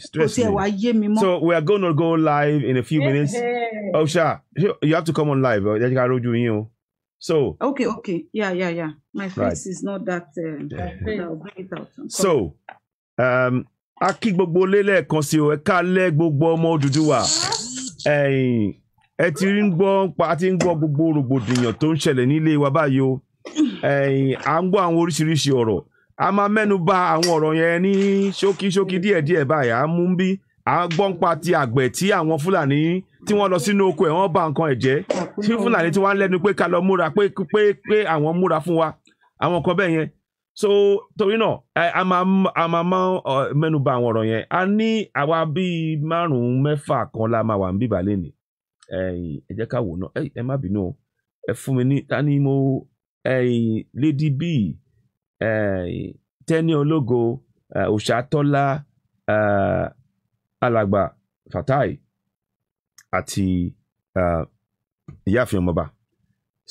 Stress me. So we are going to go live in a few minutes. Oh, Sha, you have to come on live. Oh, you So. Okay, okay. Yeah, yeah, yeah. My face right. is not that. Uh, yeah. I'll bring it out. So, um, a kí gbogbo lélẹ̀ kan o eka kálẹ̀ gbogbo ọmọ Odùduwà ẹ̀yìn ẹ ti ń gbọ́ pa ti ń gbọ́ gbogbo rògbòdìyàn tó ń ṣẹlẹ̀ nílé wa báyìí o ẹ̀yìn à ń gbọ́ àwọn a máa mẹ́nu bà àwọn ọ̀rọ̀ yẹn ní ṣókíṣókí díẹ̀díẹ̀ báyìí à ń mú bí à ń gbọ́n pa ti àgbẹ̀ tí àwọn Fúlàní tí wọ́n lọ sínú oko ẹ̀ wọ́n bà nǹkan ẹ̀ jẹ́ tí Fúlàní tí wọ́n á lẹ́nu pé ká lọ múra pé pé pé àwọn múra fún wa àwọn nǹkan bẹ́ẹ̀ yẹn so torí náà a máa a máa mọ mẹ́nu bà àwọn ọ̀rọ̀ yẹn a ní àwa bíi márùn-ún mẹ́fà kan la máa wà ń bíbà lẹ́nìí ẹ jẹ́ ká wò náà ẹ má bínú ẹ fún mi ní ta ni mo lady bíi Eh, tẹ́ni ológo òṣàtọ́lá eh, eh, alàgbà fatai àti ìyáàfin ọmọba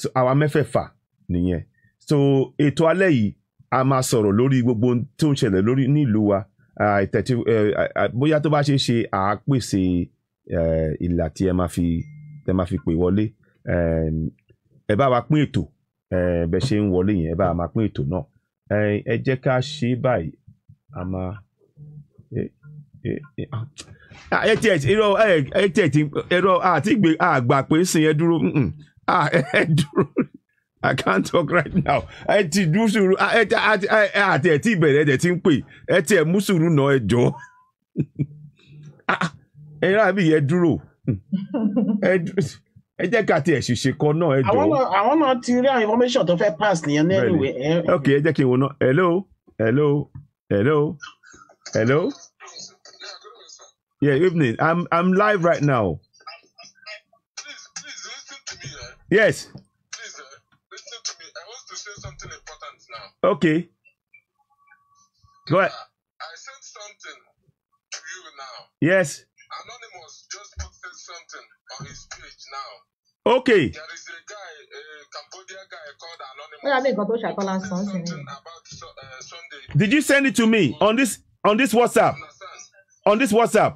so àwa mẹ́fẹ̀ẹ̀fà nìyẹn so ètò alẹ́ yìí a máa sọ̀rọ̀ lórí gbogbo tó ń ṣẹlẹ̀ lórí nílùú wa ìtẹ̀tí bóyá tó bá ṣe é ṣe à á pèsè ìlà tí ẹ máa fi tẹ máa fi pè wọlé ẹ bá wa pín ètò bẹ ṣe ń wọlé yẹn ẹ bá wa máa pín ètò náà ẹ jẹ́ ká ṣe é báyìí àmọ́ ah, ah, ẹ tiẹ̀ irọ́ ẹ tiẹ̀ ti irọ́ àti ìgbé àgbà pé sìn ẹ dúró ẹ dúró I can't talk right now ẹ ti dú sùúrù ẹ àti ẹ ti ìbẹ̀rẹ̀ ẹ ti ń pè ẹ tiẹ̀ mú sùúrù náà ẹ jọ ah, ẹ rà bí mm. ẹ dúró ẹ dúró ẹ jẹ́ ká tiẹ̀ ṣìṣe kan náà ẹ jọ. àwọn náà ti rí àwọn information tó fẹ́ pass nìyẹn ní eh, eh. ok ẹ jẹ́ kí n wo náà hello hello hello hello yeah evening i'm i'm live right now. yes. okay. go ahead. i sent something to you now. yes. anonymous just posted something on his page now. Okay. There is a guy, a guy called Anonymous. Uh, Did you send it to me on this on this WhatsApp? On this WhatsApp?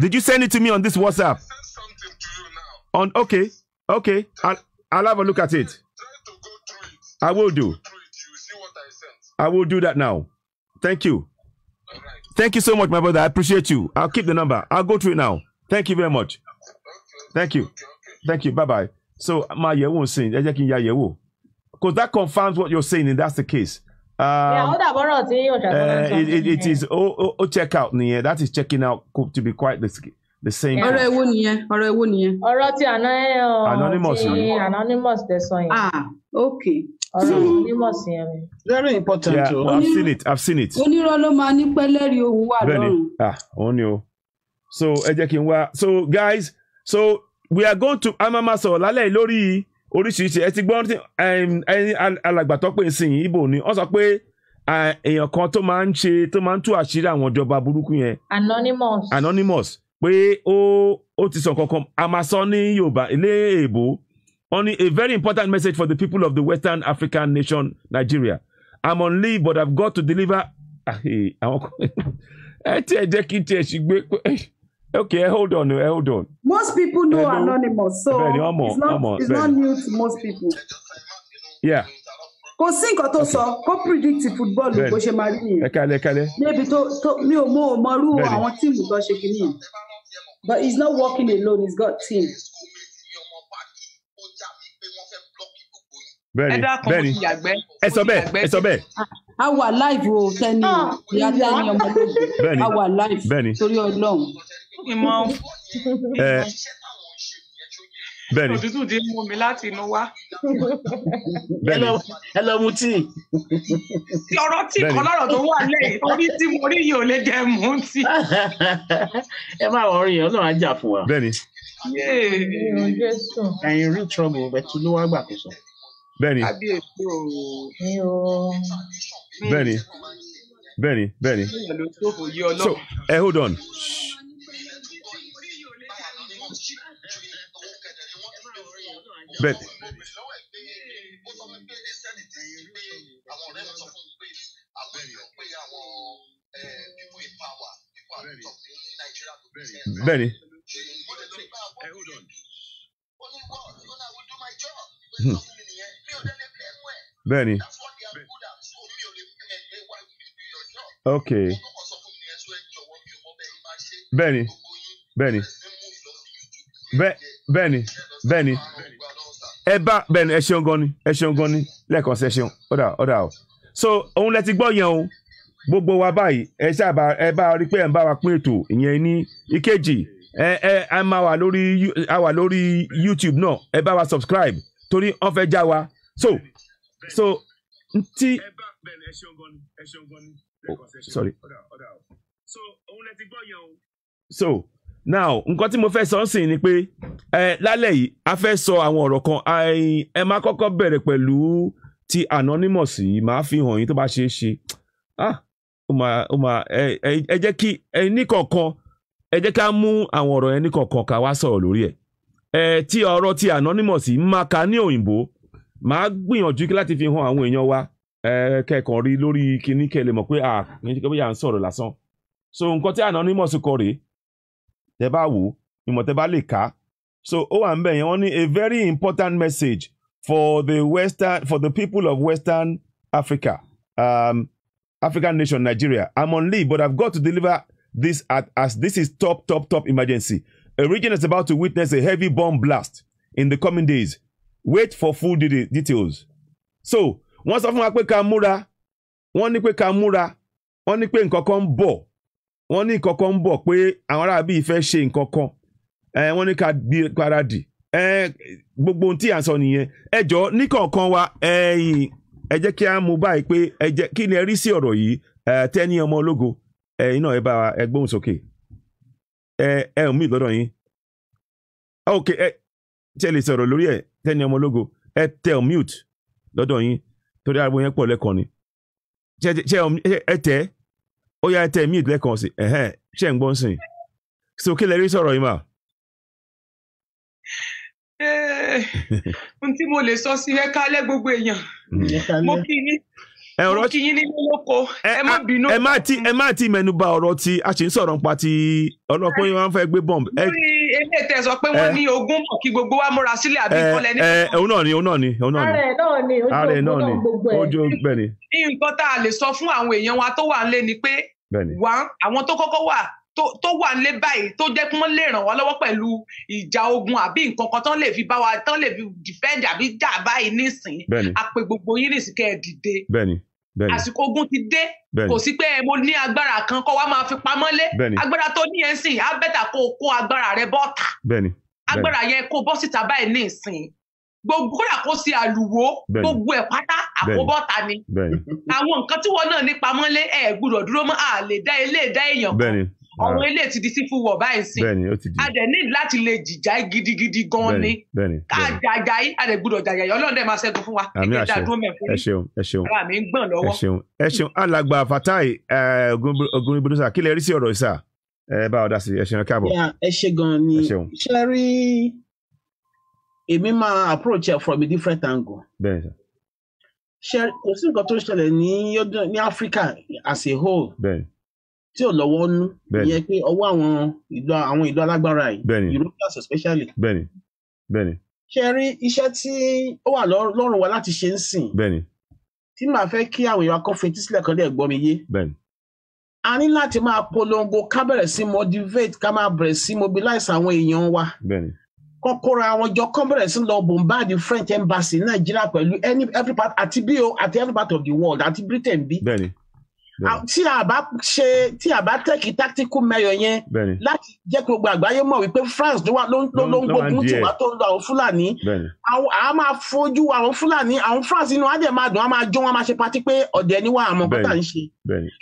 Did you send it to me on this WhatsApp? On okay, okay. I'll, I'll have a look at it. I will do. I will do that now. Thank you. Thank you so much, my brother. I appreciate you. I'll keep the number. I'll go through it now. Thank you very much. Thank you. thank you bye bye so my yeah won't sing. ẹ jẹ́ kí n ya because that confirms what you're saying and that's the case. Um, yeah, ó dàbọ̀rọ̀ tí òṣàkóso. Eh, it, it, it is ó oh, oh, check out Yeah, that is checking out to be quite the, the same. ọ̀rọ̀ anonymous anonymous ah okay. anonymous yẹn mi. very important yeah, o. I've seen it I've seen it. onírọ̀ ló máa ah òun ni so ẹ jẹ́ so guys so we are going to amamasọ lálẹ́ lórí oríṣiríṣi ẹ ti gbọ́n alàgbà tó pè é sìn ibo ni wọ́n sọ pé èèyàn kan tó máa ń ṣe tó máa ń tú àṣírí àwọn ìjọba burúkú yẹn. anonymous. anonymous pé ó ó ti sọ kankan amasọ ní yorùbá ilé èbó wọ́n ní a very important message for the people of the western african nation nigeria i'm on leave but i've got to deliver. àwọn kan ẹ tiẹ̀ jẹ́ kí tiẹ̀ ṣì Okay, hold on, oh, hold on. Most people know Hello. Anonymous, so bẹ́ẹ̀ni, ọmọ, it's not, ọmọ, it's not new to most people. Yeah. Kò sí nǹkan tó sọ, kó predict football bó ṣe máa rí nìyẹn. Ẹ kalẹ̀ kalẹ̀. Níbi tó tó mi ò mọ òmọ irú àwọn tíìmù tó ṣe kìíní yẹn. But he's not working alone, he's got team. Bẹ́ẹ̀ni, bẹ́ẹ̀ni, ẹ sọ bẹ́ẹ̀, ẹ sọ bẹ́ẹ̀ ah, a wà live o tẹni ah, ìyá tẹni ọmọlógún a wà live torí Ọlọ́run ìmọ̀ eh. ìmọ̀ bẹ́ẹ̀ni òtútù ti mú mi láti inú wá. bẹ́ẹ̀ni ẹ lọ mu tíì. ọ̀rọ̀ tí kan tó wà lẹ́yìn orí tí mo rí yìí ò lè jẹ́ mú tíì. ẹ má wọrin yẹn Ọlọ́run á fún wa. bẹ́ẹ̀ni. ẹyin rí trouble bẹtú ló wá gbàkóso. bẹ́ẹ̀ni. bẹ́ẹ̀ni bẹ́ẹ̀ni bẹ́ẹ̀ni. so ẹ eh, hold on. Shh. bẹ́ẹ̀ ni. bẹ́ẹ̀ ni. bẹ́ẹ̀ ni. ok bẹ́ẹ̀ ni bẹ́ẹ̀ ni bẹ́ẹ̀ ẹ bá bẹ́ẹ̀ ni ẹ ṣeun gan ni ẹ ṣeun gan ni lẹ́ẹ̀kan ṣe ṣeun ọ̀dà ọ̀dà o so òun lẹ ti gbọ́ yẹn o gbogbo wa báyìí ẹ ṣáàbà ẹ bá rí pé ẹ ń bá wa pín ètò ìyẹn ní ìkejì ẹ ẹ a máa wà lórí a wà lórí YouTube náà ẹ bá wa subscribe torí wọ́n fẹ́ já wa so so ntí. Oh, ti so now nkan tí mo fẹ́ sọ sí ni pé ẹ lálẹ́ yìí a fẹ́ sọ àwọn ọ̀rọ̀ kan ẹ má kọ́kọ́ bẹ̀rẹ̀ pẹ̀lú ti anonymous yìí fi hàn yín tó bá é ṣe ah ó máa ó máa ẹ jẹ́ kí ẹ ní kọ̀ọ̀kan ẹ jẹ́ mú àwọn ọ̀rọ̀ yẹn ní kọ̀ọ̀kan ti ọ̀rọ̀ ti anonymous yìí máa ka ní òyìnbó màá gbìyànjú láti fi hàn àwọn èèyàn wa ẹ rí lórí mọ pé ah ń lásán so kọ rèé tẹ́ bá wò ìmọ̀ tẹ́ bá lè kà á so ó wà ń bẹ̀ yẹn wọ́n ní a very important message for the western for the people of western Africa um, African nation Nigeria I'm on leave but I've got to deliver this at, as this is top top top emergency a region is about to witness a heavy bomb blast in the coming days wait for full details so wọ́n sọ fún wa pé ká múra wọ́n ní pé ká múra wọ́n ní pé nǹkan kan ń bọ̀ wọ́n ní nǹkan kan ń bọ̀ pé àwọn aráàbí fẹ́ ṣe nǹkan kan wọ́n ní ká gbé paradì gbogbo ohun tí à ń sọ nìyẹn ẹ jọ níkọ̀ọ̀kan wa ẹ jẹ́ kí a mú báyìí pé ẹ jẹ́ kí ni ẹ rí sí ọ̀rọ̀ yìí tẹ́ni ọmọ ológo ẹ̀yin náà ẹ bá ẹ gbóhùn sókè ẹ ẹ ò mí lọ́dọ̀ yín ok ẹ lè lórí ẹ ọmọ ológo ẹ tẹ ọ mute yín torí àgbo yẹn ni ẹ ẹ ó yá tẹ mute lẹ́ẹ̀kan sí ẹ̀hẹ́n ṣe ń gbọ́n sìn so kí lè rí sọ̀rọ̀ yìí mà. ohun eh, tí mo lè sọ sí ẹ kálẹ̀ gbogbo èèyàn mo kí yín ọ̀rọ̀ tí yín nínú lóko ẹ má bínú. ẹ má ti ẹ má ti mẹ́nu bà ọ̀rọ̀ tí a ṣe ń sọ̀rọ̀ nípa ti ọlọ́pàá yìí wọ́n fẹ́ gbé bọ́m̀bù. lórí ilé tẹ sọ pé wọ́n ní ogún mọ̀ kí gbogbo wa múra sílẹ̀ àbí ìkọlẹ̀ ní. ẹ òun náà ni òun náà ni òun náà ni. ààrẹ náà ni ojú bẹ́ẹ̀ ni. nǹkan tá a lè sọ fún àwọn èèyàn wa tó wà ń lé ni pé wà àwọn tó kọ́kọ́ wà tó wà nílé báyìí tó jẹ́ kí wọ́n lè ràn wá lọ́wọ́ pẹ̀lú ìjà ogun àbí nǹkan kan tán lè fi bá wa tán lè fi defend àbí jà báyìí nísìnyí a pè gbogbo yín nìsín kẹ́ ẹ̀ dìde àsìkò ogun ti dé kò sí pé mo ní agbára kan kọ́ wa máa fi pamọ́lé agbára tó ní ẹ̀ ń sìn á bẹ̀tà kó o kó agbára rẹ bọ́ta agbára yẹn kó bọ́ síta báyìí ní ìsìn gbogbo kódà kó sí àlùwò gbogbo ẹ̀ pátá àkóbọ́ta ni àwọn nǹkan tí wọn náà ní pamọ́lé ẹ̀ gbúdọ̀ dúró mọ́ àlè dá ilé dá èèyàn kan ọ̀run ilé ti di civil war báyìí sí adẹ ní láti lè jìjà gidigidi gan ni ká jàjà yìí adẹ gbúdọ̀ jàjà yìí ọlọ́run dẹ̀ máa ṣẹ́gun fún wa ẹgbẹ́ dàdúró mẹ́fún ẹ ṣeun ẹ ṣeun ara mi ń gbọ̀n lọ́wọ́. ẹ ṣeun ẹ ṣeun alàgbà Fatai Ogunribodosa kí lè rí sí ọ̀rọ̀ ìsà ẹ bá ọ̀dà sí ẹ ṣeun káàbọ̀. ẹ ṣe gan ni ṣe rí èmi máa approach ẹ from a different angle. bẹ́ẹ̀ sọ. ṣe kò sí nǹkan tó ṣẹlẹ̀ ní Áfíríkà as a whole. bẹ́ẹ̀ tí ò lọ́wọ́ nú ìyẹn pé ọwọ́ àwọn ìlú àwọn ìlú alágbára yìí Europeans especially. bẹ́ẹ̀ni bẹ́ẹ̀ni. ṣe rí iṣẹ́ tí ó wà lọ́rùn wa láti ṣe ń sìn. bẹ́ẹ̀ni. tí màá fẹ́ kí àwọn èèyàn akọ́fetí sílẹ̀ kan lè gbọ́ mi yé. bẹ́ẹ̀ni. a ní láti máa polongo ká bẹ̀rẹ̀ sí motivate ká máa bẹ̀rẹ̀ sí mobilize àwọn èèyàn wa. bẹ́ẹ̀ni. kọ́kọ́ra àwọn jọ kán bẹ̀rẹ̀ sí lọ bombard French embassy Nàìjíríà pẹ̀lú every part àti bí o àti every part of the world àti Britain bí. bẹ́ẹ̀ni tí a bá ṣe tí a bá tẹ́kì tactical mayor yẹn láti jẹ́ kí gbogbo àgbáyé mọ̀ wípé France ló ló ń gbógun tì wá tó ń lo àwọn Fúlàní àwọn a máa fojú àwọn Fúlàní àwọn France inú adé máa dùn a máa jó wọn máa ṣe patí pé ọ̀dẹ̀ ni wà àmọ́ kọ́tà ń ṣe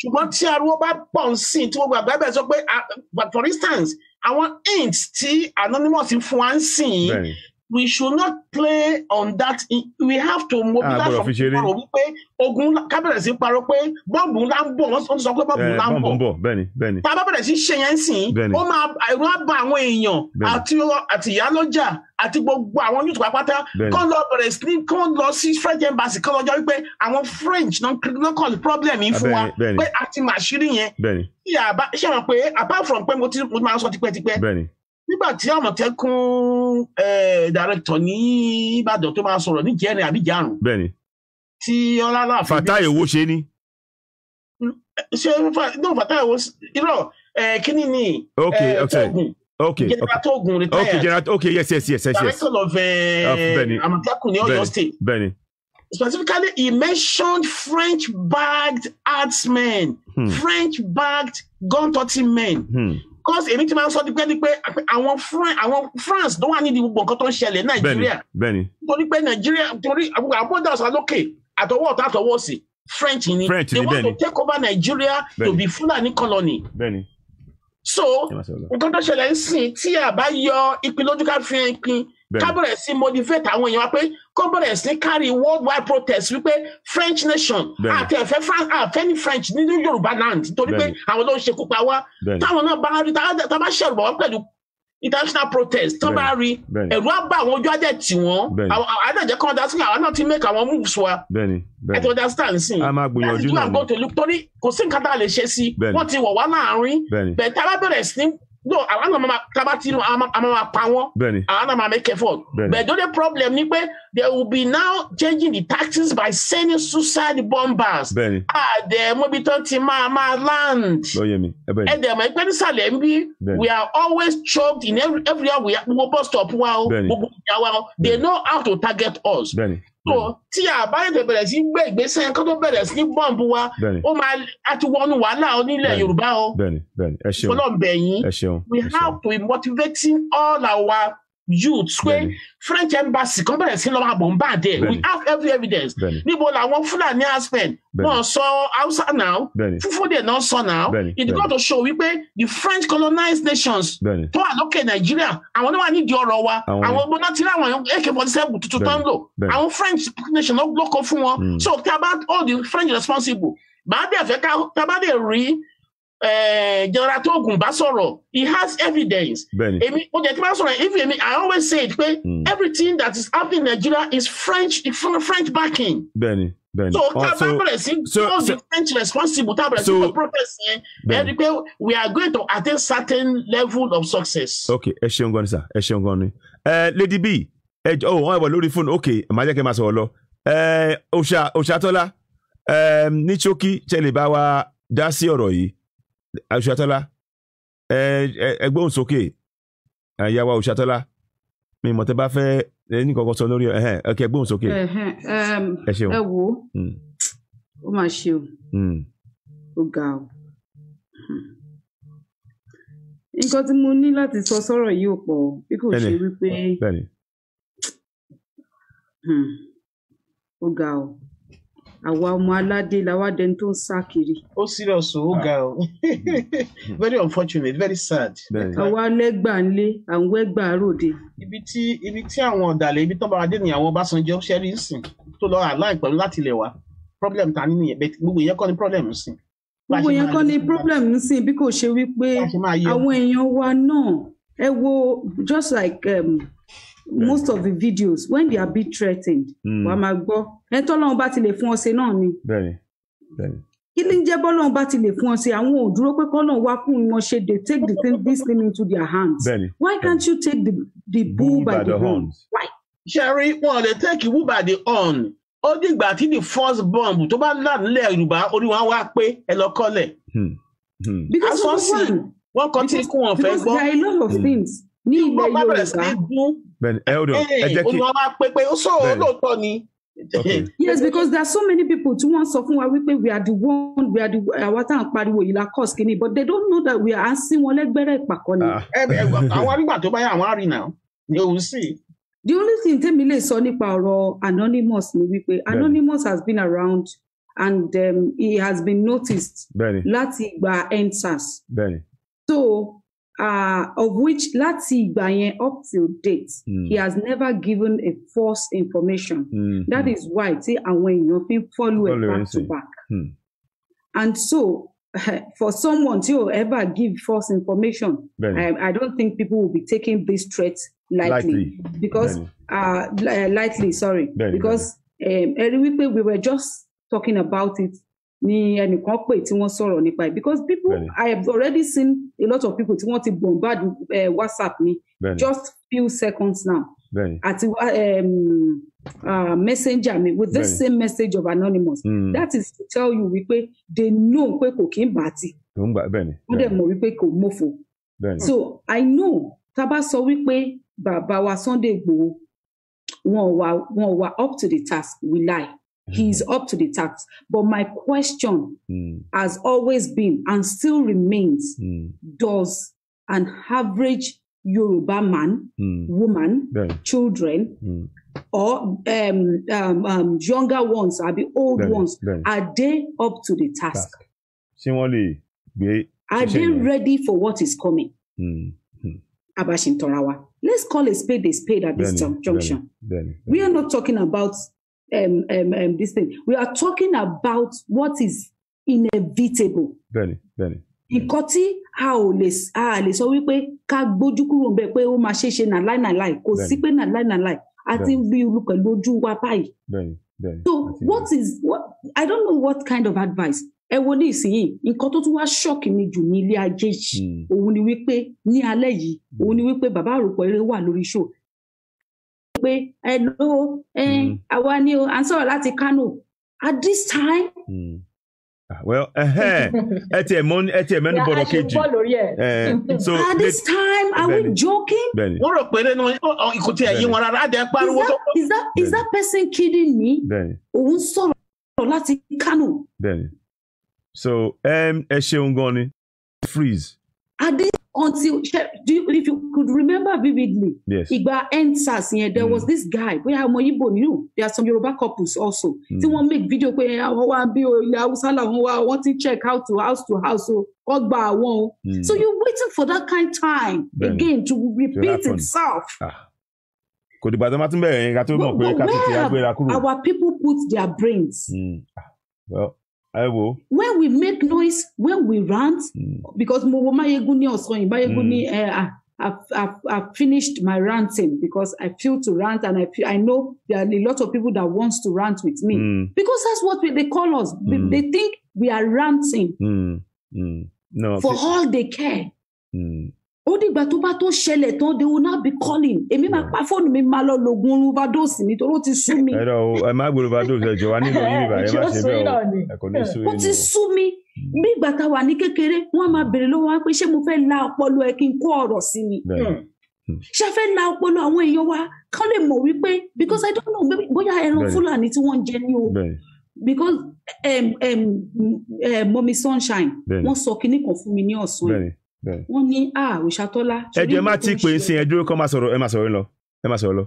ṣùgbọ́n tí ariwo bá pọ̀ ń sìn tí gbogbo àgbáyé bẹ̀rẹ̀ sọ pé ah, for instance àwọn ints tí anonymous fún wa ń sìn yìí we should not play on that we have to mobilize from tomorrow wípé ogun kábẹ̀rẹ̀ sí parọ́ pé bọ́ọ̀bù ńlá ń bọ̀ wọ́n sọ pé bọ́ọ̀bù eh, ńlá ń bọ̀ bẹ́ẹ̀ni bẹ́ẹ̀ni tá a bá bẹ̀rẹ̀ sí ṣe yẹn sìn ó máa àìrún á ba àwọn èèyàn àti àti ìyálọ́jà àti gbogbo àwọn yóò tó pátá kán lọ bẹ̀rẹ̀ sí kán lọ sí french embassy kán lọ jọ wípé àwọn french náà kàn lè problem yìí ah, fún wa pé àti màṣírí yẹn ṣé àwọn pé apart from pé mo ti máa sọ tipẹ́tipẹ́ nígbà tí àmọ̀tẹ́kùn eh, director ní ìbàdàn tó máa sọ̀rọ̀ níjẹrin àbí járùn. bẹ́ẹ̀ni tí ọlọ́lá àfihàn. fàtáyé wo ṣe ni. ṣé no fàtáyé wo irọ́ eh, kíní ni. ok eh, okay, okay. general togun retired. ok general okay, yes yes yes yes. director of àmọ̀tẹ́kùn ní Specifically, he mentioned French-backed artsmen, hmm. French-backed gun-toting men. Hmm cause èmi ti máa ń sọ dípẹ́ dípẹ́ àwọn àwọn France ló wà nídìí gbogbo nǹkan tó ń ṣẹlẹ̀ Nàìjíríà bẹ́ẹ̀ni torí pé Nàìjíríà torí àbúdá ọ̀sán lókè àtọwọ́ ọ̀tá àtọwọ́ sí French ni they want to take over Nigeria to be Fulani colony so nǹkan tó ṣẹlẹ̀ ń sìn tí àbá yọ ìpín lójú ká fi hàn ìpín kábẹ̀rẹ̀ sí motivate àwọn èèyàn wa pé kọ́ńbọ̀rẹ̀ sí carry worldwide protest wípé French nation àti ẹ̀fẹ́ àfẹ́ni French nínú Yorùbá land torí pé àwọn ló ń ṣekú pa wá táwọn náà bá rí tá a bá ṣẹ̀rù bá wá pẹ̀lú international protest tó bá rí ẹ̀rù á bá àwọn ojú ajẹ́ tí wọ́n àwọn àdàjẹ́ kan dá sí àwọn náà ti make àwọn moves wa ẹ ti understand sí i láti tún àgọ́ tòlú torí kò sí nǹkan tá a lè ṣe sí wọ́n ti wọ̀ wá láàrin bẹ̀ẹ̀ tá a bá bẹ̀rẹ̀ sí no àwọn náà máa tábà tí àwọn máa pa wọn àwọn náà máa make effort but don't have problem ni pé they will be now changing the taxes by sending suicide bombers àdè mọ́bi tó ti máa máa land ẹ̀dẹ̀ mọ̀ ẹgbẹ́ nísàlẹ̀ ń bí we are always choked in every every area. we are gbogbo bus stop wa o gbogbo ìyá wa o they know how to target us. Benny tó hmm. tí àbá ètò bẹ̀rẹ̀ sí gbé ìgbésẹ̀ kó tó bẹ̀rẹ̀ sí bọ́ǹbù wa ó máa àti wọnú wàhálà onílẹ̀ yorùbá o bẹ́ẹ̀ni bẹ́ẹ̀ni ẹ ṣeun ọlọ́ọ̀bẹ̀yìn we have to be motivating all our youths pé french embassy kan bẹ̀rẹ̀ sí lọ́wọ́ àbò ń we have every evidence níbo làwọn fúlàní aspen náà sọ hausa now fúfúdè náà sọ now it go to show wípé the french colonized nations tó wà lókè nàìjíríà àwọn náà wà nídìí ọ̀rọ̀ wa àwọn gbóná tí láwọn ak forty seven tuntun tó ń lò àwọn french nation ló kó fún wọn hmm. so tí a bá hold the french responsible bá a dẹ̀ fẹ́ ká bá dẹ̀ rí general eh, togun bá sọ̀rọ̀ he has evidence. bẹ́ẹ̀ni èmi o jẹ kí n bá if èmi i always say it pé mm. everything that is happening in Nigeria is French from French backing. Benny. Benny. so ká oh, bá bẹ̀rẹ̀ sí So, the French responsible tá bẹ̀rẹ̀ sí for progress yẹn bẹ́ẹ̀ ni pé we are going to attain certain level of success. ok ẹ ṣeun gan ni sir ẹ ṣeun gan ni eh, Lady B ẹ jọ ọ wọn ẹ bọ lórí fóònù ok màá jẹ́ kí n máa sọ̀rọ̀ lọ eh, ọṣà ọṣàtọlá ní ṣókí ṣẹlẹ bá wa dá sí ọ̀rọ̀ yìí Òṣìṣàtọ́lá ẹgbóhùn sókè àyàwó mi mọ̀ tẹ́ bá fẹ́ ní kọ̀ọ̀kan sọ lórí ẹ̀hẹ́n ẹ̀kẹ́ ẹgbóhùn sókè. ẹ ẹ wo hmm. o hmm. ga o nǹkan tí mo ní láti sọ sọ́rọ̀ yìí ò pọ̀ bí kò ṣe wípé hmm. ó ga àwa ọmọ aládé la wá dẹni tó ń sá kiri. ó serious ó ga o very unfortunate very sad. àwa lẹ́gbàá ńlé àwọn ẹgbàá ròde. ibi tí ibi tí àwọn ọ̀dàlẹ̀ ibi tó bára dé ni àwọn Ọbásanjọ́ ṣẹ́rí ń sìn tó lọ́ọ́ àláì pẹ̀lú láti ilẹ̀ wa problem ta ni nìyẹn gbogbo ìyẹn kọ́ ni problem ń sìn. gbogbo ìyẹn kọ́ ni problem ń sìn bí kò ṣe wípé àwọn èèyàn wa náà ẹ wo just like um, most of the videos when they are being threatened hmm. wà á máa gbọ́ ẹ tọ́lọ́run bá ti lè fún ọṣẹ náà ni. bẹ́ẹ̀ni bẹ́ẹ̀ni. kí ni jẹ́ bọ́lọ́run bá ti lè fún ọṣẹ àwọn ò dúró pé kọ́lọ́run wá kún wọn ṣe they take the thing this thing into their hands. bẹ́ẹ̀ni why can't you take the the bull by, by the horns. why. ṣẹ́rí wọn lè take bull by the horn ó dìgbà tí the first bomb tó bá là nílẹ̀ yorùbá orí wọn wá pé ẹ lọ kọ́lẹ̀. Hmm, hmm. because of one wọ́n kọ́ tí kún wọn fẹ́ gbọ́. because there are a lot of things ní ilẹ̀ yorùbá bẹ́ẹ̀ni eldon ẹ jẹ́ kí olùwà yes because there are so many people tí want something. fún wa wípé we are the one we are the àwa tá à ń pariwo yìí la but they don't know that we are asking wọn lẹ́gbẹ́rẹ́ ìpàkọ́ ni. Ah. àwọn arígbà tó bá yà àwọn àrìnà ni òun sì. the only thing tèmi me sọ nípa ọ̀rọ̀ anonymous ni wípé anonymous has been around and um, he has been noticed. bẹ́ẹ̀ni láti ìgbà endsars. bẹ́ẹ̀ni. so uh, of which láti ìgbà yẹn up till date mm. he has never given a false information. Mm. that hmm. is why tí àwọn èèyàn people follow back to back. Mm. and so for someone to ever give false information, I, I, don't think people will be taking this threat lightly, lightly. because uh, uh, lightly. Sorry, Benny, because Benny. um, every week we were just talking about it ni ẹnìkan pè tí wọ́n sọ̀rọ̀ nípa ẹ̀ because people really? I have already seen a lot of people tí wọ́n ti bombard uh, WhatsApp mi really? just few seconds now àti um, uh, messenger mi with this same message of anonymous mm. that is to tell you wípé they know pé kò kí n bá ti wọ́n dẹ̀ mọ̀ wípé kò mọ̀fọ̀ so I know tá a bá sọ wípé bàbá wa Sunday Igboho wọn wà up to the task we lie. He's mm-hmm. up to the task. But my question mm. has always been and still remains mm. does an average Yoruba man, mm. woman, children, mm. or um, um, um, younger ones, are the old ones, are they up to the task? Are they ready for what is coming? Mm, hmm. Abashin Torawa. Let's call a spade a spade at this junction. We are not talking about um, um, um, this thing. We are talking about what is inevitable. Bẹ́ẹ̀ni, bẹ́ẹ̀ni. Nǹkan tí a ò lè a lè sọ wípé ká gbójú kúrò ń bẹ pé ó máa ṣe line nà láì line. láì kò sí pé line láì line. a ti ń rí irú pẹ̀lú wa báyìí. So what is what I don't know what kind of advice ẹ wo ní ìsinyìí nǹkan tó tún wá ṣọ́ọ̀kì mi jù ní ilé ajé yìí hmm. òun ni wípé ní alẹ́ yìí hmm. òun ni wípé bàbá àròpọ̀ eré wà lórí show pé ẹ lówó ẹ hmm. àwa ni o à ń sọ̀rọ̀ láti Kano at this time. Hmm. Ah, well ẹ tiẹ̀ mọ ẹ tiẹ̀ mẹ́nu bọ̀rọ̀ kejì eh, so at this time are we joking. wọ́n rò is that is that person kidding me. òun so um, ṣeun gan freeze. at this until do you, if you could remember vividly yes. ìgbà endsars yẹn there mm. was this guy We have Igbo ni o there are some Yoruba couples also mm. tí make video pé àwọn ah, wa bí o ilẹ̀ Haúsá làwọn wa check out to house to house o wọ́n gba àwọn o mm. so you're waiting for that kind time Then, again to repeat to itself. Ah. kò dìgbà tó má ká tó mọ̀ pé ká tó ti agbéra kúrò. our people put their brains. Mm. Ah, well. I will. When we make noise, when we rant, mm. because mm. I've, i i finished my ranting because I feel to rant and I feel, I know there are a lot of people that wants to rant with me mm. because that's what we, they call us. Mm. They think we are ranting mm. No, for all they care. Hmm. ó dìgbà tó bá tó ṣẹlẹ̀ tán they will now be calling èmi máa pa fóònù mi máa lọ lògùn overdose mi torí ó ti sú mi. ẹ lọ o ẹ má gbọ́dọ̀ overdose ẹ jọ wá nílò yín bíbá ẹ má ṣe bẹ́ẹ̀ o ẹ kò ní sú yín o. ó ti sú mi bí ìgbà tá wà ní kékeré wọ́n máa béèrè lọ́wọ́ wa pé ṣé mo fẹ́ la ọpọlọ ẹ kí n kó ọ̀rọ̀ sí mi hmm. hmm. ṣe fẹ́ la ọpọlọ àwọn èèyàn wa kán lè mọ̀ wípé because i don't know bóyá ẹran fúlàní tí wọ́n ń jẹ ní o because um, um, uh, eh, mọ́mí sunshine wọ́n sọ kinní kan fún mi ní ọ̀sán yìí wọ́n ní òṣàtọ́lá. ẹ jẹ́ má ti pè é sí ẹ dúró máa sọ̀rọ̀ ẹ máa sọ̀rọ̀ lọ ẹ máa sọ̀rọ̀ lọ.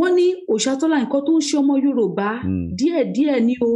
wọ́n ní òṣàtọ́lá nǹkan tó ń ṣe ọmọ yorùbá hmm. díẹ̀díẹ̀ ni o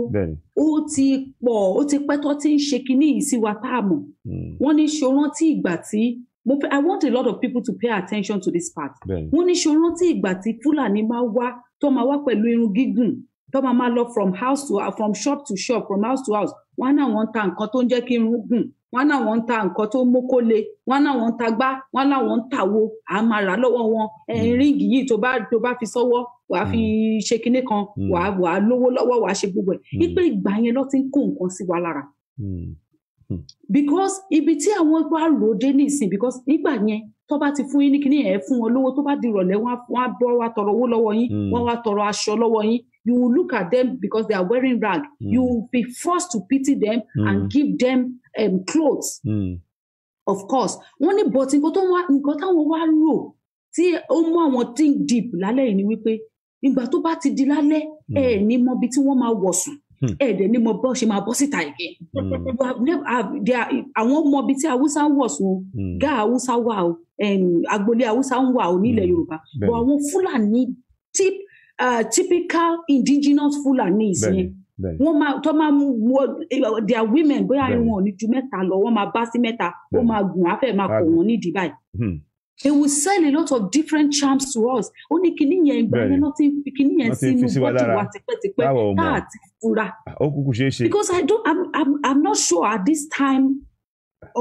ó ti pọ̀ ó ti pẹ́ tó ti ń ṣe kinní yìí sí wa tá a mọ̀ hmm. wọ́n ní ṣe rántí ìgbà tí mo fẹ́ i want a lot of people to pay attention to this part wọ́n ní ṣe rántí ìgbà tí fúlàní máa wá tó máa wá pẹ̀lú irun gígùn tó máa máa lọ from house to from shop to shop from house to house wọ́n náà wọ́n ta nǹkan tó ń jẹ́ kí irun gùn wọn láwọn ń ta nǹkan tó mókóle wọn láwọn ń ta gbá wọn láwọn ń tàwo à máa rà lọ́wọ́ wọn hmm. ríǹgì yìí tó bá tó bá fi sọ́wọ́ wàá fi hmm. ṣe kinní kan hmm. wàá wàá lówó lọ́wọ́ wàá ṣe gbogbo ẹ̀ wípé ìgbà yẹn ló ti ń kó nǹkan sí wa lára. because ibi tí àwọn bá rò dé nísìn because nígbà yẹn tó bá ti fún yín ní kinní yẹn fún wọn lówó tó bá di ìrọ̀lẹ́ wọn á bọ́ wa tọrọ owó lọ́wọ́ yín wọn wá tọrọ aṣọ lọ́wọ́ yín you will look at them because they are wearing rag. Mm. You will be forced to pity them mm. and hmm. give them um, clothes. Mm. Of course, wọ́n ní but nǹkan tó wá nǹkan táwọn wá rò tí ó mú àwọn think deep lálẹ́ yìí ni wípé ìgbà tó bá ti di lálẹ́ ẹ̀ hmm. ní mọ ibi tí wọ́n máa wọ̀ sùn hmm. ẹ̀ dẹ̀ ní mọ bọ́ ṣe máa bọ́ síta again. Ah, àwọn ọmọ ibi tí haúsá ń wọ̀ sùn gá haúsá wà o um, agboolé haúsá ń wà o nílẹ̀ Yorùbá but àwọn Fúlàní tip Uh, typical indigenous Fulani yẹn wọ́n máa tó máa mú their women bóyá irun ò ní ju mẹ́ta lọ wọ́n máa bá sí mẹ́ta ó máa gùn á fẹ́ máa kọ̀ wọ́n nídìí báyìí. Hmm. They will sell a lot of different charms to us. Ó ní kinní yẹn ìgbà yẹn náà ti yẹn sínú bọ́dì wa tipẹ́tipẹ́ táà fura. Ah, Because I don't I'm, I'm, I'm not sure at this time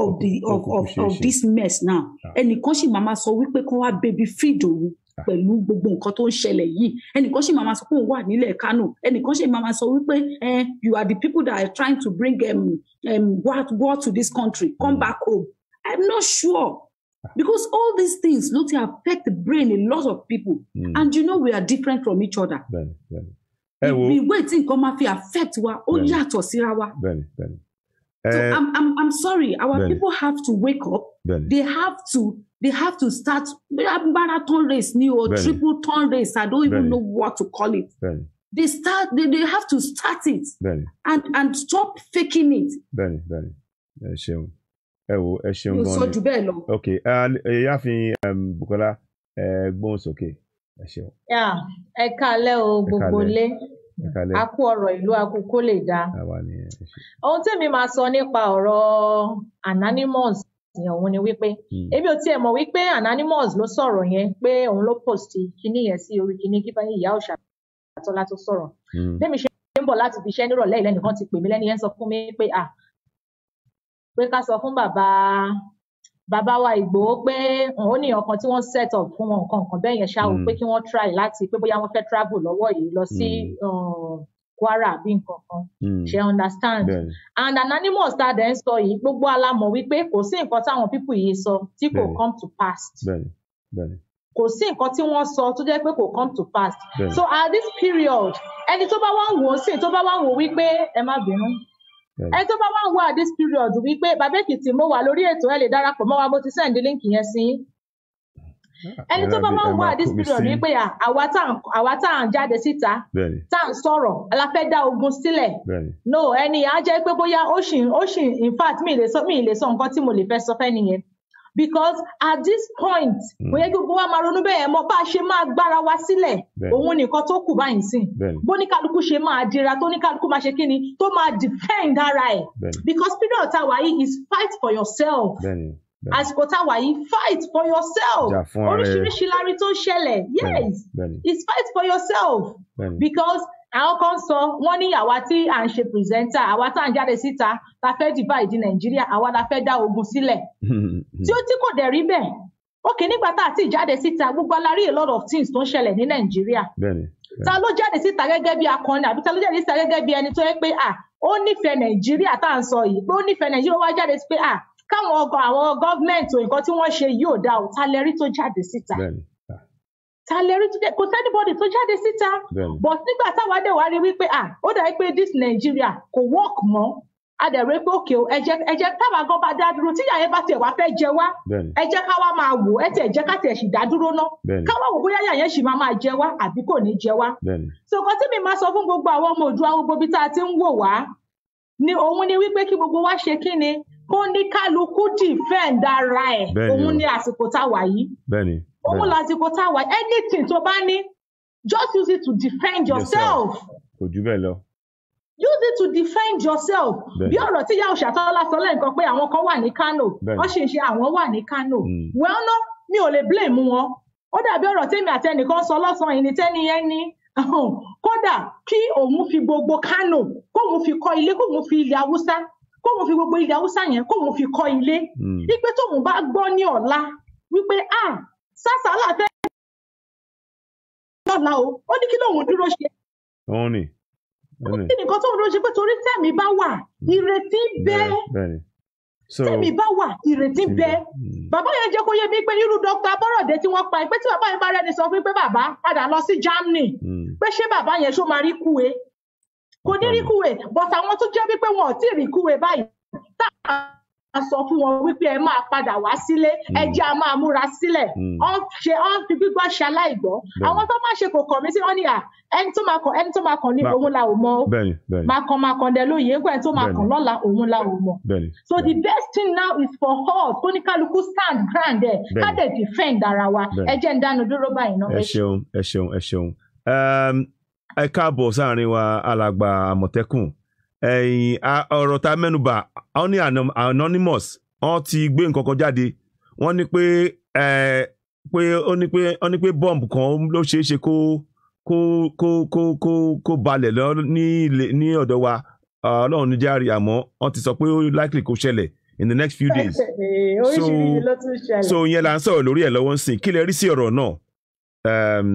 of the of of, of this mess now ah. ẹnìkan sì máa ma sọ wípé kán wá baby feed òun pẹ̀lú gbogbo nǹkan tó ń ṣẹlẹ̀ yìí ẹnìkan ṣì máa sọ pé òun wà nílẹ̀ Kánò ẹnìkan ṣì máa sọ wípé you are the people that are trying to bring um, um, war, war to this country come back home I'm not sure because all these things ló ti affect the brain a lot of people mm. and you know we are different from each other. Bẹ́ẹ̀ni bẹ́ẹ̀ni. Ẹ wo ìwé tí nǹkan máa fi affect wa ó yàtọ̀ síra wa. Bẹ́ẹ̀ni bẹ́ẹ̀ni. So I'm, I'm, I'm sorry, our ben. people have to wake up. Ben. They have to they have to start marathon race ni o triple turn race i don't even Benny. know what to call it Benny. they start they, they have to start it Benny. and and stop faking it. bẹ́ẹ̀ni bẹ́ẹ̀ni ẹ ṣeun ẹ wo ẹ ṣeun gan ni yóò sọ jù bẹ́ẹ̀ lọ. ok ìyáàfin Bukola gbóhùn sókè ẹ ṣeun. ẹ káalẹ́ o gbogbo lé a kú ọ̀rọ̀ ìlú akú kó lè dáa ohun tèmi máa sọ nípa ọ̀rọ̀ anonymous yẹn òun ni wípé hmm. èmi ò tiẹ̀ mọ̀ wípé anonymous ló sọ̀rọ̀ yẹn pé òun ló post kinní yẹn sí orí kinní kí báyìí ìyá òòṣà àtọ́lá tó sọ̀rọ̀ hmm. bẹ́ẹ̀ mi ṣe ń bọ̀ láti fi iṣẹ́ nírọ̀lẹ́ ìlẹ́nìkan ti pè mí lẹ́ni yẹn sọ fún mi pé à pé ká sọ fún bàbá bàbá wa Ìgbòho pé ó ní ọkàn tí wọ́n set up fún wọn nǹkan nǹkan bẹ́ẹ̀ yẹn ṣáà wò hmm. pé kí wọ́n try láti pé bóyá wọ́n fẹ́ travel lọ́wọ́ yìí lọ sí um, kwara àbí nǹkan kan ṣe hmm. understand Bele. and anonymous ta dẹ̀ ń sọ yìí gbogbo alámọ̀ wípé kò sí nǹkan táwọn pípù yìí sọ tí kò come to pass kò sí nǹkan tí wọ́n sọ tó jẹ́ pé kò come to pass so at this period ẹni tó bá wà ń wò ó sì tó bá wà ń wò wípé ẹ má bínú ẹni tó bá wà ń wò at this period wípé bàbá èkìtì mo wà lórí ètò ẹ lè darapọ̀ mọ́ wa bó ti sẹ́ǹdí líǹkì yẹn sí ẹni tó bá máa ń wá this period ni pé àwa tá à ń jáde síta tá à ń sọ̀rọ̀ aláfẹ́ ogun sílẹ̀ no ẹni yẹn á jẹ́ pé bóyá ó ṣì ó ṣì in fact mi ì lè sọ mi ì lè sọ nǹkan tí mo lè fẹ́ sọ fẹ́ nìyẹn because at this point kò yẹ kí gbogbo wa máa ronú bẹ́ẹ̀ mọ bá a ṣe máa gbára wa sílẹ̀ òun nìkan tó kù báyìí sìn bó ní kálukú ṣe máa dira tó ní kálukú máa ṣe kí ni tó máa defend ara ẹ̀ because period tá a wà yìí is fight for yourself. Bẹ́ẹ̀ni àsìkò táwa yìí fight for yourself oríṣiríṣi lárí tó ṣẹlẹ̀ yes it's fight for yourself because àwọn kan sọ wọn ní àwa tí à ń ṣe pírẹsẹńtà àwa tá à ń jáde síta la fẹ́ divide nàìjíríà àwa la fẹ́ dá ogun sílẹ̀ tí ó tí kò dẹ̀ rí bẹ́ẹ̀ òkè nígbà tá a ti jáde síta gbogbo alárí a lot of things tó ń ṣẹlẹ̀ ní nàìjíríà ta ló jáde síta gẹ́gẹ́ bí akọni àbí ta ló jáde síta gẹ́gẹ́ bí ẹni tó yẹ pé à ó nífẹ̀ẹ́ nàìjíríà tá à ń sọ yìí pé ó nífẹ̀ẹ́ nàìjíríà wá jáde sí pé à káwọn ọgọ àwọn gọọmenti ò nǹkan tí wọ́n ṣe yìí ò dá o ta lẹ́rí tó jáde síta ta lẹ́rí tó jáde kò sẹ́nibọ́dì tó jáde síta but nígbà táwa dẹ̀ wá rí wípé ah ó dàbí pé this Nigeria kò work mọ́ a dẹ̀ rí pé òkè o ẹ jẹ́ ẹ jẹ́ táwa gan bá dá dúró tíyà yẹn bá tiẹ̀ wá fẹ́ jẹ wá ẹ jẹ́ ká wá máa wò ẹ tiẹ̀ jẹ́ ká tiẹ̀ sì dá dúró ná káwá wò bóyá yà sì máa máa jẹ wá àbí kò ní jẹ wá. so nǹkan tí mi máa sọ fún gbogbo àwọn ọmọ Oòduà gbogbo ibi tá a ti ń wò wá ni òun ni wípé kí gbogbo wa ṣe kí ni kó ní kálukú defend ara ẹ̀ òun ni àsìkò táwa yìí òun lásìkò táwa yìí anything tó bá ní just use it to defend yourself. kò jù bẹ́ẹ̀ lọ use it to defend yourself. bí ọ̀rọ̀ tí yàwó ṣàtọ́lá sọ lẹ́ǹkan pé àwọn kan wà ní Kano wọ́n ṣe ṣe àwọn wà ní Kano hmm. well no mi ò lè blame wọn ó dàbí ọ̀rọ̀ tèmi àtẹnìkan sọ lọ́sàn-án yìí ni tẹ́ni yẹn ní kódà kí òun fi gbogbo Kano kóun fi kọ́ ilé kóun fi ilẹ̀ Haúsá kóun fi gbogbo ilẹ̀ haúsá yẹn kóun fi kọ́ ilé hmm. wípé tóun bá gbọ́ ní ọ̀la wípé a sásàlà fẹ́ lọ́la o ó ní kí lóun dúró ṣe. òun ni. ó ní nǹkan tóun dúró ṣe pé torí tẹ̀mí bá wà hmm. ìrètí bẹ́ẹ̀ tẹ̀mí bá wà ìrètí hmm. bẹ́ẹ̀ bàbá yẹn jẹ́ kó yé mi pé irú dókítà Bọ́rọ̀dé tí wọ́n pa ẹ pé tí bàbá yẹn bá rẹ́ni sọ fún pé bàbá padà lọ sí Germany pé ṣé bàbá yẹn ṣó máa rí kú e kò ní rí kúwe but àwọn tó jẹ́ wípé wọn ò tí ì rí kúwe báyìí tá a sọ fún wọn wípé ẹ máa padà wá sílé ẹ hmm. jẹ́ a máa múra sílẹ̀ hmm. ọ ṣe ọ fi gbígbọ́ ṣe aláìgbọ́ àwọn tó máa ṣe kò kàn mí sí wọn ni à ẹni tó máa kàn ẹni tó máa kàn ní òun la ò mọ o máa kàn máa kàn dẹ lóye ẹgbẹ́ tó máa kàn lọ́la òun la ò mọ so the best thing now is for us kóníkálukú stand ground ẹ ká dẹ̀ defend ara wa ẹ jẹ́ ń dánu dúró báyìí náà. ẹ ṣeun ẹ ṣeun ẹ ṣeun um, ẹ káàbọ̀ sáàrin wa alàgbà àmọ̀tẹ́kùn ẹ̀yìn ọ̀rọ̀ ta mẹ́nubà wọ́n ní anonymous wọ́n ti gbé nǹkan kan jáde wọ́n ní pé pé ó ní pé ó ní pé bọ́ǹbù kan ló ṣeé ṣe kó kó kó kó kó kó balẹ̀ lọ ní ilé ní ọ̀dọ̀ wa ọlọ́run ní járe àmọ́ wọ́n ti sọ pé ó likely kó ṣẹlẹ̀ in the next few days so so yẹn là ń sọ̀rọ̀ lórí ẹ̀ lọ́wọ́ ń sìn kí lè rí sí ọ̀rọ̀ náà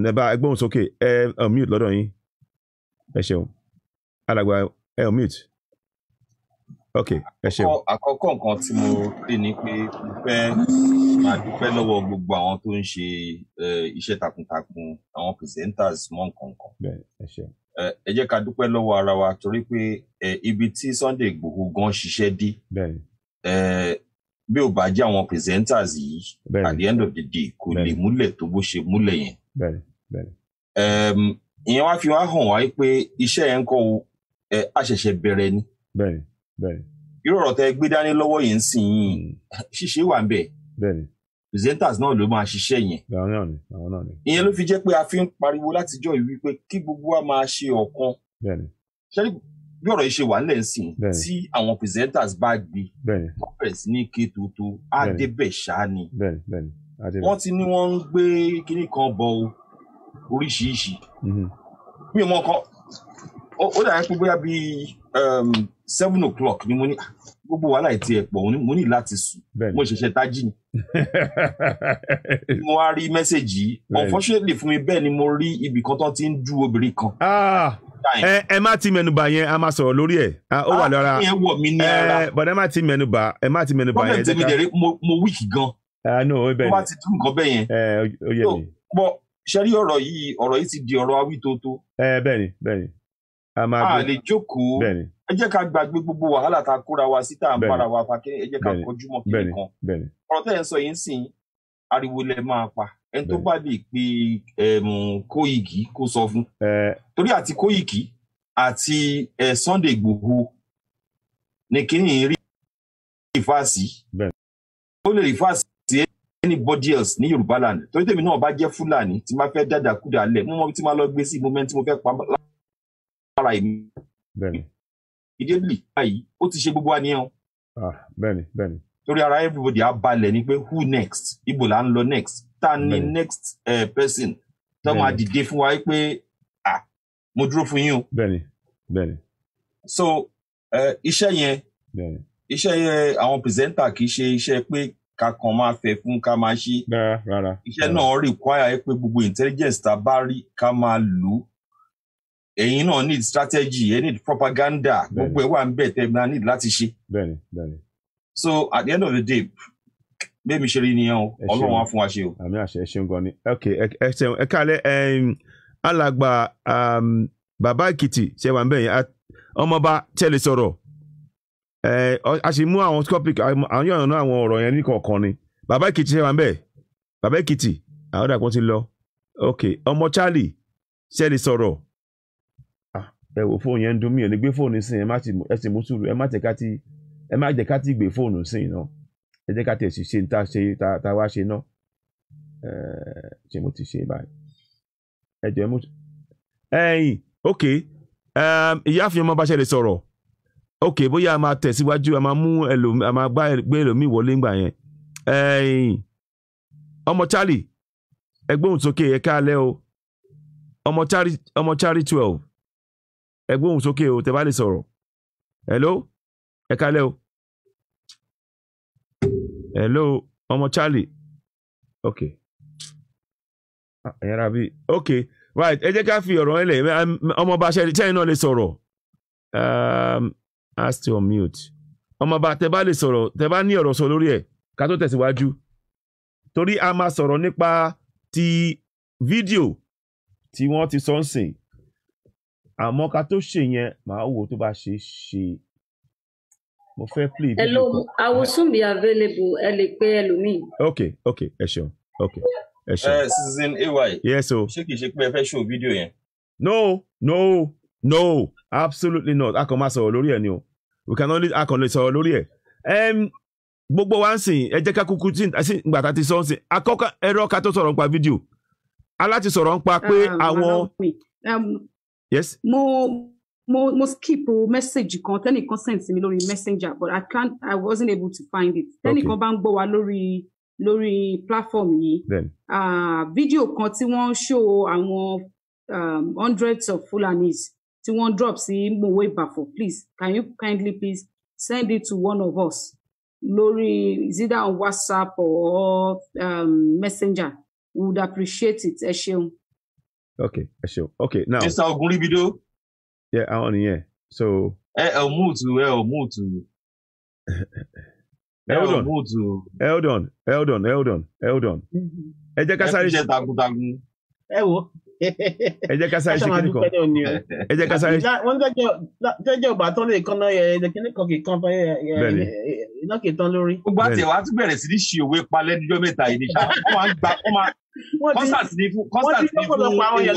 ẹ bá ẹgbọ́n sókè ẹ mute lọ́dọ̀ yín ẹ ṣeun alàgbà ẹ ò mute ok ẹ ṣeun. àkọ́kọ́ nǹkan tí mo rí ni pé mo fẹ́ máa dúpẹ́ lọ́wọ́ gbogbo àwọn tó ń ṣe iṣẹ́ takuntakun àwọn presenters mọ́ nǹkankan. ẹ ẹ jẹ́ ká dúpẹ́ lọ́wọ́ ara wa torí pé ibi tí Sunday Igboho gan ṣiṣẹ́ dé bí ò bá jẹ́ àwọn presenters yìí at the end of the day kò lè múlẹ̀ tó bó ṣe múlẹ̀ yẹn ìyẹn wá fi wá hàn wá pé iṣẹ́ yẹn ń kọ́ ẹ àṣẹ̀ṣẹ̀ bẹ̀rẹ̀ ni. bẹ́ẹ̀ni bẹ́ẹ̀ni. irú ọ̀rọ̀ tẹ gbé dání lọ́wọ́ yẹn ń sìn yín hmm. ṣíṣe wà ń bẹ̀. bẹ́ẹ̀ni. presenters náà ló máa ṣiṣẹ́ yẹn. àwọn náà ni àwọn náà ni. ìyẹn ló fi jẹ́ pé a fi ń pariwo látijọ́ yìí wípé kí gbogbo wa máa ṣe ọ̀kan. bẹ́ẹ̀ni. ṣẹ́ni bí ọ̀rọ̀ yìí ṣe wà nílẹ̀ ńsìn tí àwọn presenters bá gbé conference ní ké tuntun á oríṣiríṣi mm-hmm. mi ò mọ ọkọ ó dà yẹn pé bóyá bíi um, seven o'clock ni mo ní gbogbo wàhálà ìtì ẹ̀ pọ̀ mo ní láti sùn mo ṣẹ̀ṣẹ̀ tají ni mo wá rí mẹ́sẹ̀gì yìí unfortunately fún mi bẹ́ẹ̀ ni mo rí ibì kan tó ti ń ju obìnrin kan. Ah! ẹ ẹ má ti mẹ́nubà yẹn a máa sọ̀rọ̀ lórí ẹ̀ ó wà ah, lára ẹ bọ̀dá ẹ má ti mẹ́nubà ẹ má ti mẹ́nubà yẹn. problem tèmi dẹ̀ rí mo weak gan. mo ah, bá ti dún nǹkan bẹ́ẹ̀ yẹn. Eh, ṣe rí ọ̀rọ̀ yìí ọ̀rọ̀ yìí ti di ọ̀rọ̀ awítótó. ẹ bẹ́ẹ̀ni bẹ́ẹ̀ni a máa gbé a lè jókòó bẹ́ẹ̀ni ẹ jẹ́ ká gbàgbé gbogbo wàhálà tá a kóra wa síta à ń bára wa fa kéré ẹ jẹ́ ká kọjú mọ́ kiri kan ọ̀rọ̀ tẹ́ ẹ ń sọ yìí ń sìn ariwo lẹ máa pa ẹni tó bá lè pe Kóìkì kó sọ fún torí àti Kóìkì àti Sunday Igboho ni kí ni rí ìfàsí ó lè rí ìfàsí anybody else ní yorùbá land torí tèmi náà bá jẹ́ fúlàní tí máa fẹ́ dáadáa kúdà lẹ̀ mo mọ tí máa lọ gbé sí moment tí mo fẹ́ pa lára èmi. ìdílé báyìí ó ti ṣe gbogbo wa nìyẹn o. Ah, bẹ́ẹ̀ni bẹ́ẹ̀ni. torí ara everybody á balẹ̀ ni pé who next ibo là ń lọ next ta ni next uh, person tó máa dìde fún wa pé ah mo dúró fún yín o. bẹ́ẹ̀ni bẹ́ẹ̀ni. so eh, iṣẹ́ yẹn iṣẹ́ yẹn àwọn pìrìsẹ́ńtà kì í ṣe iṣẹ́ pé ká kan máa fẹ́ fún ká máa ṣe iṣẹ́ náà require ẹ pé gbogbo intelligence tá bá rí ká máa lò ó ẹ̀yin náà need strategy ẹ need propaganda gbogbo ẹ wà ń bẹ̀ tẹ́ ẹ need láti ṣe. so at the end of the day bẹ́ẹ̀mi ṣe rí nìyẹn o ọlọ́run á fún wa ṣe o. àmì àṣẹ ẹ ṣeun gan ni ok ẹ ṣeun ẹ kálẹ̀ alàgbà bàbá èkìtì ṣe wà ń bẹ̀ ọmọọba tẹ́lẹ̀ sọ̀rọ̀ ẹ a sì mú àwọn topic àwọn yóò yànnà àwọn ọ̀rọ̀ yẹn ní kọ̀ọ̀kan ni bàbá èkìtì ṣe wà ń bẹ̀ bàbá àwọn dàpọ̀ ti lọ ok ọmọ charlie ṣe lè sọ̀rọ̀ ẹ wò fóònù yẹn ń dún mí ò ní gbé fóònù sí ẹ má ti ẹ sì mú sùúrù ẹ má tẹ̀ ká ti ẹ má jẹ́ ká ti gbé fóònù sí iná ẹ jẹ́ ká tẹ̀ sì ṣe ta ṣe ta wá ṣe ná ṣe mo ti ṣe báyìí ẹ jẹ́ mo ẹ̀yìn ok ìyáàfin ọmọ bá ṣe lè ok bóyá a máa tẹ̀síwájú a máa mú ẹlòmíì a máa gbé ẹlòmíì wọlé ńgbà yẹn ọmọ Charlie ẹgbóhùn sókè ẹ káalẹ́ o ọmọ Charlie ọmọ Charlie twelve ẹgbóhùn sókè o tẹ́ bá lè sọ̀rọ̀ hello ẹ káalẹ́ o hello ọmọ Charlie ok ẹ̀yára bíi ok right ẹ jẹ́ ká fi ọ̀rọ̀ ẹ lẹ̀ ọmọ bá ṣe ẹni náà lè sọ̀rọ̀. Um, I still mute. ọmọọba tẹ bá lè sọ̀rọ̀ tẹ bá ní ọ̀rọ̀ sọ lórí ẹ̀ ká tó tẹ̀síwájú torí a máa sọ̀rọ̀ nípa ti fídíò tí wọ́n ti sọ ń sìn àmọ́ ká tó ṣe yẹn màá wò tó bá ṣe ṣe mo fẹ́ pli. hello I will soon be available ẹ lè pe ẹlòmíì. ok ok ẹ ṣeun ok ẹ ṣeun. ẹ season ay. yes o. ṣé kìí ṣe pé ẹ fẹ́ ṣó fídíò yẹn. no no no absolutely not a kàn máa sọ̀rọ̀ lórí ẹ̀ ni o we can only a kàn lè sọ̀rọ̀ lórí ẹ̀ gbogbo wa ń sìn ẹ jẹ́ ká kúkú tí àti ìgbà tá a ti sọ ń sìn akọ́kọ́ ẹ̀rọ ká tó sọ̀rọ̀ nípa fídíò aláti sọ̀rọ̀ nípa pé ah, àwọn. Um, yes. mo mo mo skip o message kan tẹnìkan send sí mi lórí messenger but i can't i wasn't able to find it tẹnìkan bá ń gbọ́ wa lórí lórí platform yìí fídíò ah, kan tí wọ́n ń show àwọn um, hundreds of fulanis tí wọ́n drop sí Mowé Bafo please can you kindly please send it to one of us lórí is either on WhatsApp or um, Messenger we would appreciate it ẹ ṣeun. okay ẹ ṣeun okay now. mr ogunribido. yẹ àwọn nìyẹn so. ẹ ẹ múùtù ẹ ò múùtù. hold on hold on hold on hold on hold mm-hmm. on. ẹ jẹ́ ká sáré. ẹ fi ṣe takuntakun. ẹ wo ẹ jẹ́ ká sáré ṣe kíni kan ẹ jẹ́ ká sáré. wọ́n jẹ́jẹ́ ọba tán lè kán náà ẹ̀ẹ́dẹ̀ kíní kan kì í kán tán iná kì í tán lórí. gbogbo àti ẹ̀wá tún bẹ̀rẹ̀ sí ní ṣe òwe pa lẹ́nudọ́ mẹ́ta yìí níṣà wọ́n máa ń gba wọ́n máa ní fún constant ní fún ìwà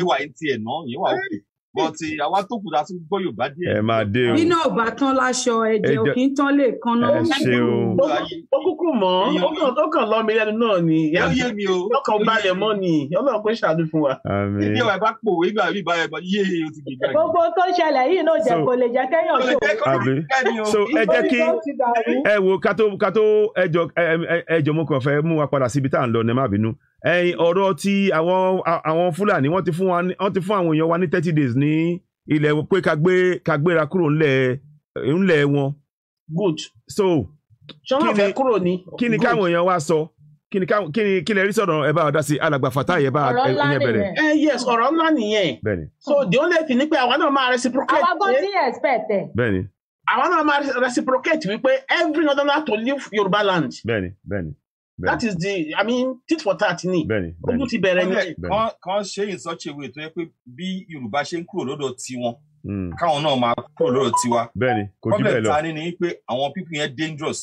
ìwà ìtì ẹ̀ náà ìwà òkè but eh, àwa tó kù láti gbọ́ yorùbá díẹ̀. ẹ máa dé o. nínú ọba tán láṣọ ẹ̀jẹ̀ òkì ń tán lè kan náà. ẹ ṣe o. ó kúkú mọ́ ó kàn lọ́ mi lẹ́nu náà ni. ó yé mi o. ọkàn balẹ̀ mọ́ ni ọlọ́run kò ṣàánú fún wa. àmín. ìdí ọ̀rẹ́ bá pò ìgbà mi bá ẹ̀bọ yé o ti gbìgbà yìí. gbogbo tó ṣẹlẹ̀ yìí náà jẹ́ kò lè jẹ́ kẹ́yàn ṣòwò. àmín so ẹ jẹ́ kí ẹ wo kátó ẹjọ́ mo kàn fẹ́ mú wa padà síbi tá à ń lọ ní má bínú ẹyin ọ̀rọ̀ tí àwọn àwọn fúlàní wọ́n ti fún wa wọ́n ti fún àwọn èèyàn wa ní thirty days ní ilẹ̀ pé ká gbé ká gbéra kúrò ńlẹ̀ ńlẹ̀ wọn. good so kí ni kí ni káwọn èèyàn wa sọ kí ni kí ni kí lè rí sọ̀rọ̀ ẹ bá ọ̀dà sí alàgbà fata yẹ bá ẹ̀yẹ bẹ̀rẹ̀. ẹ eh, yes ọ̀rọ̀ ńlá nìyẹn so the only thing ni pé àwa náà máa reciprocate. àwa gbọ́dọ̀ ní expect ẹ̀. bẹ́ẹ̀ni. àwa náà máa reciprocate wípé every northerner to leave Yorùbá land. bẹ́ẹ̀ni bẹ́ẹ̀ni Benny. that is the i mean tit for tat ni ogun ti bẹ̀rẹ̀ ni. kàn ṣe in such a way to yẹ pé bí yorùbá ṣe ń kúrò lọ́dọ̀ tiwọn hmm. káwọn náà máa kúrò lọ́dọ̀ tiwa problem ta ni ni pé àwọn people yẹn dangerous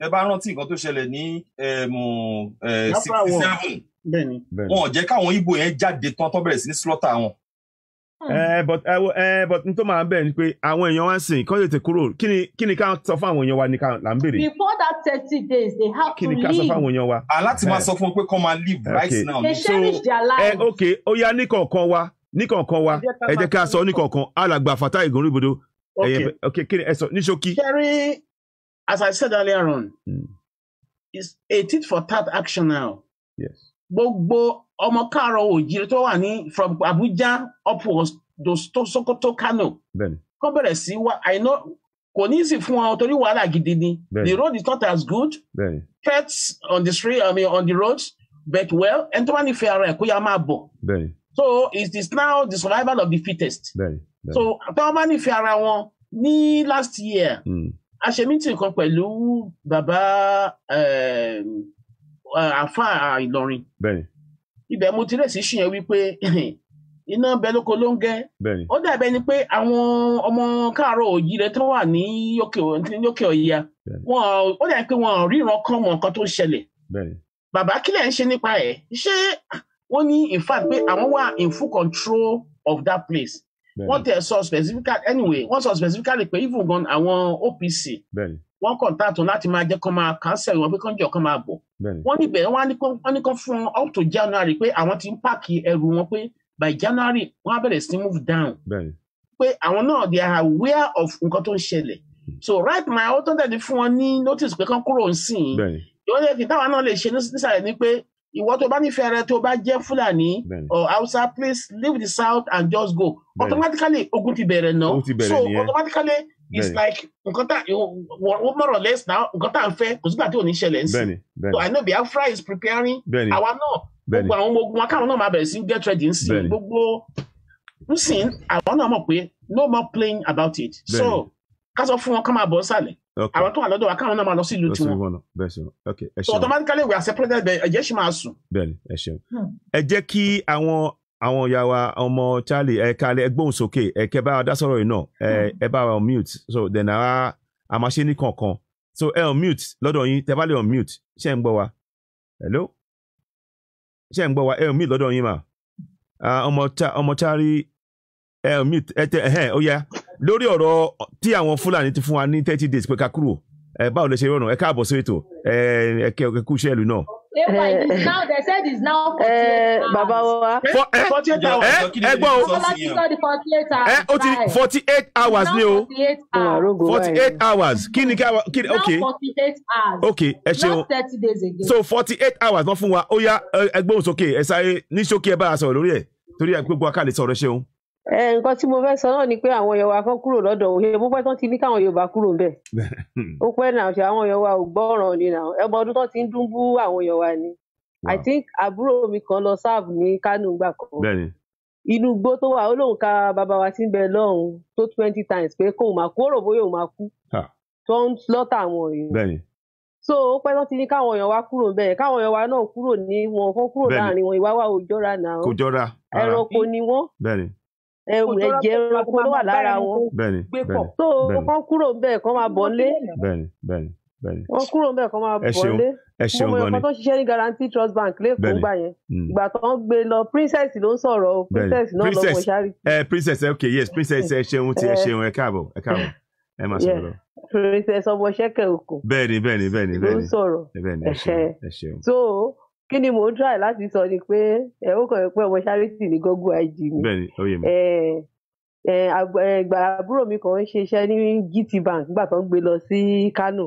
ẹ bá rántí nǹkan tó ṣẹlẹ̀ ní eh, sixty seven wọn ò jẹ́ káwọn Ìgbò yẹn jáde tán tó bẹ̀rẹ̀ sí ní slaughter wọn Eh, hmm. eh, eh, but n tó máa bẹ̀ ni pé àwọn èèyàn wá sìn kọ́ tètè kúrò kí ni ká sọ fún àwọn èèyàn wa ni ká là ń béèrè. before that thirty days they have to leave. kí ni ká sọ fún àwọn èèyàn wa. aláti máa sọ fún wọn pé kọ́ máa leave right now. they cherish their lives. ẹ ok ó yá ní kọ̀ọ̀kan wa ní kọ̀ọ̀kan wa ẹ jẹ́ ká sọ ní kọ̀ọ̀kan alàgbà Fatai Igbenegbudo. ok ok kí ni ẹ sọ ní ṣókí. sẹ́rí as I said earlier on mm. it's a tit for tat action now. yes. gbogbo ọmọ káàárọ̀ òjìrì tó wà ní from Abuja upwards to Sokoto Kano kọ́ bẹ̀rẹ̀ sí wa I know kò ní í sì fún wọn torí wàhálà gidi ni the road is not as good pets on the street I mean on the roads but well ẹni tó bá nífẹ̀ẹ́ ara ẹ̀ kó yá máa bọ̀ so it is now the survival of the fittest Bẹ́ẹ̀ni. Bẹ́ẹ̀ni. so táwọn bá nífẹ̀ẹ́ ara wọn ní last year hmm. a ṣe mítìn kan pẹ̀lú bàbá eh, àfa Ìlọrin. Bẹ́ẹ̀ni ibẹ̀ mo ti rèsí ṣìyẹn wípé iná bẹ lóko ló ń gẹ ó dàbẹ ni pé àwọn ọmọ káàárọ̀ òjíire tó wà ní yókè ọ̀yà wọn ó dàbí pé wọn ríran kan mọ nǹkan tó ń ṣẹlẹ̀ bàbá kílẹ̀ ń ṣe nípa ẹ̀ ṣé wọ́n ní in fact pé àwọn wà in full control of that place wọ́n tẹ̀ sọ specifically anyway wọ́n sọ specifically pé even gan àwọn OPC wọ́n contact láti máa jẹ́ kán máa cancel wọn pé kán jọ kán máa bọ̀ wọ́n níbẹ̀ wọ́n ní kán fún up to January pé àwọn ti ń pààkì ẹrù wọn pé by January wọ́n á bẹ̀rẹ̀ sí move down pé àwọn náà they are aware of nǹkan tó ń ṣẹlẹ̀ hmm. so right now ó tó ń tẹ̀lé fún wọn ní notice pé kán kúrò ń sìn ìwọ́n táwọn náà lè ṣe nísàlẹ̀ ni pé ìwọ tó bá nífẹ̀ẹ́ rẹ tó bá jẹ́ Fúlàní or Hausa please leave the south and just go automatically ogun ti bẹ̀rẹ̀ náà so automatically it's like nǹkan tá wọ́n more or less now nǹkan tá à ń fẹ́ kò sígbà tí ò ní ṣẹlẹ̀ ń so I know Biafra is preparing àwa náà gbogbo àwọn ọmọ ogun wa káwọn náà máa bẹ̀rẹ̀ sí get ready ń sìn gbogbo ń sìn àwọn náà mọ̀ pé no more playing about it so ká sọ fún wọn ká máa bọ̀ sálẹ̀ àwọn tó wà lọ́dọ̀ wa káwọn náà máa lọ sí ìlú tiwọn so automatically we are separated ẹ jẹ́ ṣì máa sùn. Hmm. ẹ jẹ́ kí àwọn àwọn ìyá wa ọmọ Charlie ẹ kalẹ̀ ẹ gbóhùn sókè ẹ bá wa dá sọ̀rọ̀ yìí náà ẹ hmm. bá wa on mute so then a a ní kankan so ẹ on mute lọ́dọ̀ yín tẹ bá lè on mute ṣé ń gbọ́ wa hello ṣé ń gbọ́ wa ẹ on mute lọ́dọ̀ yín mà ọmọ ọmọ Charlie ẹ on mute ẹ tẹ ẹ ó yá lórí ọ̀rọ̀ tí àwọn Fúlàní ti fún wa ní thirty days pé ká kúrò ẹ eh, báwo lè ṣe rọrùn ẹ káàbọ̀ sí ètò eh, ẹ ẹ kẹ ẹ kú iṣẹ́ ìlú náà. Eh, bàbá wa. forty eight hours ẹ gbọ́ o ẹ o ti forty eight hours ni o forty eight hours kí ni kí ni ok ok ẹ ṣeun so forty eight hours wọ́n fún wa ó yá ẹ gbóhùn sókè ẹ sáré ní sókè ẹ bá a sọ̀rọ̀ lórí ẹ̀ torí ẹ gbogbo aká lè sọ̀rọ̀ nǹkan tí mo fẹ́ sọ náà ni pé àwọn Yorùbá kan kúrò lọ́dọ̀ òun ṣe púpẹ́ tán ti ní káwọn Yorùbá kúrò ń bẹ̀. ó pẹ́ náà ṣe àwọn Yorùbá ò gbọ́ràn ni náà ẹmọ ọdún tán ti ń dún bú àwọn Yorùbá ni. I think àbúrò mi kan lọ sáàbù ní Kánò gbà kan. inú igbó tó wà ó lóun ka bàbá wa ti ń bẹ lọ́hùn tó twenty times pé kóun máa kú ó rò bóyá òun máa kú. tó ń lọ́tà àwọn èèyàn so ó pẹ́ tó ti ní káwọn èèyàn wá kúrò bẹ́ẹ̀ káwọn èèyàn wá náà kúrò ní wọn kó kúrò láàrin wọn ìwáwá ni wọn ẹwù ẹ̀jẹ̀ ẹranko ló wà lára wọn tó kán kúrò ń bẹ̀ kán máa bọ̀ lé wọ́n kúrò ń bẹ̀ kán máa bọ̀ lé mo mọ ẹ̀kọ́ tó ṣiṣẹ́ ní guarantee trust bank lẹ́kọ̀ọ́ gbà yẹn mm. ìgbà tó ń gbé lọ princess ló ń sọ̀rọ̀ o princess náà lọ́mọ ṣáré. ẹ princess ok yes princess ẹ ṣeun ti ẹ eh. ṣeun ẹ káàbọ̀ ẹ káàbọ̀ ẹ máa sọ̀rọ̀. princess ọmọ ṣẹ́kẹ̀ òkun. bẹ́ẹ̀ni bẹ́ẹ̀ni bẹ́ẹ̀ni bẹ́ẹ̀ni ló ń sọ̀rọ̀ ẹ ṣeun ẹ ṣeun kí ni mò ń try láti sọ ni pé ẹ ó kàn yẹ pé ọmọ charity ní google ig mi bẹ́ẹ̀ni mi ẹgbà ń ṣiṣẹ́ ní gt bank nígbà tó ń gbé lọ sí kano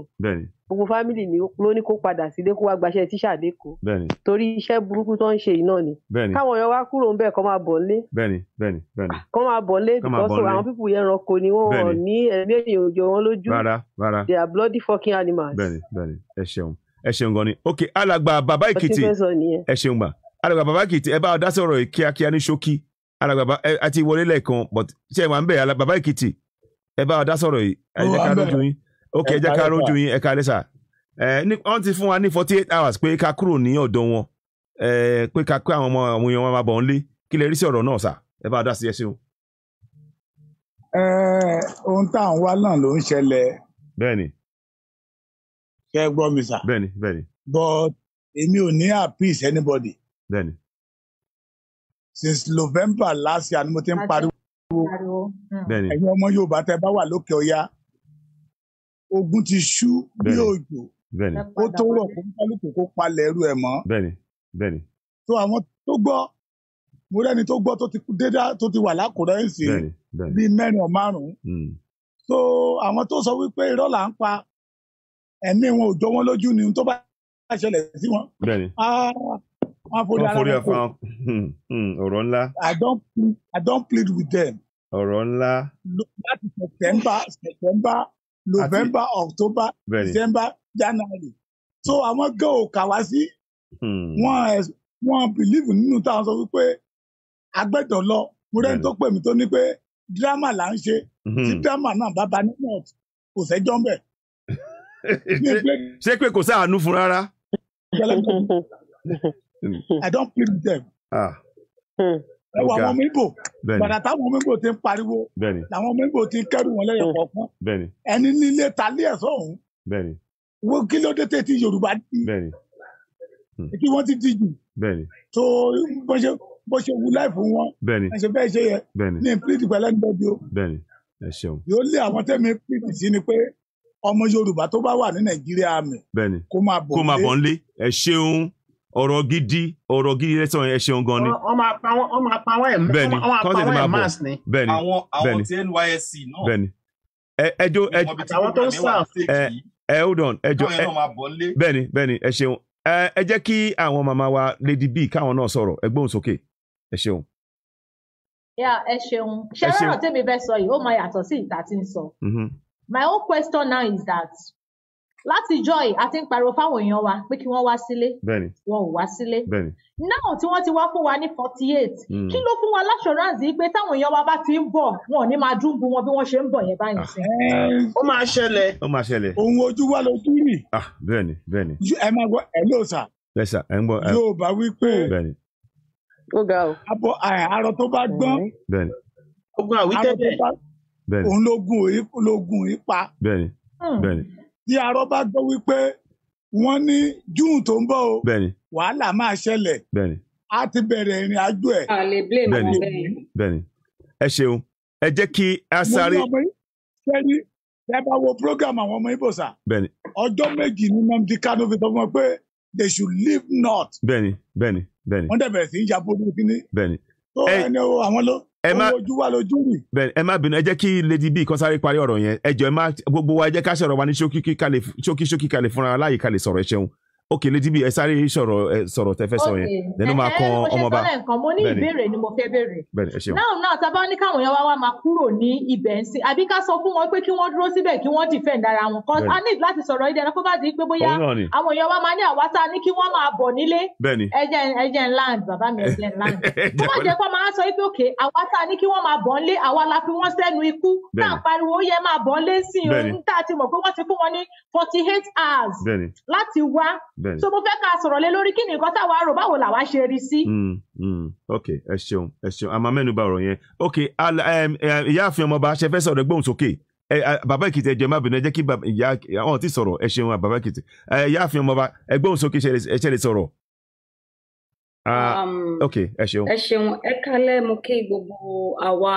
gbogbo fámìlì ni ló ní kó padà sílé kó wá gbaṣẹ́ tíṣà lẹ́kọ̀ọ́ torí iṣẹ́ burúkú tó ń ṣe iná ni káwọn èèyàn wá kúrò ń bẹ̀ kó máa bọ̀ lé kó máa bọ̀ lé because àwọn pípù yẹn ranko ni wọ́n ní ẹ̀mí èèyàn òjò wọn lójú they are bloody fucking animals. bẹ́ẹ̀ni bẹ́ẹ̀ni ẹ ṣeun ẹ ṣeun gan ni ok alàgbà bàbá èkìtì ẹ ṣeun gbà alàgbà bàbá èkìtì ẹ bá ọ dá sọ̀rọ̀ yìí kíákíá ní ṣókí alàgbà ẹ àti ìwọlé lẹ́ẹ̀kan but ṣé ẹ wà ń bẹ alàgbà bàbá èkìtì ẹ bá ọ dá sọ̀rọ̀ yìí ẹ jẹ́ ká rójú yín ok ẹ jẹ́ ká rójú yín ẹ ká lẹ́sà wọ́n ti fún wa ní forty eight hours pé ká kúrò ní ọ̀dọ̀ wọn pé ká kó àwọn ọmọ àwọn èèyàn wọn máa bọ̀ ń lé kí lè rí sí ọ̀rọ̀ náà sà ẹ bá dá sí ẹ ṣeun. ohun tá à ń wá náà ló ń ṣẹlẹ̀. bẹ́ẹ̀ni kẹ́ ẹ gbọ́ mi sà. bẹ́ẹ̀ni bẹ́ẹ̀ni. but èmi ò ní appease anybody. bẹ́ẹ̀ni. since november last year ni mo ti ń pariwo. Hmm. bẹ́ẹ̀ni. ẹ̀yin ọmọ yorùbá tẹ́ bá wà lókè ọya ogun ti ṣú bí òjò. bẹ́ẹ̀ni. ó tó rọ̀ kó kálukú kó palẹ̀ ẹrú ẹ̀ mọ́. bẹ́ẹ̀ni bẹ́ẹ̀ni. tó àwọn tó gbọ́ mo rẹ́ni tó gbọ́ tó ti dédá tó ti wà lákùrẹ́ ìsìn bíi mẹ́rin ọ̀ márùn-ún. Hmm. so àwọn tó sọ wípé irọ́ là ń pa ẹ̀mí wọn ò jọ wọn lójú ni tó bá ṣẹlẹ̀ sí wọn. bẹ́ẹ̀ni wọn forí ara wọn kò hmm, hmm, ọ̀rọ̀ ńlá. I don't plead with them. ọ̀rọ̀ ńlá. láti September September November October December January so àwọn gan kà wá sí. Hmm. wọn believe nínú táwọn sọ wípé agbẹ́dọ̀ lọ mo rẹ́ni tó pè mí tó ní pé dírámà là ń ṣe tí dírámà náà bá ba ní north kò sẹ́jọ́ ń bẹ̀ ṣé pé kò sáànú fún rárá. I don't plead with them. ẹwà àwọn ọmọ ibo gbàdá táwọn ọmọ ibo ti ń pariwo làwọn ọmọ ibo ti ń kẹrù wọn lẹ́yìn kọ̀ọ̀kan ẹni nílé talé ẹsọ ọhún wo kí ló dé tètè Yorùbá di kí hmm. wọn ti di jù tó bó ṣe bó ṣe wù láì fún wọn ẹsẹ bẹ́ẹ̀ ṣe yẹ ní píríìtì pẹ̀lẹ́ ní bẹ́ẹ̀ bí o yóò lé àwọn tẹmí píríìtì sí ni pé ọmọ yorùbá tó bá wà ní nàìjíríà mi kó kó máa bọ̀ ń ẹ ṣeun ọ̀rọ̀ gidi ọ̀rọ̀ gidi lẹsẹ ẹ ṣeun gan ni. ọmọ àpawọ́ ọmọ àpawọ́ ẹ̀ bẹ́ẹ̀ni kọ́sẹ̀ máa bọ̀ bẹ́ẹ̀ni àwọn àwọn ti NYSC náà bẹ́ẹ̀ni ẹjọ ẹjọ àtàwọn ẹ hold on ẹjọ ẹ bẹ́ẹ̀ni ẹ ṣeun ẹ jẹ́ kí àwọn màmá wa Lady B káwọn náà sọ̀rọ̀ ẹ sókè ẹ ṣeun. ẹ ṣeun ṣẹ́rọ̀ tèmi bẹ́ẹ̀ sọ yìí ó máa yàtọ̀ sí ìta tí ń sọ. Mm-hmm my own question now is that látijọ́ yìí a ti ń pariwo fáwọn èèyàn wa pé kí wọ́n wá sílé wọn ò wá sílé náà tí wọ́n ti wá fún wa ní forty eight hmm. kí ló fún wa láṣọ̀ránsì yìí pé táwọn èèyàn wa bá ti ń bọ̀ wọn ò ní máa dúnbu wọn bí wọ́n ṣe ń bọ̀ yẹn báyìí ah, eh. ó máa ṣẹlẹ̀ ó máa ṣẹlẹ̀ òun ojú wa lójú rì. Ah, bẹ́ẹ̀ni bẹ́ẹ̀ni. ẹ máa gbọ́ ẹ ló sà. ẹ sà ẹ ń gbọ́. yóò bá wí pé ó ga o. Eh, bẹ́ẹ̀ni. ó gbọ́n òun ló gùn òyìn pa. Hmm. bí arọ bá gbọ́ wípé wọ́n ní june tó ń bọ̀ o wàhálà máa ṣẹlẹ̀ a ti bẹ̀rẹ̀ ìrìn àjò ẹ̀. ẹ ṣeun ẹ jẹ́ kí a sáré. mo ní ọmọ yìí sẹ́ni ẹ bá wo program àwọn ọmọ Ìgbò sà. ọjọ́ méjì ni Nnamdi Kanu fi sọ pé they should leave north. wọ́n dẹ̀ bẹ̀rẹ̀ sí í ya bọ́dún kínní ẹni o àwọn ló ojú wa lójú rì. bẹ́ẹ̀ ẹ má bínú ẹ jẹ́ kí Lady B kan sáré parí ọ̀rọ̀ yẹn ẹ jọ ẹ má gbogbo wa ẹ jẹ́ ká ṣọ̀rọ̀ wa ní ṣókí ṣókí kalẹ̀ fúnra aláyè kalẹ̀ sọ̀rọ̀ ẹ ṣeun ok létí bí ẹ sáré sọ̀rọ̀ ẹ sọ̀rọ̀ tẹ fẹ́ sọ yẹn lẹ́nu máa kan ọmọba bẹ́ẹ̀ ni mo ní ìbéèrè ni mo fẹ́ béèrè bẹ́ẹ̀ ni ẹ ṣeun náà náà tá a bá ní káwọn èèyàn wá wá máa kúrò ní ibẹ̀ ń sìn àbí ká sọ fún wọn pé kí wọ́n dúró síbẹ̀ kí wọ́n defend ara wọn kan a need láti sọ̀rọ̀ ìdẹ̀rẹ̀ kó bá di pé bóyá àwọn èèyàn wá máa ní àwátá ní kí wọ́n máa bọ̀ nílé ẹjẹ̀ land bàbá mi ẹjẹ̀ land kó má jẹ́ kó máa sọ so mo fẹ́ ká sọ̀rọ̀ lé lórí kí ni nǹkan táwa rò báwo làwa ṣe rí sí. Hmm, hmm. ok ẹ ṣeun ẹ ṣeun àmọ́ mẹ́nuba ọ̀rọ̀ yẹn ok ìyáàfin ọmọọba ṣe fẹ́ sọ̀rọ̀ gbóhùn sókè bàbá èkìtì ẹjọ má bínú ẹ jẹ́ kí ìyá ọ̀hún ti sọ̀rọ̀ ẹ ṣeun bàbá èkìtì ìyáàfin ọmọọba ẹgbóhùn sókè ẹ ṣe lè sọ̀rọ̀. Um, ok ẹ ṣeun. ẹ ṣeun ẹ kálẹ̀ mo kí gbogbo àwa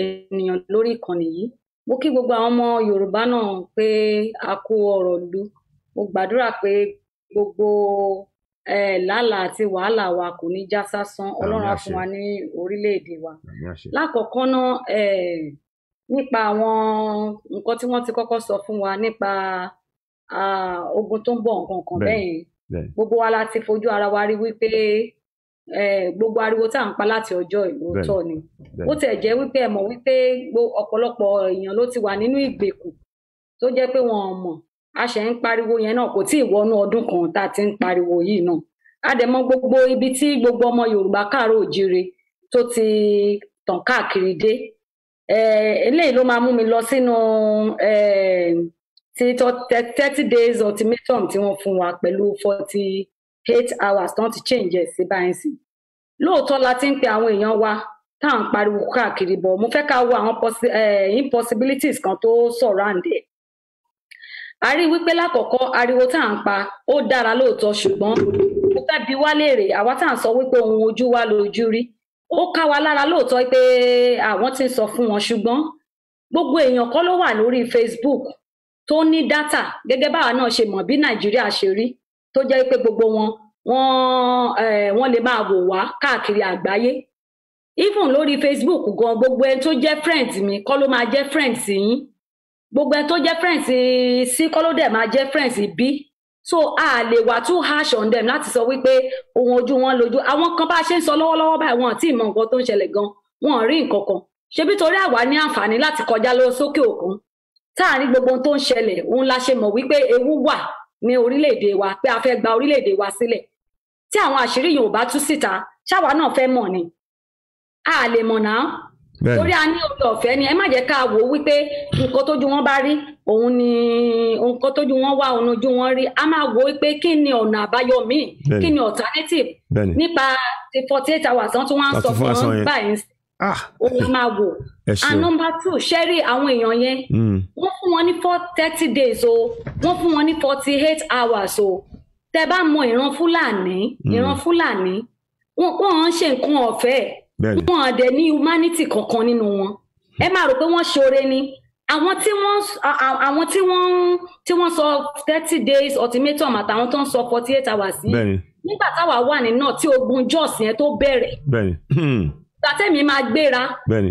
ènìyàn lórí ìkànnì yìí mo kí gbogbo àwọn ọmọ Yorùbá náà pé a kó ọ̀rọ̀ lu mo gbàdúrà pé gbogbo làálàá àti wàhálà wa kò ní já sásán ọlọ́run á fún wa ní orílẹ̀-èdè wa lákọ̀ọ́kọ́ náà nípa àwọn nǹkan tí wọ́n ti kọ́kọ́ sọ fún wa nípa ogun tó ń bọ̀ nǹkan kan bẹ́ẹ̀ yẹn gbogbo wa la ti fojú ara wa rí wípé gbogbo ariwo tá à ń pa láti ọjọ́ ìlóòótọ́ ni ó tẹ̀ jẹ́ wípé ẹ mọ̀ wípé ọ̀pọ̀lọpọ̀ èèyàn ló ti wà nínú ìgbèkùn tó jẹ́ pé wọn mọ̀ a ṣe ń pariwo yẹn náà kò tí ì wọnú ọdún kan tá a ti ń pariwo yìí náà a dẹ̀ mọ̀ gbogbo ibi tí gbogbo ọmọ Yorùbá káàárọ̀ òjire tó ti tàn káàkiri dé eléyìí ló máa mú mi lọ sínú ti thirty days ultimatum tí wọ́n fún wa pẹ̀lú forty eight hours tó ń ti change ẹ̀ sí báyìí sí lóòótọ́ la ti ń pe àwọn èèyàn wa tá à ń pariwo káàkiri bọ̀ mo fẹ́ ká wo àwọn impossibilities kan tó surround ẹ̀ a rí wípé lákọ̀ọ́kọ́ ariwo tá à ń pa ó dára lóòótọ́ ṣùgbọ́n ó fẹ́ bi wá léèrè àwa tá à ń sọ wípé ohun ojú wa lójú rí ó ká wa lára lóòótọ́ pé àwọn ti ń sọ fún wọn ṣùgbọ́n gbogbo èèyàn kọ́ ló wà lórí Facebook tó ní dátà gẹ́gẹ́ báwa náà ṣe mọ̀ bí Nàìjíríà ṣe rí tó jẹ́ pé gbogbo wọn wọ́n wọ́n lè máa wò wá káàkiri àgbáyé even lórí Facebook gan gbogbo ẹni tó jẹ́ friend mi kọ́ ló máa jẹ́ friend sí yín gbogbo ẹni tó jẹ́ friends sí kọ́ ló dẹ̀ máa jẹ́ friends bí so a lè wà too harsh on them láti sọ wípé ohun ojú wọn lójú àwọn kan bá a ṣe ń sọ lọ́wọ́lọ́wọ́ báyìí wọn àti ìmọ̀ nǹkan tó ń ṣẹlẹ̀ gan wọn rí nǹkan kan ṣebí torí àwa ní àǹfààní láti kọjá lọ sókè òkun táàrin gbogbo ohun tó ń ṣẹlẹ̀ òun la ṣe mọ̀ wípé ewu wà ní orílẹ̀-èdè wa pé a fẹ́ gba orílẹ̀-èdè wa sílẹ̀ tí àwọn àṣírí yìí ò bá tú síta ṣáwa náà fẹ́ mọ̀ ni a lè mọ̀ náà torí a ní oore ọ̀fẹ́ ni ẹ má jẹ́ ká wò ó wípé nǹkan tójú wọn bá rí òun ni nǹkan tójú wọn wá òun ojú wọn rí a máa wò ó pé kí ni ọ̀nà àbáyọ míì kí ni alternative nípa forty eight hours tán tí wọ́n á sọ fún wọn báyìí òun ah. máa wò and number two ṣẹ́rí àwọn èèyàn yẹn hmm. wọ́n fún wọn ní four thirty days o wọ́n fún wọn ní forty eight hours o tẹ bá mọ ìran fúlàní hmm. ìran fúlàní wọn kò hàn ṣe nǹkan ọ̀fẹ́ wọn àdẹ ní humanity kankan nínú wọn ẹ máa rò pé wọ́n ṣoore ni àwọn tí wọ́n àwọn tí wọ́n tí wọ́n sọ thirty days ultimatum àtàwọn tó ń sọ forty eight hours yìí nígbà táwa wà ní náà tí ogun jọ́ọ̀sì yẹn tó bẹ̀rẹ̀ gbàtẹ́mi máa gbéra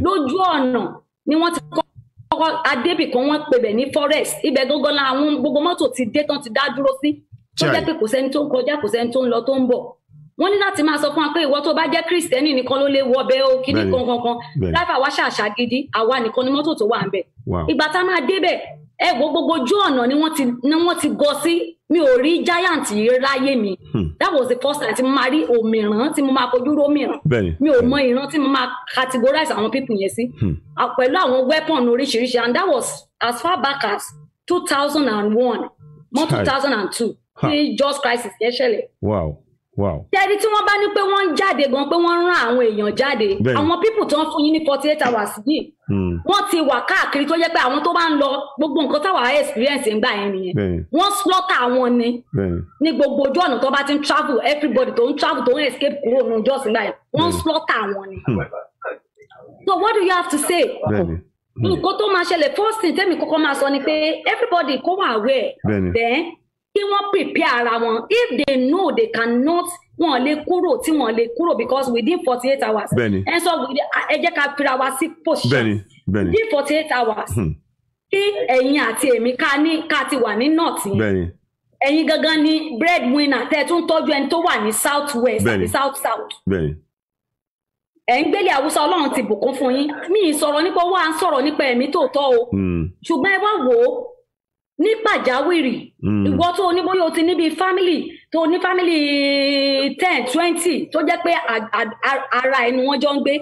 lójú ọ̀nà ni wọ́n ti kọ́ kọ́kọ́ adébì kan wọ́n pè ní forest ibẹ̀ gángan la àwọn gbogbo mọ́tò ti dé tán ti dá dúró sí tó jẹ́ pé kò sẹ́ni tó ń kọjá kò sẹ́ni tó ń lọ tó ń bọ̀ wọ́n ní láti máa sọ fún wa pé ìwọ tó bá jẹ́ kristẹni nìkan ló lè wọbẹ̀ o kí ní kankan kan láfà wá ṣàṣà gidi àwa nìkan ni mọ́tò tó wà ń bẹ̀ ìgbà tá a máa débẹ̀ ẹ wo gbogbo ojú ọ̀nà ni wọ́n ti gọ sí mi ò rí giant yìí ráyé mi hmm. that was the first time tí mo máa rí òmìrán tí mo máa fojú rómìrán mi ò mọ ìran tí mo máa categorize àwọn people yẹn sí hmm. pẹ̀lú àwọn weapon oríṣiríṣi and that was as far back as two thousand and one mọ́ two thousand and two ní just crisis yẹn ṣẹlẹ̀. wow tẹ́rí tí wọ́n bá ní pé wọ́n ń jáde gan pé wọ́n ń rán àwọn èèyàn jáde àwọn pípù tó ń fún yín ní forty eight hours yìí hmm. wọ́n ti wà káàkiri tó jẹ́ pé àwọn tó bá ń lọ gbogbo nǹkan táwa experience ń gbà yẹn nìyẹn wọ́n slaughter àwọn ni ní gbogbo ojú ọ̀nà tó bá ti ń travel everybody tó ń travel tó ń escape kúrò ní ojú ọ̀sìn gbà wọ́n slaughter àwọn ni hmm. so what do you have to say hmm. nǹkan tó máa ṣẹlẹ̀ first thing tẹ́mi kọ́kọ́ máa sọ ni pé everybody kó wà aware then kí wọ́n prepare ara wọn if they know they cannot wọn lè kúrò tí wọn lè kúrò because within forty eight hours ẹ sọ ẹ jẹ́ ká fira wa sí position within forty eight hours hmm. kí ẹ̀yin àti èmi ká ní ká ti wà ní north yẹn ẹ̀yin gangan ni bread winner tẹ́ ẹ tún tọ́jú ẹni tó wà ní south west àti south south ẹ̀ ń gbélé àwùsọ ọlọ́run ti bùkún fún yín mi ì sọ̀rọ̀ nípa owó à ń sọ̀rọ̀ nípa ẹ̀mí tòótọ́ o hmm. ṣùgbọ́n ẹ wá wò ó ní pàjáwìrì hmm. ìwọ tó ní bóyá o ti níbi family tó ní family ten twenty tó jẹ́ pé ara ẹni wọ́n jọ ń gbé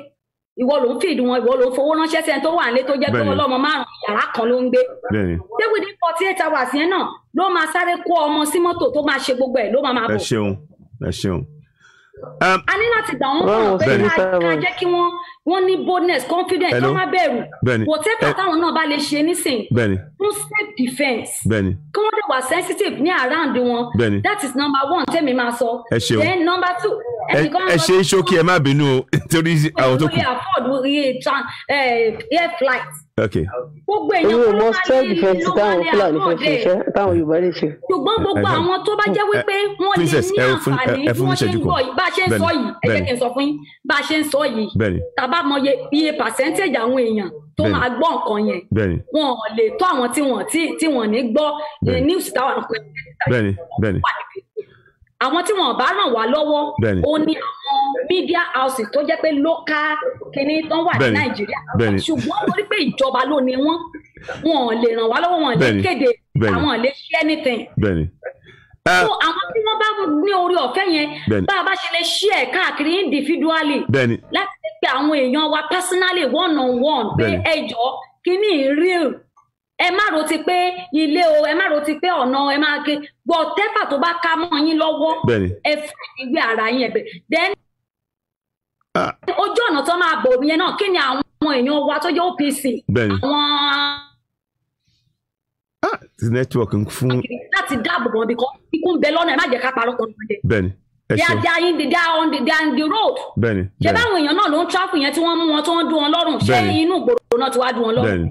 ìwọ ló ń fìdí wọn ìwọ ló ń fowó ránṣẹ́ sẹ́ni tó wà nílé tó jẹ́ pé ọlọ́mọ márùn-ún yàrá kan ló ń gbé tẹ́wé ní forty eight hours yẹn náà ló máa sáré kó ọmọ sí mọ́tò tó máa ṣe gbogbo ẹ̀ ló máa máa bọ̀. ẹ ṣeun ẹ ṣeun. a ní láti gbà wọ́n mọ̀ pé ká jẹ́ kí wọ́n wọ́n ní boldness confidence wọ́n má bẹ̀rù whatever táwọn náà bá lè ṣe nísìn fún self defence kí wọ́n dẹ̀ sensitive ní around wọn that is number one tẹ́mi máa sọ then number two ẹ ṣe é ṣókí ẹ má bínú o nítorí àwọn tó kù. we afford air flight gbogbo èèyàn kọ́ ló máa ní ìlú táwọn Yorùbá lè ṣe. ṣùgbọ́n gbogbo àwọn tó bá jẹ́ wípé wọ́n lè ní àǹfààní bí wọ́n ṣe ń bọ̀ yìí bá a ṣe ń sọ yìí ẹ jẹ́ kí n sọ fún yín bá a ṣe ń sọ yìí bá mọye iye percentage àwọn èèyàn tó máa gbọ́ nǹkan yẹn wọn ò lè tó àwọn tí wọn tí wọn ní gbọ́ eh, news táwọn ń pè é àwọn tí wọn bá ràn wá lọ́wọ́ ó ní àwọn media houses tó jẹ́ pé local kìíní tó wà ní nàìjíríà ṣùgbọ́n torí pé ìjọba ló ní wọn wọn ò lè ràn wá lọ́wọ́ wọn lè kéde àwọn lè ṣe anything. Uh, so àwọn tí wọ́n bá ní orí ọ̀fẹ́ yẹn bá a bá ṣe lè ṣí ẹ̀ káàkiri individually láti pé àwọn èèyàn wa personally one on one pé ẹ jọ kíní real ẹ má ro ti pé ilé o ẹ má ro ti pé ọ̀nà ẹ má ké gbọ́ tẹ́fà tó bá ká mọ́ yín lọ́wọ́ ẹ fún ìgbé ara yín ẹ̀bẹ̀ then ah. ojú ọ̀nà tó máa bọ̀ yẹn náà kí ni àwọn èèyàn wa tó jẹ́ OPC àwọn ah, network ń fún. láti dáàbò bọ̀ bí kan ikú ń bẹ lọ́nà ẹ má jẹ́ ká parọ́ kan lóde. bẹ́ẹ̀ni they are they are in they are on the they are road. bẹ́ẹ̀ni bẹ́ẹ̀ni ṣé báwọn èèyàn náà ló ń tráfù yẹn tí wọ́n mú wọn tí wọ́n dún wọn lọ́rùn ṣé inú ìgboro náà ti wá dún wọn lọ́rùn. bẹ́ẹ̀ni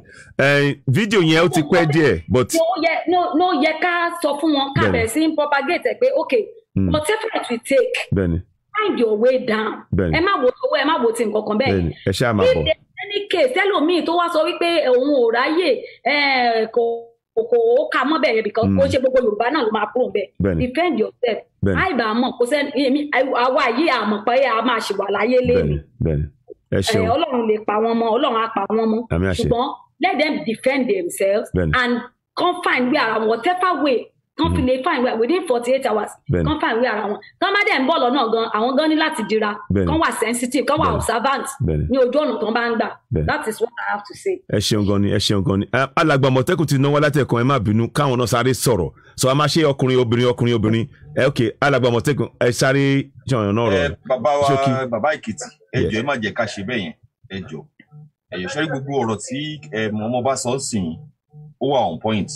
ẹyin fídíò yẹn ó ti pẹ́ díẹ̀ but. no yẹ no no yẹ ká sọ fún wọn ká bẹ̀rẹ̀ sí propagate ẹ̀ pé okay whatever it will take. bẹ́ẹ̀ni find your way down. bẹ́ẹ̀ni ẹ má wo owó ẹ má wo ti nǹkan kan bẹ́ẹ̀. bẹ́ẹ̀ni ẹ ṣáà máa bọ̀. if there any case tẹ́lòmíì tó wá sọ wípé òun ò ráyè kò kò ó ka mọ́ bẹ́ẹ̀ yẹn bìkan kó hmm. ṣe gbogbo yorùbá náà ló máa kúrò bẹ́ẹ̀ defend yourself àìbá mọ̀ kó sẹ́ni èmi àwa yìí àmọ̀ pé a máa ṣì wà láyé lẹ́nu ọlọ́run lè pa wọn mọ́ ọlọ́run á pa wọn mọ́ ṣùgbọ́n let them defend themselves ben. and confine where whatever way kán fi mm-hmm. lè fáìn wẹ̀ within forty eight hours kán fáìn wẹ̀ ara wọn kán má dẹ̀ ń bọ̀ lọ́nà gan àwọn gan ní láti dira kán wà sensitive kán wà observant ní ojú ọ̀nà tán bá ń gbà that is what I have to say. ẹ ṣeun gan ni ẹ ṣeun gan ni alàgbà Àmọ̀tẹ́kùn ti náwó látẹ̀kàn ẹ má bínú káwọn náà sáré sọ̀rọ̀ sọ a máa ṣe ọkùnrin obìnrin ọkùnrin obìnrin ẹ ok alàgbà Àmọ̀tẹ́kùn ẹ sáré ṣàyàn náà rọ bàbá wa bàbá Èkìtì ẹ jọ̀ọ́ ẹ má jẹ́ ká ṣe bẹ́ẹ̀ yẹn ẹ jọ̀ọ́ ẹ̀yọ̀ ṣẹ́rí gbogbo ọ̀rọ̀ tí ọmọ bá sọ sí ó wà on point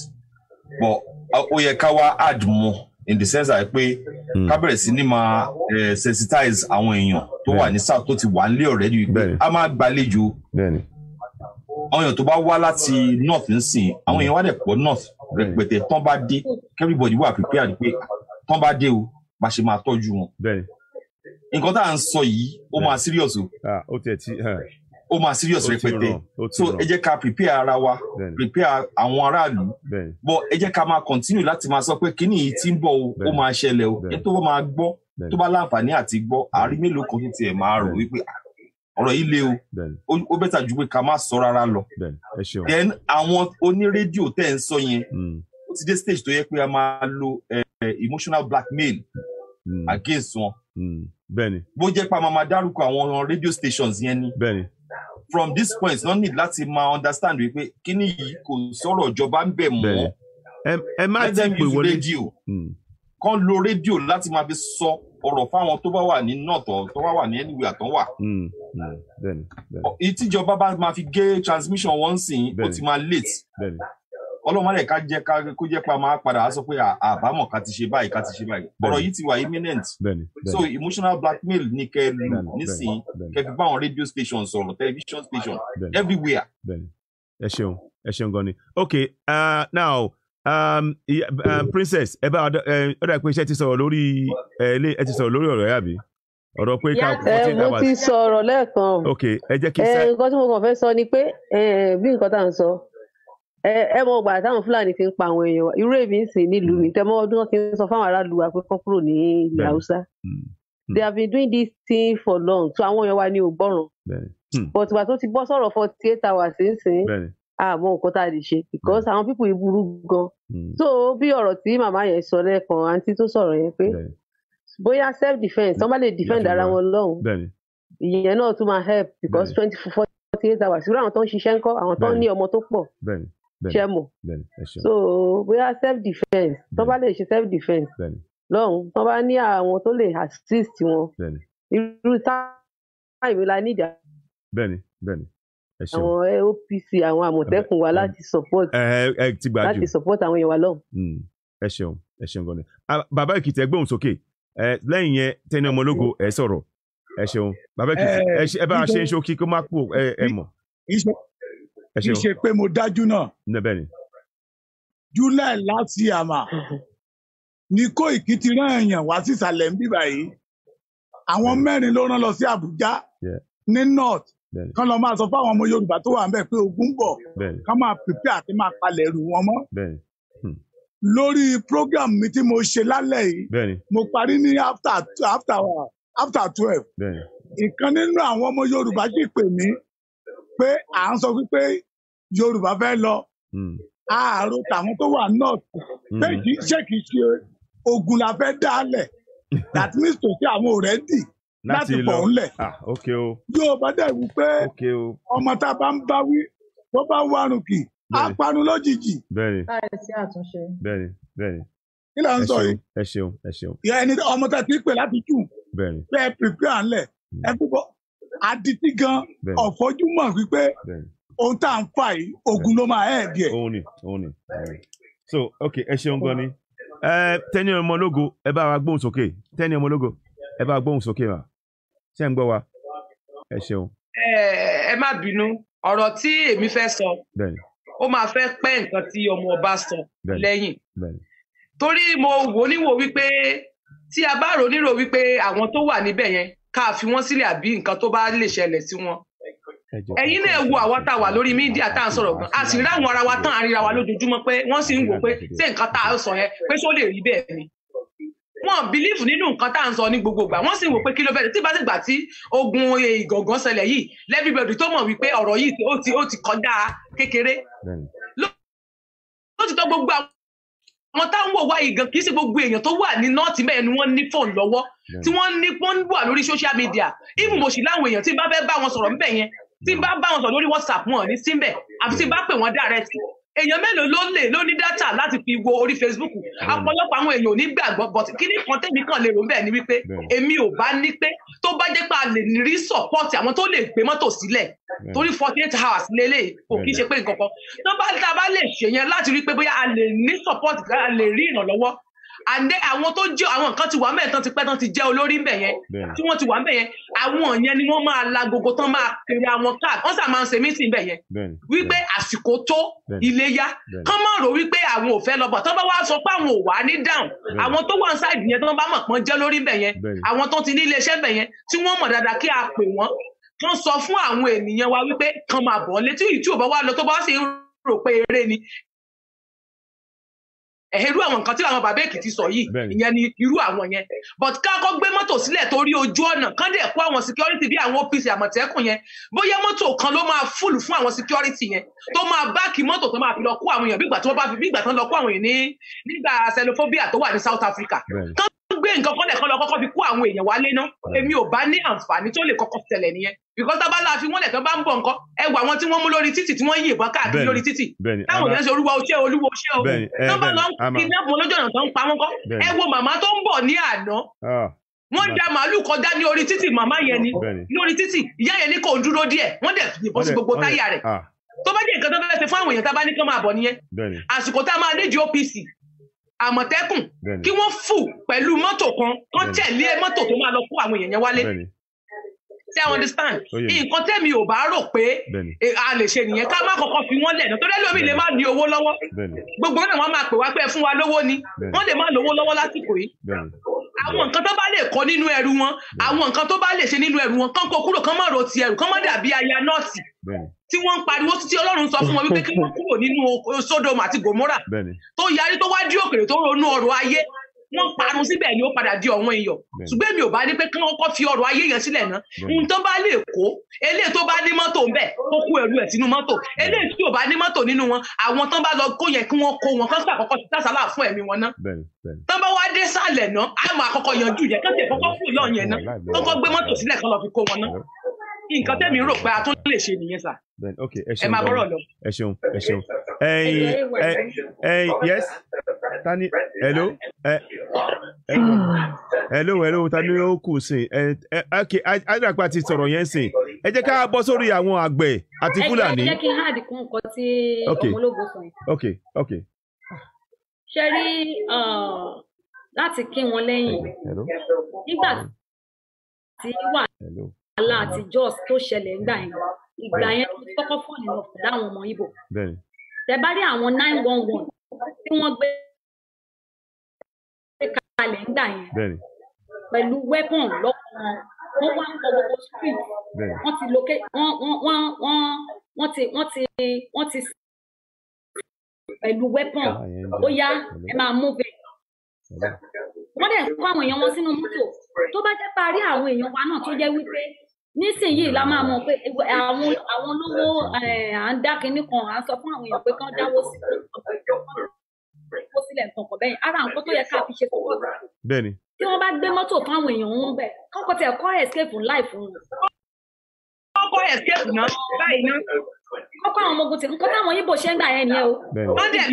but ó yẹ ká wá add mọ́ in the sense that pé hmm. ká bẹ̀rẹ̀ sí ni máa sensitize àwọn èèyàn tó wà ní south tó ti wà nílé already wípé a máa gbàlejò àwọn èèyàn tó bá wá láti north nsìn àwọn èèyàn wá dẹ̀ pọ̀ north rẹpẹtẹ tán bá dé everybody wà prepared pé tán bá dé o bá ṣe máa tọ́jú wọn nǹkan tá à ń sọ yìí ó máa serious o. Ah, ó máa serious rẹpẹtẹ so ẹ jẹ́ ká prepare ara wa prepare àwọn aráàlú but ẹ jẹ́ ká máa continue láti máa sọ pé kíní yìí ti ń bọ̀ o ó máa ṣẹlẹ̀ o ẹ tó bá máa gbọ́ tó bá láǹfààní àti gbọ́ àárín mélòó kan tó tiẹ̀ máa rò wípé ah, ọ̀rọ̀ yìí le o ó bẹ́tà ju pé ká má sọ rárá lọ then àwọn onírédíò tẹ́ ń sọ yẹn hmm. ó ti dé stage tó yẹ pé a máa lo emotional blackmail hmm. against wọn hmm. bẹ́ẹ̀ni bó jẹ́ pa máa dárúkọ àwọn radio stations yẹn ni bẹ́ẹ̀ni from this point wọ́n ní láti máa understand wípé kíní yìí kò sọ̀rọ̀ ìjọba ń bẹ̀ mọ́ ẹ má ti pè wọlé rédíò hmm. kan lo rédíò láti máa fi sọ ọ̀rọ̀ fáwọn tó bá wà ní north tó bá wà ní anywhere àtọ́ wà. Hmm. ìtìjọba bá máa fi gé transmission wọn sìn ó ti máa late ọlọ́run máa ká jẹ́ ká kó jẹ́ pa máa padà á sọ pé àbámọ̀ ká ti ṣe báyìí ká ti ṣe báyìí ọ̀rọ̀ yìí ti wà imminent so emotional blackmail ní kẹ́ lù nísìnyí kẹ́ fi bá àwọn radio stations sọ̀rọ̀ television stations everywhere. ẹ ṣeun ẹ ṣeun gan ni okay uh, now um, uh, princess ẹ bá ọdọ pé iṣẹ́ ti sọ̀rọ̀ lórí ẹ ti sọ̀rọ̀ lórí ọ̀rọ̀ yàbí ọ̀rọ̀ pé ká fourteen hours. mo ti sọ̀rọ̀ lẹ́ẹ̀kan. ok ẹ jẹ́ kí n sá. nǹkan tí mo kàn fẹ́ sọ ni pé bí nǹkan tá à ń sọ ẹ mọ ọgbà táwọn fúlàní fi ń pa àwọn èèyàn irú èmi ń sìn nílùú mi hmm. tẹmọ ọdún wọn kì í sọ fáwọn aráàlú wa pé kọ́ kúrò ní ilẹ̀ haúsá hmm. Hmm. they have been doing this thing for long so àwọn èèyàn wa ni ò gbọ́ràn but ìgbà tó ti bọ́ sọ̀rọ̀ forty eight hours sínsìn àmọ́ nǹkan tá a lè ṣe because àwọn pípò yìí burú gan so bí ọ̀rọ̀ tí màmá yẹn sọ lẹ́ẹ̀kan àǹtí tó sọ̀rọ̀ yẹn pé bóyá self defence wọ́n bá lè defend ara wọn lọ́hùn-ún ìyẹn náà tún máa help because twenty four forty eight hours irú àwọn tó ń ṣiṣẹ́ ńkọ́ àwọn tó ń ní ọmọ tó pọ̀ ṣe mọ̀ so bóyá self defence tó bá lè ṣe self defence lọ́hùn tó bá ní àwọn tó lè assist wọn irú táìmù la níjà. bẹ́ẹ̀ni bẹ́ẹ̀ni ẹ ṣeun àwọn OPC àwọn Àmọ̀tẹ́kùn wa láti support láti support àwọn èèyàn wa lọ́hùn. Hmm, ẹ ṣeun ẹ ṣeun gan ni ah, bàbá Èkìtì ẹ gbóhùn sókè lẹ́yìn yẹn Tẹni Ọmọlógo ẹ sọ̀rọ̀ ẹ ṣeun bàbá Èkìtì eh, ẹ bá a ṣe ń ṣókí kó má kú ẹ mọ̀ kì í ṣe pé mo dájú náà. níbẹ̀ ni. july last year mà ní kó ìkìtì rán èèyàn wá sísàlẹ̀ ń bíbà yìí àwọn mẹ́rin ló rán lọ sí Àbújá ní north kán lọ máa sọ fáwọn ọmọ Yorùbá tó wà ń bẹ̀ pé ogun bọ̀ kán máa pèpè àti máa palẹ̀ rù wọn mọ́ hmm. lórí program mi tí mo ṣe lálẹ́ yìí mo parí ní after after after twelve ìkan nínú àwọn ọmọ Yorùbá sì pè mí pé à ń sọ wípé Yorùbá fẹ́ lọ ààrò hmm. tàwọn tó wà north hmm. pé kì í ṣe kì í ṣe ogun la fẹ́ dálẹ̀ that means to say àwọn already láti bọ̀ ńlẹ̀ ah, Yorùbá dẹ̀ wí pé ọmọ tá a bá ń bá wí tó bá ń warun kì á panu lójijì. bẹ́ẹ̀ni bẹ́ẹ̀ni bẹ́ẹ̀ni kí ló ń sọ yìí. ẹ ṣeun ẹ ṣeun. ìyá ẹni ọmọ tá a ti pè láti jù. bẹ́ẹ̀ni. bẹ́ẹ̀ à ń lẹ. ẹ hmm. kú adití gan ọ̀fọ́jú mọ̀ wípé ohun tá à ń fà yìí ogun ló máa ẹ̀ díẹ̀. òun so ok ẹ ṣeun gan ni tẹ́ni ọmọlógo ẹ bá wa gbóhùn sókè tẹ́ni ọmọlógo ẹ bá wa gbóhùn sókè mà ṣe ń gbọ́ wa ẹ ṣeun. ẹ má bínú ọ̀rọ̀ tí èmi fẹ́ sọ ó máa fẹ́ pẹ́ nǹkan tí ọmọ ọba sọ lẹ́yìn torí mo wò níwò wípé tí a bá rò nírò wípé àwọn tó wà níbẹ̀ yẹn ká fi wọ́n sílẹ̀ àbí nǹkan tó bá lè ṣẹlẹ̀ sí wọn. ẹ̀yin náà wo àwa tá a wà lórí mídíà tá à ń sọ̀rọ̀ gan a sì ráwọn ara wa tán àríra wa lójoojúmọ́ pé wọ́n sì ń wò pé ṣé nǹkan tá a sọ yẹn pé ṣó lè rí bẹ́ẹ̀ ni wọn bìlífù nínú nǹkan tá à ń sọ ní gbogbo wọn sì wò pé kí ló fẹ́ tí bá tí ogun ìgangan ṣẹlẹ̀ yìí lẹ́bíbẹ̀dù tó mọ̀ wípé ọ̀rọ̀ yìí ó ti kọjá kékeré ló gbogbo àwọn wọn tá ń wò wá ìgàn kì í ṣe gbogbo èèyàn tó wà ní nọ́ọ̀tì mẹ́ẹ̀ ni wọ́n ní fóònù lọ́wọ́ tí wọ́n ní wọ́n wà lórí social media even mo sì láwọn èèyàn tí n bá fẹ́ bá wọn sọ̀rọ̀ ńbẹ̀ yẹn tí n bá bá wọn sọ̀rọ̀ lórí WhatsApp wọn ní síbẹ̀ àfi tí n bá pè wọ́n direct èèyàn mélòó ló lè ló ní dátà láti fi wo orí Facebook ọ̀pọ̀lọpọ̀ àwọn èèyàn ò ní gbàgbọ́ but kí ni kan tèmi kàn lè rò bẹ́ẹ̀ ni wípé èmi ò bá ní pé tó bá jẹ́ pé a lè rí support àwọn tó lè gbé mọ́tò sílẹ̀ torí forty eight hours lélẹ̀ kò kí ṣe pé nǹkan kan tó bá tá a bá lè ṣèyẹn láti rí pé bóyá a lè ní support a lè rí ìrànlọ́wọ́ àndé àwọn tó jẹ́ àwọn nǹkan ti wà mẹ́ẹ̀ tán ti pẹ́ tán ti jẹ́ olórí ńbẹ̀ yẹn tí wọ́n ti wà ńbẹ̀ yẹn àwọn yẹn ni wọ́n máa la gbogbo tán máa kiri àwọn káàdì wọ́n sà máa ń ṣe mítìn ńbẹ̀ yẹn wípé àsìkò tó iléyá kán má rò wípé àwọn ò fẹ́ lọ́bọ̀ tán bá wá sọ pé àwọn ò wá ní dáhùn àwọn tó wà ṣáìdì yẹn tán bá mọ̀ pọ́n jẹ́ lórí ńbẹ̀ yẹn àwọn tó ti ní iléeṣẹ́ ńbẹ̀ yẹn tí wọ́n mọ̀ dáadáa kí a pè wọ́n kán sọ fún àwọn ènìyàn wa wípé kán máa bọ̀ létí ìtú ò bá wá lọ tó bá sì ń rò pé eré ni irú àwọn nǹkan tí àwọn bàbá èkìtì sọ yìí ìyẹn ni irú àwọn yẹn but káàkó gbé mọ́tò sílẹ̀ torí ojú ọ̀nà kán dẹ̀ kó àwọn security bí àwọn OPC àmọ̀tẹ́kùn yẹn bóyá mọ́tò kan ló máa fúlù fún àwọn security yẹn tó máa báàkì mọ́tò tó máa fi lọ kó àwọn èèyàn bí ìgbà tí bá fi bí ìgbà tí lọ kó àwọn èèyàn ní nígbà xenophobia tó wà ní South Africa nǹkan kan lẹ̀kan lọ kọ́kọ́ fi kó àwọn èèyàn wálé ná èmi ò bá ní àǹfààní tó lè kọ́kọ́ ṣẹlẹ̀ nìyẹn because tá a bá la fi wọ́n lẹ̀ tó bá ń bọ̀ nǹkan ẹ wà wọn tí wọ́n mú lórí títì tí wọ́n yìnbọn káàkiri lórí títì táwọn èèyàn ṣe olúwa oṣẹ́ olúwa oṣẹ́ o tó bá lọ ń kí ní àpò lójú ọ̀nà tó ń pa wọ́n kọ́ ẹ wo màmá tó ń bọ̀ ní àná ah, wọ́n da màálù kọjá ní orí títì màmá yẹn ni lórí títì ìyá yẹn ní kò ń dúró díẹ̀ wọ́n dẹ̀ yìnbọn sí gbogbo táyà rẹ̀ ah. tó bá jẹ́ nǹkan tó fẹ́ ṣe fún àwọn èèyàn tá a bá ní kán máa bọ̀ nìyẹn àsìkò tá a máa nídìí OPC àmọ̀tẹ́kùn kí wọ́n fù pẹ̀lú mọ́tò kan wọ́n tẹ̀lé mọ́tò tó máa lọ kó àwọn èèyàn yẹn wálé ṣé ẹ understand nǹkan tẹ́mi ò bá rò pé e, a lè ṣe nìyẹn ká má kọ́kọ́ fi wọ́n lẹ̀ náà torí ẹlòmíì lè má ní owó lọ́wọ́ gbogbo náà wọ́n máa pè wá pé ẹ fún wa lówó ni wọ́n lè má lówó lọ́wọ́ lásìkò yìí àwọn nǹkan tó bá lè kọ nínú ẹrù wọn àwọn nǹkan tó bá lè ṣe nínú ẹrù wọn kán kó kúrò kán má ro ti ẹrù kán má dàbí aya nọọsì tí wọ́n ń pariwo títí Ọlọ́run sọ fún wọn wípé kí wọ́n kúrò nínú Sódómù àti Gòmórà tó yarí tó wá òkèrè tó ronú ọ̀rọ̀ ayé wọ́n parun síbẹ̀ ni ó padà di ọ̀wọ́n èèyàn ṣùgbọ́n èmi ò bá ní pé kí wọ́n kọ́ fi ọrọ̀ ayé yẹn sílẹ̀ ná n tó bá lè kó eléyìí tó bá ní mọ́tò ń bẹ̀ ó kó ẹrù ẹ̀ sínú mọ́tò eléyìí tí ò bá ní mọ́tò nínú wọn àwọn tán bá lọ kó yẹ kí wọ́n kó wọn kán sàkọ́kọ́ ti tásálà fún ẹ̀mí wọn ná tán bá wá dé sálẹ̀ ná á máa yanjú yẹn kán nǹkan tẹ́mi rò pé a tún lè ṣe nìyẹn sà. ok ẹ ṣeun ẹ máa bọ́rọ̀ lọ. ẹ ṣeun ẹ ṣeun ẹyin ẹyin yes tani hello ẹ hello hello tani ó kù sí ẹ ẹ ok adirapa ti sọ̀rọ̀ yẹn sìn ẹ jẹ́ ká bọ́ sórí àwọn àgbẹ̀ àti fúlàní. ẹ jẹ́ kí n kún nǹkan tí ọmọlógún sọ ok ok. ṣe rí uh, láti kí wọn lẹ́yìn nígbà tí wà wàhálà àti Jos tó ṣẹlẹ̀ ńgbà yẹn ìgbà yẹn ló kọ́kọ́ fọ́ nínú ọ̀fọ̀ láwọn ọmọ Ìbò tẹ bá rí àwọn nine one one tí wọ́n gbé kalẹ̀ ńgbà yẹn pẹ̀lú weapon lọ́kàn wọ́n wá ń kọ gbogbo street wọ́n ti locate wọ́n wọ́n wọ́n wọ́n ti wọ́n ti wọ́n ti pẹ̀lú weapon ah, ó yá ẹ máa move it wọ́n dẹ̀ kó àwọn èèyàn wọn sínú mọ́tò tó bá jẹ́ parí àwọn èèyàn wa náà tó jẹ́ wípé nísìnyí la máa mọ̀ pé àwọn àwọn olówó à ń dá kinní kan à ń sọ fún àwọn èèyàn pé kán dáwó sílẹ̀ kó sílẹ̀ nǹkan kan bẹ́yìn ara nǹkan tó yẹ ká fi ṣe kókó tí wọ́n bá gbé mọ́tò fún àwọn èèyàn ń bẹ̀ kọ́kọ́ tẹ̀ kọ́ escape life wọn escape náà báyìí náà kókó àwọn ọmọ ogun tẹ kókó àwọn yìnbọn ṣe ń gbà yẹn nìyẹn o. wọ́n dẹ̀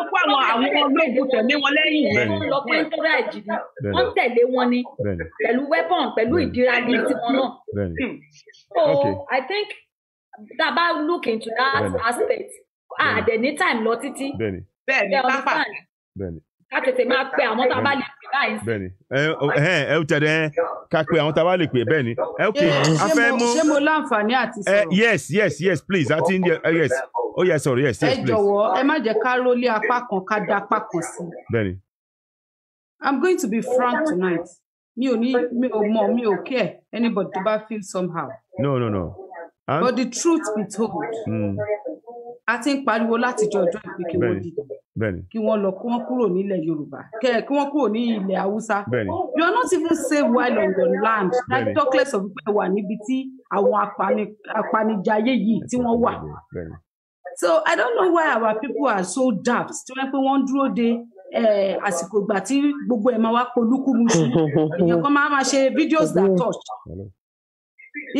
kókó àwọn àwọn ológun tẹ̀lé wọn lẹ́yìn yẹn. lọ pé nítorí àìjìbí wọ́n tẹ̀lé wọn ni pẹ̀lú weapon pẹ̀lú ìdíra ní tiwọn náà. Hmm. so okay. i think tá a bá look into that aspect a dẹ̀ ní time lọ títí. bẹ́ẹ̀ni bẹ́ẹ̀ni pápá bẹ́ẹ̀ni ká tètè máa pe àwọn tá a bá lè pè báyìí. bẹ́ẹ̀ni ẹ ẹ ẹ tẹ̀lé ká pe àwọn tá a bá lè pè bẹ́ẹ̀ni ẹ ok a fẹ́ mú. ṣé mo láǹfààní àti sọ̀rọ̀. yes yes yes please àti uh, yes oh yes sorry yes yes please. ẹ jọ̀wọ́ ẹ má jẹ́ ká rólé apá kan ká da apá kan sí. bẹ́ẹ̀ni. i'm going to be frank tonight mi ò ní mi ò mọ mi ò care anybody tó bá feel somehow. no no no. And? but the truth be told. Hmm. a ti ń pariwo látijọ́ ọjọ́ ìpínlẹ̀ wọ́n dìde kí wọ́n lọ kí wọ́n kúrò nílẹ̀ yorùbá kí wọ́n kúrò ní ilẹ̀ haúsá you are not even safe while on your land like talkless of people wà níbi tí àwọn apanijayé yìí tí wọ́n wà so i don't know why our people are so daft tí wọ́n pé wọ́n dúró de eh, àsìkò ìgbà tí gbogbo ẹ̀ máa wá polúkúmuṣu èèyàn kan máa ma ṣe videos that touch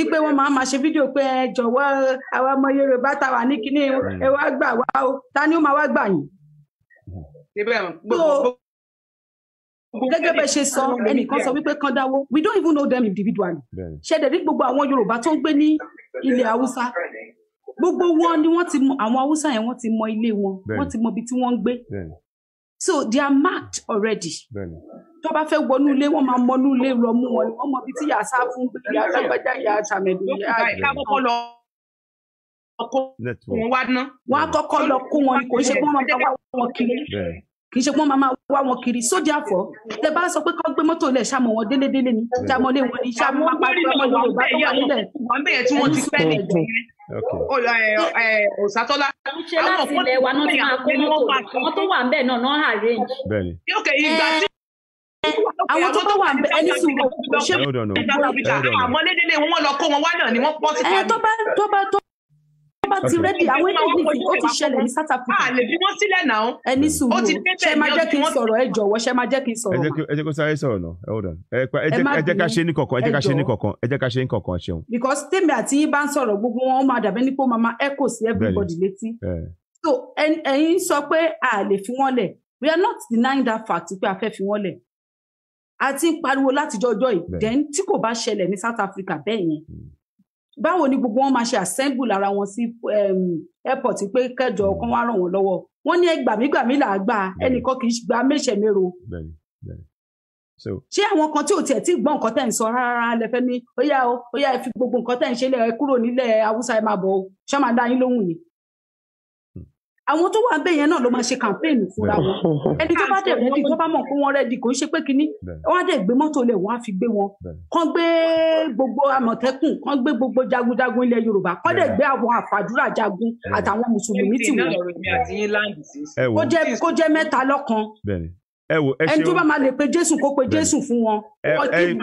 ipe wọn máa ma ṣe fídíò pé ẹ jọ̀wọ́ àwa ọmọ yorùbá táwa ní kínní ẹ wá gbà wá o ta ni ó máa wá gbà yín gẹ́gẹ́ bẹ́ẹ̀ ṣe sọ ẹnìkan sọ wípé kán dáwó we don't even know them individually ṣẹ̀dẹ̀ rí gbogbo àwọn Yorùbá tó ń gbé ní ilẹ̀ Haúsá gbogbo wọn ni wọ́n ti mọ àwọn Haúsá yẹn wọ́n ti mọ ilé wọn wọ́n ti mọ ibi tí wọ́n ń gbé so they are marked already tó bá fẹ́ wọnú ilé wọ́n máa mọnú ilé rọ mú wọn wọ́n mọ ibi tí yàtá fún yàtá gbájá yàtá mẹ́dùn yàtá kó wọn wá ná. wọn á kọ́kọ́ lọ kó wọn kò ṣe kó wọn máa wá wọn kiri kì í ṣe pé wọn máa wá wọn kiri sóde àfọ tẹ bá sọ pé kọ́ gbé mọ́tò lẹ̀ ṣàmọ̀ wọn délédélé ni ṣàmọ̀ lé wọn ni ṣàmọ̀ wọn parí lọ́wọ́ yorùbá tó wà nílẹ̀. wọn bẹ̀yẹ̀ tí wọ́n ti pẹ́ ní ìjọ òsàtọ́lá àwọn ọ̀pọ̀ ilẹ̀ náà ti máa kó wọn tó wà ń bẹ̀ náà náà arrange. àwọn tó wà ń bẹ eh, eh, ẹni sùn ṣé wọn lọ kó wọn wá náà ni wọ́n pọ́ sí eh, bá ti rẹ́dì àwọn apc ó ti ṣẹlẹ̀ ní south africa. a lè bí wọ́n sílẹ̀ náà. ẹ ní sùúrù ṣe máa jẹ́ kí n sọ̀rọ̀ ẹ jọ̀wọ́ ṣe máa jẹ́ kí n sọ̀rọ̀. ẹ jẹ́ kó sáré sọ̀rọ̀ náà hold on ẹ jẹ́ ká ṣe ní kọ̀ọ̀kan ẹ jẹ́ ká ṣe ní kọ̀ọ̀kan ẹ jẹ́ ká ṣe ní kọ̀ọ̀kan ṣeun. because tèmi àti yín bá ń sọ̀rọ̀ gbogbo wọn ó máa dàbẹ́ ní pé máa máa echo everybody létí. so ẹ̀yin sọ pé a lè fi wọ́n lẹ̀ we are not denying that fact pé a fẹ́ fi wọ́n lẹ̀ a ti ń then tí kò bá ṣẹlẹ̀ south africa bẹ́ẹ̀ hmm báwo ni gbogbo wọn máa ṣe assemble ara wọn sí airport pé kẹjọ hmm. kan wá ràn wọn lọ́wọ́ wọn ní ẹgbàmígbàmí là á gbà hmm. ẹnìkan kì í gba méṣẹmérò ṣé àwọn kan tí ò tiẹ̀ tí gbọ́ nǹkan tẹ̀ ń sọ rárá lẹ fẹ́ ní ó yá ó yá ẹ fi gbogbo nǹkan tẹ̀ ń ṣe lẹ̀ ẹ kúrò nílẹ̀ haúsá ẹ máa bọ̀ ó ṣé máa dá yín lóhùn ni àwọn tó wà ń bẹ yẹn náà ló máa ṣe campaign fúnra wọn ẹni tó bá dẹ̀ rẹ́dì tó bá mọ̀ pé wọ́n rẹ́dì kò ń ṣe pé kínní wọ́n á dẹ̀ gbé mọ́tò lẹ̀ wọ́n á fi gbé wọn kán gbé gbogbo àmọ̀tẹ́kùn kán gbé gbogbo jagunjagun ilẹ̀ yorùbá kán dẹ̀ gbé àwọn àfàdúrà jagun àtàwọn mùsùlùmí tì wọ́n kó jẹ́ mẹ́ta lọ́kan ẹ wo ẹ ṣeun ẹni tó bá máa lè pe jésù kó pe jésù fún wọn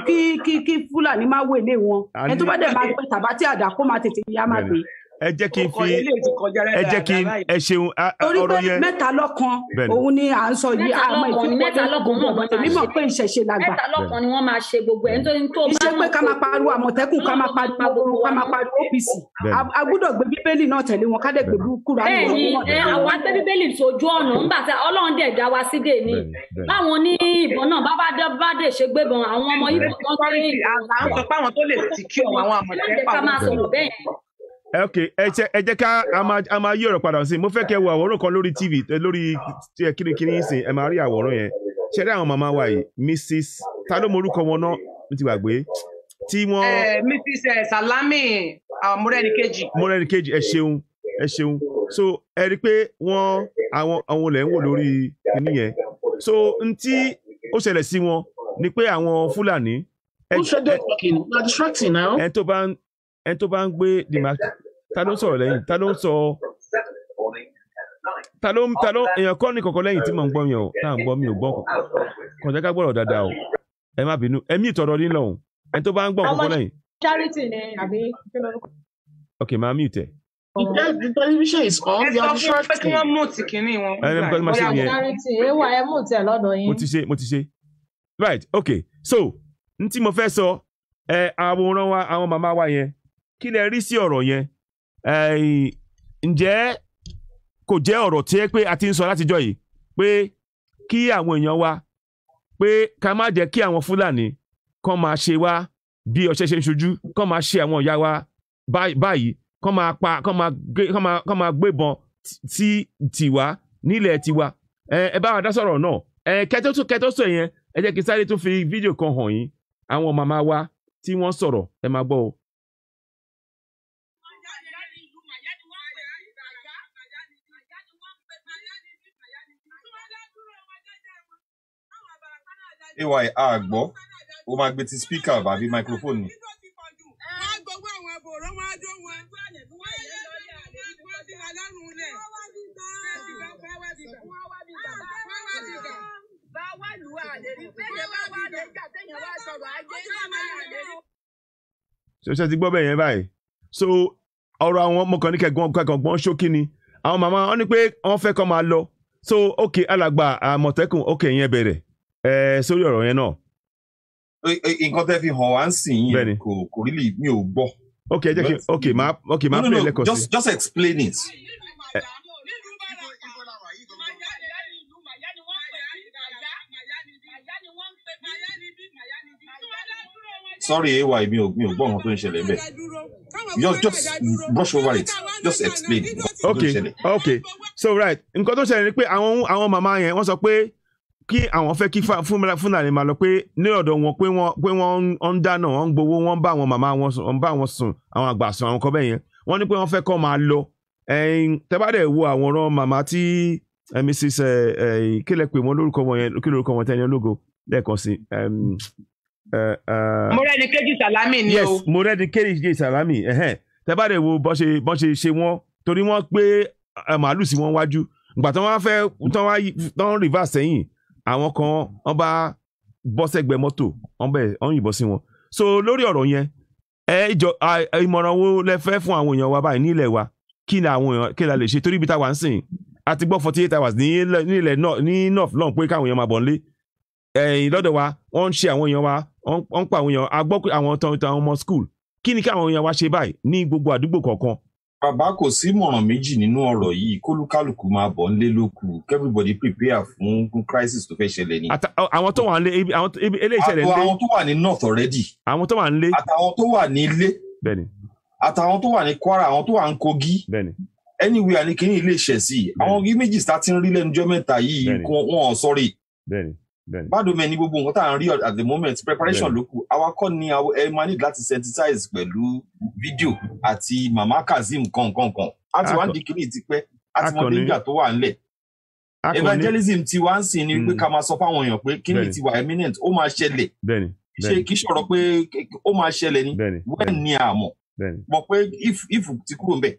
kí kí kí fúlàní má wèlé wọn ẹni tó bá dẹ̀ máa pe tàbátì àdá kó máa tètè yá máa gbé ẹ jẹ́ kí n fi ẹ jẹ́ kí n ẹ ṣeun ọ̀rọ̀ yẹn. torí pé mẹ́ta lọ́kan òun ni à ń sọ yìí àmọ́ ìdí mẹ́ta lọ́kan mọ̀ bọ́n tàbí mọ̀ pé ìṣẹ̀ṣe làgbà. mẹ́ta lọ́kan ni wọ́n máa ṣe gbogbo ẹ̀ nítorí tó bá mọ̀. iṣẹ́ pé ká máa pariwo àmọ̀tẹ́kùn ká máa pariwo ká máa pariwo OPC a gbọ́dọ̀ gbé bíbélì náà tẹ̀lé wọn ká dẹ̀ gbé kúrò àwọn ọmọ ìbọn tó lè ok ẹ jẹ ẹ jẹ ká a máa yí ọ̀rọ̀ padà sí i mo fẹ́ kẹ́ wo àwòrán kan lórí tv lórí eh, kirikiri yín sìn ẹ máa rí àwòrán yẹn ṣe rí àwọn màmá wa yìí mrs ta ló morúkọ wọn náà mo ti gbàgbé tí wọn. Eh, mrs eh, salami mọrẹnikeji. mọrẹnikeji ẹ ṣeun ẹ ṣeun so ẹ rí i pé wọn àwọn àwọn olè ń wò lórí inú yẹn so n tí ó ṣẹlẹ̀ sí wọn ni pé àwọn fúlàní. who said that talking na distracting now. ẹ tó bá ń ẹ tó bá ń gbé ta ló ń sọ̀rọ̀ lẹ́yìn ta ló èèyàn kọ́ ní kọ̀kọ́ lẹ́yìn tí mò ń gbọ́ yẹn o tá à ń gbọ́ mi ò gbọ́ kọ̀kọ́ kọ̀já ká gbọ́dọ̀ dáadáa o ẹ má bínú ẹ̀mí ìtọ̀rọ̀ ní lọ́hùn ẹni tó bá ń gbọ́ kọ̀kọ́ lẹ́yìn. ok màá mí ìtẹ̀. ẹ sọ fún wọn mú ti kìíní wọn. ẹ ní mo ti ṣe mo ti ṣe right ok so n tí mo fẹ́ sọ ẹ àwòrán wa àwọn màmá wa yẹn kí lẹ rí sí ọ̀rọ̀ yẹn ǹjẹ́ kò jẹ́ ọ̀rọ̀ tí ẹ pé a ti ń sọ látijọ́ yìí pé kí àwọn èèyàn wa pé ká má jẹ́ kí àwọn Fúlàní kàn máa ṣe wá bí ọṣẹ ṣe ń ṣojú kàn máa ṣe àwọn ìyá wa báyìí kàn máa pa kàn máa gbébọn sí tiwa nílẹ̀ tiwa ẹ bá wa dá sọ̀rọ̀ náà ẹ yẹn ẹ jẹ́ kí sáré tún fi fídíò kan hàn yín àwọn màmá wa tí wọ́n sọ̀rọ̀ ẹ máa gbọ́ o. ay àgbọ́ ó máa gbé ti speaker àbí microphone ni. ṣe ti gbọ́ bẹ́ẹ̀ yẹn báyìí so ọ̀rọ̀ àwọn ọmọ kan ní kẹ̀gbọ́n kẹ̀gbọ́n ṣókí ni àwọn màmá wọn ní pé wọ́n fẹ́ kọ́ máa lọ so ok alàgbà àmọ̀tẹ́kùn ok yẹn bẹ̀rẹ̀ ẹ sórí ọ̀rọ̀ yẹn náà. nǹkan tẹ́ fi hàn wá ń sìn yín kò kò rí lè mi ò gbọ́. ok jẹ́ kí ok máa ok máa pè lẹ́kọ̀ọ́ sí. just just explain it. sorry ay mi ò mi ò gbọ́ nǹkan tó ń ṣẹlẹ̀ bẹ́ẹ̀ just just brush over it just explain nǹkan tó ok ok so right nǹkan tó ń ṣẹlẹ̀ ni pé àwọn àwọn màmá yẹn wọ́n sọ pé kí àwọn fẹ́ kí Fúlàní máa lọ pé ní ọ̀dọ̀ wọn pé wọ́n pé wọ́n ń dáná wọ́n ń gbowó wọ́n ń bá àwọn màmá wọn ń bá wọn sùn àwọn àgbà sùn àwọn kọ́bẹ̀ yẹn wọ́n ní pé wọ́n fẹ́ kọ́ máa lọ tẹ́bàdẹ̀ wo àwòrán màmá tí Mrs kílẹ̀ pé wọ́n lórúkọ wọn yẹn kí lórúkọ wọn tẹ́yẹn lógo lẹ́ẹ̀kan sí. Mọ́rẹ́ni eh, eh. Kéjì Sàlámì ni o. yes Mọ́rẹ́ni Kéjì Sàlámì tẹ́bàdẹ̀ wo bọ́n ṣe ṣe wọ́n torí wọ́n pé eh, màálù sí wọn tán wá reverse àwọn kan wọ́n bá bọ́ sẹ́gbẹ́ mọ́tò wọ́n bẹ̀ wọ́n yìnbọn sí wọn so lórí ọ̀rọ̀ yẹn ẹ ìjọ ìmọ̀ràn wo lẹ fẹ́ fún àwọn èèyàn wa báyìí nílẹ̀ wa kí ni àwọn èèyàn kí la lè ṣe torí ibi táwa ń sìn a ti gbọ́ forty eight hours ní ilẹ̀ ní north lọ́n pé káwọn èèyàn máa bọ̀ nílé ẹ̀yìn lọ́dọ̀ wa wọ́n ń ṣe àwọn èèyàn wa wọ́n ń pa àwọn èèyàn a gbọ́ pé àwọn ọmọ school kí ni káwọn èèyàn wa ṣe báyìí ní gbogbo àdúgbò kọ̀ọ̀kan bàbá kò sí mọ̀ràn méjì nínú ọ̀rọ̀ yìí kólúkálùkù máa bọ̀ ń lé lóku everybody prepare fún crisis tó fẹ́ ṣẹlẹ̀ ni. àwọn tó wà nílé àwọn eléyìí ṣẹlẹ̀ nílé. àwọn tó wà ní north already. àwọn tó wà nílé. àtàwọn tó wà nílé. bẹ́ẹ̀ni. àtàwọn tó wà ní kwara àwọn tó wà ní kogi. bẹ́ẹ̀ni. anywhere ni kìíní ilé ìṣẹ̀ sí. àwọn méjì starting rí lẹ́nujọ́ mẹ́ta yìí wọn sọ́rí. bẹ́ẹ̀ni gbádùn mẹ́ni gbogbo nǹkan tá à ń rí at the moment preparation ló kù àwa kọ́ ni ẹ máa need láti sensitize pẹ̀lú fídíò àti mama kazeem kankankan a ti wá ń dikiri ti pẹ́ a ti mọ nígbà tó wà ńlẹ̀ evangelism ti wá ń sìn ni pé mm. ká máa sọ fáwọn èèyàn pé kíni ti wà eminent ó máa ṣẹlẹ̀ ṣe kí sọ̀rọ̀ pé ó máa ṣẹlẹ̀ ni wẹ́ẹ̀ ni àmọ̀ mọ̀ pé if ti kúrò ńbẹ̀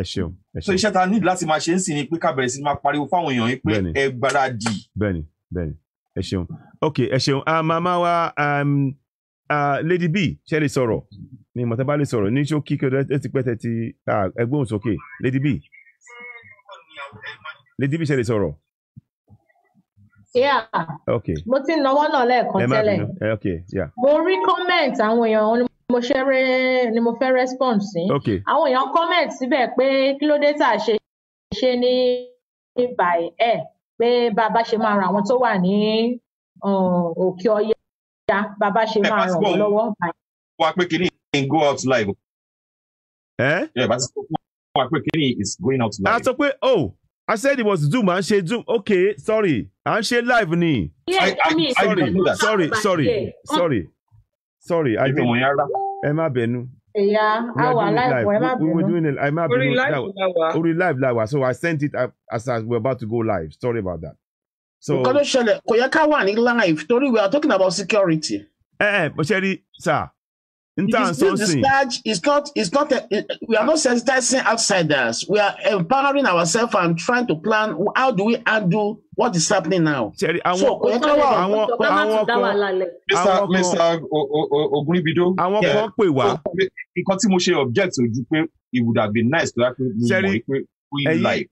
ẹ ṣeun ẹ ṣeun so iṣẹ́ ta need láti máa ṣe ń sìn ni pé ká bẹ̀rẹ̀ sí máa pariwo fáwọn èèyàn yìí pé ẹ gbáradì bẹ́ẹ̀ni bẹ́ẹ̀ni ẹ ṣeun ok ẹ ṣeun ah, màmá wa um, ah, lady b ṣe lè sọ̀rọ̀ ni mọ̀tá bá lè sọ̀rọ̀ ní ṣó kíkẹ́ ẹ ti pẹ́ tẹ́tí ah, ẹgbóhùn sókè lady b lady b ṣe lè sọ̀rọ̀. Yeah. Okay. mo ti náwó náà lẹ́ẹ̀kan tẹ́lẹ̀ eh, mo rí comment àwọn èèyàn mo ṣe re ni mo fẹ́ respond sí. Okay. àwọn èèyàn comment síbẹ̀ pé kí ló dé tà ṣe ṣe ní by air pé bá a bá ṣe máa ran àwọn tó wà ní òkè ọyá bá ṣe máa ràn wọ́n lọ́wọ́. wá pé kínní in go out live. ẹ ẹ bá ti sọ fún wa pé is going out live. a sọ pé oh I said it was Zoom à ń ṣe Zoom okay sorry à ń ṣe live ni. yeah I, mean sorry sorry sorry sorry sorry I didn't ẹ má bẹnu ẹ̀yà àwa láìpọ̀ ẹ má bínú. orí live la wà. live ah. so I sent it ah, as as we were about to go live sorry about that. so nǹkan ló ṣẹlẹ̀ kò yẹ ká wà ní live torí we are talking about security. ẹ eh, ẹ eh, mo ṣe rí sáà The scourge is not, it's not a, it, we are not sensitizing outsiders. We are empowering ourselves and trying to plan how do we undo what is happening now. Sherry, so, àwọn àwọn àwọn kan Mr Mr Ogunbido. Àwọn kan pè wá. Nǹkan tí mo ṣe object ojú pé it would have been nice to have been more like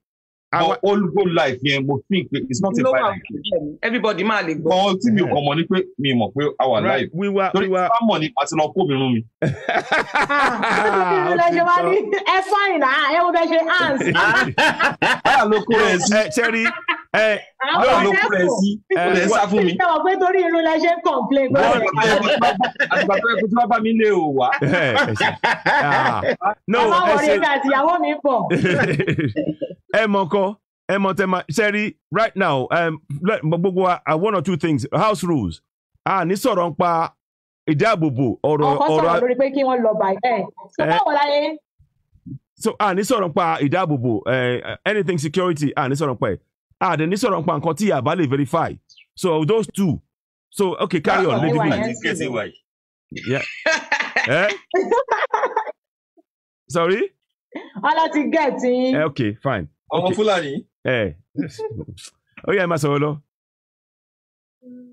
but old goal life yẹn mo fi pe it's not a bad thing. everybody máa lè gbọ́. ọ̀hún tí mi ò kàn mọ̀ ni pé mi mọ̀ pé our life torí bá mọ̀ ni àti lọ kó mi ah, rún mi. ẹ fọ́yìn náà ẹ wo bẹ ṣe hands. Ah. báyà ló kó rẹ̀ sí. ṣẹ́rí eh, eh, eh, báyà ló kó rẹ̀ sí kó sá fún mi. ṣé o pé torí irun la ṣe ń complain. àtìgbà tó yẹ kó tí wọ́n bá mi lé o wá. ẹ wọlé ìgbà àtìyàwó mi pọ̀ ẹ mọ kọ ẹ mọ tẹ ma ṣe rí right now um, gbogbo um, one or two things house rules a ní sọ̀rọ̀ ń pa ìdáàbòbò ọ̀rọ̀ ọ̀rọ̀ ọ̀kan sọ̀rọ̀ lórí pé kí wọ́n lọ by ẹ̀ so eh. báwo la yẹ. so a ní sọ̀rọ̀ ń pa ìdáàbòbò eh, anything security a ní sọ̀rọ̀ ń pa ẹ̀ a dẹ̀ ní sọ̀rọ̀ ń pa nǹkan tí àbá lè verify so those two so okay carry on lady b. Yeah. eh? sorry. ọlá ti gẹ̀ tí. Eh, okay fine ọmọ fúlàní. ẹ ó yá ẹ máa sọ̀rọ̀ lọ.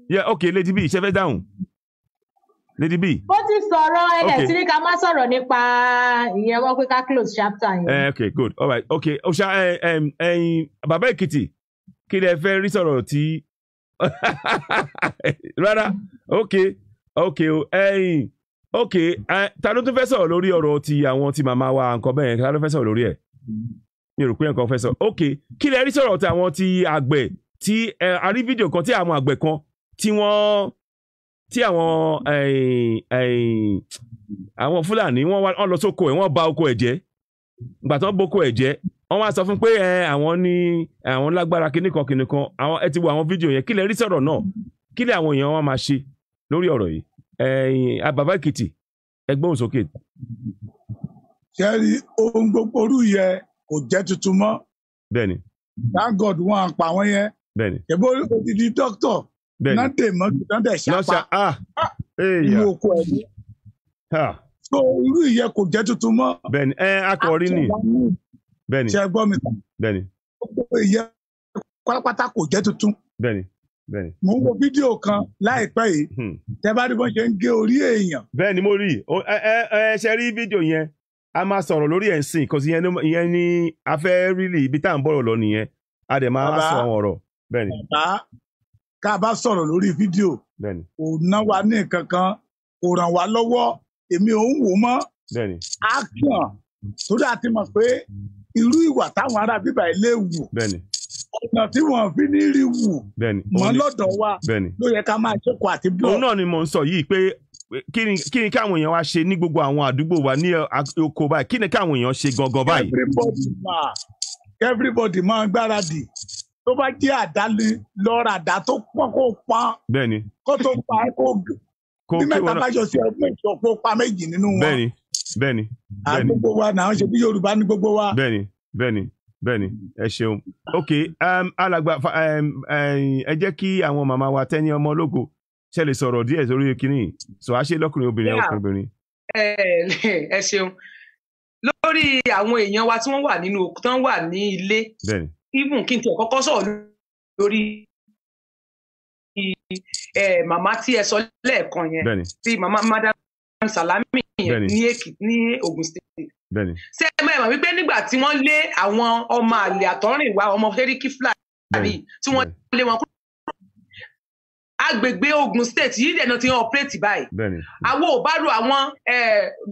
yeah okay lady b ṣe fẹ́ dáhùn lady b. bó ti sọ̀rọ̀ ẹlẹ́tírí ká má sọ̀rọ̀ nípa ìyẹn wọ́n pé ká close chapter yẹn. ẹ okay good all right okay ọ̀ṣà ẹ̀yin bàbá èkìtì kí lẹ fẹ́ rí sọ̀rọ̀ tí rárá okay okay ẹ̀yin. Um, ok ta ló tún fẹ́ sọ̀rọ̀ lórí ọ̀rọ̀ ti àwọn ti màmá wa nǹkan bẹ́ẹ̀ ta ló fẹ́ sọ̀rọ̀ lórí ẹ̀ mi rò pé nǹkan fẹ́ sọ ok kí lẹ rí sọ̀rọ̀ tí àwọn ti àgbẹ̀ tí a rí fídíò kan tí àwọn àgbẹ̀ kan tí wọ́n tí àwọn àwọn fúlàní wọ́n lọ sóko ẹ̀ wọ́n ba oko ẹ̀ jẹ́ ìgbà tó ń boko ẹ̀ jẹ́ wọ́n wá sọ fún pé ẹ àwọn ní àwọn lágbára kìnnìkan kìnnìkan àwọn ẹ ti wo àwọn fídíò yẹn kí lẹ rí sọ̀rọ̀ náà kí lẹ àwọn èèyàn wọn máa ṣe lórí ọ̀rọ̀ yìí ẹ̀yin àbàbà èkìtì ẹgbẹ́ òsókè. ṣẹ́ẹ́rì ohun gbogbo orú yẹ kò jẹ́ tuntun mọ́. bẹ́ẹ̀ni. thank god wọn à ń pa wọn yẹn. bẹ́ẹ̀ni. èbó odidi dókítà. bẹ́ẹ̀ni náà dè mọ náà dẹ ṣapa. náà ah ìwé ah, ah. oko ẹ ní. so irú ìyẹn kò jẹ́ tuntun mọ́. bẹ́ẹ̀ni ẹ akọrin ni. bẹ́ẹ̀ni ṣe gbọ́ mi. bẹ́ẹ̀ni. gbogbo ìyẹn pátápátá kò jẹ́ tuntun. bẹ́ẹ̀ni bẹ́ẹ̀ni. mo ń wo fídíò kan láìpẹ́ yìí hmm. tẹ́ bá rí bọ́n ṣe ń gé orí èèyàn. bẹ́ẹ̀ni mo rí ẹ ẹ ẹ ṣe rí fídíò yẹn a máa sọ̀rọ̀ lórí ẹ̀ ń sìn kò sí ìyẹn ní afẹ́ rírì ibi tá à ń bọ̀rọ̀ lọ nìyẹn a dẹ̀ máa sọ àwọn ọ̀rọ̀ bẹ́ẹ̀ ni. bàbá ká a bá sọ̀rọ̀ lórí fídíò kò ná wa ní nǹkan kan kò ràn wá lọ́wọ́ èmi ò ń wò mọ́ á kàn sódà ti mọ̀ pé irú ìwà táwọn ará bíbá ilé wù ọ̀nà tí wọ́n fi ní rí wù mọ́ lọ́dọ̀ wa ló yẹ ká máa ṣẹ́kọ̀ọ́ àti blọ́ọ̀ kí ni kí ni káwọn èèyàn wa ṣe ní gbogbo àwọn àdúgbò wa ní oko báyìí kí ni káwọn èèyàn ṣe gangan báyìí. everybody máa everybody máa gbáradì tó bá jẹ́ àdálẹ́ lọ́ra àdá tó pọ́n kó pa. bẹ́ẹ̀ni kó tó pa kó kó bí mẹ́ta bá yọ sí ọdún ìṣọ kó pa méjì nínú wọn. bẹ́ẹ̀ni bẹ́ẹ̀ni bẹ́ẹ̀ni àgbogbo wa náà ṣe bí Yorùbá ní gbogbo wa. bẹ́ẹ̀ni bẹ́ẹ̀ni bẹ́ẹ̀ni ẹ ṣeun ok um, alàgbà ẹ jẹ́ kí àwọn màmá wa tẹ́ ní ọmọ ológo ṣe lè sọ̀rọ̀ díẹ̀ sórí kínní sọ àṣẹ lọ́kùnrin obìnrin ọkùnrin. ẹ ṣeun lórí àwọn èèyàn wa tí wọ́n wà nínú òkú tán wà ní ilé even kí n tiẹ̀ kọ́kọ́ sọ̀rọ̀ lórí màmá tí ẹ sọ lẹ́ẹ̀kan yẹn tí màmá madam salami yẹn ní èkìtì ní Ògùn state ṣé ẹ mọ̀ wípé nígbà tí wọ́n lé àwọn ọmọ àlè àtọ́rìnwá ọmọ fẹ́ríkì fúlàní tí wọ́n lé wọn kúrò agbègbè Ogun state yìí dẹ̀ náà ti operate báyìí àwọn ò bá ro àwọn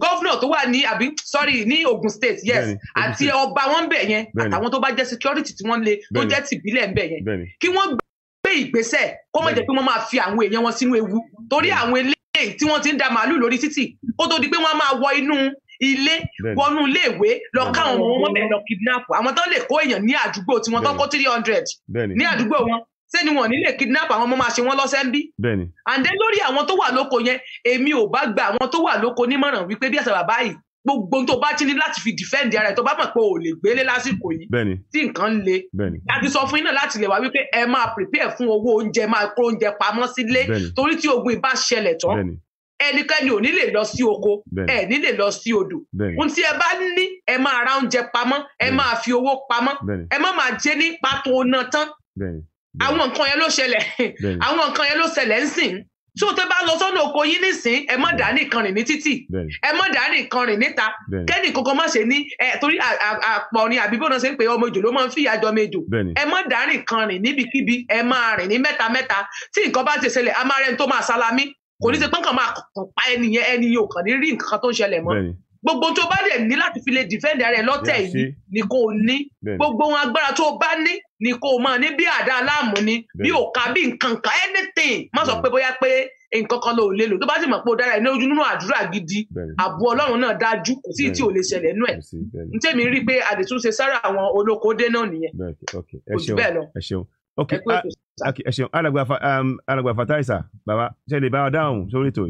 gọ́fúnà tó wà ní àbí sorry ní Ogun state yes àti ọba wọn bẹ̀ yẹn àtàwọn tó bá jẹ́ security tí wọ́n lé tó jẹ́ tìbílẹ̀ ń bẹ̀ yẹn kí wọ́n gbé ìgbésẹ̀ kó má jẹ́ pé wọ́n máa fi àwọn èèyàn wọn sínú ewu torí àwọn eléyìí tí wọ́n ti ń da màálù lórí títì ó tó di pé wọ́n máa wọ inú ilé wọnú ilé ìwé lọ káwọn ọmọ wọn bẹ̀rẹ̀ lọ kidnap àwọn tó lè kó èèyàn ní àdúgbò tí wọ́n tó kó three hundred ní àdúgbò wọn ṣé ni wọn nílé kidnap àwọn ọmọ máa ṣe wọn lọ́sẹ̀ ń bí. bẹ́ẹ̀ni. and then lórí àwọn tó wà lóko yẹn èmi ò bá gba àwọn tó wà lóko nímọ̀ràn wípé bí àṣà bàbá yìí gbogbo tó bá ti ní láti fi defend ara ẹ̀ tó bá mọ̀ pé ò lè gbélé lásìkò yìí. bẹ́ẹ̀ni. tí nǹkan ń le. bẹ́ẹ̀ni. láti sọ fún yín láti lè wá wípé ẹ máa prepare fún owó oúnjẹ máa kó oúnjẹ pamọ́ sílé. torí tí ogun ìbá ṣẹlẹ̀ tán. ẹnikẹ́ni ò ní lè lọ sí oko ẹ ní lè lọ sí odò ohun tí ẹ bá ní ẹ máa ra oúnjẹ pamọ́ ẹ máa fi owó pamọ́ ẹ má máa jẹ ní pàtó náà tán àwọn nǹkan yẹn ló ṣẹlẹ̀ àwọn nǹkan yẹn ló ṣẹlẹ̀ ń sìn tí o tẹ bá lọ sọ́nà oko yín nísìn ẹ mọ̀ dá nìkan rìn ní títì ẹ mọ̀ dá nìkan rìn níta kẹ́ni kankan má ṣe ní ẹ torí àpọ̀ ni àbí bọ́dọ̀ ṣe ń pè ọmọ ìjò ló máa ń fìyà jọ ọmọ ẹ mọ̀ dá nìkan rìn níbikíbi ẹ máa rìn ní mẹ́ta mẹ́ta tí nǹkan bá ti ṣẹlẹ̀ a máa rẹ́ni tó máa salami kò ní ṣe pé kàn máa kàn pa ẹnìyẹn ẹnìyẹn ò kàn ní rí nǹkan tó ń ṣẹlẹ̀ mọ́ gbogbo tó bá dẹ̀ ní láti fi lè defend ara ẹ̀ lọ́tẹ̀ yìí ni kò ní gbogbo ohun agbára tó bá ní ni kò máa ní bí àdá aláàmú ni bí òka bí nǹkan kan anything má sọ pé bóyá pé nǹkan kan ló lè lò tó bá sì mọ̀ pé ó dára ẹ̀ ní ojú nínú àdúrà gidi àbò ọlọ́run náà dájú kò sí tí ò lè ṣẹlẹ̀ nú ẹ̀ n tẹ́mi rí i pé àdìtúnṣe sára àwọn olókoòdé náà nìyẹn kò jù bẹ́ẹ̀ lọ ok ẹ ṣeun alàgbà fataisa baba ṣe lè bá ọ dáhùn sórí ètò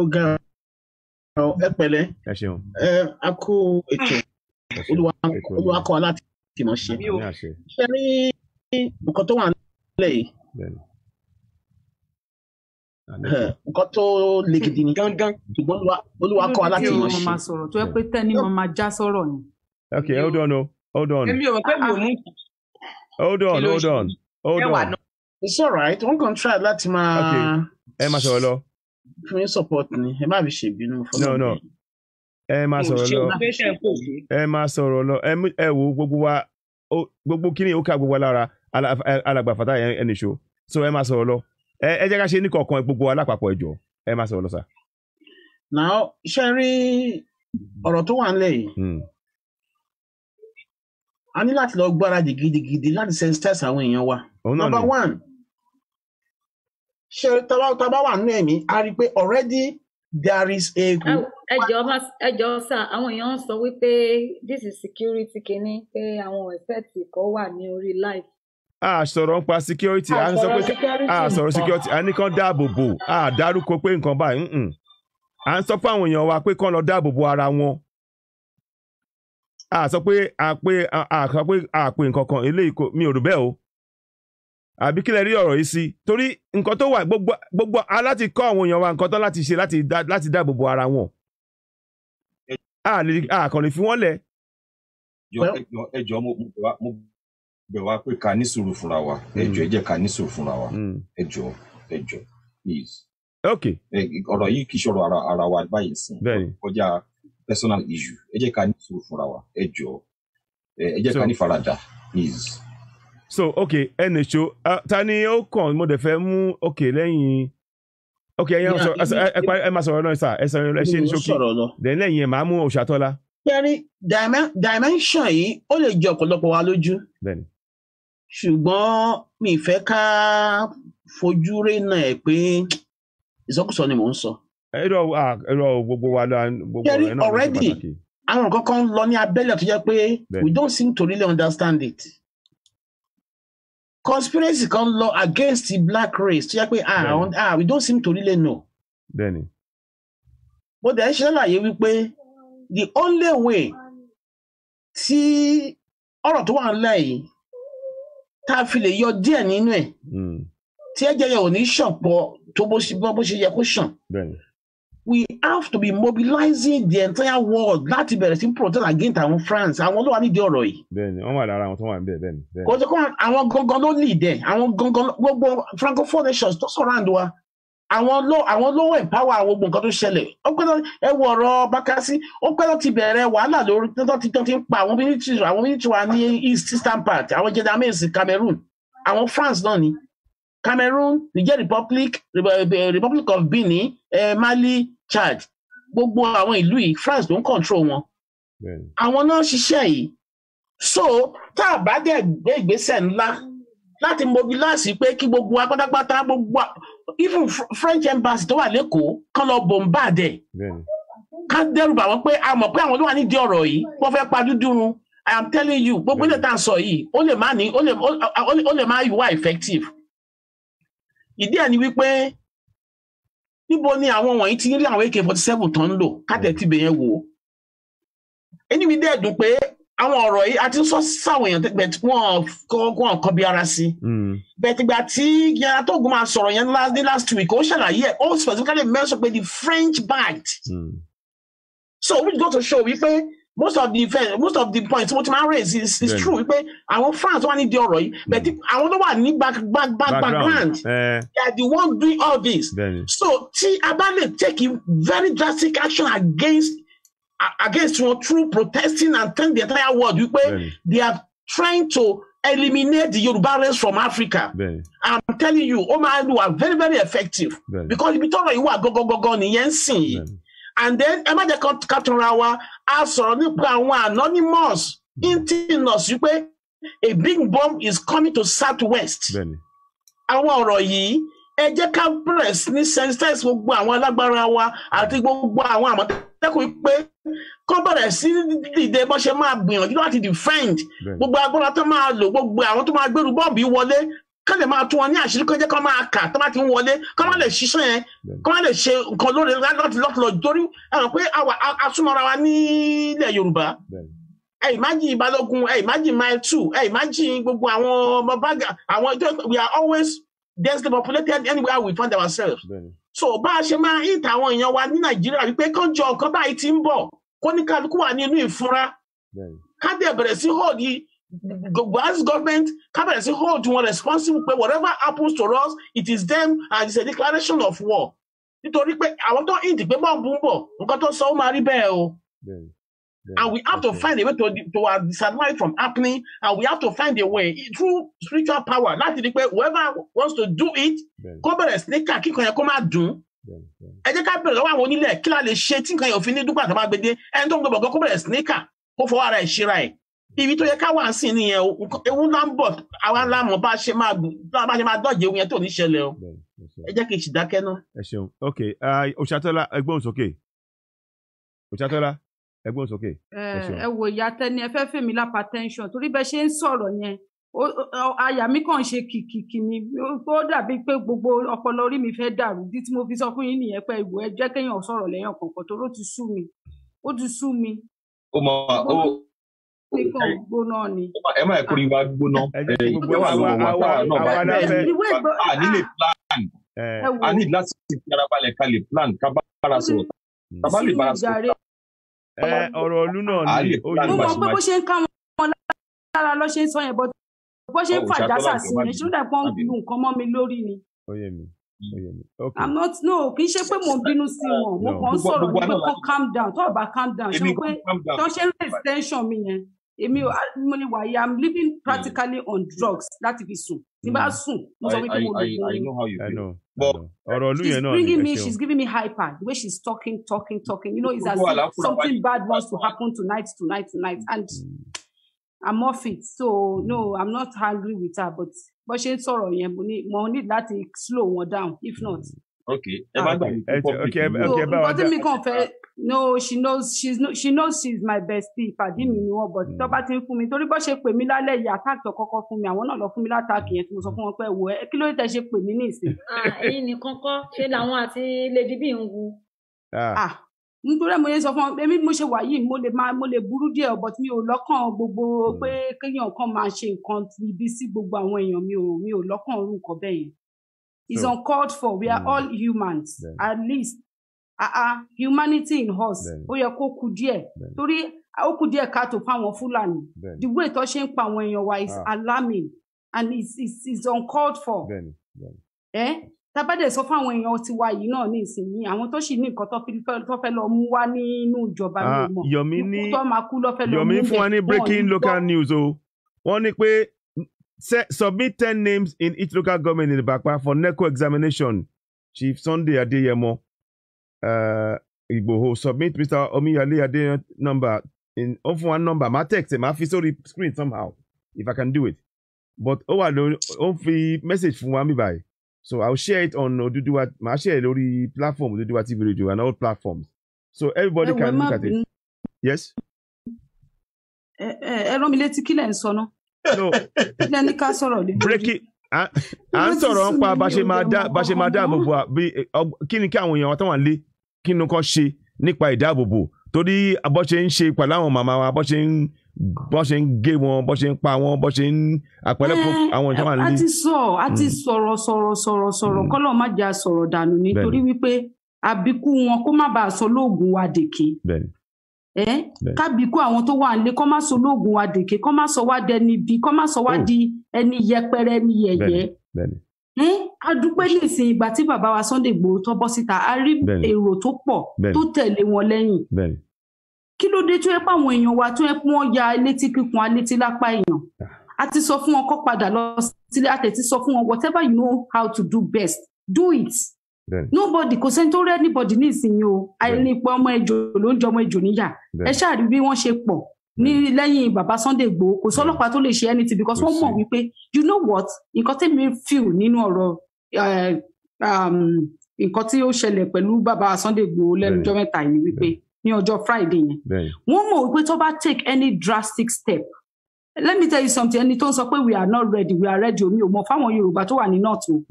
ó ga ẹ pẹ̀lẹ́ ẹ a kó ètò olùwakọ aláti tìmọ̀ ṣe ṣe rí nǹkan tó wà nílẹ̀ yìí nǹkan tó le gidi ni gangan ṣùgbọ́n olùwakọ aláti tìmọ̀ ṣe. sọ̀rọ̀ tó yẹ pé tẹ́ni mo máa já sọ̀rọ̀ ni. ok hold on o hold on. èmi ò mọ̀ pé mi ò hold on hold on hold on. it's all right wọn kàn try láti máa. ok ẹ máa sọ̀rọ̀ lọ fún yín support ni ẹ má fi ṣèbínú fọlọ́ no no ẹ máa sọ̀rọ̀ lọ ẹ máa sọ̀rọ̀ lọ ẹ wo gbogbo wa gbogbo kíni ó ká gbogbo wa lára alàgbà fàtà ẹni ṣo so ẹ máa sọ̀rọ̀ lọ ẹ jẹ́ ká ṣe ní kọ̀ọ̀kan gbogbo alápapọ̀ ẹ̀jọ̀ ẹ máa sọ̀rọ̀ lọ sà. now ṣe rí ọ̀rọ̀ tó wà nílẹ̀ yìí hmm. a ní láti lọ gbáradì gidigidi láti sensitize àwọn èèyàn wa number one ṣe tabá wà nínú ẹ̀mí a rí i pé already there is a. ẹjọ ẹjọ sá àwọn èèyàn ń sọ wípé this is security kínní pé àwọn effect kan wà ní orí life a sọ̀rọ̀ ń pa security a sọ pé a sọ̀rọ̀ security a ní kán dáàbò bò a dárúkọ pé nǹkan báyìí à ń sọ fún àwọn èèyàn wa pé kán lọ dáàbò bo ara wọn a sọ pé a pé a sọ pé a pé nǹkan kan eléyìí mi ò rò bẹ́ẹ̀ o àbí kílẹ̀ rí ọ̀rọ̀ yìí sí torí nǹkan tó wà gbogbo aláti kọ́ àwọn èèyàn wa nǹkan tán láti ṣe láti dáàbò bo ara wọn. àkànlè fi wọ́n lẹ̀. ẹjọ́ mo bẹ̀ wá pé ká ní sùúrù fúnra wa ẹjọ́ ẹ hmm. jẹ́ ká ní sùúrù fúnra wa hmm. ẹjọ́ ẹjọ́ please. ok. ọ̀rọ̀ yìí kì í ṣọ̀rọ̀ ara wa báyìí sí kọjá personal issue ẹ jẹ́ ká ní sùúrù fúnra wa ẹjọ́ ẹ ká ní faradà please so ok ẹnì ṣo ta ni ó kàn mo dẹ̀ fẹ́ mú ok lẹ́yìn ok ẹ̀yin ẹ máa sọ̀rọ̀ náà sà ẹ sọ̀rọ̀ ẹ ṣe ní ṣókí then lẹ́yìn ẹ̀ máa mú Òṣàtọ́lá. kẹrin dimension yìí ó lè jẹ ọ̀pọ̀lọpọ̀ wa lójú ṣùgbọ́n mi fẹ́ ká fojú rénà ẹ̀ pé ìsọkúsọ ni mò ń sọ. ẹ̀rọ ẹ̀rọ gbogbo wa la gbogbo ẹ̀ náà ló ṣe pàtàkì. already àwọn kankan lọ ní abẹ́lẹ̀ tó jẹ́ pé we don't seem to really understand it conspiracy kan lọ against the black race tó yẹ pé ah, ah we don't seem to really know. bẹ́ẹ̀ni. mo dẹ̀ ṣe lálàyé wípé the only way tí ọ̀rọ̀ tó wà nílẹ̀ yìí tá a fi lè yọ díẹ̀ nínú ẹ̀ hmm. tí ẹ̀jẹ̀ yẹn ò ní ṣàn pọ̀ tó bó ṣe yẹ kó ṣàn we have to be mobilizing the entire world láti bẹ̀rẹ̀ sí protest against àwọn France àwọn ló wà nídìí ọ̀rọ̀ yìí. bẹ́ẹ̀ni wọn wà lára àwọn tó wà níbẹ̀ bẹ́ẹ̀ni. kò sí kan àwọn gangan ló lead ẹ àwọn gangan gbogbo francophone nations tó surround wa àwọn ló àwọn ló empower àwọn gbogbo nǹkan tó ṣẹlẹ̀ ó pẹ́ ẹ wọ ọ̀rọ̀ Bakassi ó pẹ́ láti bẹ̀rẹ̀ wàhálà lórí tó ti tó ti ń pa àwọn military àwọn military wa ní east eastern part àwọn jẹjẹrẹ Cameroon àwọn France náà ni. Cameroon Niger Republic eh, Republic of Benin eh, Mali Chad gbogbo àwọn ìlú yìí France ló ń control wọn àwọn náà ṣiṣẹ́ yìí so tá a bá dẹ̀ gbé ìgbésẹ̀ ńlá láti mobilize pé kí gbogbo wa gbogbo even French embassy tó wà lẹ́kọ̀ọ́ kán lọ bombard ẹ̀ ká dẹ́rù bà wọ́n pé a mọ̀ pé àwọn ló wà nídìí ọ̀rọ̀ yìí wọ́n fẹ́ pa dúdú I am telling you gbogbo ilé tá a sọ yìí ó lè má ní ó lè má ìwà effective ìdí ẹ̀ ni wípé níbo ni àwọn wọ̀nyí ti rí àwọn AK47 tó ń lò kátẹ́ ti bẹ̀yẹn wò ó ẹni mi dẹ́ dùn pé àwọn ọ̀rọ̀ yìí a ti ń sọ sáwọn èèyàn tẹ́gbẹ̀ tí wọ́n kọ́ wọ́n kọ́ bí ara sí. Hmm. bẹ̀tìgbà tí yàrá tó gun máa sọ̀rọ̀ yẹn ní last week ó ṣàlàyé ẹ̀ ó specifically mention pé the French bite. Mm. so which go to show wípé most of the event most of the points mo ti máa ń raise is is yeah. true wípé àwọn France wà nídìí ọ̀rọ̀ yìí but àwọn tó wà ní back back back background eh. they are the one doing all this so tí a bá take very drastic action against against wọn through protesting and telling the entire world wípé they are trying to eliminate the Yoruba race from Africa. Bẹ́ẹ̀ni. I'm telling you, ó are very very effective. Because ibi tọ́rọ̀ yìí wà gọ́gọ́gọ́gọ́ nìyẹn ń sìn yìí. And then ẹ má jẹ́ ká wa a sọ̀rọ̀ nípa àwọn anonymous intinus wípé a big bomb is coming to southwest àwọn ọ̀rọ̀ yìí ẹ jẹ́ ká bẹ̀rẹ̀ ní sensitize gbogbo àwọn alágbára wa àti gbogbo àwọn àmọ̀tẹ́kùn pé kó bẹ̀rẹ̀ sí dìde bó ṣe máa gbìyànjú láti defend gbogbo agbára tó máa lò gbogbo àwọn tó máa gbẹrù bọ́ọ̀bù wọlé kán máa tún wọn ní àṣírí kó jẹ́ máa kà tó bá ti ń wọlé kán má lè ṣiṣẹ́ yẹn kán má lè ṣe nǹkan lóore láti lọ́tọ̀lọ́ torí ẹ̀rọ pé asúmọ́ra wa nílẹ̀ Yorùbá ẹ̀ ìmájì Balógun ẹ̀ ìmájì mile two ẹ̀ ìmájì gbogbo àwọn ọmọ bága àwọn we are always densely populated anywhere we find ourselves so bá a ṣe máa hit àwọn èèyàn wa ní Nàìjíríà wípé kán jọ nǹkan báyìí ti ń bọ̀ kóníkálukú wà nínú ìfura ká dẹ̀ bẹ̀rẹ̀ sí hold Mm-hmm. Gban's government cabinet, sí hold wọn responsible pé whatever happens to us it is them and it's a declaration of war nítorí pé àwọn tó ń dìgbé bọ̀ bú ń bọ̀ nǹkan tó sọ ó máa rí bẹ́ẹ̀ o. And we have okay. to find a way to, to our uh, disadvantage from happening, and we have to find a way through spiritual power. Láti di pé whoever wants to do it, kó bẹ̀rẹ̀ sí ní ká kíkan yẹn kó máa dùn. Ẹ jẹ́ ká bẹ̀rẹ̀ lọ́wọ́ àwọn onílẹ̀ kí la lè ṣe tí nǹkan yẹn ò fi ní dúpọ̀ àtàwọn agbede. Ẹni tó ń gbọ́ bọ̀ kó bẹ̀rẹ̀ sí kó fọwọ́ ara ẹ̀ ṣíra ẹ̀ ibi tó yẹ káwà ń sìn nìyẹn o ewu ńlá ń bọ̀ àwa ńlá mọ̀ bá ṣe máa gùn bá ṣe máa dọ̀jẹ̀ ewu yẹn tó ní ṣẹlẹ̀ o ẹ jẹ́ kí n sì dákẹ́ náà. ẹ ṣeun ok òṣàtọ́lá ẹgbọ́n sókè òṣàtọ́lá ẹgbọ́n sókè. ẹ wo ìyá tẹni ẹ fẹ́ fèmí lápá tẹ́ńsọ̀n torí bẹ́ẹ̀ ṣe ń sọ̀rọ̀ yẹn àyà mi kàn ṣe kìkìkì ni ó dàbí pé gbogbo ọpọlọ orí mi fẹ́ dàrú dí tí mo fi sọ fún yín nìyẹn pé ìwò ẹ jẹ́ kéèyàn sọ̀rọ̀ lẹ́yìn ọ̀kọ̀ọ̀kan tó ló ti sú mi ó ti sú mi. ó mọ kíkan gbóná ni. ẹ má kórè wa gbóná ìgbẹ́ wa ló wà náà bá a nílé plan a ní láti fi ara balẹ̀ ká lè plan ká bá ara sọ̀rọ̀ ká hmm. bá lè bá ara sọ̀rọ̀. ọ̀rọ̀ ìlú náà ni ó yẹ kó ṣe. mo bó ṣe ń ká wọn lára lọ́ ṣe ń sọ yẹn bọ́ bó ṣe ń fàjásà sí mi ṣúlẹ̀ pọ́n lu nǹkan mọ́ mi lórí ni. I'm not no kì í ṣe pé mo bínú sí wọn mo kàn ń sọ̀rọ̀ nípa calm down tó o bá calm down ṣe pé tó ṣe ń rẹ̀ extension mi yẹn. èmi hmm. mo ní wàyí i'm living hmm. practically on drugs láti fi sùn tí bá hmm. sùn mo sọ wípé mo lè gbóyè. But ọ̀rọ̀ olú yẹn náà ni ẹ ṣeun. she's giving me hyper the way she's talking talking talking you know it's as if something bad wants to happen tonight tonight tonight and i'm off it so no i'm not angry with her but but ṣe ń sọ̀rọ̀ yẹn mo ní láti slow wọn down if not. okay ẹ ah, bá gbà ní public. okay ẹ bá wa dá. no she knows she's no, she knows she's my bestie ìpàdé mi mm. ni wọn bọ tí tọ́ba mm. ti ń fún mi torí bọ́ ṣe pè mí lálẹ́ yìí àtàkì ọkọ̀ọ̀kan fún mi àwọn náà lọ fún mi látàkì yẹn tí mo sọ fún wọn pé wò ẹ kí ló tẹ ṣe pè mí ní ìsìn. Ah, ẹyin nìkan kọ́ ṣe làwọn àti lady bí ń wu. Ah. Ah, nítorí mo yẹn sọ fún wọn èmi mo ṣe wà yìí mo lè máa mo lè burú díẹ̀ ọ̀bọ̀ tí mi ò lọ́kàn gbogbo mm. pé kéèyàn kan máa ṣe nǹkan ibi sí gbogbo àwọn èèyàn mi ò mi ò lọ́kàn orúkọ bẹ́ẹ̀ yẹn is uncalled for we are all humans at least ah ah humanity in us ó yẹ kó kú díẹ̀ torí ah, ó kú díẹ̀ káàtó fáwọn fúlàní the way tó ṣe ń pa àwọn èèyàn wa is ah. alarming and it's it's, it's uncalled for tabadẹ sọ fáwọn èèyàn tiwa yìí náà ní ìsinmi àwọn tó sì ní nǹkan tó fẹ́ lọ mú wá nínú ìjọba ah, mímọ́ Yomi ní Yomi fún wa ní breaking local news o wọ́n ní pé submit ten names in each local government in Ìbàpá for NECO examination Chief Sunday Adeyemo Eh, Ìgbòho submit Mr. Omiyale Adéyan number In fún one number my text My má fi sórí screen somehow if I can do it but ó wà lórí ó fi message from wa mi báyìí so I'll share it on Oduduwa màá share the lórí platform Oduduwa TV radio and all platforms so everybody can look at it. Yes. Eh, eh, eh. rán No. Breaking à ń sọ̀rọ̀ ń pa bá ṣe máa dáàbòbò kí ni kí àwọn èèyàn tó wà lé kí ni kan ṣe nípa ìdáàbòbò torí bó ṣe ń ṣe pẹ̀lú àwọn màmá wa bó ṣe ń bó ṣe ń gé wọn bó ṣe ń pa wọn bó ṣe ń àpẹẹrẹ eh, àwọn tó wà lé. a ti sọ a ti hmm. sọ̀rọ̀ sọ̀rọ̀ sọ̀rọ̀ sọ̀rọ̀ hmm. kọlọ má jẹ́ àsọ̀rọ̀ dànù nítorí wípé àbíkú wọn kó má bàa sọ lóògùn wa dèké kábíkú àwọn tó wà nílé kọ́ má sọ olóògùn wa dèké kọ́ má sọ wá dẹni bí kọ́ má sọ wá di ẹni oh. yẹpẹrẹ ẹni yẹ̀yẹ́ a dúpẹ́ nísìnyí ìgbà tí bàbá wa Sunday Igboho tó bọ́ síta a rí èrò tó pọ̀ tó tẹ̀lé wọn lẹ́yìn kí ló dé tó yẹ pé àwọn èèyàn wa tó yẹ pé wọ́n ya létí kíkun alétí lápá èèyàn ah. a ti sọ fún wọn kó padà lọ sílé a sọ fún wọn whatever you know how to do best do it nobody kò sẹ́ni tó rẹ́ anybody ní ìsinyìí o àìnípa ọmọ ejò ló ń jọ ọmọ ejò níyà ẹ ṣáà rí bí wọ́n ṣe pọ̀ ní lẹ́yìn bàbá Sunday Igboho kò sọ́lọ́pàá tó lè ṣe anything because wọ́n mọ̀ wípé you know what nǹkan tẹ́mi feel nínú ọ̀rọ̀ eh, um, nǹkan tí ó ṣẹlẹ̀ pẹ̀lú bàbá Sunday Igboho lẹ́nujọ́ mẹ́ta yìí wípé ní ọjọ́ Friday yẹn wọ́n mọ̀ wípé tó bá take any drastic step let me tell you something ẹni tó ń sọ pé we are not ready we are ready omi ò mọ fáwọn yorùbá tó wà ní north o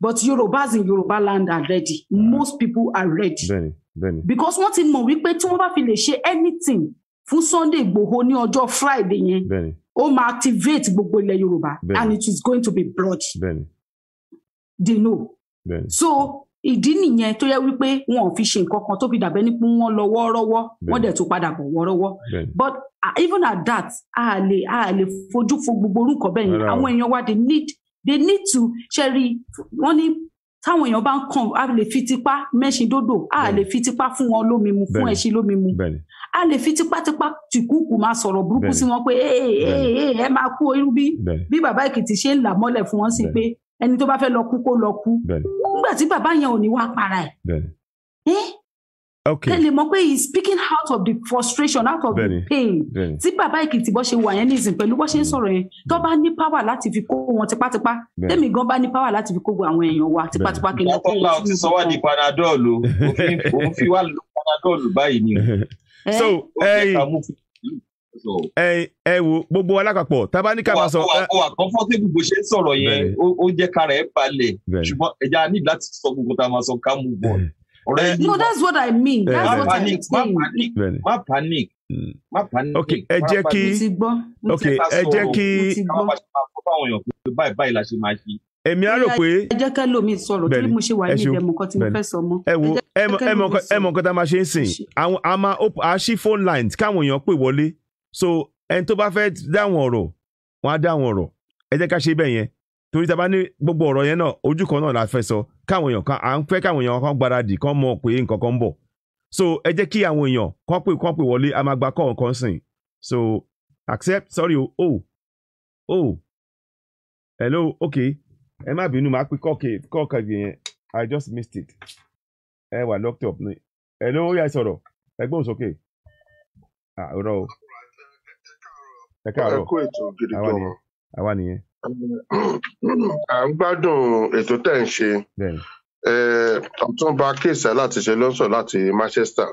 but yorùbás in yorùbá land are ready mm. most people are ready bẹ́ẹ̀ni, bẹ́ẹ̀ni. because wọ́n ti mọ̀ wípé tí wọ́n bá fi lè ṣe anything fún sunday igbòho ní ọjọ́ friday yẹn bẹ́ẹ̀ni. ó máa activate gbogbo ilẹ̀ yorùbá and it is going to be broad bẹ́ẹ̀ni. they know bẹ́ẹ̀ni. so ìdí nìyẹn tó yẹ wípé wọn ò fi ṣe nǹkan kan tó fi dàbẹ́ ní pé wọ́n lọ wọ́ọ́rọ́wọ́ wọ́n dẹ̀ tó padà bọ̀ wọ́ọ́rọ́wọ́ but uh, even at that a lè a lè fojú fo gbogbo orúkọ bẹ́ẹ̀ yẹn àwọn èèyàn wa they need they need to ṣẹ́rí wọ́n ní táwọn èèyàn bá ń kàn á lè fi tipá mẹ́ṣin dódò á lè fi tipá fún wọn lómi mu fún ẹṣin lómi mu á lè fi tipátipá tìkúùkù máa sọ̀rọ̀ burúkú sí wọn pé ẹ máa kú irú bí bí bàbá Èkìtì ṣe ń là mọ́lẹ̀ fún wọn sí pé ẹni tó bá fẹ́ lọ kú kó lọ kú nígbà tí bàbá yẹn ò ní wá para ẹ̀ ẹ lè mọ̀ pé he is speaking out of the frustration out of the pain tí bàbá èkìtì bó ṣe wà yẹn nísìn pẹ̀lú bó ṣe ń sọ̀rọ̀ yẹn tó bá ní power láti fi kó wọn tipátipá tẹ́mi gan bá ní power láti fi kó àwọn èèyàn wa tipátipá kí n lọ kó wọn. ọkọ ti sọ wá di panadol o òun fi wá panadol báyìí ni o. so ẹyin ẹ ẹ wo gbogbo alápapọ̀ tá a sọ. ó wà comfortable bó ṣe ń sọ̀rọ̀ yẹn ó jẹ́ kára ẹ̀ balẹ̀ ṣùgbọ́n ẹja ní láti sọ gbogbo tá a sọ ká mú bọ̀. Eh, no that's what i mean eh. that's what i mean. Ma panic Ma panic Ma mm. panic. ok ẹ jẹ́ kí ok ẹ jẹ́ kí. báyìí báyìí la ṣe máa ṣe èmi á rò pé ẹ jẹ́ ká lómi sọ̀rọ̀ kí mo ṣe wà ní ìdẹ̀mọ̀ kan tí mo fẹ́ sọ mọ́. ẹ wo ẹ mọ nǹkan tá a máa ṣe ń sìn àwọn a máa a ṣí phone lines káwọn èèyàn pè wọlé so ẹni tó bá fẹ́ dáwọn ọ̀rọ̀ wọn á dáwọn ọ̀rọ̀ ẹ jẹ́ ká ṣe bẹ́ẹ̀ yẹn torí tá bá ní gbogbo ọ̀rọ̀ yẹn náà ojú kan náà la fẹ́ sọ káwọn èèyàn kan à ń fẹ́ káwọn èèyàn kan gbáradì kan mọ̀ pé nǹkan kan ń bọ̀ so ẹ jẹ́ kí àwọn èèyàn kan pè kan pè wọlé a máa gba kọ́ nǹkan sìn so accept sorry o oh oh hello okay ẹ má bínú máa pè kọ́ọ̀kì kọ́ọ̀kì yẹn i just missed it ẹ wà locked up ni hello ó yá sọ̀rọ̀ ẹgbọ́n sókè àrọ́ o ẹ káàárọ̀ ẹ kú ètò gidi gan àwa nìyẹn. à ń gbádùn ètò tẹ̀ ń ṣe ọ̀túnba kéèsà láti ṣe lọ́sọ̀ láti Manchester.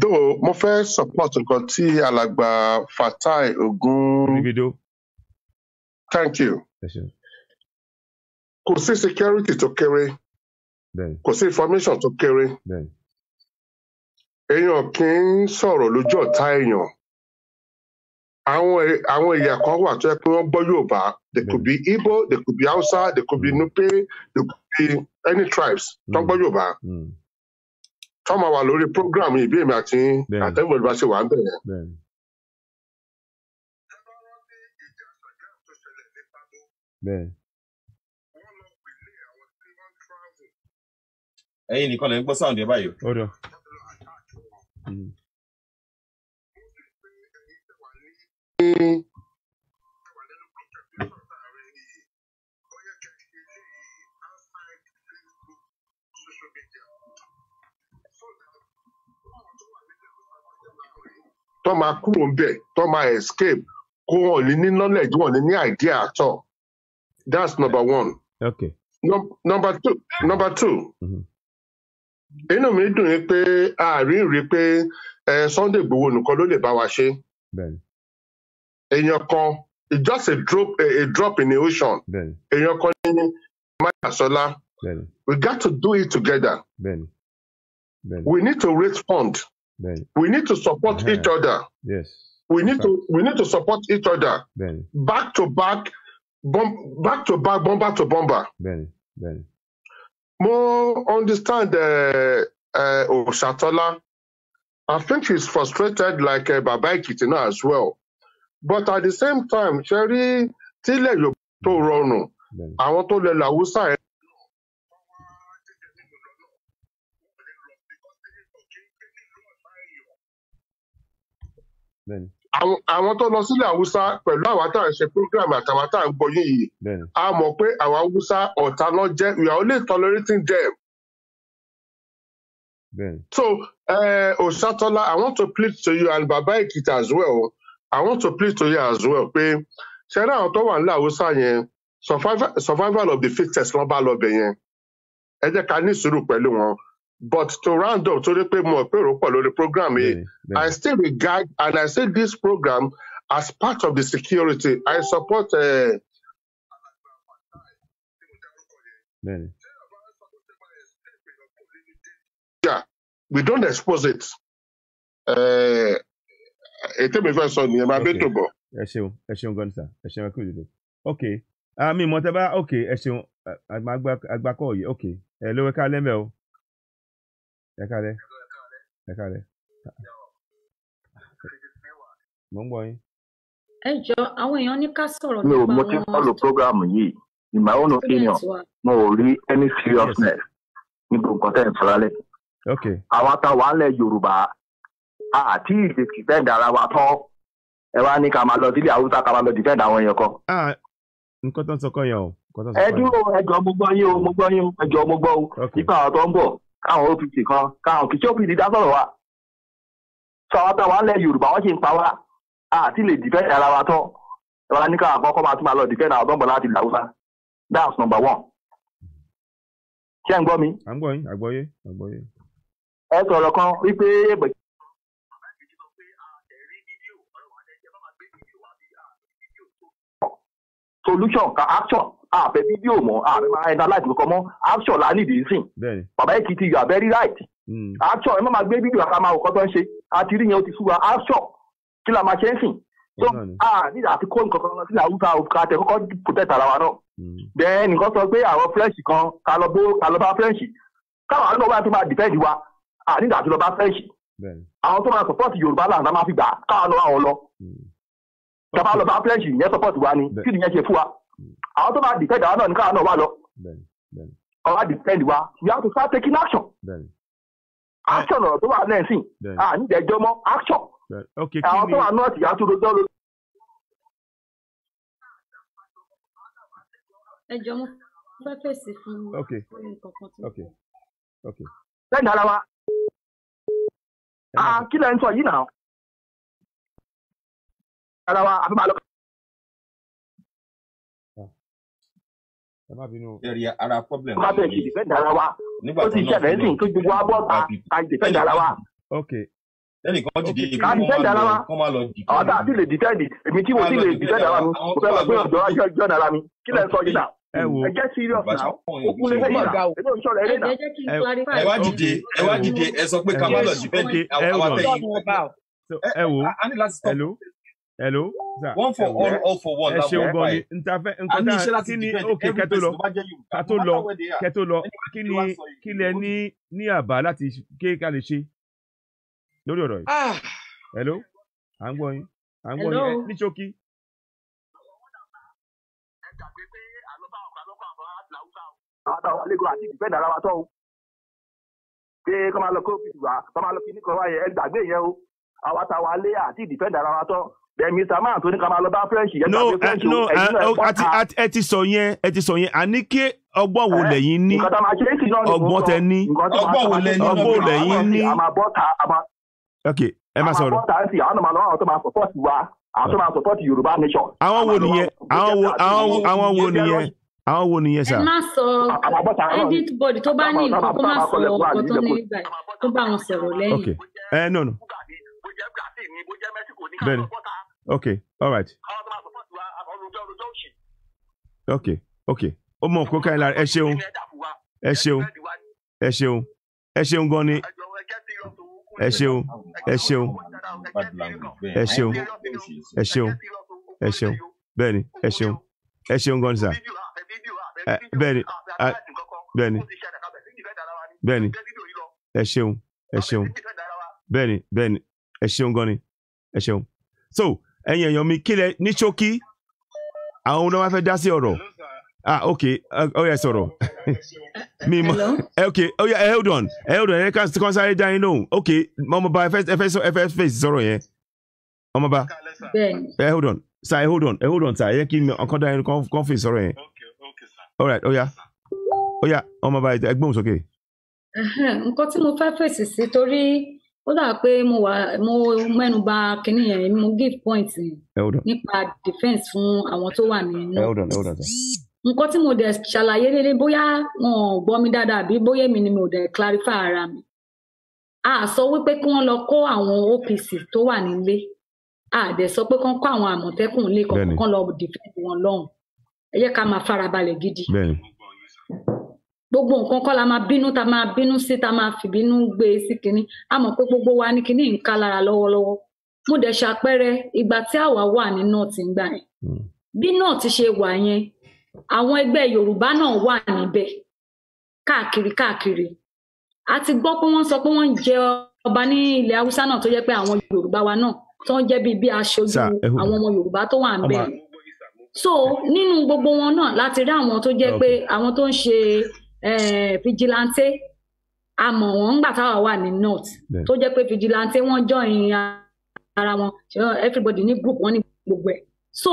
do mo fẹ́ support nǹkan tí alàgbà Fatai Ogun. thank you. kò sí security tó kéré kò sí information tó kéré èèyàn kì í sọ̀rọ̀ lójú ọ̀tá èèyàn àwọn àwọn ẹ̀yà kan wà tó yẹ pé wọ́n gbọ́ Yorùbá they could be mm. Igbo they could be Hausa they could be mm. Nupe they could be any tribes tó gbọ́ mm. Yorùbá tó máa wà lórí program ìbí èmi àti àtẹ̀wé ìlú àṣewà ń bẹ̀rẹ̀. bẹ́ẹ̀. ẹ̀yin nìkan lè ń gbọ́ sound yẹn báyìí. Mm. tó máa kúrò ńbẹ̀ tó máa escape kó wọn lè ní knowledge wọn lè ní idea at all that's number one. Okay. No, number two. Number two. Mm-hmm inú mi dùn ní pé àárín rí pé Sunday Igboho nìkan ló lè bá wa ṣe èèyàn kan just a drop a, a drop in the ocean èèyàn kan ní mayasola we got to do it together Bene. Bene. we need to raise fund we need to support uh -huh. each other yes. we need to we need to support each other Bene. back to back bomb back to back bomber to bomber. Bene. Bene mo understand Oshatola. Uh, uh, I think she's frustrated like uh, Baba Ekiti now as well. But at the same time, Sherry, tílẹ̀ yóò tó I want to lẹ làwùsà ẹ̀. Bẹ́ẹ̀ni àwọn tó lọ sílẹ̀ haúsá pẹ̀lú àwa tá à ń ṣe program àtàwa tá à ń gbọ́ yìí a mọ̀ pé àwa haúsá ọ̀tá lọ jẹ́ we are only tolerating them. So uh, I want to plead to you and Baba Ekiti as well I want to plead to you as well pé ṣẹ́rí àwọn tó wà nílẹ̀ haúsá yẹn survival of the fittest lọ́ba lọ́bẹ̀ yẹn ẹ jẹ́ ká ní sùúrù pẹ̀lú wọn But to round up, to the pay more the program, yeah, yeah. I still regard and I say this program as part of the security. I support. Uh, eh, yeah. yeah, we don't expose it. Uh, eh, ètò mi fẹ́ sọ nìyẹn máa bẹ́ẹ̀ tó bọ̀. ẹ ṣeun ẹ ṣeun gan sir ẹ ṣeun ẹ kú ìdílé ok àmì ah, ìmọ̀tẹ́bá ok ẹ ṣeun àgbà ah, yìí ok ẹ lówó ká lẹ́mẹ̀ o. Ẹ káalẹ́. Ẹ káalẹ́. Mo ń gbọ́ yín. Ẹ jọ àwọn èèyàn ní ká sọ̀rọ̀ nípa àwọn. Mi ò mo ti follow program yìí in my own opinion mo ò rí any seriousness níbi nǹkan tẹ̀ ń fọlálẹ̀. Àwọn àtàwọn alẹ́ Yorùbá àti ìdèkì bẹ́ẹ̀ dára wa tán ẹ wá ní ká máa lọ sílé Haúsá ká máa lọ dìfẹ́ǹd àwọn èèyàn kan. Nǹkan tó ń sọ kọ́ yẹn o. Ẹ dúró ẹjọ́ mo gbọ́ yín o mo gbọ́ yín o ẹjọ́ mo gbọ́ o nípa àwọn tó ń bọ̀ káwọn OPC kan káwọn kìí ṣe dá sọ̀rọ̀ wa sọ àwọn táwa ńlẹ̀ Yorùbá wọ́n ṣe ń pa wá àti lè dìfẹ́ ara wa tán ìwọlá ní káwọn àkọ́kọ́ máa tún máa lọ dìfẹ́ náà ọgbọ́n láti ìlà that's number one. ṣé ń gbọ́ mi. à ń gbọ́ yín àgbọ́yé àgbọ́yé. ẹ sọ̀rọ̀ kan wípé èbè solution ka action àfẹ́ fídíò mọ́ àfẹ́ máa ẹ̀dá láti kọ́kọ́ mọ́ action la nídìí sìn bàbá èkìtì you are very right hmm. action ẹ má máa gbé fídíò àká máa kọ́ tó ń ṣe àti rí yẹn ó ti sú wa action kí la máa ṣe ń sìn so nígbà àti kó nǹkan kan sílẹ̀ àwùjọ àwùjọ àti kọ́kọ́ protect ara wa náà hmm. then nǹkan sọ pé àwọn french kan kálọ́bá french káwọn àwọn ọba tó máa defend wa nígbà àti lọ́ba french àwọn tó máa support yorùbá làǹdà máa fi gbà káwọn lọ́wọ́ àwọn lọ tàbá hmm. lọ́ba french yẹn support wa ni kí nìyẹn ṣe fún wa àwọn tó máa dìtẹ́dà wa náà ní káwọn náà wà lọ ọ̀rọ̀ á wa you have to start taking action action ọ̀rọ̀ tó wà náà sìn à ń dẹjọ́ mọ́ action àwọn tó wà náà ti yàtú lójọ́ lójọ́. ẹ jọ mo fẹ́ ara wa kí lẹ́yìn sọ yìí náà ara wa àbí màá lọ. ara problem. má bẹ̀rẹ̀ sí defend ara wa ó ti ṣẹlẹ̀ ń sìn kí gbogbo ta ta defend ara wa. ẹnìkan ti di ìlú wọn máa lọ wọn máa lọ defend. lè defend èmi tí mo ti lè defend ara mi mo fẹ́ lọ gbé ọ̀dọ́ ajọ́ ara mi kí lẹ́ sọ yìí náà ẹ wo ẹ jẹ serious now okun lè fẹyìn náà ẹ lóun sọ̀rọ̀ ẹrẹ náà. ẹ wá dìde ẹ wá dìde ẹ sọ pé ká má lọ defend àwọn àtẹyìn. ẹ wo hello hello. one for all all for one. ẹ ṣeun gan ni ntafẹ nkọta kí ni òkè kẹtó lọ kẹtó lọ kẹtó lọ kí ni kí lẹ ní ní àbá láti ké ká lè ṣe lórí ọ̀rọ̀ yìí. Ah. hello à ń gbọ́ yín à ń gbọ́ yín ní ṣókí. pé kọ́ máa lọ kó bìtì kọ́ máa lọ kí ní kọ́ wáyé ẹ yẹn o àwọn táwọn alé àti ìdìbẹ́ ìdára wa tọ́ then mr man tó ní ká máa lọ bá french yẹn tàbí french eh, o ẹ̀yin eh, náà ẹ̀kọ́ ta. ẹ ti sọ yẹn ẹ ti sọ yẹn àní ké ọgbọ́n wo eh, lẹ́yìn ní ọgbọ́n tẹ ní ọgbọ́n wo lẹ́yìn ní ọgbọ́n wo lẹ́yìn ní. ok ẹ má sọ̀rọ̀. àmàbọ̀ tàǹtì àwọn ọmọ àwọn tó máa support wa àwọn tó máa support yorùbá nation. àwọn wo nìyẹn àwọn wo nìyẹn àwọn wo nìyẹn sà. ẹ má sọ edit board tó bá ní nǹkan kó má sọ ọkọ tó ní ibà tó bá wọn sọ̀rọ̀ lẹ́yìn. ok ẹ nọ nù. Brazil ni bó jẹ́ Mexico ní ká support ok all right. àwọn tó máa support wa àwọn olùjọ olùjọ òsì. ok ok ó mọ nǹkan kan lára ẹ ṣeun ẹ ṣeun ẹ ṣeun ẹ ṣeun gan ni ẹ ṣeun ẹ ṣeun ẹ ṣeun ẹ ṣeun ẹ ṣeun bẹ́ẹ̀ ẹ ṣeun ẹ ṣeun gan ni sà bẹ́ẹ̀ ni bẹ́ẹ̀ ẹ ṣeun ẹ ṣeun bẹ́ẹ̀ ni ẹ ṣeun gan ni ẹ ṣeun so ẹ̀yin èèyàn mi kílẹ̀ ní ṣókí àwọn ohun tó máa dá sí ọ̀rọ̀ ah ok ó yẹ sọ̀rọ̀ mi mọ eh, ok ó eh, hold on eh, hold on ẹ kàn sí kọ́nsáré dání lóhùn ok ọmọọba ẹ fẹ́ fèsì sọ̀rọ̀ yẹn ọmọọba ẹ hold on sir ẹ hold on ẹ hold on sir ẹ yẹ kí ọkàn dání kàn fèsì sọ̀rọ̀ yẹn all right ó yá ó yá ọmọọba ẹ gbóhùn sókè. nǹkan tí mo fẹ́ fèsì sí torí ó dà pé mo wà mo mẹ́nu bà kínní yẹn mo give point nípa defence fún àwọn tó wà nínú nǹkan tí mo dẹ̀ ṣàlàyé lélé bóyá wọn ò gbọ́ mi dáadáa àbí bóyá èmi ni mo dẹ̀ clarify ara mi a sọ wípé kí wọ́n lọ kó àwọn OPC tó wà nílé a dẹ̀ sọ pé kán kó àwọn àmọ̀tẹ́kùn lé kọ̀ọ̀kan lọ defend wọn lọ́hùn ẹ jẹ́ ká máa farabalẹ̀ gidi gbogbo nǹkan kọ́ la máa bínú ta máa bínú sí ta máa fìbínú gbé e sí kinní a mọ̀ pé gbogbo wa ní kinní ń ká lára lọ́wọ́lọ́wọ́ mo dẹ̀ ṣàpẹẹrẹ ìgbà tí àwa wà ní náà ti ń gbà yẹn hmm. bí náà ti ṣe wà yẹn àwọn ẹgbẹ́ Yorùbá náà wà níbẹ̀ káàkiri káàkiri a ti gbọ́ pé wọ́n sọ pé wọ́n jẹ ọba ní ilẹ̀ Haúsá náà tó jẹ́ pé àwọn Yorùbá wa náà tó ń jẹ́ bíi bí aṣojú àwọn ọmọ Yorùbá tó wà níbẹ̀ so nínú gbogbo wọn náà láti rí àwọn tó jẹ́ pé àwọn tó ń ṣe fijilanté eh, a mọ̀ wọ́n ńgbà táwa wà ní north tó jẹ́ pé fijilanté wọ́n join ara wọn everybody ní group wọn ní gbogbo ẹ̀ so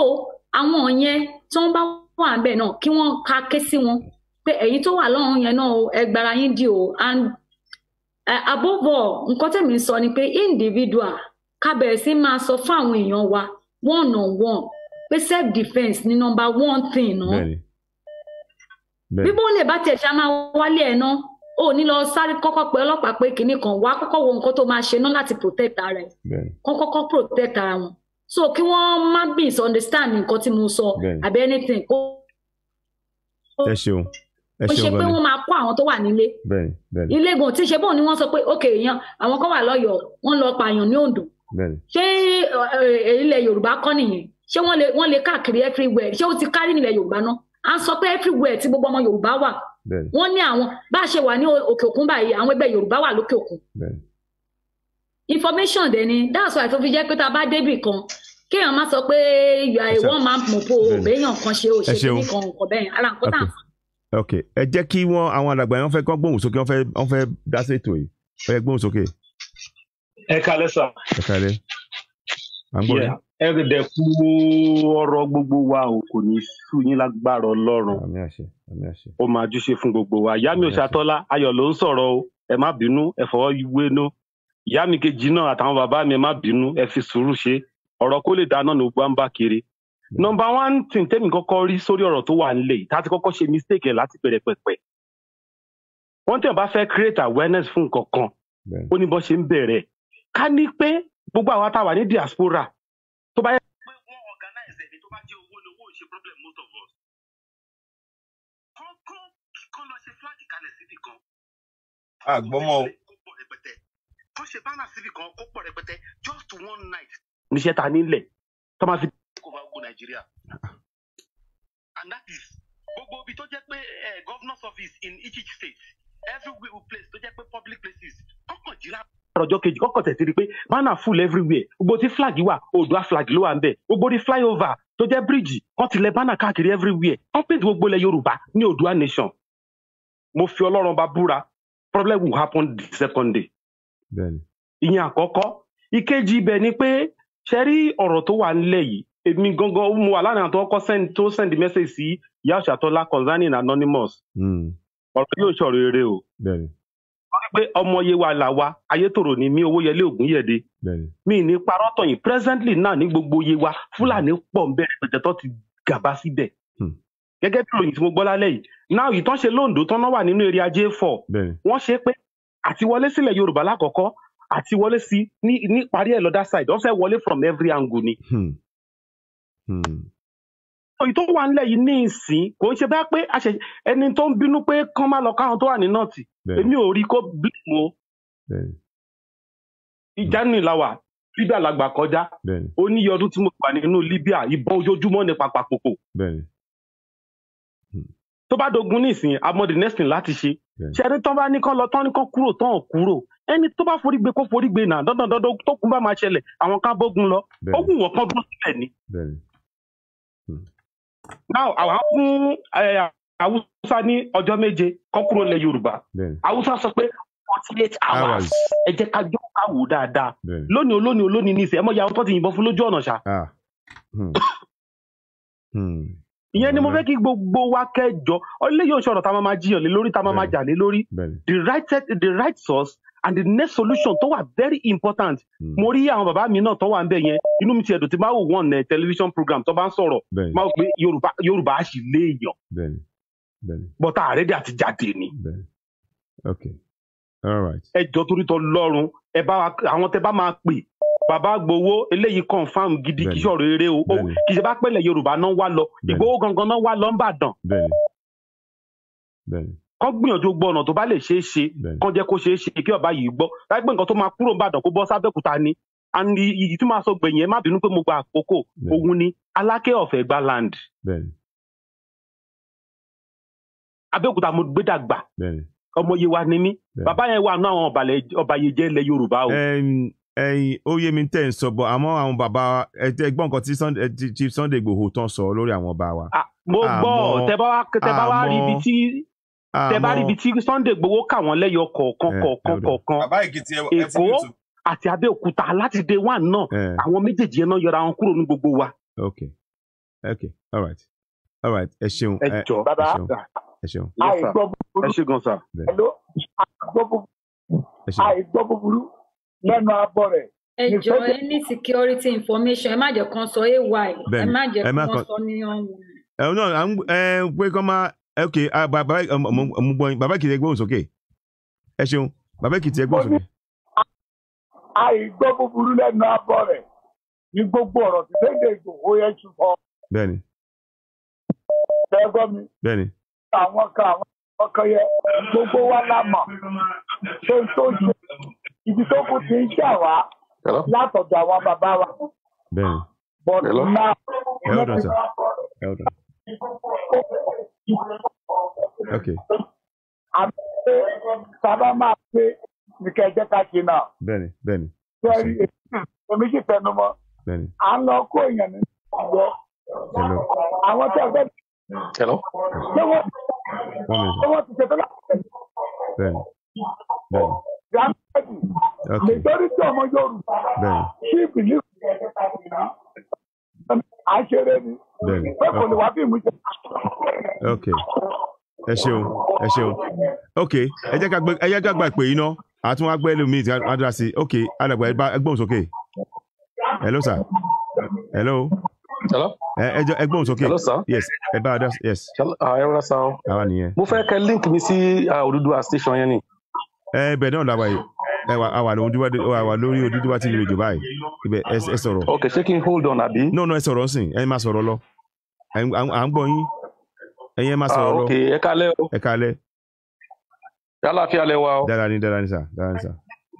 àwọn yẹn tí wọ́n bá wà níbẹ̀ náà kí wọ́n ka ké sí wọn pé ẹ̀yin tó wà lọ́hùn yẹn náà ẹ yín dì o and uh, above all nǹkan tẹ̀mí sọ ni pé individual kábẹ̀rẹ̀ sí máa sọ fún àwọn èèyàn wa one on one pé self defence ni number one thing náà. No? bí wọ́n lè bá tiẹ̀ ṣá máa wálé ẹ̀ náà ó ní lọ sáré kọ́kọ́ pé ọlọ́pàá pé kinní kan wá kọ́kọ́ wo nǹkan tó máa ṣe náà láti protect ara ẹ̀ kọ́ kọ́kọ́ protect ara wọn so kí wọ́n má misunderstand nǹkan tí mo sọ àbí anything kó. ẹ ṣeun ẹ ṣeun bẹ́ẹ̀ ni ó ṣe pé wọ́n máa kó àwọn tó wà nílé ilé gan tí ṣe bóun ni wọ́n sọ pé ok èèyàn àwọn kan wà lọ́yọ̀ọ́ wọ́n lọ pààyàn ní Oǹdó ṣé ilẹ̀ Yorùbá kọ́ nìyẹn ṣé wọ́n lè káàkiri everywhere ṣé ó ti kárí nílẹ̀ Yorùbá náà à ń sọ pé everywhere tí gbogbo ọmọ yorùbá wà wọ́n ní àwọn bá a ṣe wà ní òkè òkun báyìí àwọn ẹgbẹ́ yorùbá wà lókè òkun information dẹ̀ ni that's why tó fi jẹ́ pé tá a bá débì kan kéèyàn má sọ pé ìyá ìwọ́n máa ń mọ̀ po òbéèyàn kan ṣe òṣèlú kan nǹkan bẹ́ẹ̀ ara nǹkan tá à ń sọ ok ẹ jẹ́ kí wọ́n àwọn àdàgbà yẹn wọ́n fẹ́ kọ́ gbóhùn sókè wọ́n fẹ́ wọ́n fẹ́ dá sí yìí wọ́n fẹ́ gbóhùn sókè. ẹ kalẹ sá. ẹ kalẹ. à ń gbọ́ yẹn ẹrẹdẹ kú ọ̀rọ̀ gbogbo wa ò kò ní sú yín lágbára Ọlọ́run ó máa júṣe fún gbogbo wa ìyá mi ò ṣàtọ́lá ayọ̀ ló ń sọ̀rọ̀ o ẹ má bínú ẹ fọwọ́ wé ná kejì náà àtàwọn bàbá mi ẹ má bínú ẹ fi sùúrù ṣe ọ̀rọ̀ kó lè dáná ní gbogbo à kiri nọ́mbà one thing tèmi kọ́kọ́ rí sórí ọ̀rọ̀ tó wà nílẹ̀ yìí tá a ṣe mistake ẹ láti bẹ̀rẹ̀ pẹ̀pẹ̀ wọ́n tẹ̀ bá fẹ́ create awareness fún nǹkan kan ó ní bó ṣe ń bẹ̀rẹ̀ ká ní pé gbogbo àwa táwa ní diaspora kán lọ ṣe fúláàtì kalẹ̀ síbì kan. àgbọ̀mọ o. ṣe bánà síbì kan kó pọ̀ rẹpẹtẹ just one night. níṣẹ́ ta nílẹ̀ tó máa fi. kó máa gbó nàìjíríà and that is gbogbo ibi tó jẹ́ pé eh, governor's office in each state every place tó jẹ́ pé public places kọ́kànjìlá ọjọ́ kejì kọ́kọ́ tẹ̀sí rí pé mana full everywhere gbogbo tí flag wà oòdùà flag ló wà ń bẹ̀ gbogbo ní flyover tó jẹ́ bíríìjì wọ́n ti lẹ bánà káàkiri everywhere wọ́n pèsè gbogbo ilẹ̀ Yorùbá ní oòdùà nation mo fi Ọlọ́run bá búra problem will happen the second day. ìyẹn àkọ́kọ́ ìkejì ibẹ̀ ni pé ṣe rí ọ̀rọ̀ tó wà nílẹ̀ yìí èmi gangan mo wà lánàá tó kọ́ send tó send message sí ìyá òṣàtọ́lá concerning anonymous hmm. ọ̀rọ̀ yóò ṣọ̀rọ̀ eré o pé ọmọ Yewa là wa Ayétòrò ni mí Owóyẹlé Ògúnyẹ̀dé mi ní parọ́ tọ̀yìn presently náà ní gbogbo Yewa Fúlàní pọ̀ ń bẹ̀rẹ̀ pẹ̀tẹ̀ tó ti gàba síbẹ̀ hmm. gẹ́gẹ́ bí ìròyìn tí mo gbọ́ lálẹ́ yìí náà ìtàn ṣe Lóńdó tán náà wà nínú eré ajé fọ̀ wọ́n ṣe pé àti sílẹ̀ Yorùbá lákọ̀ọ́kọ́ àti sí ní parí ẹ̀ lọ́dá side wọ́n fẹ́ wọlé from every angle ni. Hmm. Hmm èyí tó wà nílẹ̀ yìí ní ìsìn kò ń ṣe bá pé ẹni tó ń bínú pé kán má lọ káwọn tó wà ní nọ́ọ̀tì èmi ò rí kó bímọ ìjánu ìlàwà Libya làgbà kọjá ó ní iye ọdún tí mo wà nínú Libya ìbọn ojoojúmọ́ ní papàpòpò hmm. tó bá dogun ní ìsìn amọ̀dé nẹ́sìn láti ṣe ṣe ẹni tán bá ní kán lọ tán ní kán kúrò tán kúrò ẹni tó bá forí gbé kó forí gbé náà dandan dandan tó kún bá máa ṣẹlẹ̀ àwọn kan bógun lọ ó kún wọn kán dúró sílẹ̀ ni now àwa fún haúsá ní ọjọ́ méje kọ́ kúrò lẹ̀ yorùbá haúsá sọ pé forty eight hours ẹ jẹ́ ká jọ́ ká wò dáadáa lónìí olónìí olónìí ní ìsẹ̀ ẹ mọ̀ ya ọtọ́ ti yìnbọn fún lójú ọ̀nà ṣá. Ah. Hmm. Hmm. ìyẹn ni mo hmm. fẹ́ kí gbogbo wa kẹjọ ọlẹ́ yóò ṣọ̀rọ̀ tá a máa jiyàn lé lórí tá a máa jà lé lórí the right source and the next solution tó wà very important hmm. mo rí àwọn bàbá mi náà tó wà ń bẹ yẹn inú mi ti ẹ̀dùn tí máa wò wọ́n ní television program tó bá ń sọ̀rọ̀ máa wò pé yorùbá yorùbá á sì lé èèyàn bọ́tà àrẹ́dẹ̀ àti jáde ni. ẹ jọ torí tọ lọ́rùn ẹ bá àwọn tẹ bá máa pè bàbá gbowó eléyìí confam gidi kí sọ̀rọ̀ eré o kì í ṣe bá pẹ́lẹ̀ yorùbá náà wá lọ ìgbowó gangan náà wá lọ ń bàdàn kọ́ gbìyànjú gbọ́ ọ̀nà tó bá lè ṣeé ṣe kọ́ jẹ́ kó ṣeé ṣe kí ọba yìí gbọ́ láì pé nǹkan tó máa kúrò nìbàdàn kó bọ́ sábẹ́kúta ni and ìyí tí máa sọ gbẹ̀yìn ẹ má bínú pé mo gba àkókò òun ni alákẹ́ ọ̀fẹ́ gba land abẹ́òkúta mo gbé dàgbà ọmọ yewa ni mí bàbá yẹn wà nú àwọn ọ̀bàyéjẹ́ ilẹ̀ yorùbá o ẹyin ó yé mi tẹ́ ń sọ bọ́ àmọ́ àwọn bàbá ẹ̀tẹ́ gbọ́n nǹkan tí Sunday Igboho tán sọ lórí àwọn ọba wa. Ah, mo gbọ́ tẹ bá wá rí ibi tí tẹ ibi tí Sunday Igboho kà wọ́n lẹ́yọ kọ̀ọ̀kan kọ̀ọ̀kan kọ̀ọ̀kan Èkó àti Abẹ́òkúta láti day one náà àwọn méjèèjì yẹn náà yọra wọn kúrò ní gbogbo wa. okay okay all right all right ẹ ṣeun ẹ jọ bàbá ẹ ṣeun ẹ ṣe gan sa. àìgbọ́ búburú lẹ́nu abọ́ rẹ̀ ẹ jọ ẹ ní security information ẹ má jẹ kàn sọ ay ẹ má jẹ kàn sọ ní ọ̀hún. ẹ náà ẹ pé kọ́ máa ok bàbá mo gbọ́ bàbá Èkìtì ẹgbẹ́ òsókè ẹ ṣeun bàbá Èkìtì ẹgbẹ́ òsókè. àìgbọ́ búburú lẹ́nu abọ́ rẹ̀ ní gbogbo ọ̀rọ̀ tí lẹ́yìn ìgbòho yẹn ti fọ́. bẹ́ẹ̀ni. ẹgbọ́n mi. bẹ́ẹ̀ni. àwọn kan àwọn ọkọ yẹ gbogbo wa la mọ̀ ṣe ń tó ṣe ibi tó kù ti ń ṣà wá látọ̀dọ̀ àwọn bàbá wa. bẹ́ẹ̀ni. bọ̀dù náà. ẹ ọ̀dọ̀ sà ẹ ọ̀dọ̀. Ok. àbí sábà máa pé nìkan ẹjẹ ká ṣe náà. bẹ́ẹ̀ni bẹ́ẹ̀ni. sẹẹri èmi sì fẹnu mọ́. bẹ́ẹ̀ni. à ń lọ kó èèyàn ní ìjọ. àwọn tí a fẹ́. hello. ṣé wọ́n ṣé wọ́n ti ṣètò láti tẹ̀lé. bẹ́ẹ̀ni bẹ́ẹ̀ni. gàmẹ́tì. ok nítorí tí ọmọ Yorùbá. bẹ́ẹ̀ni. ṣé ìbílẹ̀ ìjọba à ẹ jẹ́ ká gba ìpè yìí ná àtún wá gbẹ́ lómi adúlá sí ok alàgbà ẹ gbóhùn sókè hello sir hello. hello. ẹ sókè hello sir yes ẹ bá adúlá yes. Ah, ẹ rọra sa ọ. mo fẹ́ kẹ́ link mi sí ah, Odùduwà station yẹn ni. ẹbẹ eh, náà làwà yìí àwà eh, lórí Odùduwà TV radio báyìí ibẹ̀ ẹ sọ̀rọ̀. ok ṣé kí n hold on àbí. no no ẹ sọ̀rọ̀ sìn ẹ máa sọ̀rọ̀ lọ à ń gbọ́ yín ẹ̀yin ẹ máa sọ̀rọ̀ ah, lọ. ok ẹ kálẹ́ o. ẹ kálẹ́. yálà fi alẹ́ wa o. dára ni dára ni sà dára ni sà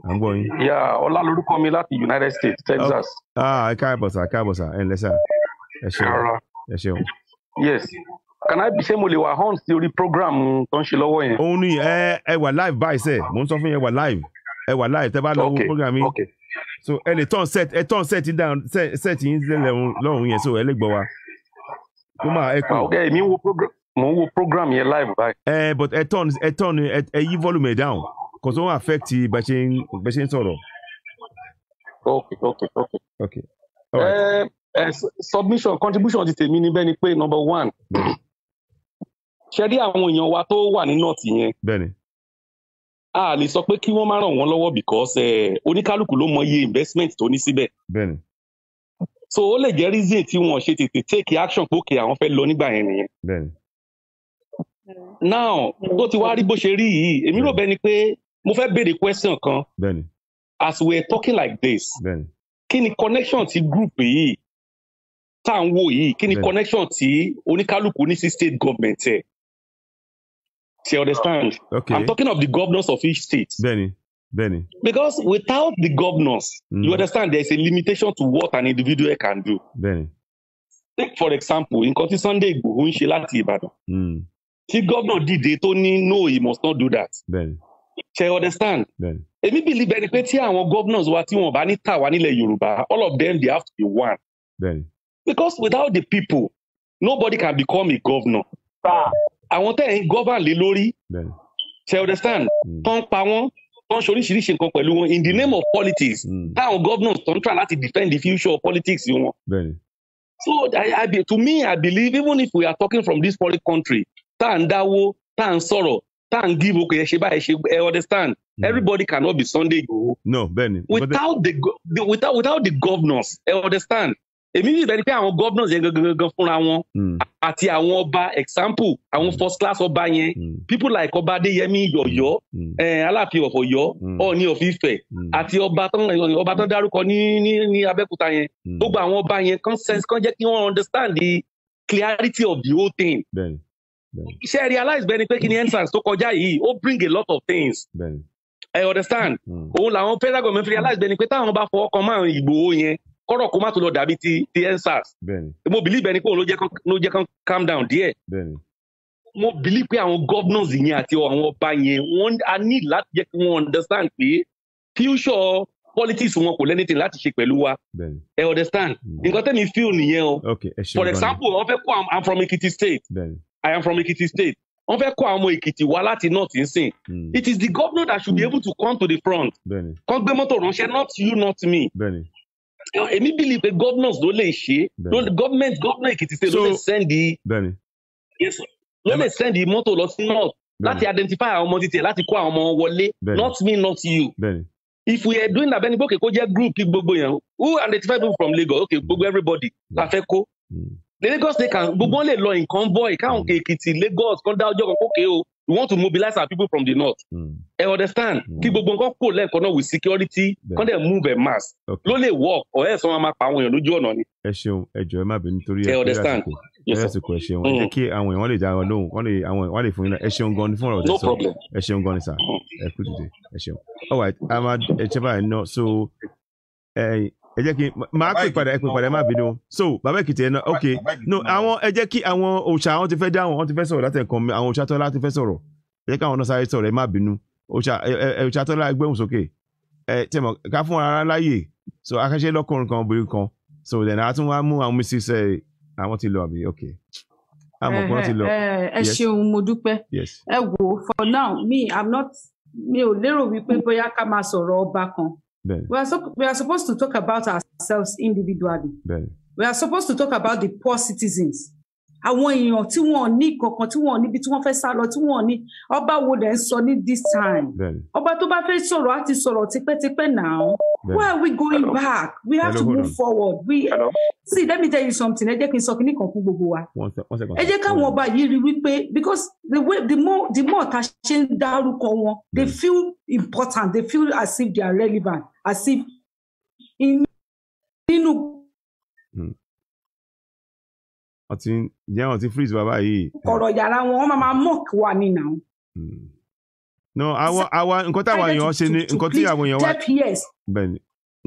à ń gbọ́ yín. ya ọlá lorúkọ mi láti United States Texas. Ah, ẹ káàbọ̀ sà káàbọ̀ sà ẹ ǹlẹ́ sà ẹ ṣeun ẹ ṣeun. yes can I be ṣé mo lè wà hàn sí orí program tó ń ṣe lọ́wọ́ yẹn. òun ni ẹ ẹ wà live báyìí sẹ mò ń sọ fún yẹn wà live ẹ wà live tẹ bá lọ wo program yìí so ẹ lè tán set ẹ tán set down set set yín lọ́hùn yẹn so ẹ lè gbọ́ wa kó máa ẹ kú. Ah, ok èmi wo program mò ń wo program yẹn live báyìí. ẹ but ẹ tán ẹ tán ẹ yí volume ẹ down kò tó ń affect bẹ ṣe ń bẹ ṣe ń sọ̀rọ̀. ok ok ok. ok all right. ẹ eh, ẹ eh, submission contribution ti tèmi níbẹ̀ ni pé number one ṣe rí àwọn èèyàn wa tó wà ní north yẹn. a lè sọ pé kí wọ́n má ràn wọ́n lọ́wọ́ because eh, oníkálukú ló mọ iye investment tó ní síbẹ̀. so ó lè jẹ́ reason tí wọ́n ṣe tètè take action pókè àwọn fẹ́ lọ nígbà yẹn nìyẹn. now tó ti wá rí bó ṣe rí yìí èmi rò bẹ́ẹ̀ ni pé mo fẹ́ béèrè question kan. as we are talking like this. kí ni connection ti group yìí tá à ń wò yìí kí ni connection tí oníkálukú ní sí state government ẹ̀. Do you understand? Okay. I'm talking of the governors of each state. Benny. Benny. Because without the governors, mm. you understand there's a limitation to what an individual can do. Benny. Take, for example, in Koti Sunday Igboho ń ṣe láti Ìbàdàn. Mm. Tí gómìnà dìde tó no he must not do that. Benny. Ṣé you understand? Benny. Èmi believe ẹni pé tí àwọn governors wa tí wọn bá ní tà wá nílẹ̀ all of them they have to be one. Benny. Because without the people, nobody can become a governor. Ah àwọn tẹ́ ẹ̀ ń gọ́bà lé lórí ṣe understand hmm. tán pa wọ́n tán ṣoríṣiríṣi nǹkan pẹ̀lú wọn in the name of politics hmm. táwọn governors tó ń try láti defend the future of politics wọn. so I, I, to me I believe even if we are talking from this foreign country tá à ń dáwó tá à ń sọ̀rọ̀ tá à ń give okè ẹ ṣe báyìí ṣe ẹ understand mm. everybody cannot be Sunday Igboho. no bẹ́ẹ̀ni. without the, the without without the governors ẹ understand èmi ní ìbẹ̀rù pé àwọn governors yẹn gangan gangan fúnra wọn hmm. àti àwọn ọba example àwọn hmm. first class ọba yẹn hmm. people like ọba adéyẹmí yọ̀yọ́ eh, aláàfin ọ̀fọ̀ yọ ọ̀ọ́ni ọ̀fin ìfẹ́ àti ọba tán ọba tán dárúkọ ní ní ní abẹ́òkúta yẹn gbogbo àwọn ọba yẹn kan sense kan jẹ́ kí wọ́n understand the clarity of the whole thing ṣe é realize bẹ́ẹ̀ ni pé kí ni entrance tó kọjá yìí ó bring a lot of things I understand òun làwọn federal government realize bẹ́ẹ̀ ni pé táwọn bá fọwọ́ kan máa Ìgbòho yẹn kọ́rọ̀ kó má tún lọ dàbí ti ti ensars mo believe ẹni pé òun ló jẹ́ kán calm down díẹ̀ mo believe pé àwọn governors yẹn àti àwọn ọba yẹn wọ́n a need láti jẹ́ kí wọ́n understand pé future politics wọn kò lẹ́nìtì láti ṣe pẹ̀lú wa ẹ understand mm. nǹkan tẹ́mi feel nìyẹn o for example wọ́n fẹ́ kó i'm from Ekiti state i am from Ekiti state wọ́n fẹ́ kó àwọn Èkìtì wá láti north nsìn mm. it is the governor that should be able to come to the front kàn gbé mọ́tò ránṣẹ́ not you not me Ah, èmi believe pé governors ló lè ṣe government governor Èkìtì state ló lè send ló lè send mọ́tò lọ sí north láti identify àwọn ọmọ títí ẹ̀ láti kó àwọn ọmọ wọlé not me not you. If we are doing that bẹ́ẹ̀ni bókè kó jẹ́ group gbogbo yẹn who identify people from Lagos okay mm. gbogbo everybody mm. la fẹ́ kó. Mm. Lagos state kan gbogbo wọn lè lọ in convoy káwọn Èkìtì Lagos kan dá ọjọ́ kan kókè o we want to mobilize our people from the north. Hmm. ẹ mm. understand hmm. kí gbogbo nǹkan kò lẹ́ẹ̀kan náà with security kán dẹ̀ move a mass ló lè work or else wọn máa pa àwọn èèyàn lójú ọ̀nà ni. ẹ ṣeun ẹ jọ̀ọ́ ẹ má bínú torí ẹ understand ẹ lásìkò ẹ ṣeun ẹ mm. jẹ́ kí àwọn èèyàn lè já wọn lóhùn wọn lè àwọn wọn lè fún yín náà ẹ ṣeun gan ni fún ọ̀rọ̀ tẹsán ẹ ṣeun gan ni sà mm. ẹ kú dìde ẹ ṣeun all right a máa ẹ ṣe báyìí náà so ẹ jẹ́ kí máa pè padà ẹ pè padà ẹ má bínú so bàbá èkìtì ẹ náà ok no àwọn ẹ jẹ́ kí àwọn òòṣà àwọn ti fẹ́ dáhùn wọ́n ti fẹ́ sọ̀rọ̀ láti ẹ̀kan àwọn òòṣà tọ́lá ti fẹ́ sọ̀rọ̀ ẹ jẹ́ káwọn náà sáré sọ̀rọ̀ ẹ má bínú òòṣà tọ́lá ẹ gbóhùn sókè ẹ tẹ̀mọ̀ ká fún ara láàyè so akáṣe lọ́kùnrin kan obìnrin kan so then a tún wá mú àwọn mrs ẹ àwọn ti lọ àbí ok àmọ̀ kan ti lọ. ẹ ṣeun mo dúpẹ́ ẹ wò for now me i'm not mi ò lérò wípé bóyá ká máa sọ̀rọ̀ ọba kan Bene. We, are so, we are supposed to talk about ourselves individually. Bene. We are supposed to talk about the poor citizens. Àwọn èèyàn tí wọ́n ní kankan tí wọ́n níbi tí wọ́n fẹ́ sá lọ tí wọ́n ní ọba wo lẹ̀ ń sọ ní this time. Ọba tó bá fẹ́ sọ̀rọ̀ á ti sọ̀rọ̀ tipẹ́tipẹ́ now. Where are we going Hello. back? We have Hello, to move on. forward. We see let me tell you something ẹ jẹ́ kí n sọ kíní kan fún gbogbo wa. Ẹ jẹ́ káwọn ọba yìí rí wípé because the way the more the more ta ṣe ń dárúkọ wọn they feel important they feel as if they are relevant. Así, nínú. Hmm. ọtí jẹ́ ọtí freeze bàbá yìí. ọ̀rọ̀ yàrá wọn wọ́n máa mock wa ní nà. Hmm. no àwa àwa nǹkan táwa èèyàn ṣe ni nǹkan tí àwọn èèyàn wá. bẹ́ẹ̀ni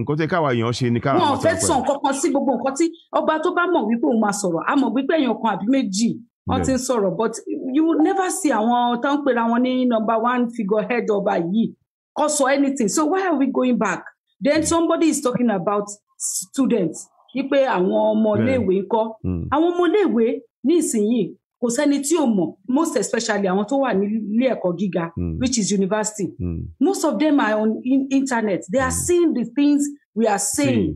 nǹkan tí káwa èèyàn ṣe ni káwa. wọn ò fẹ́ sàn kankan sí gbogbo nǹkan tí ọba tó bá mọ̀ wípé òun máa sọ̀rọ̀ a mọ̀ wípé èèyàn kan àbí méjì wọ́n ti ń sọ̀rọ̀ but you will never see àwọn tó ń pera wọn ní number one figure head ọba yìí course or anything. So why are we going back? Then somebody is talking about students. Wípé àwọn ọmọléèwé ń kọ́. Hmm. Àwọn ọmọléèwé ní ìsinyìí kò sẹ́ni tí ò mọ̀ most especially àwọn tó wà nílé ẹ̀kọ́ gíga hmm. which is university. Hmm. Most of them are on internet. They are seeing the things we are saying.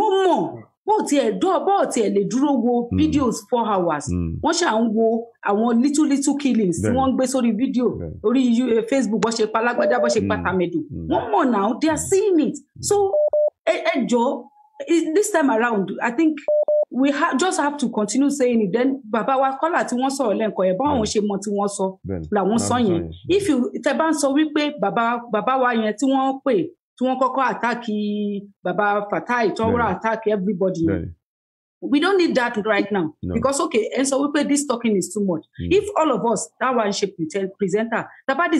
Wọ́n mọ̀. bó tiẹ̀ dọ́ bó tiẹ̀ lè dúró wo hmm. videos four hours hmm. wọ́n ṣà ń wo àwọn little little killings tí wọ́n ń gbé sórí fídíò orí eh, Facebook bó ṣe pa lágbádá bó ṣe pa hmm. tàmẹ̀dù wọ́n mọ̀ now they are seeing it so ẹ ẹ jọ this time around I think we ha just have to continue saying it then Baba wa kọ́là tí wọ́n sọ̀rọ̀ lẹ́ǹkan ẹ̀ báwọn ṣe mọ tí wọ́n sọ làwọn sọ yẹn if you tẹ bá ń sọ wípé Baba wa yẹn tí wọ́n pè To wọ́n attack, àtàkì baba Fatai tọ́wọ́rọ́ àtàkì everybody. We don't need that right now no. because okay, and so we pay this talking is too much. Mm. If all of us that one ṣe presenter, taba presenter, that bad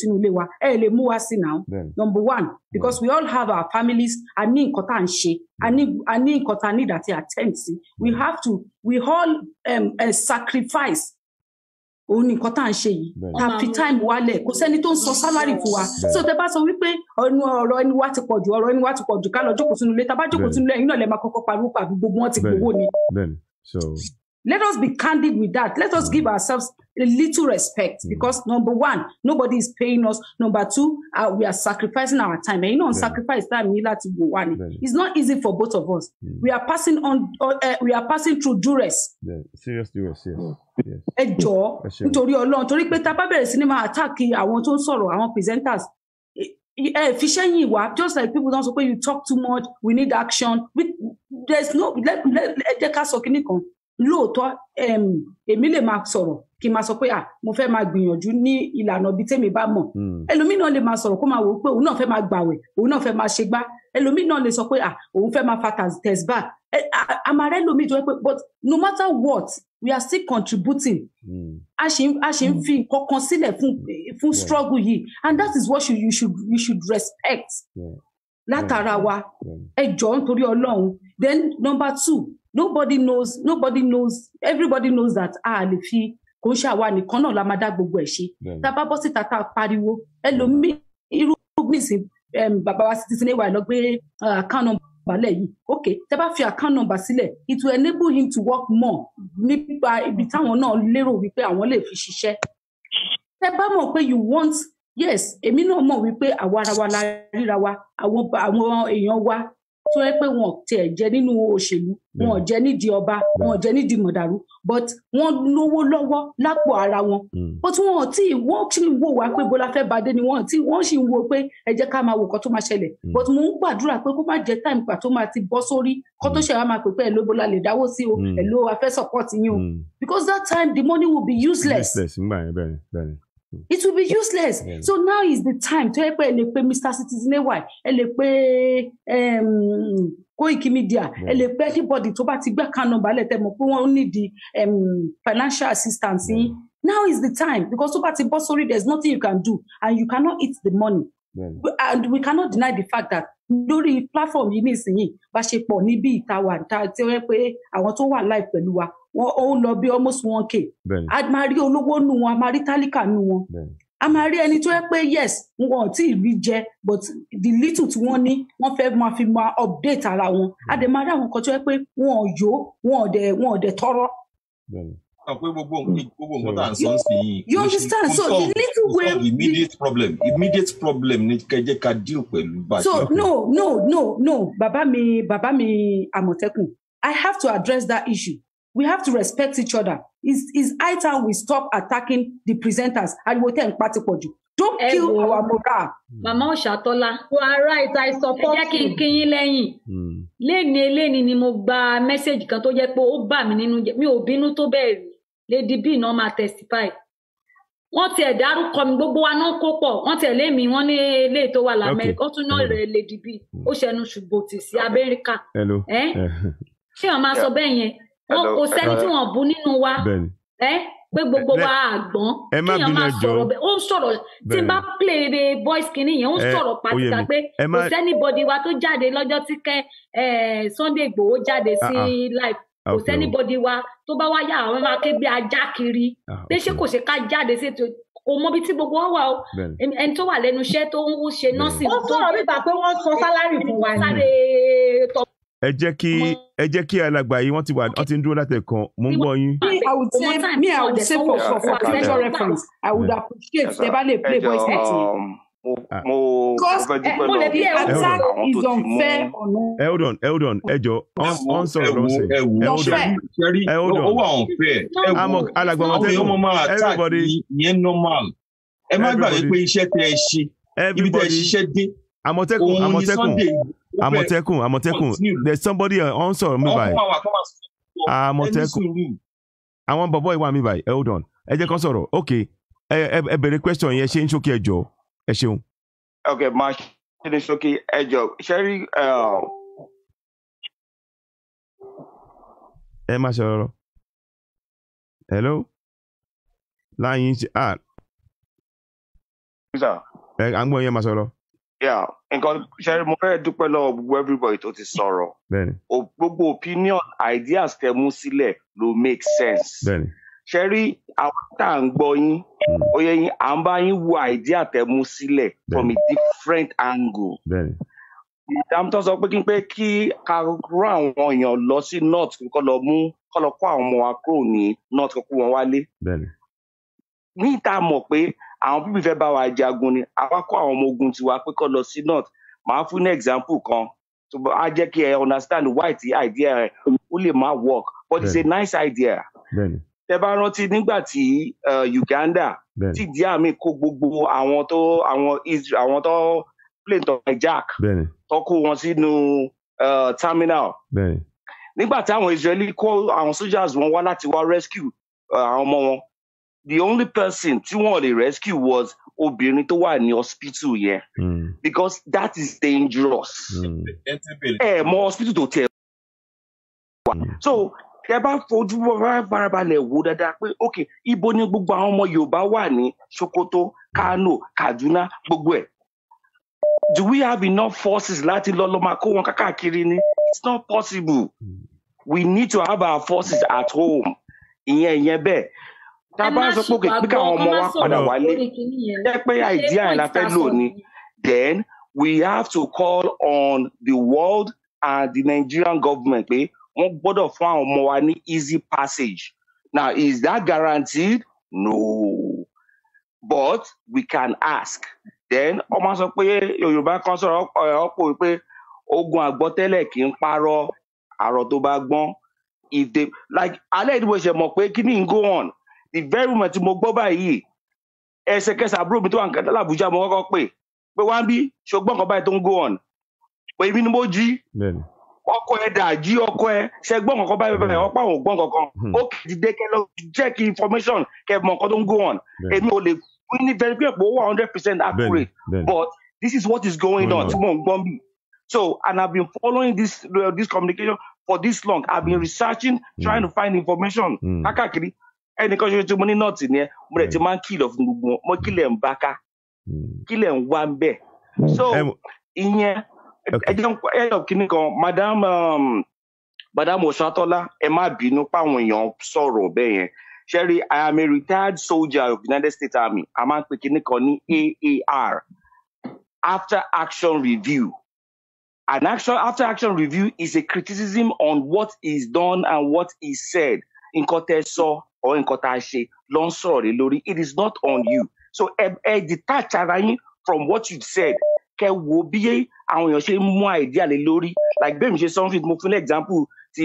sínú that wa, ẹ lè mú now. Then. Number one, because we all have our families, I need nǹkan and she. I need I need ní nǹkan need attend We mm. have to we all um, uh, sacrifice òun ni nǹkan tá à ń ṣe fi time wálẹ̀ kò sẹ́ni tó ń sọ sálárì fún wa so tẹ bá sọ wípé ọ̀nà ọ̀rọ̀ ẹni wá ti pọ̀ jù ọ̀rọ̀ ẹni wá ti pọ̀ jù ká lọ jókòó sínú ilé tá a bá jókòó sínú ilé ẹ̀yin náà lè máa kọ́kọ́ gbogbo wọn ti ni let us be candid with that let us give ourselves little respect mm. because number one, nobody is paying us. Number two, uh, we are sacrificing our time. And you know, yeah. sacrifice time, you to go one. Yeah. It's not easy for both of us. Mm. We are passing on, uh, uh we are passing through duress. Yeah. Serious duress, yes. ẹ jọ̀ọ́ nítorí Ọlọ́run torí pé tá a bá bẹ̀rẹ̀ sí ni máa attack àwọn tó ń sọ̀rọ̀ àwọn presenters ẹ fi sẹ́yìn wá just like people don't pé you talk too much we need action we, there's no let let let sọ kínní kan lóòótọ́ èmi lè máa sọ̀rọ̀ kí n máa sọ pé à mo fẹ́ máa gbìyànjú ní ìlànà ibi tẹ́mi bá mọ̀ hmm. ẹlòmíràn lè máa sọ̀rọ̀ kó máa wò ó pé òun náà fẹ́ máa gbàwẹ̀ òun náà fẹ́ máa ṣe gbá ẹlòmíràn lè sọ pé òun fẹ́ máa fa tẹ̀síbà àmàrẹ́ lomi jọ pé but no matter what we are still contributing hmm. a ṣe ń hmm. fi nǹkan kan sílẹ̀ fún struggle yìí and that is what you should you should respect látara wa ẹ jọ nítorí Ọlọ́run then number two nobody knows nobody knows everybody knows that a lè fi kò ń ṣàwa nìkan náà la máa dá gbogbo ẹ̀ ṣe tá a bá bọ́ síta tá a pariwo ẹlòmíì irú nísìn bàbá wa ti sinmi wà lọ gbé àkànnà eh, balẹ̀ yìí ok tẹ́ bá fi account number sílẹ̀ it will enable him to work more nípa ibi táwọn náà lérò wípé àwọn lè fi ṣiṣẹ́ tẹ́ bá mọ̀ pé you want yes èmi náà mọ̀ wípé àwa ara wa la ríra wa àwọn èèyàn wa tó yẹ pé wọn tiẹ̀ jẹ nínú òṣèlú wọn hmm. jẹ nídìí ọba wọn hmm. jẹ nídìí mọ̀dàrú but wọn lówó lọ́wọ́ lápò ara wọn hmm. but wọn tí wọn sì ń wò wá pé bọlá fẹ́ bàdé ni wọn tí wọn sì ń wò pé ẹ jẹ́ ká máa wò kó tó máa ṣẹlẹ̀ but mo ń gbàdúrà pé kó má jẹ́ táìmù pà tó máa ti bọ́ sórí kó tó ṣe wá máa pè pé ẹ ló bọlá lè dáwó sí o ẹ afẹ́ support yín o because that time the money will be useless. useless it will be useless yeah. so now is the time tó yẹ help. pe mister citizen why? ẹ lè pe Media ẹ anybody tó buy ti can kan nọ́mbà lẹ tẹ mọ̀ financial assistance yeah. now is the time because tó buy ti bọ́ there is nothing you can do and you cannot eat the money yeah. and we cannot deny the fact that lórí platform you bá ṣe pọ̀ níbi ìta wà tí ó yẹ pé àwọn tó wà live pẹ̀lú wa ti o to wa live pelu wọn ó lọ bí almost one k a máa rí olówó nù wọn a máa rí tálíkà nù wọn a máa rí ẹni tó yẹ pé yes wọn ò tí ì rí jẹ but the little tí wọn ní wọn fẹ́ máa fi máa update ara wọn a dẹ̀ máa rí àwọn kan tó yẹ pé wọn ò yó wọn ò dẹ̀ wọn ò dẹ̀ tọrọ sọ pé gbogbo you understand so the little way the immediate problem immediate problem ni kẹjẹ ká deal pẹ̀lú so no no no no Baba mi bàbá mi àmọ̀tẹ́kùn i have to address that issue we have to respect each other it's it's high time we stop attacking the presenters ariwo tẹ́ ń pati don't kill our morale. màmá ọ̀ṣàtọ́lá. for ara ìta ìsọpọ́ sí. ẹ jẹ́ kí n kí yín lẹ́yìn. Hmm. léni eléni ni mo gba mẹ́sẹ̀gì kan tó jẹ́ pé ó bà mí nínú jẹ́ mi ò bínú tó bẹ́ẹ̀ rí lady b náà máa testify wọ́n tiẹ̀ dárúkọ mi gbogbo wa náà kó pọ̀ wọ́n tiẹ̀ lémi wọ́n ní ilé tó wà lamẹ́ríkà ó tún náà hmm. rẹ̀ lady b ó ṣẹnu ṣùgbọ́n tì sí amẹ́ríkà ṣé wọ́n máa sọ bẹ́ẹ̀ yẹn wọn kò sẹ́ni tí wọ́n bú nínú wa ẹ pé gbogbo wa àgbọn kéèyàn máa sọ̀rọ̀ bẹ́ẹ̀ ó ń sọ̀rọ̀ tí n bá pèrè voice kìíní yẹn ó ń sọ̀rọ̀ pàtàkì pé kò sẹ́nibọ̀dì wa tó jáde lọ́jọ́ tí kẹ́ Sunday Igboho jáde sí ah, ah. live ah, kò sẹ́nibọ̀dì wa tó bá wá yà àwọn máa ké gbé ajá kiri pé ṣé kò ṣe ká jáde sí ètò o mọ bí tí gbogbo wa wà o ẹni tó wà lẹ́nu iṣẹ́ tó ń ṣe nọ́ọ̀sì. ó sọ̀rọ̀ nígbà pé wọ́n sọ sálárì fún wa ni ẹ jẹ́ kí ẹ jẹ́ kí alàgbà yìí wọ́n ti wà wọ́n ti ń dúró láti ẹ̀kan mo ń gbọ́ yín. me i would say me i would say for for for future reference i would appreciate tẹ bá lè play voice note yẹn. mo mo eh, fẹ́ eh, dúpẹ́ lọ àwọn tó ti mú. ẹ hold on ẹ hold on ẹ jọ ọ ń sọ̀rọ̀ lọ́sẹ̀ ẹ hold on ẹ hold on ó wà unfair ẹ wo alàgbà wọn tẹ́lẹ̀ everybody yẹn normal ẹ má gbàgbé pé iṣẹ́ tẹ ẹ ṣe ibi tẹ ẹ ṣiṣẹ́ dé òun ni Sunday àmọ̀tẹ́kùn àmọ̀tẹ́kùn there's somebody uh, on sọ̀rọ̀ mi báyìí àmọ̀tẹ́kùn àwọn bọ̀bọ̀ ìwà mi báyìí hold on ẹ jẹ́ kán sọ̀rọ̀ ok ẹ ẹ bẹ̀rẹ̀ question yẹn ṣe ń ṣókí ẹ jọ ẹ ṣeun. ok máa ṣe ní ṣókí ẹ jọ ṣe rí. ẹ má ṣe ọ̀rọ̀ hello láyìn ṣe ah. ẹ à ń gbọ́ yẹn máa yeah nǹkan ṣe mo fẹ́ dúpẹ́ lọ́wọ́ gbogbo everybody tó ti sọ̀rọ̀ gbogbo opinion ideas tẹ mú sílẹ̀ ló make sense ṣe rí àwọn tá à ń gbọ́ yín oyè hmm. yín à ń bá yín wo idea tẹ mú sílẹ̀ from a different angle ìdámtọ́ sọ pé kí n pé kí ká rán àwọn èèyàn lọ sí north kó lọ mú kó lọ kó àwọn ọmọ wa kúrò ní north kó kó wọn wálé ní ìta mọ̀ pé àwọn pípì fẹ́ bá wa jagun ni àwa kó àwọn ọmọ ogun tiwa pé kó lọ sí north màá fún ní example kan tó bá á jẹ́ kí ẹ understand why ti idea rẹ ó lè má work but it's a nice idea. tẹ bá rántí nígbà tí uh, Uganda tí Diami kó gbogbo àwọn tó àwọn Israel àwọn tó plane tó hijack tó kó wọn sínú uh, terminal nígbà tí àwọn Israeli kó àwọn soldiers wọn wá láti wá rescue uh, àwọn ọmọ wọn the only person tí wọ́n lè rescue was obìnrin tó wà ní hospital yẹn mm. because that is dangerous. Hmm. ẹ mọ hospital tó tẹ hmm. so tẹ bá fojú farabalẹ̀ wò dáadáa pé ok ibo ni gbogbo àwọn ọmọ Yorùbá wà ní Sokoto Kano Kaduna gbogbo ẹ̀ do we have enough forces láti lọ lọ máa kó wọn káàkiri ni it's not possible hmm. we need to have our forces at home ìyẹn ìyẹn bẹ́ẹ̀. tá a bá sọ pé òkè pé káwọn ọmọ wa padà wálé jẹ́ pé àìdíà yẹn la lò ní then we have to call on the world and the Nigerian government pé wọ́n gbọ́dọ̀ fún àwọn ọmọ wa ní easy passage now is that guaranteed no but we can ask then ọmọ sọ pé Yorùbá kan sọ̀rọ̀ eh, ọ̀pọ̀ wípé ogun àgbọ́tẹ́lẹ̀ kì í parọ́ àrọ̀ tó bá gbọ́n if they like alẹ́ ìdìbò ṣe mọ̀ pé kí ni go on the very moment tí mo gbọ́ báyìí ẹsẹ̀kẹsẹ̀ àbúrò mi tó wà ní kẹtàlá àbújá mo kọ́kọ́ pè pé wá ń bí ṣùgbọ́n nǹkan báyìí tó ń go on pé èmi ni mo jí ọkọ ẹ dà jí ọkọ ẹ ṣẹgbọn kankan báyìí bẹ́ẹ̀ ọ̀pọ̀ àwọn ògbọn kankan hmm. ó dìde kẹ lọ check information kẹ mọ nǹkan tó go on èmi ò lè fún ní very clear pé ó hundred percent accurate but this is what is going on mo gbọ́n bí so and I've been following this uh, this communication for this long I've been researching trying hmm. to find information hmm. kákàkiri and ní nọ́ọ̀tì nìyẹn mo rẹ̀ ti hmm. máa ń kìlọ̀ fún gbogbo wọn mo ni not in mo but bá ká hmm. kílẹ̀ ń wá ń bẹ̀ hmm. so ìyẹn ẹjọ́ ẹjọ́ kìíní kan madam um, madam osatola ẹ má bínú páwọn èèyàn sọ̀rọ̀ bẹ́ẹ̀ yẹn sherry i am a retired soldier of united states army a máa ń pè kìíní aar after action review An action after action review is a criticism on what is done and what is said. in tẹ́ or nǹkan tá a ṣe ló ń sọ̀rọ̀ lórí it is not on you so ẹ ẹ detach ara yín from what you said kẹ wo bí àwọn èèyàn ṣe ń mú àìdí àlè lórí like bẹ́ẹ̀ mi ṣe something mo fún example ti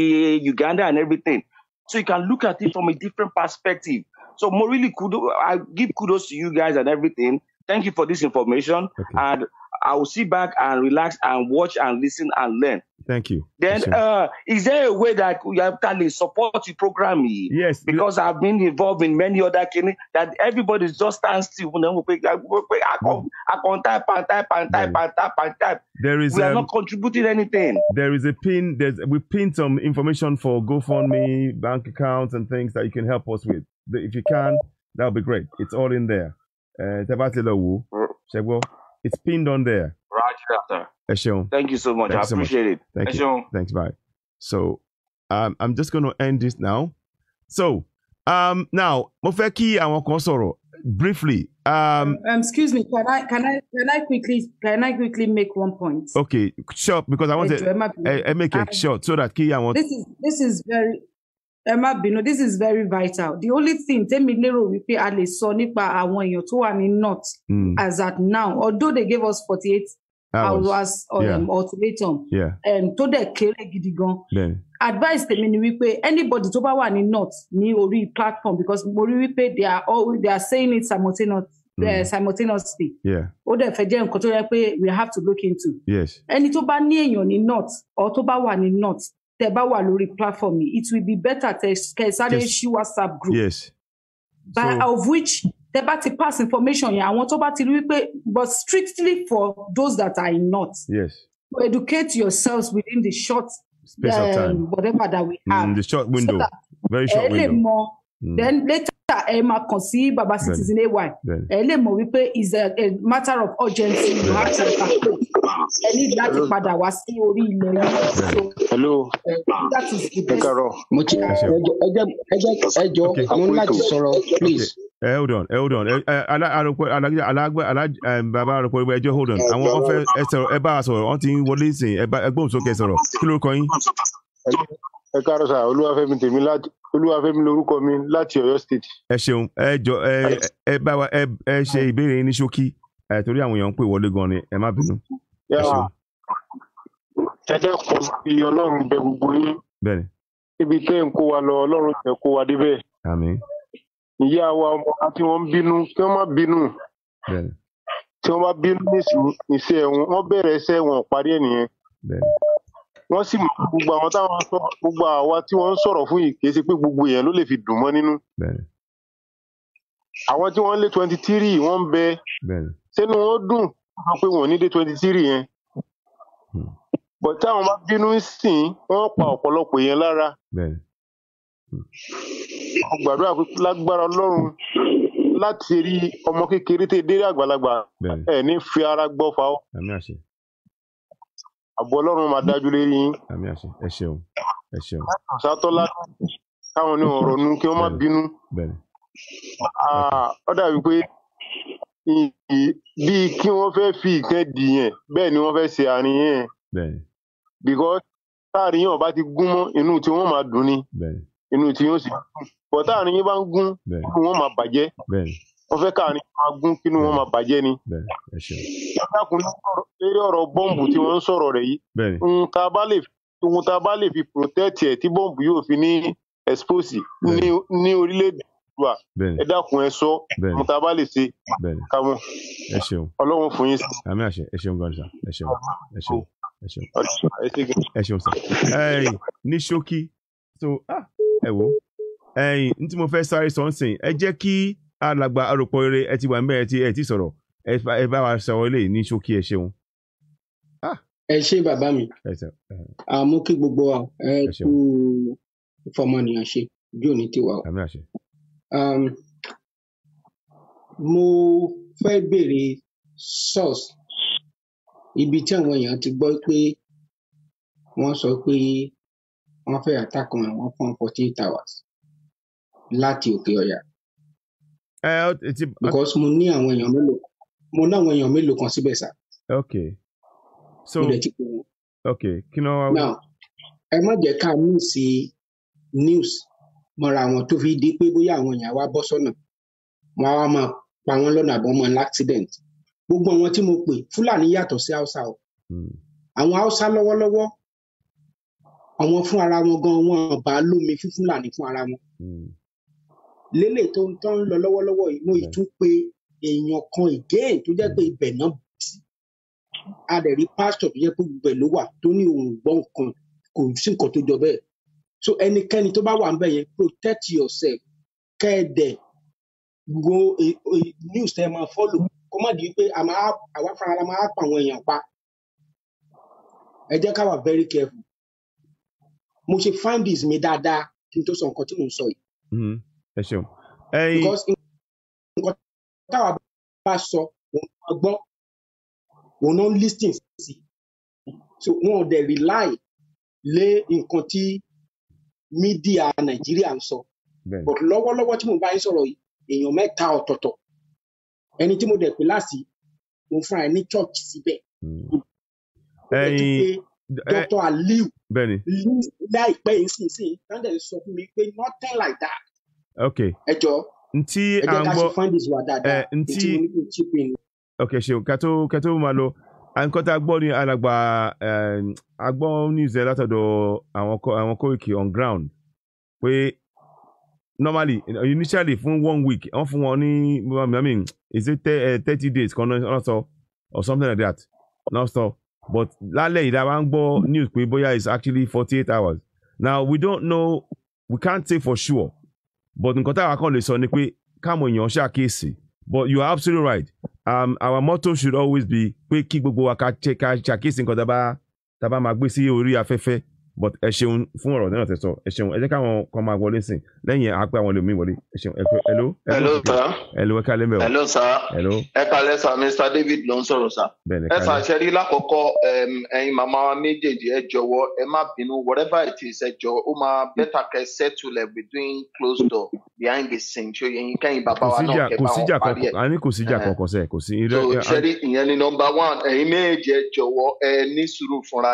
Uganda and everything so you can look at it from a different perspective so mo really kudo I give kudos to you guys and everything thank you for this information okay. and. I will sit back and relax and watch and listen and learn. Thank you. Then, uh, is there a way that you can support the program? Yes. Because I've been involved in many other things that everybody just stands still. I mm. can type and type and type and type and type. There is, we are um, not contributing anything. There is a pin. There's we pin some information for GoFundMe, bank accounts, and things that you can help us with. If you can, that would be great. It's all in there. Uh, it's pinned on there. Roger after. Thank you so much. I appreciate so much. it. Thank Eshon. you. Thanks. Bye. So um, I'm just going to end this now. So um, now, Mofeki and Wakonsoro, briefly. Um, um, um, excuse me. Can I can I can I quickly can I quickly make one point? Okay, short because I want to I, eh, eh, make it um, short so that I wants. This is this is very ẹ má bínú this is very vital the only thing tẹ́mi lérò wípé a lè sọ nípa àwọn èèyàn tó wà ní north mm. as at now although they gave us forty eight hours, hours um, on yeah. ultimatum yeah. um, tó dẹ̀ kéré gidi gan yeah. advice tèmi ni wípé anybody tó bá wà ní north ní orí platform because mo rí wípé they are all they are saying it hmm. eh, simultaneously. Mm. Uh, simultaneously. ó dẹ̀ fẹ́ jẹ́ nǹkan tó yẹ pé we have to look into. Yes. ẹni tó bá ní èèyàn ní north or tó bá wà ní north tẹ bá wà lórí platform yìí it will be better tẹ kẹ sáré sí whatsapp group yes. by so, of which tẹ bá ti pass information yẹn àwọn tó bá ti rí wípé but strictly for those that are not yes. to educate yourselves within the short space um, of eh, time whatever that we mm, have mm, the short window so that, very short window. Hmm. Then later ẹ máa kàn sí Baba Citizen AY. Ẹ lè mọ̀ wípé is a, a matter of urgency you have to tackle. Ẹ ní láti padà wá sí orí ilẹ̀ yìí. Hello. Ẹ kàrọ̀. Mo ti ẹ jọ mo ní láti sọ̀rọ̀ please. Eh, hold on, eh, hold on. Bàbá àròpọ̀ ẹgbẹ́ ẹjọ́ hold on. Àwọn ọ̀fẹ́ ẹ ẹ bá a sọ̀rọ̀ wọ́n ti ń wọlé ìsìn ẹgbẹ́ òǹsókè sọ̀rọ̀. Kí ló kọ yín? Ẹ kàrọ̀ sà, Olúwafẹ́mi tèmi láti olúwàfẹ́mi lórúkọ mi láti Ọ̀yọ́ state. ẹ ṣeun ẹ jọ ẹ ẹ bá wa ẹ ẹ ṣe ìbéèrè yín ní ṣókí ẹ torí àwọn èèyàn ń pè wọlé gan ni ẹ má bínú. jẹjẹ kò fi Ọlọ́run bẹ̀ gbogbo yín. bẹ́ẹ̀ni. ibi tẹ́ ń kó wa lọ Ọlọ́run tẹ́ kó wa débẹ̀. ìyá wa ọmọ àti wọn bínú kí wọn má bínú. tí wọn bá bínú nísìnyí iṣẹ́ wọn bẹ̀rẹ̀ iṣẹ́ wọn parí ẹ nìyẹn wọ́n sì mọ̀ gbogbo àwọn táwọn sọ gbogbo àwa tí wọ́n ń sọ̀rọ̀ fún yìí kìí ṣe pé gbogbo èèyàn ló lè fi dùn mọ́ nínú. àwọn tí wọ́n lé twenty three wọ́n ń bẹ sẹ́nu wọn dùn wọ́n pé wọ́n ní dé twenty three yẹn. Hmm. bọ̀ táwọn bá bínú sìn wọ́n pa ọ̀pọ̀lọpọ̀ yẹn lára. Hmm. mo gbàdúrà pé lágbára ọlọ́run láti rí ọmọ kékeré tẹ́ dé àgbàlagbà ẹ̀ ní fi ara gbọ́ fa ọ́ àbọ̀ ọlọ́run máa dájú lérí yín. àmì àṣẹ ẹ ṣeun ẹ ṣeun. sátọ́lá káwọn ní ọ̀rọ̀ nu kí wọ́n má bínú. ó dàbí pé bíi kí wọ́n fẹ́ fi ìkan dì yẹn bẹ́ẹ̀ ni wọ́n fẹ́ ṣe àárín yẹn. because táàrin yẹn ọba ti gún mọ́ inú tí wọ́n máa dùn ni inú tí yóò sì gún bọ̀ táàrin yẹn bá ń gún inú wọn máa bàjẹ́ wọ́n fẹ́ káàrin máa gún kínú wọn máa bàjẹ́ ni. ọ̀dàkùnrin lérí ọ̀rọ̀ bọ́ǹbù tí wọ́n ń sọ̀rọ̀ rẹ̀ yìí ohun tá a bá lè fi protect ẹ̀ tí bọ́ǹbù yóò fi ní expose ní orílẹ̀-èdè wa ẹ dákun ẹ sọ ohun tá a bá lè ṣe kámọ́ ọlọ́run fún yín sí. àmì àṣẹ ẹ ṣeun gan-an ẹ ṣeun ẹ ṣeun ẹ ṣeun ẹ ṣeun sir ní ṣókí so ah, ẹ wo n tí mo fẹ́ sáré sọ́nsìn ẹ jẹ́ kí alàgbà arọpọ eré ẹ ti wà ń bẹ ẹ ti ẹ ti sọ̀rọ̀ ẹ bá wa sọ̀rọ̀ eléyìí ní ṣókí ẹ ṣeun. Ah! ẹ ṣe bàbá mi àmú kí gbogbo wa ẹ kú fọmọnìyàn ṣe jóò ní tiwa o. Um, mo fẹ́ béèrè source ibi tí àwọn èèyàn ti gbọ́ pé wọ́n sọ pé wọ́n fẹ́ àtàkùn àwọn fún forty eight láti òkè ọ̀yà because mo ní àwọn èèyàn mélòó mo ní àwọn èèyàn mélòó kan síbẹ̀ sá. ok so okay, dẹ̀ ti pè wọ́n. ok kí ni wọ́n wá. now ẹ má jẹ́ ká mú sí news mọ́ra wọn tó fi di pé bóyá àwọn èèyàn wá bọ́ sọ́nà wọn á wá máa pa wọ́n lọ́nà àbọ̀ mọ́ accident gbogbo àwọn tí mo pè fúlàní yàtọ̀ sí haúsá o hmm. àwọn haúsá lọ́wọ́lọ́wọ́ àwọn fún ara wọn gan wọn bá lómi fún fún ara wọn. Hmm lélẹ̀ tó ń tán lọ lọ́wọ́lọ́wọ́ yìí ìtún pé èèyàn kan again tó jẹ́ pé ibẹ̀ náà bù sí a dẹ̀ rí pásítọ̀ tó jẹ́ pé ibẹ̀ ló wà tó ní òun gbọ́ nǹkan kò sí nǹkan tó jọ bẹ́ẹ̀ so ẹnikẹ́ni tó bá wà ń yẹn protect yourself kẹ́ ẹ dẹ̀ wo e, e, news tẹ́ ẹ máa follow kó má di pé àwa fara la máa pa àwọn èèyàn pa ẹ jẹ́ ká wà very careful mo ṣe find mi dáadáa kí n tó sọ nǹkan tí mò ń sọ yìí. Mm-hmm ẹ ṣeun. because nǹkan táwa bá sọ òun náà gbọ́ òun náà lis ten sí so wọn ò dẹ̀ rely lé nǹkan tí mídíà nàìjíríà ń sọ but lọ́wọ́lọ́wọ́ tí mo bá yín sọ̀rọ̀ yìí èèyàn mẹ́ta ọ̀tọ̀ọ̀tọ̀ ẹni tí mo dẹ̀ pé láti mo fún ẹ ní church síbẹ̀. Hmm. ẹyin Dr. Aliu láìpẹ́ yìí sì sí ìtàn dẹ̀ sọ fún mi pé nothing like that okay. ẹ jọ ntí à ń gbọ́ ẹ jẹ́ find this wa dáadáa ntí eh, ok ṣeun kẹtó kẹtó máa lọ nǹkan tá a gbọ́ ni alàgbà eh, agbọ́ news ẹ látọ̀dọ̀ àwọn Koiki on ground pé normally initially fún one week wọ́n fún wọn ní i mean is it eh, thirty days kan náà sọ or something like that náà sọ but lálẹ́ yìí la máa ń gbọ́ news pé bóyá it's actually forty eight hours now we don't know we can't say for sure but nǹkan táwa kan lè sọ ni pé káwọn èèyàn ṣàkíyèsí but you are absolutely right um, our motto should always be pé kí gbogbo wa ká ṣàkíyèsí nǹkan tá a bá máa gbé sí orí afẹ́fẹ́ but ẹ ṣeun fún ọ̀rọ̀ náà tẹ sọ ẹ ṣeun ẹ jẹ́ káwọn kan máa wọlé sìn lẹ́yìn àpẹ àwọn ẹlòmíín wọlé ẹ ṣeun ẹ pé hello. hello sir hello ẹ kálẹ́ mẹ́wàá. hello sir hello ẹ kálẹ́ sir Mr David ló ń sọ̀rọ̀ sir. bẹ́ẹ̀ni kálẹ́ ẹ sà ṣẹ́rí lákọ̀ọ́kọ́ ẹ̀yin màmá wa méjèèjì ẹ jọ̀wọ́ ẹ má bínú whatever it is ẹ jọ ó máa better kẹ́ settle between closed door behind the scene ṣó yẹn kẹ́yìn bàbá wa náà kẹ́ bá wọn parí ẹ̀. àní kò síjà kankan sẹ́ẹ̀ kò sí. so ṣẹ́rí ìyẹn ni number one ẹ̀yin méjèèjì ẹ jọ̀wọ́ ẹ ní sùúrù fúnra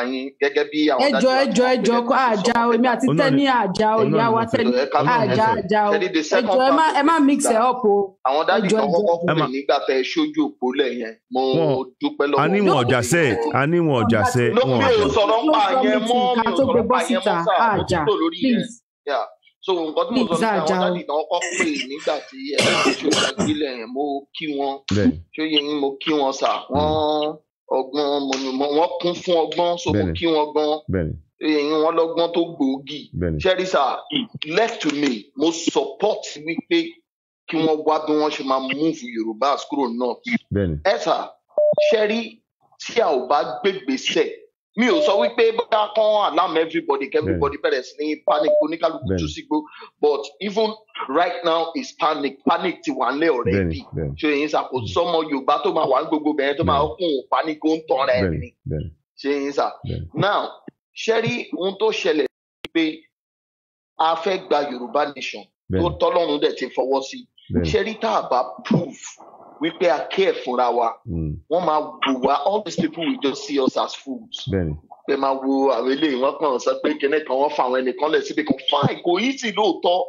ẹjọ kó àjà ah, o èmi àti tẹni àjà ah, o ìyá wa tẹni àjà àjà o ẹjọ ẹ má ẹ má mix ẹ up o àwọn dáàbì kan kọ́kọ́ kú mi nígbà tẹ ṣojú òpólẹ yẹn mo dúpẹ́ lọ́wọ́. a ní wọn ọjà sẹ a ní wọn ọjà sẹ wọn ọjà. lókè òsọ̀rọ̀ ń pa àyẹn mọ́ mi òsọ̀rọ̀ ń pa àyẹn mọ́ sà àjà ah, please so nǹkan tí mo sọ nípa àwọn dáàdì náà kọ́ pé nígbà tí ẹ bá ṣe ìdájílẹ̀ yẹn mo kí wọn ṣó yẹ ni mo kí wọn sà wọ́n ọgbọ́n mo ní wọ́n kún fún ọgbọ́n so mo kí wọn gan èèyàn wọn lọ́gbọ́n tó gbòógì ṣẹríṣà left me mo support wípé kí wọ́n wá bí wọ́n ṣe máa move yorùbá kúrò náà ẹ ṣẹrí tí a ò bá gbégbèsè mi ò sọ wípé bá kán alarm everybody everybody bẹ̀rẹ̀ sí ní panic oníkálukú tún sí gbó but even right now is panic panic ti wà nílẹ̀ already ṣe èyí sà kò sọmọ yorùbá tó máa wà ní gbogbo bẹ̀rẹ̀ tó máa kún panic ó ń tàn rẹ̀ ni ṣe èyí sà now ṣe rí ohun tó ṣẹlẹ̀ pé a fẹ́ gba Yorùbá nation tó tọ́lọ́run dẹ̀ ti fọwọ́ sí ṣe tá a bá proof wípé a care fúnra wa hmm. wọ́n máa wá all these people will just see us as fools pé máa wo àwọn eléyìí wọ́n kàn sọ pé kíní kan wọ́n fa àwọn ẹnìkan lẹ̀ síbi kan fine kò yí sí lóòótọ́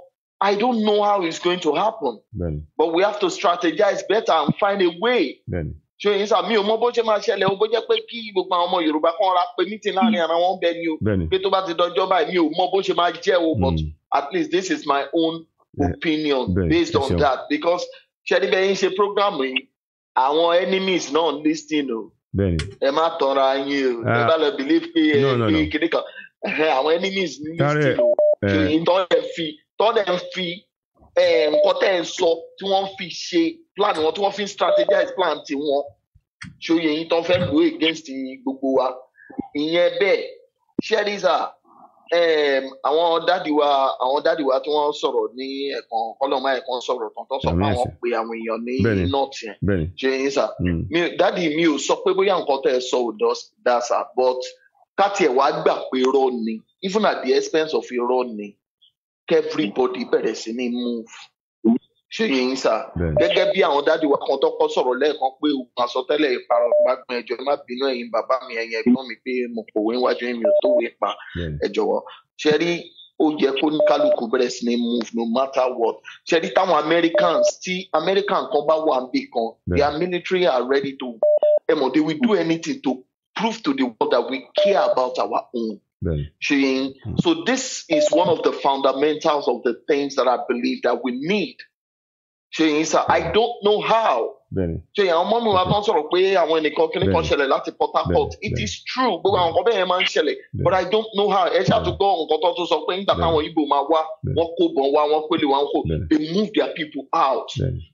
I don't know how it's going to happen but we have to strategize better and find a way. ṣé yín sà mí ò mọ bó ṣe máa ṣẹlẹ̀ o bó jẹ́ pé kí gbogbo àwọn ọmọ Yorùbá kan ra pé mítìn láàrin ara wọn bẹ ni o pé tó bá ti dọjọ́ báyìí mi ò mọ bó ṣe máa jẹ́ o but hmm. at least this is my own opinion based on that because ṣẹ́nibẹ́ yín ṣe programu yìí àwọn enemies náà listing o ẹ má tọra yín o ẹ ah. bá lọ believe pé ẹ pé kìnìún kan àwọn enemies listing o kì í tọ́ ẹ fi tọ́ ẹ fi nǹkan tẹ́ ẹ sọ tí wọ́n fi ṣe plan wọn tí wọ́n fi ń strategize plan ti wọn ṣòye yìí tán fẹ́ lò against gbogbo wa ìyẹn bẹ́ẹ̀ ṣẹ́ríṣà ehm, àwọn dádì wa àwọn dádì wa tí wọ́n sọ̀rọ̀ ní ẹ̀kan kọ́lọ́mà ẹ̀kan sọ̀rọ̀ tán tán sọ pé àwọn pe àwọn èèyàn ní north yẹn ṣẹ́ríṣà hmm. dádì mi ò sọ pé bóyá nǹkan tẹ́ ẹ sọ ò dá sà but káti ẹ̀ wá gbà pé irọ́ ni even at the expense of irọ́ ni everybody. bẹ̀rẹ̀ sí ní move ṣé yìí ń sà gẹ́gẹ́ bí àwọn dáàdi wa kan tọ́kọ́ sọ̀rọ̀ lẹ́ẹ̀kan pé ogun àsọtẹ́lẹ̀ ìparun bá gbọn ẹjọ́ má bínú ẹ̀yin bàbá mi ẹ̀yin ẹ̀gbọ́n mi pé mo kòwé wájú mi ò tó wé pa ẹ jọ̀wọ́ ṣe rí ó kó ní kálukú bẹ̀rẹ̀ sí ní move no matter what ṣe rí táwọn Americans tí American kan bá wà níbì kan their military are ready to ẹ mọ̀ they will do anything to prove to the world that we care about our own. She, hmm. so this is one of the fundamentals of the things that I believe that we need ṣe yín sá i don't know how ṣe yín àwọn mọ́mú wa tán sọ̀rọ̀ pé àwọn ẹnìkan kíní kan ṣẹlẹ̀ láti Port Harcourt it is true gbogbo àwọn nǹkan bẹ́ẹ̀ yẹn máa ń ṣẹlẹ̀ but i don't know how ẹ ṣàtúgbọ́ nǹkan tó tún sọ pé nígbà táwọn Ìgbò máa wá wọ́n kó bọn wá wọ́n pélé wá kó they move their people out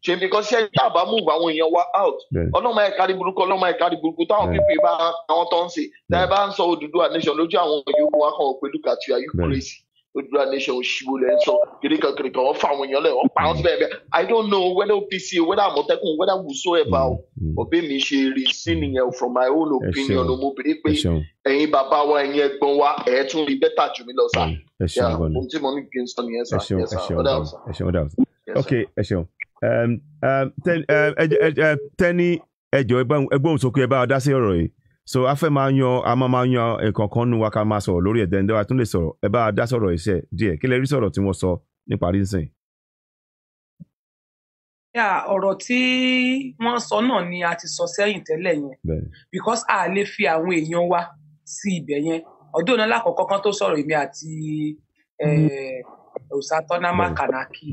ṣe because ṣe yín àbá move àwọn èèyàn wá out ọlọ́mọ ẹ̀ kárí burúkú ọlọ́mọ ẹ̀ kárí burúkú táwọn pípé bá àwọn tó ń sè táyà bá ń sọ Odùduwà nation lójú àwọn Yorùbá kan òpèlú kàtúyà you crazy odura nation ṣiwo lẹ sọ kirikan kirikan ọfọ àwọn èèyàn lẹ ọpa àwọn síbẹ̀ bẹ́ẹ̀ i don't know whether opc whether amọ̀tẹ́kùn whether whosoever o ọbẹ mm, mm. mi ṣe rí sí nìyẹn from my own opinion mo bèrè pé ẹ̀yin bàbá wa ẹ̀yin ẹ̀gbọ́n wa ẹ tún rí bẹ́tà jù mí lọ sá mm, yà ohun tí mo ní kí n sọ nìyẹn sá yẹn sá ọdẹ ọsán. ok ẹ ṣeun tẹni ẹjọ ẹgbọn sókè ẹ bá wa dá sí ọ̀rọ̀ yìí so a fẹ́ máa yan a máa máa yan nǹkan kan nu wa ká máa sọ̀rọ̀ lórí ẹ̀dẹ̀ ǹdẹ́ wa tún lè sọ̀rọ̀ ẹ bá a dá sọ̀rọ̀ iṣẹ́ díẹ̀ kí lẹ rí sọ̀rọ̀ tí wọ́n sọ nípa rinsin. yà ọ̀rọ̀ tí wọ́n sọ náà ni a ti sọ sẹ́yìn tẹ́lẹ̀ yẹn because a lè fi àwọn èèyàn wa sí ibẹ̀ yẹn ọdún náà lákọ̀ọ́kọ́ kan tó sọ̀rọ̀ èmi àti òsàtọ́nà mákànákì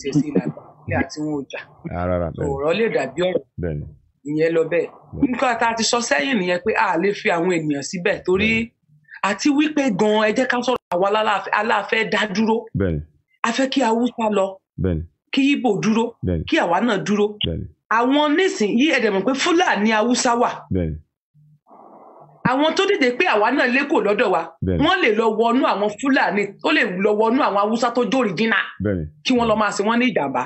ṣèṣì ìlànà ilé àti wọn ò jà ìyẹn lọ bẹ́ẹ̀ nǹkan tá a ti sọ sẹ́yìn nìyẹn pé a lè fi àwọn ènìyàn síbẹ̀ torí àti wípé gan ẹ ká sọ̀rọ̀ àwa aláàfẹ́ dá dúró a kí haúsá lọ kí ibo dúró kí àwa náà dúró àwọn nísìnyí ẹ̀dẹ̀ mọ̀ pé fúlàní haúsá wà àwọn tó dìde pé àwa náà lẹ́kọ̀ọ́ lọ́dọ̀ wa wọ́n lè lọ wọnú àwọn fúlàní ó lè lọ wọnú àwọn haúsá tó jòrì jìnnà kí wọ́n lọ máa ṣe wọ́n ní ìjàmbá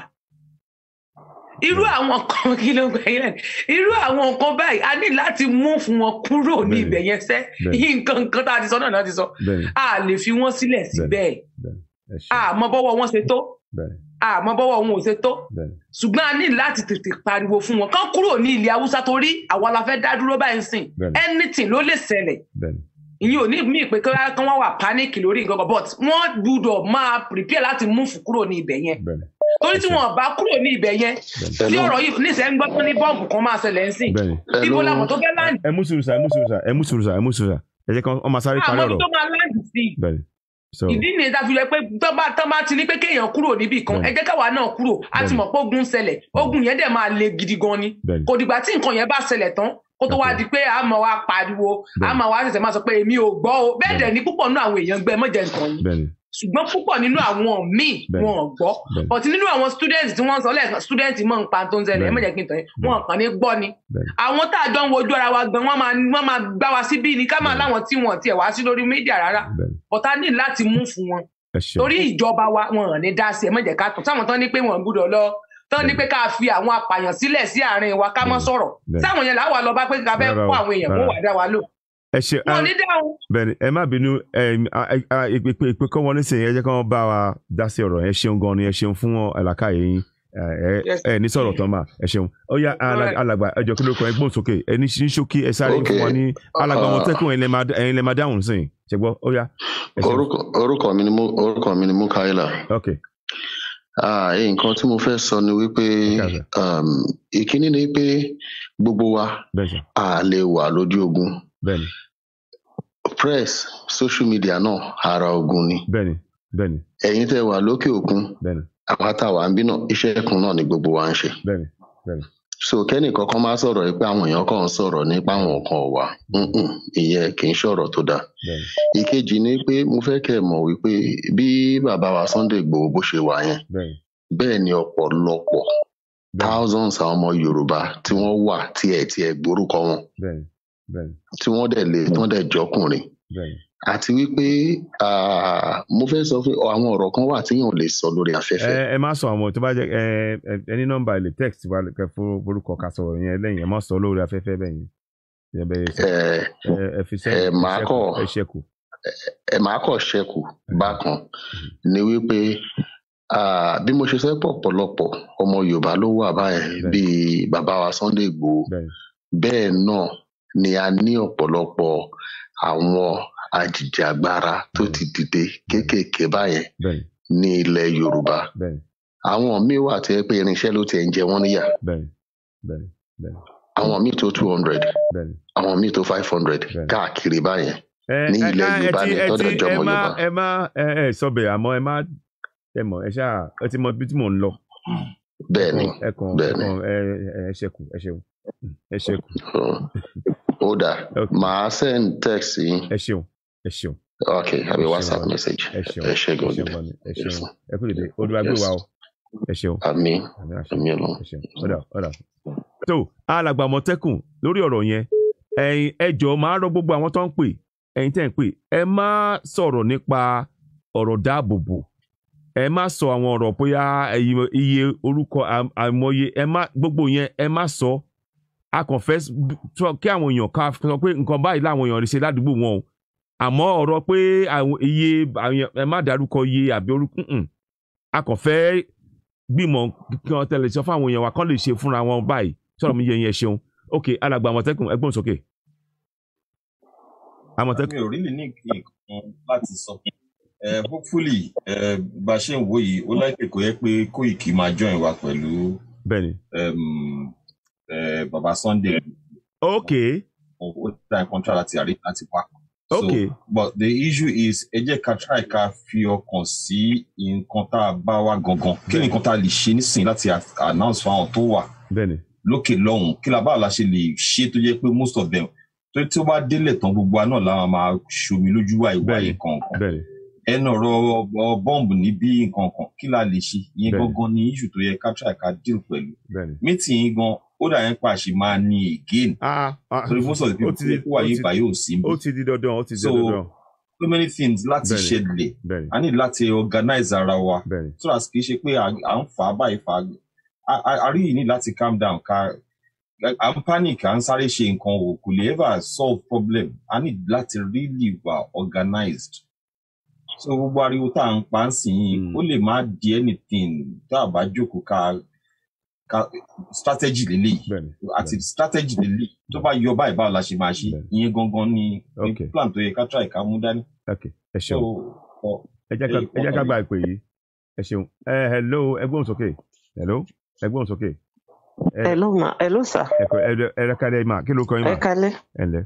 irú àwọn kan kí ló gbà yín lẹ́nu irú àwọn nǹkan báyìí a ní láti mú fún wọn kúrò ní ibẹ̀ yẹn sẹ́ yìí nǹkan kan tá a ti sọ náà náà ti sọ a lè fi wọ́n sílẹ̀ síbẹ̀ àmọ́ bọ́wọ́ wọn ṣe tó àmọ́ bọ́wọ́ wọn ò ṣe tó ṣùgbọ́n a ní láti tètè pariwo fún wọn kán kúrò ní ilẹ̀ haúsá torí àwa la fẹ́ dá dúró báyìí sìn anything ló lè ṣẹlẹ̀ ìyẹn ò ní mí pé kí wọ́n wà panic lórí nǹkan kan but wọ́n gbúdọ̀ máa prepare láti move kúrò ní ibẹ̀ yẹn torí tí wọn bá kúrò ní ibẹ̀ yẹn tí ọ̀rọ̀ yìí níṣẹ́ ń gbọ́ tó ní bọ́ọ̀bù kan máa ṣẹlẹ̀ ń sìn ibo làwọn tó fẹ́ láǹdì. ẹ mú sùrùsà ẹ mú sùrùsà ẹ mú sùrùsà ẹ mú sùrùsà ẹ jẹ́ kí wọ́n máa sáré parí ọ̀rọ̀. àwọn tó máa láǹdì sí i ìdí ni ìta fi lẹ pé tọ́ba tán bá ti ní pé kéèyàn kúrò níbì kan ẹ jẹ́ káwa náà kúrò a ti mọ̀ pé ogun ṣẹlẹ̀ ogun yẹn dẹ̀ máa le gidi gan ni kò dìgbà tí nǹkan yẹn bá ṣẹlẹ̀ tán kó tó wá di pé a máa wá pariwo a máa wá ṣẹ̀ṣẹ̀ máa sọ pé èmi ò gbọ́ o bẹ́ẹ̀ dẹ̀ ni púpọ̀ nínú àwọn èèyàn gbẹ mọ́jẹ̀ nǹkan yìí ṣùgbọ́n púpọ̀ nínú àwọn míì wọn ò gbọ́ but nínú àwọn students tí wọ́n sọ lẹ́ẹ̀kan student mọ̀ ń pa tó ń ṣẹlẹ̀ ẹ má jẹ́ kí n tàn yín wọn kàn ní gbọ́ ni àwọn tá a jọ ń wojú ara wa gan wọ́n máa gbá wa síbí ni ká máa láwọn tí wọ́n tiẹ̀ wá sí lórí mídíà rárá but a ní láti mú fún wọn torí ìjọba wa wọn ò ní dá sí ẹ má jẹ́ ká tàn sáwọn tán ní pé wọn gbúdọ̀ lọ tán ní pé ká fi àwọn apààyàn sílẹ̀ sí àárín wa ká mọ́ sọ̀rọ̀ sáwọn yẹn làwọn lọ bá pé ká fẹ́ kó àwọn èèyàn kó wà dá wa lò ẹ ṣe ah, bẹ́ẹ̀ni ẹ má bínú ìpè kọ́ wọn nísìnyí ẹ jẹ́ kí wọ́n bá wa dá sí ọ̀rọ̀ ẹ ṣeun gan ni ẹ ṣeun fún àlàkàyè yín ẹ ní sọ̀rọ̀ tán mà ẹ ṣeun ó yá alàgbà ẹ jọ kí ló kọ ẹ gbóhùn sókè ẹ ní ṣókí ẹ sáré fún wọn ní alàgbà wọn uh-huh. tẹ́kùn ẹ̀yin lè máa dáhùn sí i ṣe gbọ́ ó yá. orúkọ mi ni orúkọ mi ni Mukaila. Ah, nǹkan tí mo fẹ́ sọ ni wípé um, ìkíní ni pé gbogbo wa a lè wà lójú ogun bẹ́ẹ̀ni. press social media náà ara ogun ni. bẹ́ẹ̀ni bẹ́ẹ̀ni. ẹ̀yin tẹ́ wà lókè òkun. bẹ́ẹ̀ni. àwa tá a wà ń bí náà iṣẹ́ náà ni gbogbo wa ń ṣe. bẹ́ẹ̀ni bẹ́ẹ̀ni so kẹ́nì kankan máa sọ̀rọ̀ pé àwọn èèyàn kan sọ̀rọ̀ nípa àwọn kan wà ìyẹn kì í sọ̀rọ̀ tó dáa. ìkejì ni pé mo fẹ́ kẹ́ ẹ mọ̀ wípé bí bàbá wa Sunday Igboho bó ṣe wà yẹn bẹ́ẹ̀ ni ọ̀pọ̀lọpọ̀ thousands àwọn ọmọ Yorùbá tí wọ́n wà tiẹ̀ tiẹ̀ gbórúkọ wọn tí wọ́n dẹ̀ lè tí wọ́n dẹ̀ jọkùnrin àti wípé mo fẹ́ sọ pé àwọn ọ̀rọ̀ kan wà tí yàn lè sọ lórí afẹ́fẹ́. ẹ má sọ àwọn tó bá jẹ ẹ ní nọ́mbà ilé text wa kẹ forúkọ ká sọ̀rọ̀ yẹn lẹ́yìn ẹ má sọ lórí afẹ́fẹ́ bẹyìn. ẹ fi sẹ ẹ ṣẹkù. ẹ máa kọ ṣẹkù bákan mm-hmm. ni wípé bí mo ṣe sọ pé ọ̀pọ̀lọpọ̀ ọmọ Yorùbá ló wà báyìí bíi bàbá wa Sunday Igboho bẹ́ẹ̀ náà ni a ní ọ̀pọ̀lọpọ̀ àwọn ajìjàgbara tó ti dìde kéékèèké báyẹn ní ilẹ̀ Yorùbá àwọn míì wà tó yẹ pé irinṣẹ́ ló tiẹ̀ ń jẹ wọ́n níyà àwọn míì tó two hundred àwọn míì tó five hundred káàkiri báyẹn ní ilẹ̀ Yorùbá ní tọ́jà ìjọba Yorùbá. ẹ má ẹ ẹ sọbẹ àmọ́ ẹ má ẹ mọ ẹ ṣáà ẹ ti mọ bí tí mò ń lọ. bẹ́ẹ̀ni bẹ́ẹ̀ni ẹ ṣẹkù ẹ ṣẹkù ẹ ṣẹkù ó dáa màá send text yín. ẹ ṣeun ẹ ṣeun. ok àbí whatsapp message ẹ ṣe gòdì ẹ ṣeun ẹ kúrò dé olùwàgbé wa o ẹ ṣeun. àmín àmín Ọlọ́run. ọ̀dà ọ̀dà. tó alàgbà Àmọ̀tẹ́kùn lórí ọ̀rọ̀ yẹn ẹ̀yin ẹ jọ̀ọ́ máa rọ gbogbo àwọn tó ń pè ẹ̀yin tẹ́ ń pè ẹ má sọ̀rọ̀ nípa ọ̀rọ̀ dáàbòbò ẹ má sọ àwọn ọ̀rọ̀ bóyá iye orúkọ àìmọye ẹ má gbogbo yẹn ẹ má sọ a confess fẹ́ sọ kí àwọn èèyàn ká sọ pé nǹkan báyìí láwọn èèyàn rí ṣe ládùúgbò wọn o àmọ́ ọ̀rọ̀ pé iye ẹ má dárúkọ iye àbí orúkún a kàn fẹ́ gbìmọ̀ kí wọ́n tẹ̀lé sọ fáwọn èèyàn wa kán lè ṣe fúnra wọn báyìí sọ̀rọ̀ mi yẹ yẹn ṣeun ok alàgbà àmọ̀tẹ́kùn ẹgbọ́n sókè. àmọ̀tẹ́kùn. mi ò rí lè ní nǹkan láti sọ hopefully bá a ṣe ń wò yìí ó láìpẹ́ kò yẹ pé Kóìkì máa join wa pẹ̀lú. bẹ́ẹ̀ni uh, baba sunday. okay. ó dá ìkọ́ńtà láti àrí láti wá. okay. So, but the issue is ẹ jẹ́ ká try ká fi ọkàn sí nǹkan tá a bá wa gangan kí ni nǹkan tá a lè ṣe nísìnyí láti announce fáwọn tó wà. bẹ́ẹ̀ni. lókè lọ́hùn kí la bá la ṣe lè ṣe tó jẹ́ pé most of them tó tí ó bá délẹ̀ tán gbogbo àná làwọn máa ṣomi lójú wa ìwà yìí kankan. bẹ́ẹ̀ni ẹnu ọ̀rọ̀ bọ́ǹbù ní bí nǹkan kan kí la lè ṣe ìyẹn gangan ni issue tó yẹ ká try ká deal pẹ̀lú. bẹ́ẹ̀ni. meeting yìí gan ó yẹn pa àṣì máa ní again ah, ah, ah, torí most of the people tó wà yìí bá yóò sí ó ti di dandan ó ti di dandan so many things láti ṣẹlẹ̀ a ní láti organize ara wa so as kì í ṣe pé à ń fà á báyìí fà á a rí yìí láti calm down ká à ń panic à ń sáré ṣe nǹkan o kò lè ever solve problem a ní láti really wà organized so gbogbo ariwo tá à ń pa ń sìn yín hmm. ó lè má di anything tá a bá jókòó ká strategy lélẹ́yìí àti strategy lélẹ́yìí tó bá yọ báyìí báwo la ṣe máa ṣe ìyẹn gangan ni plan tó yẹ ká try ká mú dání. ẹ ṣeun ẹ jẹ́ ká gba ìpè yìí ẹ ṣeun ẹ hello ẹgbọ́n sókè hello ẹgbọ́n sókè. hello ma hello sir. ẹ rẹ kalẹ ma kí ló kọ yín ma. ẹ kalẹ. ẹ lẹ.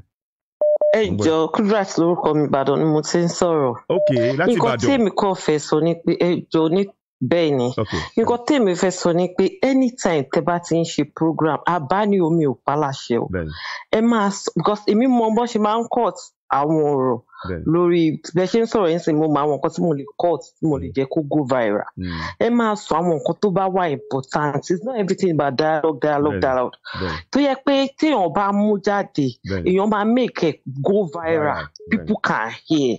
ẹ jọ Kudrat lórúkọ mi Ìbàdàn ni mo ti ń sọ̀rọ̀. ok láti Ìbàdàn. nǹkan tí èmi kò fẹ́ sọ ni pé ẹ jọ ní bẹ́ẹ̀ ni nǹkan tèmi fẹ́ sọ ni pé anytime tẹ bá ti ń ṣe program àbá ni omi ò pa láṣẹ o ẹ máa because èmi mọ bó ṣe máa ń cut àwọn ọ̀rọ̀ lórí bẹ́ẹ̀ ṣe ń sọ̀rọ̀ yín sí mo mọ àwọn nǹkan tí mo lè cut tí mo lè mm. jẹ́ kó go viral mm. ẹ máa sọ àwọn nǹkan tó bá wà important it's not everything about dialogue dialogue dialogue tó yẹ pé téèyàn bá mú jáde èèyàn máa make it go viral people can hear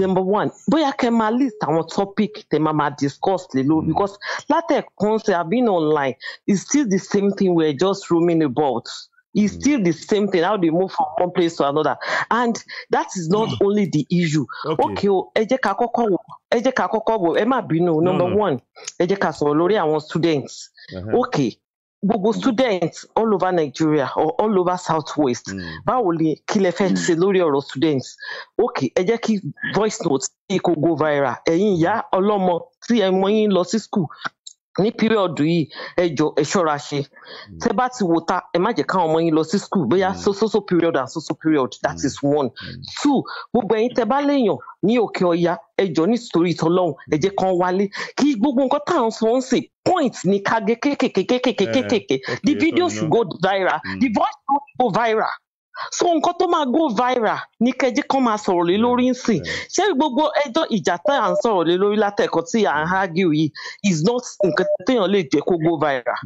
number one bóyá kẹ́ máa list àwọn topic tẹ́ máa máa discuss lè lórí mm. because látẹ̀kùn ṣe i been online it's still the same thing we're just roaming about. It's still the same thing. How they move from one place to another, and that is not mm. only the issue. Okay, ẹ jẹ́ ká kọ́kọ́ wò ẹ jẹ́ ká kọ́kọ́ wò ẹ má bínú number one ẹ jẹ́ ká students. Uh-huh. Okay, gbogbo students all over Nigeria or all over Southwest. West hmm. báwo ni kí lẹ students okay ẹ voice notes yìí kó go viral ẹ̀yin ìyá ọlọ́mọ tí ẹ mọ yín school ní píríọ̀dù yìí ẹ jọ ẹ ṣọ́ra ṣe hmm. tẹ bá ti wò ta ẹ má jẹ́ káwọn ọmọ yín lọ sí school bóyá hmm. so so period and so so period that hmm. is one two gbogbo ẹ̀yin tẹ bá léèyàn ní òkè ọya ẹ jọ nítorí ìtọ́lọ́hún ẹ jẹ́ kán wálé kí gbogbo nǹkan tá à ń sọ ń sìn point ní ká kékèké kékèké eh, kékèké the videos go viral the voice go viral so nǹkan tó máa go viral ní kẹjí kan máa sọ̀rọ̀ lé mm, lórí nsìn ṣé gbogbo ẹjọ́ ìjà tá à ń sọ̀rọ̀ lé lórí látẹ̀kọ́ tí à ń argue yìí is not nǹkan téèyàn lè jẹ́ kó go viral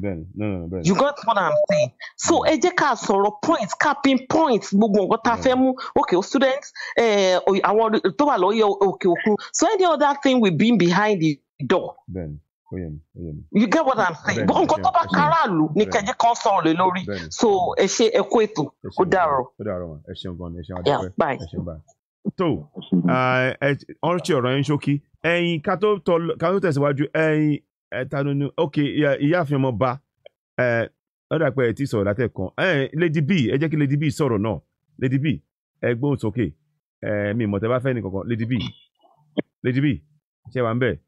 you got what i'm saying so mm. ẹ jẹ́ ká sọ̀rọ̀ point ká pinpoint gbogbo nǹkan tá a fẹ́ mm. mú okay students àwọn tó wà lọ́yẹ̀ òkè òkun so any other thing we been behind the door. Ben you get what i'm saying bó nǹkan tó bá káràlú ní kẹjẹ kan sọ̀rọ̀ lé lórí so ẹ ṣe ẹ kó ètò ó dàrọ. ó dàrọ wọn ẹ ṣeun gan ẹ ṣeun adúpẹ́ ẹ ṣeun báyìí. tó ọ̀rọ̀ tí ọ̀rọ̀ yẹn ṣókí ẹ̀yin ká tó tẹ̀síwájú ẹ̀yin ẹ̀tanú ni ok ìyáàfin ọmọ ba ó dà pé ẹ ti sọ̀rọ̀ látẹ̀ kan lady b ẹ jẹ́ kí lady b sọ̀rọ̀ náà lady b ẹ gbóhùn sókè mi mọ̀tẹ́ bá fẹ́ nìkankan lady b lady b ṣé wà ń bẹ́ẹ̀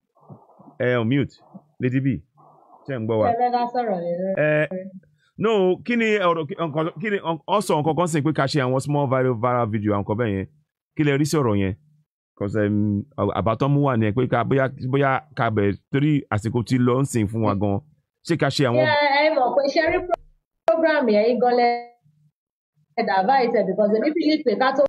ẹ eh, on mute lady b ṣe ń gbọ́ wa. ẹ̀rẹ́ ká sọ̀rọ̀ lè rẹ̀. Eh, no kí ni ọ̀rọ̀ kí ni ọ̀sán nǹkan kan sì pé ká ṣe àwọn small viral viral video àwọn kan bẹ́ẹ̀ yẹn kí lè rí sí ọ̀rọ̀ yẹn cause àbátọ́ mú wà ní ẹ pé ká bóyá bóyá ká bẹ̀ torí àsìkò tí lọ ń sìn fún wa gan ṣé ká ṣe àwọn. ẹ mọ̀ pé ṣe program yẹn gan lẹ́ẹ̀dá báyìí tẹ̀ because èmi fi ní pé ká tó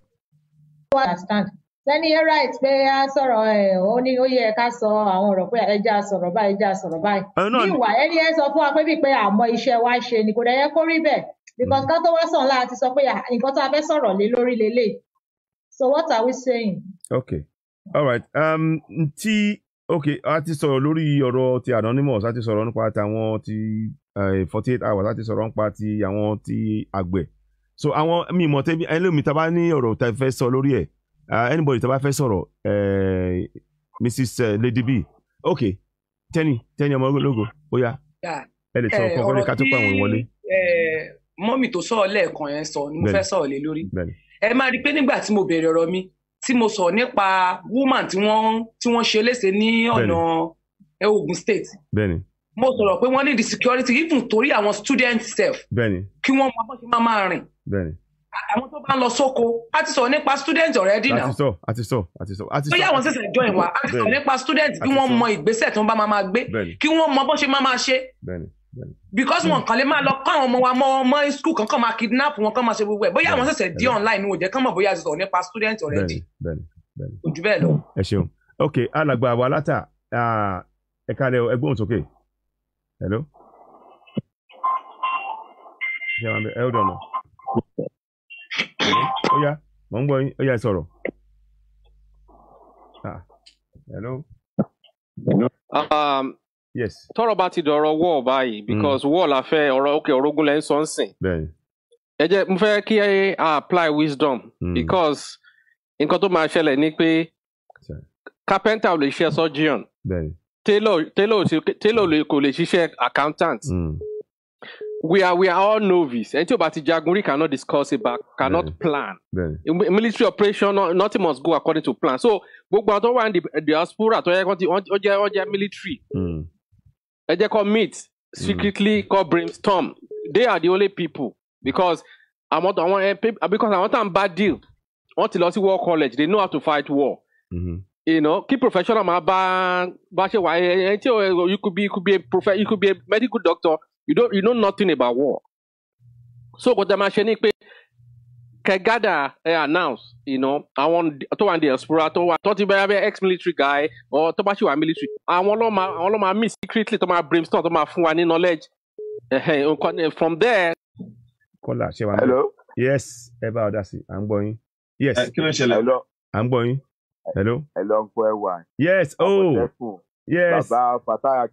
wà understand sẹ́ni right pé a sọ̀rọ̀ ẹ̀ ó ní ó yẹ ká sọ àwọn ọ̀rọ̀ pé ẹ já sọ̀rọ̀ báyìí já sọ̀rọ̀ báyìí. níwà ẹni ẹ sọ fún wa pé bíi pé àmọ́ iṣẹ́ wa ṣe ni kò dẹ̀ yẹ kó rí bẹ́ẹ̀ because mm. ká tó wá sàn láà ti sọ pé nǹkan tá a fẹ́ sọ̀rọ̀ lé lórí lélẹ̀ so what are we saying. okay all right um, ti okay a ti sọ̀rọ̀ lórí ọ̀rọ̀ ti anonymous a ti sọ̀rọ̀ nípa tàwọn ti eh, forty eight hours a ti sọ̀rọ̀ nípa ti àwọn ti àgbẹ̀ so àwọn mi mọ̀ tẹ́bi ẹlẹ́mi tá a bá ní ọ̀rọ̀ tá a fẹ́ sọ lórí ẹ̀ uh, anybody tó bá fẹ́ sọ̀rọ̀ eh, mrs uh, eh, lady b ok tẹ́ni tẹ́ni ọmọ ológo ó yá ẹ lè sọ ọkàn eh, kọ́ni ká tó pa àwọn ìwọlé. mọ́mì tó sọ̀rọ̀ lẹ́ẹ̀kan yẹn sọ ni mo fẹ́ sọ̀rọ̀ lé lórí ẹ máa rí i pé nígbà tí mo bẹ̀rẹ̀ ọ̀rọ̀ mi tí mo sọ nípa woman tí wọ́n tí wọ́n ṣe léṣe ní ọ̀nà Ogun State mo sọ̀rọ̀ pé wọ́n ní the security even torí àwọn student self kí wọ́n mọ bó ṣe máa máa rìn àwọn tó bá ń lọ sóko a ti sọ nípa student already now. a ti sọ a ti sọ a ti sọ a ti sọ. bóyá àwọn ṣẹ̀ṣẹ̀ join wa a ti sọ nípa student kí wọ́n mọ ìgbésẹ̀ tó ń bá máa gbé kí wọ́n mọ bó ṣe máa máa ṣe. because wọn kàn lè máa lọ kọ́ àwọn ọmọ wa mọ́ ọmọ school kan kàn máa kidnap wọn kàn máa ṣe gbogbo ẹ̀ bóyá àwọn ṣẹ̀ṣẹ̀ di online ni wò jẹ́ kán mọ̀ bóyá a ti sọ nípa student already. ojú bẹ́ẹ̀ lọ. ẹ ṣeun ok alàgbà wa látà ẹ kálẹ̀ ẹgbóhùn sókè hello. hold on ó yá mò ń gbọ́ yín ó Ah, hello. Um, yes. tọ́rọ̀ bá ti dọ̀rọ̀ wọ báyìí mm. because wọ la fẹ́ ọ̀rọ̀ òkè orogún lẹ ń sọ ń sìn. ẹ jẹ́ mo fẹ́ kí ẹ apply wisdom. Mm. because nǹkan tó máa ṣẹlẹ̀ ni pé carpenter ò lè ṣiṣẹ́ surgeon. bẹ́ẹ̀ni. tailor tailor kò lè ṣiṣẹ́ accountant. Mm we are we are all novice ẹni about o bá cannot discuss it, but cannot yeah. plan yeah. military operation nothing must go according to plan so gbogbo àwọn tó wà ní diaspora tó yẹ kó ti ó jẹ ó jẹ military hmm. ẹ jẹ́ kó meet hmm. secretly mm. kó brainstorm they are the only people because àwọn àwọn eh, because àwọn tá n bad deal wọ́n ti lọ sí war college they know how to fight war. Mm-hmm. you know, keep professional ma ba ba ṣe wa ẹ ẹ tí o eh, you could be you could be a prof you could be a medical doctor you don't you know nothing about war so kò tẹ́ máa ṣe ni announce you know àwọn tó wà ní diaspora tó wà tó ti be bẹ́ẹ̀ ex military guy or tó bá ṣì wà military want ló máa àwọn ló máa meet secretly to máa brainstorm to máa fún wa ní knowledge eh, from there. kọ́lá ṣé yes ẹ bá ọ̀dà sí yes kí ló ń ṣẹlẹ̀ hello. hello ń pẹ́ yes oh yes bàbá Fatai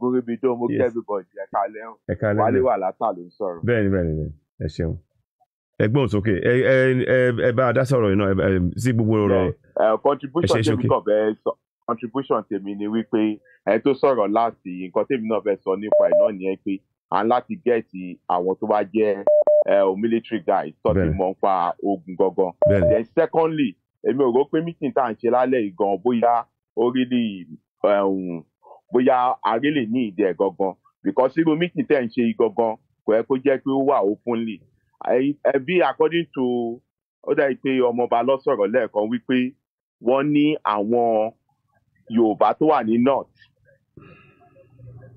Gúnrúbídó mo kí everybody ẹ kálẹ́ ẹ kálẹ́ wálé wà látà ló ń sọ̀rọ̀. bẹ́ẹ̀ni bẹ́ẹ̀ni bẹ́ẹ̀ni ẹ ṣeun ẹ sókè ẹ ẹ ẹ ẹ bá a dá sọ̀rọ̀ yìí náà ẹ sí gbogbo ọ̀rọ̀ eh, ẹ contribution tèmi kàn contribution tèmi ni wípé ẹ tó sọ̀rọ̀ láti nǹkan tèmi náà fẹ́ sọ nípa ẹ̀ náà nìyẹn pé à ń láti gẹ̀ẹ́tì àwọn tó bá jẹ́ military guys tó ti mọ̀ nípa ogun gangan then secondly èmi ò rò pé meeting tá à ń ṣe lálẹ́ ìgan bóyá ó bóyá aré lè ní ìdí ẹ̀ gangan because irú meeting tẹ̀ ń ṣe gangan kò yẹ kó jẹ́ pé ó wà openly ẹbí according to ó dà pé ọmọọba lọ sọ̀rọ̀ lẹ́ẹ̀kan wípé wọ́n ní àwọn Yorùbá tó wà ní north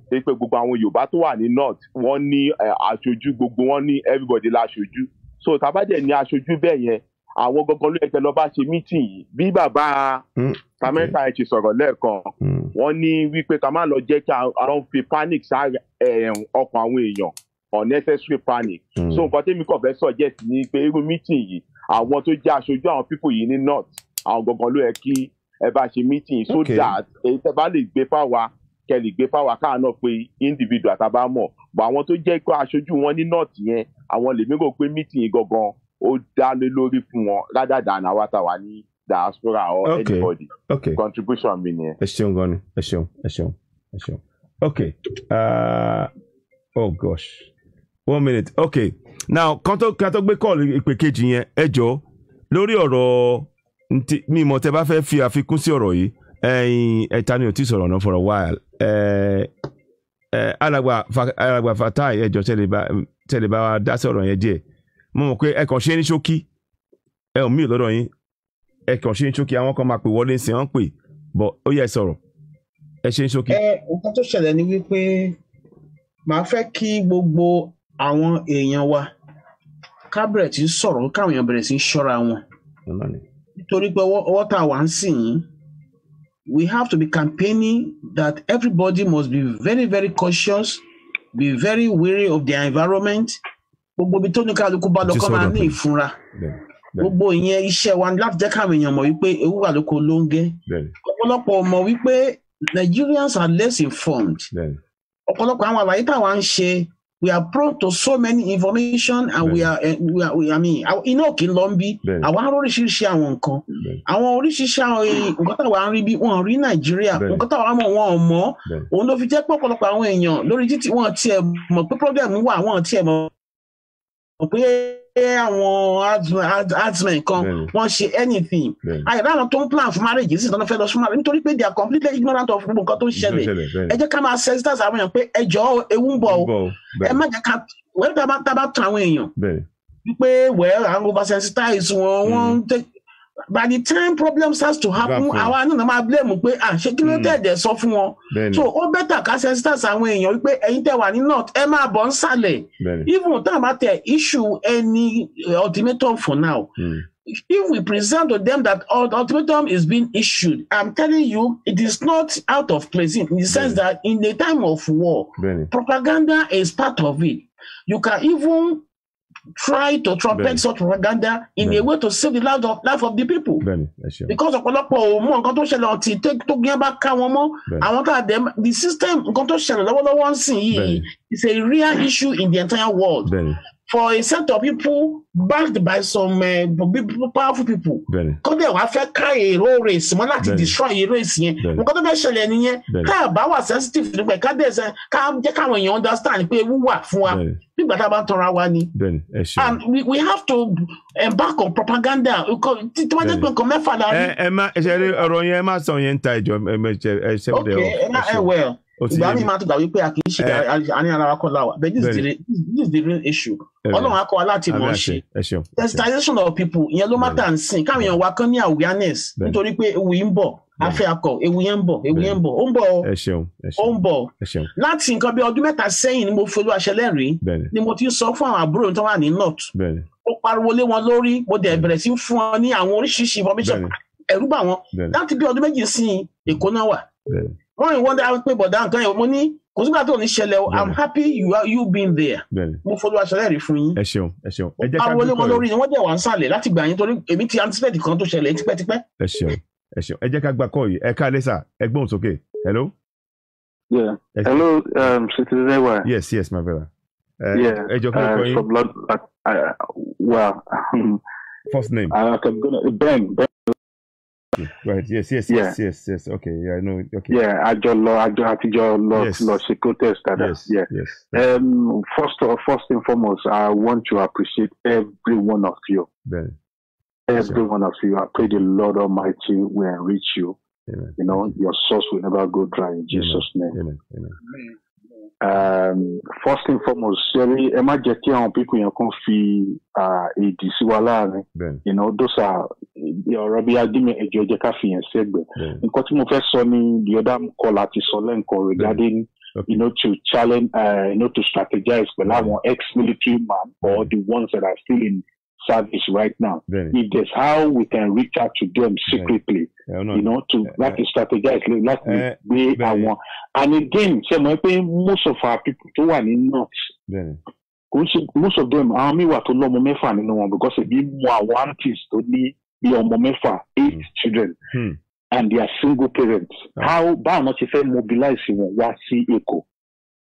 pé gbogbo àwọn Yorùbá tó wà ní north wọ́n ní aṣojú gbogbo wọn ní everybody láṣojú so tá bá dẹ̀ ní aṣojú bẹ́ẹ̀ yẹn àwọn gangan ló yẹ kẹ lọ bá ṣe mítìn yìí bí bàbá hmm, kamẹta ẹ ti sọ̀rọ̀ lẹ́ẹ̀kan hmm. wọ́n ní wípé ká má lọ jẹ́ kí àwọn fi panic sá eh, ọkàn àwọn èèyàn unnecessary panic hmm. so nǹkan tẹ́mi kọ̀ fẹ́ suggest ni pé irú meeting, yìí àwọn tó jẹ́ aṣojú àwọn people yìí ní north àwọn gangan ló yẹ kí ẹ bá ṣe mítìn so that èyí eh, tẹ́ bá lè gbé fáwa kẹ lè gbé fáwa káà pé individual tá a bá mọ̀ bọ̀ àwọn tó jẹ́ pé aṣojú wọn ní north yẹn àwọn lèmi rò pé mítìn gangan ó dá lórí fún wọn rather than àwa tá a wà ní diaspora or okay. anybody okay. contribution mi nìyẹn. ẹ ṣeun gan ni ẹ ṣeun ẹ ṣeun ẹ ṣeun okay uh, oh gosh one minute okay now kan tó kan tó gbé kọ́ọ̀lù ìpè kejì yẹn ẹ jọ lórí ọ̀rọ̀ ntí mi mọ̀ tẹ́ bá fẹ́ fi àfikún sí ọ̀rọ̀ yìí ẹ̀yin ẹ̀ta ni ò ti sọ̀rọ̀ náà for a while ẹ̀ ẹ̀ alàgbà alàgbà fatai ẹ̀jọ̀ tẹ́lẹ̀ bá wa dá sí ọ̀rọ̀ yẹn díẹ̀ mo mọ̀ pé ẹ kàn ṣe ní ṣókí ẹ ò mí lọ́dọ̀ yín ẹ kàn ṣe ní ṣókí àwọn kan máa pè wọlé sí wọn pè bọ̀ ó yẹ sọ̀rọ̀ ẹ ṣe ní ṣókí. ẹ nǹkan tó ṣẹlẹ̀ ni wípé màá fẹ́ kí gbogbo àwọn èèyàn wa ká tí ń sọ̀rọ̀ káwọn èèyàn bẹ̀rẹ̀ sí ń ṣọ́ra wọn nítorí pé ọwọ́ tá a wà ń sìn yín we have to be campaigning that everybody must be very very cautious be very wary of their environment gbogbo ibi tó ní kálukú bá lọ kọ́ máa ní ìfúnra gbogbo ìyẹn iṣẹ́ wa láti jẹ́ káwọn èèyàn mọ̀ wípé ewu wà lóko ló ń gẹ́ ọ̀pọ̀lọpọ̀ mọ̀ wípé Nigerians are less informed ọ̀pọ̀lọpọ̀ àwọn àlàyé táwa ń ṣe we are prone to so many information and we are, uh, we are we, I mean iná òkè lọ ń bí àwọn oríṣiríṣi àwọn nǹkan àwọn oríṣiríṣi àwọn nǹkan táwa ń rí bí wọn rí Nàìjíríà nǹkan táwa mọ̀ wọn ò mọ̀ òun ló fi jẹ́ pé ọ̀pọ̀lọpọ̀ àwọn èèyàn lórí títí wọn tiẹ̀ mọ̀ pé problem wà wọn tiẹ̀ mọ̀ pé àwọn admin kan wọ́n ṣe anything àyẹ̀dá àwọn tó ń plan fún marriage sì tán fẹ́ lọ súnmọ́ nítorí pé they are completely ignorant of gbogbo nǹkan tó ń ṣẹlẹ̀ ẹ jẹ́ ká máa sensitize àwọn èèyàn pé ẹ jọ̀ọ́ ewu ń bọ̀ o ẹ má jẹ́ ká wẹ́n tá a bá tan àwọn èèyàn wípé wẹ́ẹ́ àwọn over sensitize wọn wọ́n ń hmm. tẹ́kẹ́ by the time problems has to happen àwa náà máa blame pé à ah, ṣé kí ló hmm. tẹ̀dẹ̀ sọ fún wọn so ó bẹ́tà ká sensitize àwọn èèyàn wípé ẹ̀yin tẹ̀ wà ní north ẹ máa bọ̀ ń sàlẹ̀ even tá a se ki lo tede so fun won so o better. ka start awon eeyan wipe eyin te wa ni not e maa bo sale even ta a te issue any eh, ultimatum for now hmm. if we present to them that ultimatum is being issued i'm telling you it is not out of place in the sense that in the time of war propaganda is part of it you can even try to trumpet Benny. such propaganda in Benny. a way to save the life of, life of the people. Benny. because ọ̀pọ̀lọpọ̀ ò mọ nǹkan tó ṣẹlẹ̀ ọ̀tí tó gbé bá ká wọn mọ́ àwọn tá a the system nǹkan tó ṣẹlẹ̀ lọ́wọ́lọ́wọ́ ń sìn yìí is a real issue in the entire world. Benny for a set of people backed by some uh, eh, people, powerful people. kọ́dẹ̀ wàá fẹ́ ká èrò race mọ́ láti destroy èrò race yẹn nǹkan tó fẹ́ ṣẹlẹ̀ nìyẹn ká bá wà sensitive nípa ká dẹ̀ sẹ́ ká jẹ́ káwọn èèyàn understand pé ewu wà fún wa nígbà tá a bá ń tọrọ wa ni. and we, we have to embark on propaganda tí wọ́n jẹ́ pé nǹkan mẹ́fà la rí. ẹ ẹ má ṣe ọ̀rọ̀ yẹn ẹ má sọ yẹn ń ta ìjọ ẹ ṣe ẹ ṣe. ok ẹ well ìgbà mi máa ti gbà wípé a kì í ṣe àní eh. ara kọ́ láwa but this is the this is the real issue eh. ọlọ́run akọ aláti mọ̀ ṣe sensitization of people ìyẹn ló má tà ń sìn káwọn èèyàn wa kan ní awareness nítorí pé ewu yìí ń bọ̀ afẹ́ akọ ewu yẹn ń bọ̀ ewu yẹn ń bọ̀ ó ń bọ̀ ó ń bọ̀ láti nǹkan bí ọdún mẹ́ta sẹ́yìn ni mo fi Olúwaṣẹlẹ́rìí ni mo ti sọ fún àwọn àbúrò tó wà ní north ó pariwo lé wọn lórí mo dẹ̀ bẹ̀rẹ̀ sí fún wọn ní àwọn oríṣiríṣi information ẹ̀rú bà wọn láti bí ọdún méjì sí Èkó náà wà wọ́n rìn wọ́n dé àwọn pé bọ̀dá nǹkan yẹn mo ní kò sígbà tó ní ṣẹlẹ̀ o i'm happy you are you been there mo fọlọ aṣọlẹ rí fún yín ẹ ṣeun ẹ ṣeun ẹ jẹ ká dúpẹ́ àwọn olóko lórí ni wọ́n dẹ̀ wà ń sàlẹ̀ láti gbà yín torí èmi ti anticipate kan tó ṣẹlẹ̀ tipẹ́tipẹ́. ẹ ṣeun ẹ ṣeun ẹ jẹ ká gba kọ ẹ ká lẹsà ẹ gbóhùn sókè hello. yeah hello um, citizen ewa. yes yes my brother. yeah ẹ jọ fún ọkọ um, yín. from london uh, uh, well. first name. Uh, I'm gonna, ben ben. right yes yes yeah. yes yes yes okay yeah i know okay yeah àjọ lọ àjọ àtijọ́ lọ lọ ṣe protest dada yes, yeah yes, yes. Um, first of first and foremost i want to appreciate every one of you every one of you i pray the lord almighty will enrich you Amen. you know Amen. your source will never go dry in jesus Amen. name Amen. Amen. um, first and foremost ṣẹ́rí ẹ má jẹ́ kí àwọn pípọ̀ yẹn kàn fi èdè sí wa láàrin you know those are ọ̀rọ̀ bí agímẹ̀ ẹ̀jẹ̀ ẹ̀jẹ̀ ká fi yẹn sẹ́gbẹ̀ nǹkan tí mo fẹ́ sọ ni the other call àti sọ lẹ́ǹkan regarding okay. you know to challenge uh, you know to strategize pẹ̀lú àwọn ex-military man or the ones that are still in service right now. Really? If there's how we can reach out to them secretly, yeah. you know, to yeah, láti strategize, láti gbé àwọn. And again, ṣe mọ̀ most of our people tó wà ní north, most of them, àwọn what wà tó lọ́mọ mẹ́fà nínú wọn because ebi mu àwọn aunties tó ní bí ọmọ eight mm. children. Hmm. And they are single parents. Oh. How báwọn not if they mobilize wọn wá sí Èkó.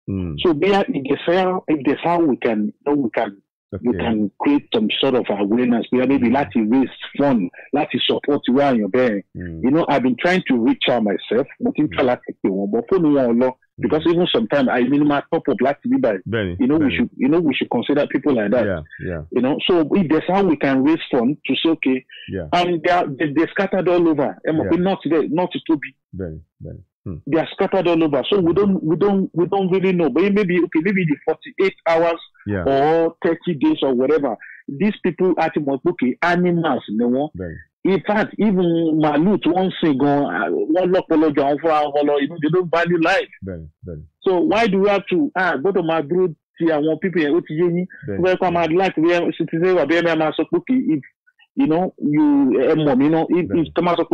Hmm. So bí if there's how, if there's how we can, you know, we can Okay. We can create some sort of awareness where maybe mm. láti raise fund, láti support irú àyàn bẹ́ẹ̀. Mm. You know, I've been trying to reach out myself. Mo ti ń mm. but for no ò lọ. Because even sometimes I mean my top of black bí báyìí. You know Benny. we should you know we should consider people like that. Yeah, yeah. You know, so if there's how we can raise fund to say okay. Yeah. And they are they, scattered all over. Yeah, not pé not to be. Very Bẹ́ẹ̀ni Hmm. They are scattered all over, so we don't we don't we don't really know. But maybe okay, maybe the forty-eight hours yeah. or thirty days or whatever. These people at Mokbuki animals, you know. Right. In fact, even màálù tí wọ́n ń sìn gan wọ́n lọ́pọ̀lọpọ̀ àwọn fúnra wọn they don't value life. Bẹ́ẹ̀ni So why do we have to ah gbọ́dọ̀ máa dúró ti àwọn people yẹn ó ti yé yín. Bẹ́ẹ̀ni. Fẹ́ kọ́ máa like bí ẹ ti ṣe wà bí ẹ máa you know you ẹ mọ̀ mí ná if if tọ́ máa sọ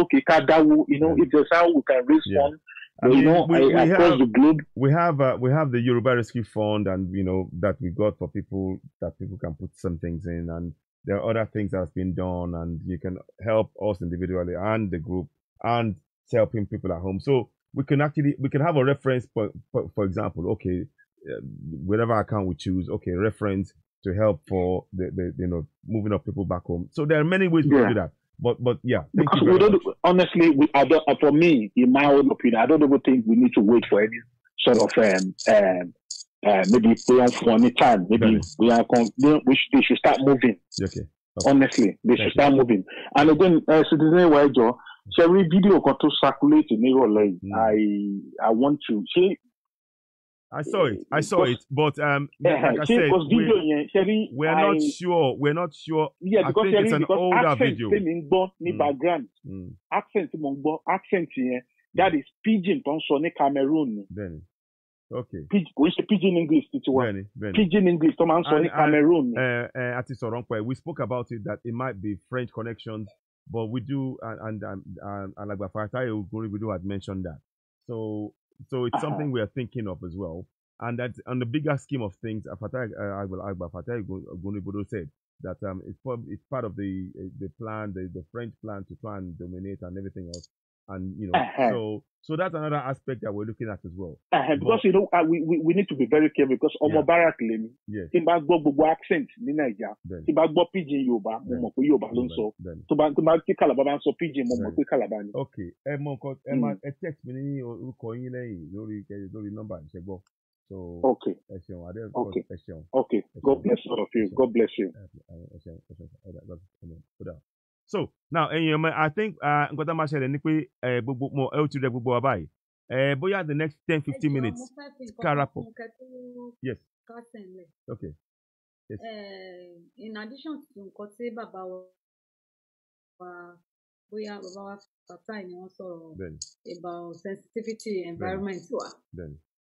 you know if there's how we can respond. yeah. I we, know we, we I, have, the globe. We have uh, we have the Yoruba Rescue Fund, and you know that we got for people that people can put some things in, and there are other things that's been done, and you can help us individually and the group, and helping people at home. So we can actually we can have a reference, for for, for example, okay, uh, whatever account we choose, okay, reference to help for the, the you know moving of people back home. So there are many ways we can do that. But but yeah, we don't, much. honestly, we, I don't, for me, in my own opinion, I don't even think we need to wait for any sort of um, um uh, maybe we are for any time. Maybe we are con- we should, they should start moving. Okay. okay. Honestly, they should start moving. And again, uh, Citizen Wajo, ṣe rí video got tó circulate in ìrọ̀lẹ́ yìí. Mm. I I want to see. I saw it. I saw it. But um, yeah, like I said, video we're, Sherry, we're I, not sure. We're not sure. Yeah, because I think Sherry, it's an older video. Accent gbọ́ ní hmm. background. Hmm. Accent mo ń gbọ́ accent yẹn that is pidgin tó ń Cameroon ni. Okay. Kò ń ṣe pidgin English títí wa. Pidgin English tó máa Cameroon ni. Eh, eh, a ti sọ̀rọ̀ ń We spoke about it that it might be French connections but we do and and, and, um, and um, Alàgbà Fatai Ogori we do had mentioned that. So so it's uh-huh. something we are thinking of as well. And that on the bigger scheme of things, Fatah uh, Agba Fatah Gonibodo said that um, it's, part of the eh, the plan, the, the French plan to try and dominate and everything else. and you know uh-huh. so so that's another aspect that we're looking at as well. Uh-huh. because you know uh, we, we we need to be very careful because ọmọ barak lèmi tí n bá gbọ́ gbogbo accent ní Nigeria, tí n bá gbọ́ pidgin yorùbá mo mọ̀ pé yorùbá ló ń sọ tó bá tó bá kí so bá ń sọ pidgin mo mọ̀ pé kàlàbà ni. Okay. ẹ mọ nǹkan ẹ máa hmm. ẹ text mi ní orúkọ yín lẹ́yìn lórí lórí nọ́mbà ìṣẹ́gbọ́. So okay. Ẹ̀ṣẹ̀wọ̀n Adé okay. Ẹ̀ṣẹ̀wọ̀n. Okay. God bless all of you. God bless you. Okay. Okay. Okay. Okay. Okay. Ẹ̀ṣẹ̀wọ̀n so now ẹ̀yin ọmọ i think uh, nǹkan tá a máa ṣẹlẹ̀ ni pé gbogbo mo ẹ ó ti rẹ gbogbo wa báyìí bóyá the next ten fifteen minutes kárápọ̀ yes okay yes. in addition to nǹkan tí bàbá wa bóyá bàbá wa bàtà ni wọ́n sọ̀rọ̀ about sensitivity environment wa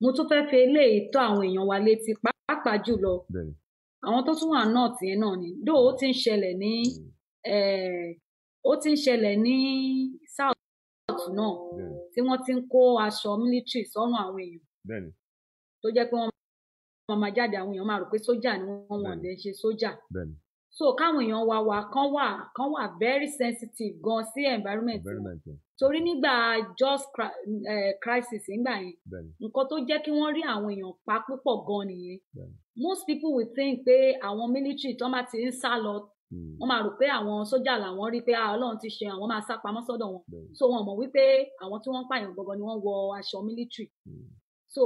mo tún fẹ́ fi eléyìí tó àwọn èèyàn wa létí pàápàá jùlọ àwọn tó tún wà náà tiẹ̀ náà ni dóò ó ti ń ṣẹlẹ̀ ní. Mm Eh, ó ti ń ṣẹlẹ̀ ní south náà tí wọ́n ti ń kó aṣọ military sọ́rùn àwọn èèyàn tó jẹ́ pé wọ́n máa jáde àwọn èèyàn máa rò pé sójà ni wọ́n wọ̀n lè ṣe sójà so káwọn èèyàn wa wa kan wà kan wà very sensitive gan sí environment torí nígbà just eh, crisis nígbà yẹn nǹkan tó jẹ́ kí wọ́n rí àwọn èèyàn pa púpọ̀ gan nìyẹn most people will think pé àwọn military tó máa ti ń sá lọ Hmm. wọ́n máa rò pé àwọn sójà làwọn rí pé ah, Ọlọ́run ti ṣe àwọn máa sá pamọ́ sọ́dọ̀ wọn hmm. so wọ́n mọ̀ wípé àwọn tí wọ́n pààyàn gangan ni wọ́n wọ aṣọ mílítírì hmm. so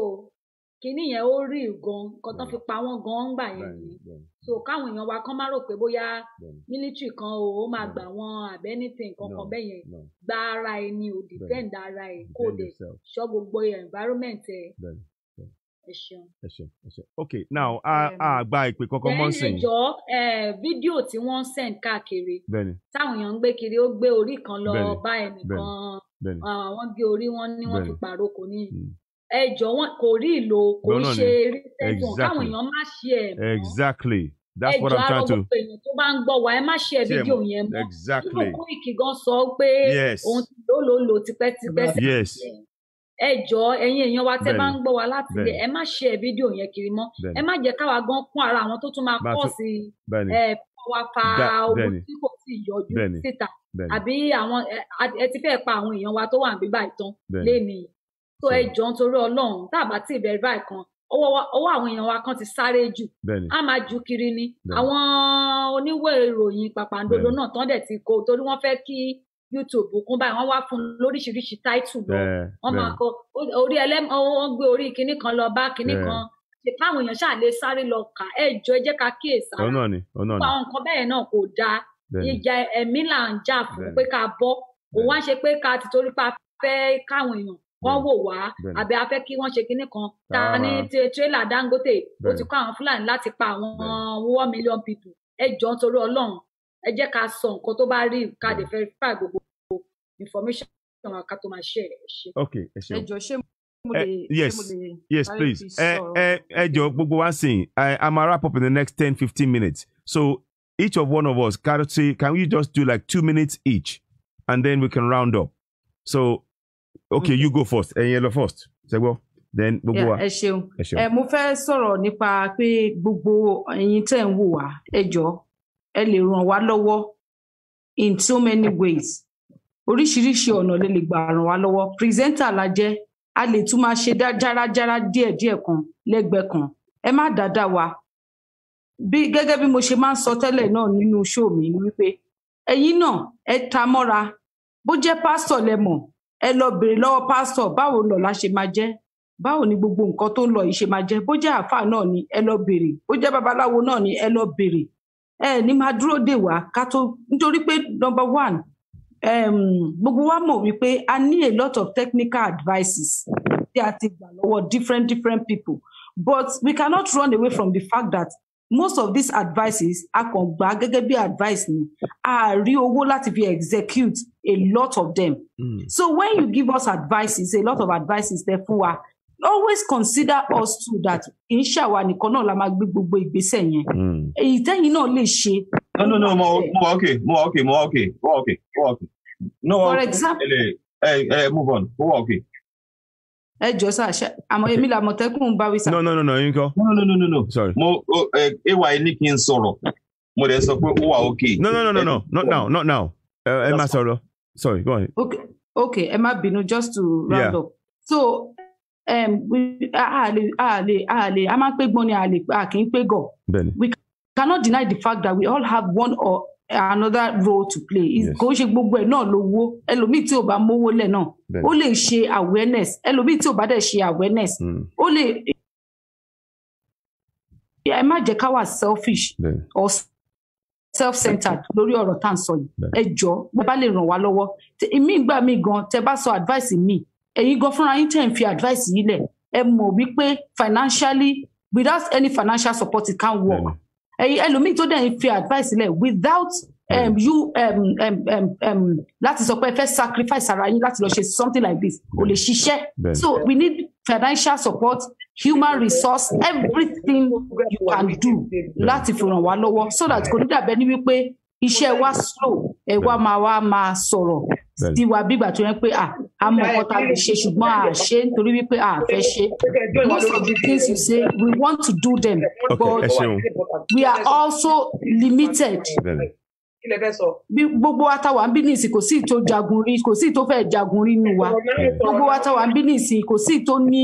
kínní yẹn ó rí gan nǹkan tán fi pa wọ́n gan gbà yẹn ni so káwọn èèyàn wa kán má rò pé bóyá mílítírì kan o ó máa gbà wọ́n àbẹ anything kankan bẹ́ẹ̀ yẹn gba ara ẹ ni o defend ara ẹ kó o dẹ̀ ṣọ́ gbogbo environment ẹ ẹ ṣeun ẹ ṣeun ẹ ṣeun ok now a a gba ìpè kankan mọ́ sìn. bẹ́ẹ̀ni jọ fídíò tí wọ́n ń send káàkiri táwọn èèyàn ń gbé kiri ó gbé orí kan lọ bá ẹnìkan ah, wọ́n gé orí wọn ni wọ́n fi pààrọ̀ kò ní ẹ jọ wọn kò rí ìlò kò ń ṣe rí sẹ́gun káwọn èèyàn má ṣe ẹ̀ mọ́. exactly that's what i'm trying to. ẹ jọ àwọn èèyàn tó bá ń gbọ́ wa ẹ má ṣe fídíò yẹn mọ́. exactly. ìlú Koiki gan sọ pé òun ti lò lò tipẹ́tipẹ́ sí. yes. yes ẹ jọ̀ọ́ ẹ̀yin èèyàn wa tẹ́ bá ń gbọ́ wa láti ilé ẹ má ṣe ẹ fídíò yẹn kiri mọ́ ẹ má jẹ́ káwa gan kún ara àwọn tó tún máa pọ̀ sí ẹ wa fa ogun tí kò sì yọjú síta àbí àwọn ẹ ti fẹ́ pa àwọn èèyàn wa tó wà níbí báyìí tán léèmí tó ẹ jọ̀ọ́ nítorí Ọlọ́run tá a bá ti bẹ̀rẹ̀ báyìí kan ọwọ́ àwọn èèyàn wa kan ti sáré jù a máa ju kiri ni àwọn oníwèé ìròyìn pàpàǹdodo náà tán dẹ̀ ti kó torí wọ́n fẹ́ kí youtube kún báyìí wọ́n wá fún un lóríṣiríṣi táìtù lọ wọ́n máa kọ orí ẹlẹ́mọ wọ́n gbé orí kinní kan lọ bá kinní kan káwọn èèyàn ṣáà lè sáré lọ kà ẹ jọ ẹ jẹ́ ká kíyèsí ara ọ̀nà ni ọ̀nà ni àwọn nǹkan bẹ́ẹ̀ náà kò dáa ìjà ẹ̀mí là ń jà fún pé ká bọ́ òun wá ṣe pé ká ti torí pa fẹ́ káwọn èèyàn wọ́n wò wá àbẹ afẹ́ kí wọ́n ṣe kinní kan ta ní tírélà Dangote ó ti kọ́ àwọn Fúlàní láti pa àwọn one million people ẹ jọ nítorí Ọlọ́run ẹ jẹ́ ká sọ nǹkan tó bá rí ká dé verify gbogbo information àwọn ká tó máa ṣe ẹ ṣe. ok ẹ ṣeun ẹ jọ ṣé mo lè. yes yes please ẹ ẹ ẹ jọ gbogbo wa sìn i am wrap up in the next ten fifteen minutes so each of one of us can say can we just do like two minutes each and then we can round up so okay you go first ẹyin ẹ lọ first ṣẹgbọ then gbogbo wa ẹ ṣeun ẹ mo fẹ́ sọ̀rọ̀ nípa pé gbogbo ẹ̀yin tẹ́ ń wò wá ẹ jọ ẹ lè ràn wá lọ́wọ́ in so many ways oríṣiríṣi ọ̀nà lè lè gbà ràn wá lọ́wọ́ pírẹsẹ́ńtà la jẹ́ a lè tún máa ṣe járajára díẹ̀díẹ̀ kan lẹ́gbẹ̀ẹ́ kan ẹ má dáadáa wa bí gẹ́gẹ́ bí mo ṣe máa ń sọ tẹ́lẹ̀ náà nínú ṣóò mi ni wípé ẹ̀yin náà ẹ ta mọ́ra bó jẹ́ pásítọ̀ lẹ mọ̀ ẹ lọ bèrè lọ́wọ́ pásítọ̀ báwo lọ̀la ṣe máa jẹ́ báwo ni gbogbo nǹkan tó ń lọ yìí ṣe máa jẹ́ bó jẹ́ àáfàá náà ni ẹ lọ bèrè bó jẹ́ babaláwo náà ni ẹ lọ bèrè ẹ ní máa dúró dè wá ká tó nítorí pé number one gbogbo wa mọ̀ wípé a ní a lot of technical advices tí a ti gbà lọ́wọ́ different different people but we cannot run away from the fact that most of these advices a kàn gbà gẹ́gẹ́ bí advice ni a rí owó láti fi execute a lot of them. Mm. so when you give us advices a lot of advices therefore. fún wa always consider us too that ìṣàwà nìkan náà la máa gbé gbogbo ìgbésẹ̀ yẹn hmm. èyí tẹ́yìn náà lè ṣe. no no no mo mo okay mo okay mo okay mo okay mo okay. no for example ẹ eh, ẹ eh, eh, move on mo okay. ẹ jọ sá àmọ́ èmi là Àmọ̀tẹ́kùn bá wí sá. no no no no yín kọ. no no no no no sorry. mo ẹ wà ní kí n sọ̀rọ̀ mo dẹ̀ sọ pé ó wà okay. no no no no no not now not now ẹ má sọ̀rọ̀ sorry go on. okay okay ẹ má bínú just to round yeah. up so um, we a a le a ni a a kì í pé we cannot deny the fact that we all have one or another role to play. kò ń ṣe gbogbo ẹ̀ náà lówó ẹlòmíì tí ò bá mówó lẹ̀ náà ó lè ṣe awareness ẹlòmíì tí ò bá dẹ̀ ṣe awareness hmm. ó lè ẹ má jẹ́ ká wà selfish or self-centered lórí ọ̀rọ̀ tá à ń sọ yìí ẹ jọ̀ọ́ bẹ́ẹ̀ bá lè ràn wá lọ́wọ́ ìmí ìgbà mi gan tẹ bá sọ advice mi ẹ̀yin gan fúnra yín tẹ̀ ń fi advice yìí lẹ̀ ẹ mọ̀ wípé financially without any financial support it can't work ẹ̀yin ẹlòmíì tó dẹ̀ ń fi advice lẹ̀ without um, you um, um, um, um, láti sọ pé ẹ fẹ́ sacrifice ara yín láti lọ ṣe something like this kò lè ṣiṣẹ́ so we need financial support human resource everything you can do láti fi ràn wá lọ́wọ́ so that kò ní dàbẹ́ ní wípé iṣẹ́ wa slow ẹ wá máa wá máa sọ̀rọ̀ sí wa bí ìgbà tó yẹn pé à á mọ nǹkan tá lè ṣe ṣùgbọ́n à ṣe nítorí wípé à fẹ́ ṣe most of the things you say we want to do them okay. but we are also limited gbogbo wa táwa ń bí nìsín kò sí ìtò jagun rí kò sí ìtò fẹ́ jagun rí nù wa gbogbo wa táwa ń bí nìsín kò sí ìtò ní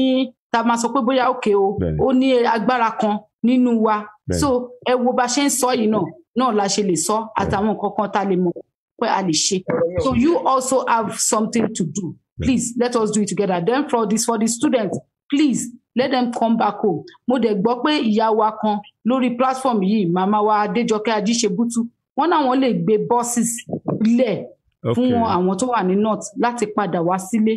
ta máa sọ pé bóyá òkè o ó ní agbára kan nínú wa so ẹ wo bá ṣe ń sọ yìí náà náà la ṣe lè sọ àtàwọn nǹkan kan tá lè mọ pé a lè ṣe so you also have something to do please let us do it together then for this for the students please let them come back home mo dẹ̀ gbọ́ pé ìyá wa kan lórí platform yìí màmá wa adéjọkẹ́ ajíṣebútú wọn náwọn lè gbé buses lẹ̀ fún àwọn tó wà ní north láti padà wá sílé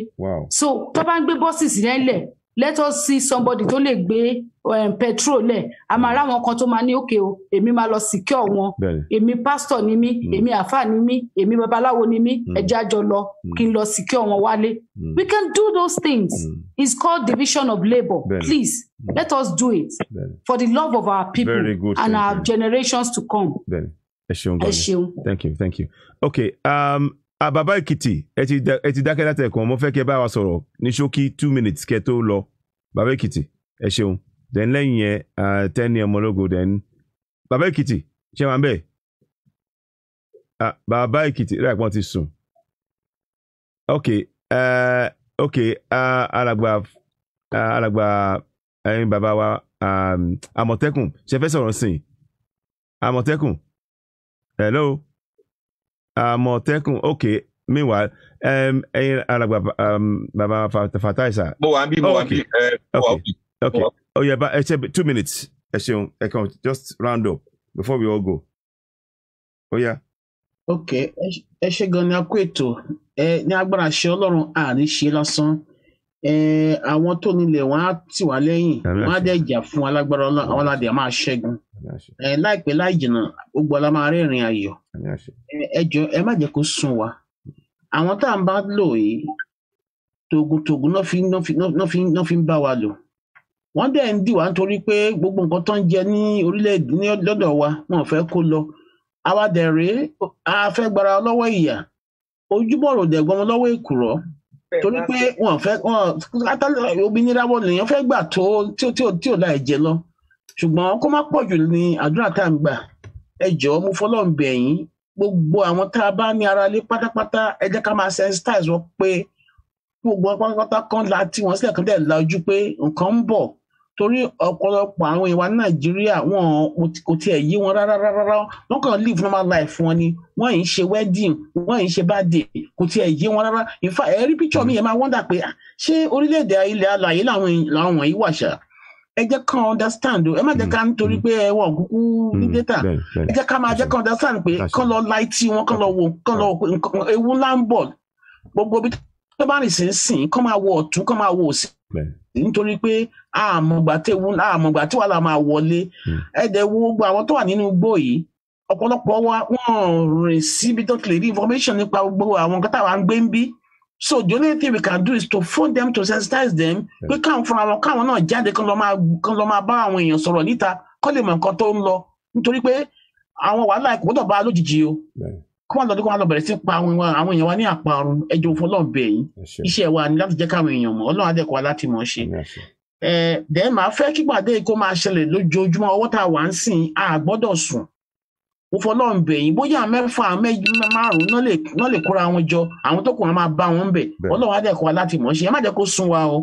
so tó bá ń gbé buses yẹn lẹ̀ let us see somebody tó lè gbé um, petrol lẹ̀ a máa kan tó máa ní òkè o èmi máa lọ secure wọn èmi pastor ni mí hmm. èmi àáfàá ni mí èmi babaláwo ni mí hmm. ẹjẹ àjọ lọ hmm. kí n lọ secure wọn wálé we can do those things mm. it's called division of labour please mm. let us do it Bene. for the love of our people good, and our you. generations to come. Bene. Thank you, thank you. Okay, um, àbàbá ah, èkìtì ẹ ti dákẹ́ láti ẹ̀kan mo fẹ́ kí ẹ bá wa sọ̀rọ̀ ní ṣókí two minutes kẹ́ tó lọ bàbá èkìtì ẹ ṣeun then lẹ́yìn yẹn tẹ́ni ọmọlógo then bàbá èkìtì ṣé máa ń bàbá èkìtì rẹ̀ àpọ́n ti sùn ok uh, ok alàgbà alàgbà ẹ̀yin bàbá wa àmọ̀tẹ́kùn ṣe fẹ́ sọ̀rọ̀ sìn àmọ̀tẹ́kùn hello àmọ̀tẹ́kùn ok meanwhile um, ẹ̀yin alàgbà um, bàbá fatai sa. mo wà ń bí mo wà ń oh, bí mo wà ń bí. ok oh yeah ẹ ṣe eh, two minutes ẹ ṣeun ẹ kàn just round up before we all go. Oh, yeah. ok ẹ ṣe gan ni a kó ètò ẹ ní agbára ṣe ọlọ́run àní ṣe lásán àwọn tó nílẹ̀ wọn á tì wá lẹ́yìn wọn á dẹ̀ jà fún alágbára àwọn aládé máa ṣẹ́gun láìpẹ́ láì jìnnà gbogbo ọlá máa rẹ́rìn ayọ̀ ẹ jọ ẹ má jẹ́ kó sún wa àwọn tá à ń bá lò yìí tògùntògùn náà fi náà fi ń bá wa lò wọ́n dẹ̀ ń dì wá nítorí pé gbogbo nǹkan tó ń jẹ ní orílẹ̀-èdè ní lọ́dọ̀ wa wọn ò fẹ́ kó lọ àwa dẹ̀ rèé a fẹ́ gbara lọ́wọ́ ìyà ojúbọ̀rọ̀ dẹ̀ gbọmọ lọ́wọ́ èkùrọ́ torí pé wọn fẹ́ wọn òmìnira wọn lèèyàn fẹ́ gbà tó tí ò tí ò láì jẹ lọ ṣùgbọ́n kó má pọ̀ jù ní àdúrà tá à ń gbà ẹ jọ̀ọ́ mo fọlọ́run bẹ̀ yín gbogbo àwọn tá a bá ní ara lé pátápátá ẹ jẹ́ ká máa sensitize wọn pé gbogbo wọn pátápátá kan la tí wọ́n sílẹ̀ kan dẹ̀ la ojú pé nǹkan ń bọ̀ torí ọ̀pọ̀lọpọ̀ àwọn ìwà nàìjíríà wọn kò tiẹ̀ yé wọn rárá rárá wọn kàn live normal life wọn ni wọn yìí ṣe wedding wọn yìí ṣe birthday kò tiẹ̀ yé wọn rárá in fact ẹ rí picture mi yẹn máa wonder pé ah, ṣé orílẹ̀-èdè ilẹ̀ alàyè làwọn wọ̀nyí wà ṣá ẹ jẹ́ ká understand ẹ má jẹ́ ká nítorí pé wọn kúkú mm, ní data ẹ jẹ́ ká máa jẹ́ ká understand pé kán lọ láì tí wọn kán lọ wo kán lọ ewu ńlá ń bọ̀ gbogbo bí tó bá rìn sí ń sìn kán máa wo ọ̀tún kán máa wo òsì nítorí pé àmọ̀gbà tí ewu àmọ̀gbà tí wàhálà máa wọlé hmm. ẹ̀dẹ̀ wo gbogbo àwọn tó wà nínú igbó yìí ọ̀pọ̀lọpọ̀ wa wọ́n rìn síbi tó lè rí information nípa gbogbo àwọn nǹkan táwa ń gbé ń bí so the only thing we can do is to phone them to sensitize them hmm. pé káwọn fúnra wọn káwọn náà jáde kán lọ máa kán lọ máa bá àwọn èèyàn sọ̀rọ̀ níta kó lè mọ nǹkan tó ń lọ nítorí pé àwọn wàhálà kò gbọ́dọ̀ bá lójijì o hmm. kó wọn lọ kó wọn lọ bẹ̀rẹ̀ sí pa àwọn èèyàn wa ní àparun ẹjọ́ fún Ọlọ́run iṣẹ́ wa ni láti jẹ́ káwọn èèyàn mọ̀ Ọlọ́run adẹkọ láti mọ̀ ṣe dẹ́n máa fẹ́ kípàdé kó máa ṣẹlẹ̀ lójoojúmọ́ ọwọ́ tá a wà ń sìn a gbọ́dọ̀ sùn ó fọlọ́run bẹ̀yìn bóyá mẹ́fà márùn-ún náà lè kóra wọn jọ àwọn tó kù wọn máa bá wọn bẹ̀ ọlọ́run á dẹ̀ kọ́ wa láti mọ̀ ṣe ẹ má jẹ́ kó sún wa o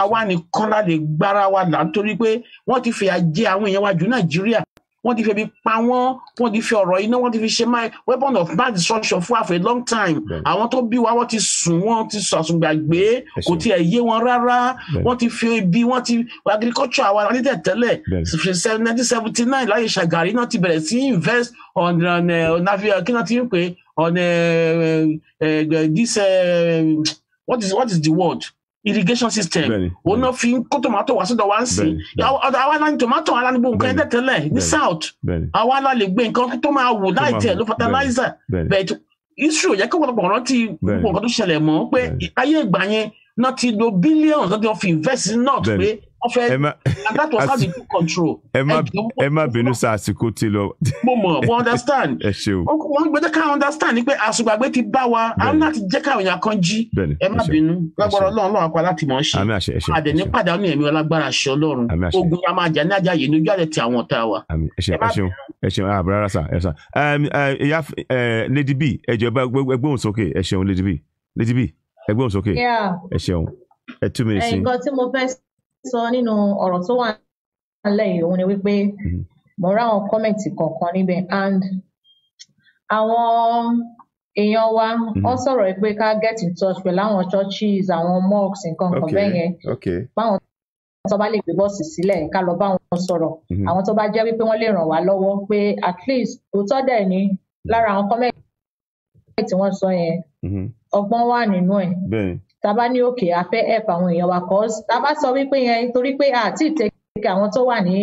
àwa nìkan la lè gbára wa là nítorí pé wọ́n ti fìyà jẹ àwọn èèyàn wa jù Nàìjíríà wọ́n ti fi ebi pa wọ́n wọ́n ti fi ọ̀rọ̀ iná wọ́n ti fi ṣe my weapon of mass destruction fún àfẹ́ long time àwọn tó bí wa wọ́n ti sùn wọ́n ti sàsùngbàgbé kò tiẹ̀ yé wọn rárá wọ́n ti fi ebi wọ́n ti agriculture àwa nílẹ̀ tẹ́lẹ̀ nineteen seventy nine láyé Ṣàgàrí náà ti bẹ̀rẹ̀ sí invest on eh, navia eh, kí náà ti ń pè on eh, this what is what is the word irrigation system òun náà fi kó tomato wá sọ́dọ̀ wá ń sìn àwa náà ní tomato ara ní gbogbo nǹkan ẹ̀dẹ̀ tẹ́lẹ̀ ní south àwa náà lè gbé nǹkan tó máa wù láì tẹ̀ ló fertilizer but israel yẹ kí ọ̀pọ̀lọpọ̀ ọ̀rọ̀ ti gbogbo nǹkan tó ṣẹlẹ̀ mọ́ pé ayé ìgbà yẹn náà ti lo billions láti fi invest in north pé ọfẹ that was how they do control. ẹ má ẹ má bínú sá àsìkò tí lọ. mo mọ mo understand. ẹ ṣeun. wọn gbé ká understand ni pé àsùgbàgbé ti bá wa àwọn náà ti jẹ́ káwọn èèyàn kan jí. ẹ má bínú lágbára ọlọ́run lọ́wọ́ apá láti mọ̀ ọ́ ṣe. àdè ní pàdánù ẹ̀mí ọlágbára ṣe ọlọ́run ogun a máa jà ní ajá yìí ní ojú àlẹ́ ti àwọn ọ̀tá wa. ẹ ṣeun ẹ ṣeun àbúrò sá ẹ ah, sá. Um, uh, uh, lady b ẹ jẹ ẹgbóhùn sókè ẹ ṣeun lady b lady b ẹgbóhùn sókè ẹ ṣeun ẹ two minutes. nǹkan tí mo fẹ́ sọ nínú ọ̀rọ̀ tó wà nílẹ̀ yìí òun ni wípé mm-hmm. mo rá àwọn kọ́mẹ̀ntì kọ̀ọ̀kan níbẹ̀ and àwọn èèyàn wa mm-hmm. wọ́n sọ̀rọ̀ pé ká get in touch pẹ̀lú àwọn churches àwọn mosques nǹkan kan bẹ́ẹ̀ yẹn báwọn tó bá lè gbé bọ́ọ̀sì sílẹ̀ ká lọ bá wọn sọ̀rọ̀ mm-hmm. àwọn tó bá jẹ́ wípé wọ́n lè ràn wá lọ́wọ́ pé at least òótọ́ dẹ̀ ni lára àwọn kọ́mẹ̀ntì tí wọ́n sọ yẹn ọgbọ́n wà nínú ẹ̀ tábà ní òkè a fẹ́ àwọn èèyàn wa cause tábà sọ wípé yẹn torí pé a ti àwọn tó wà ní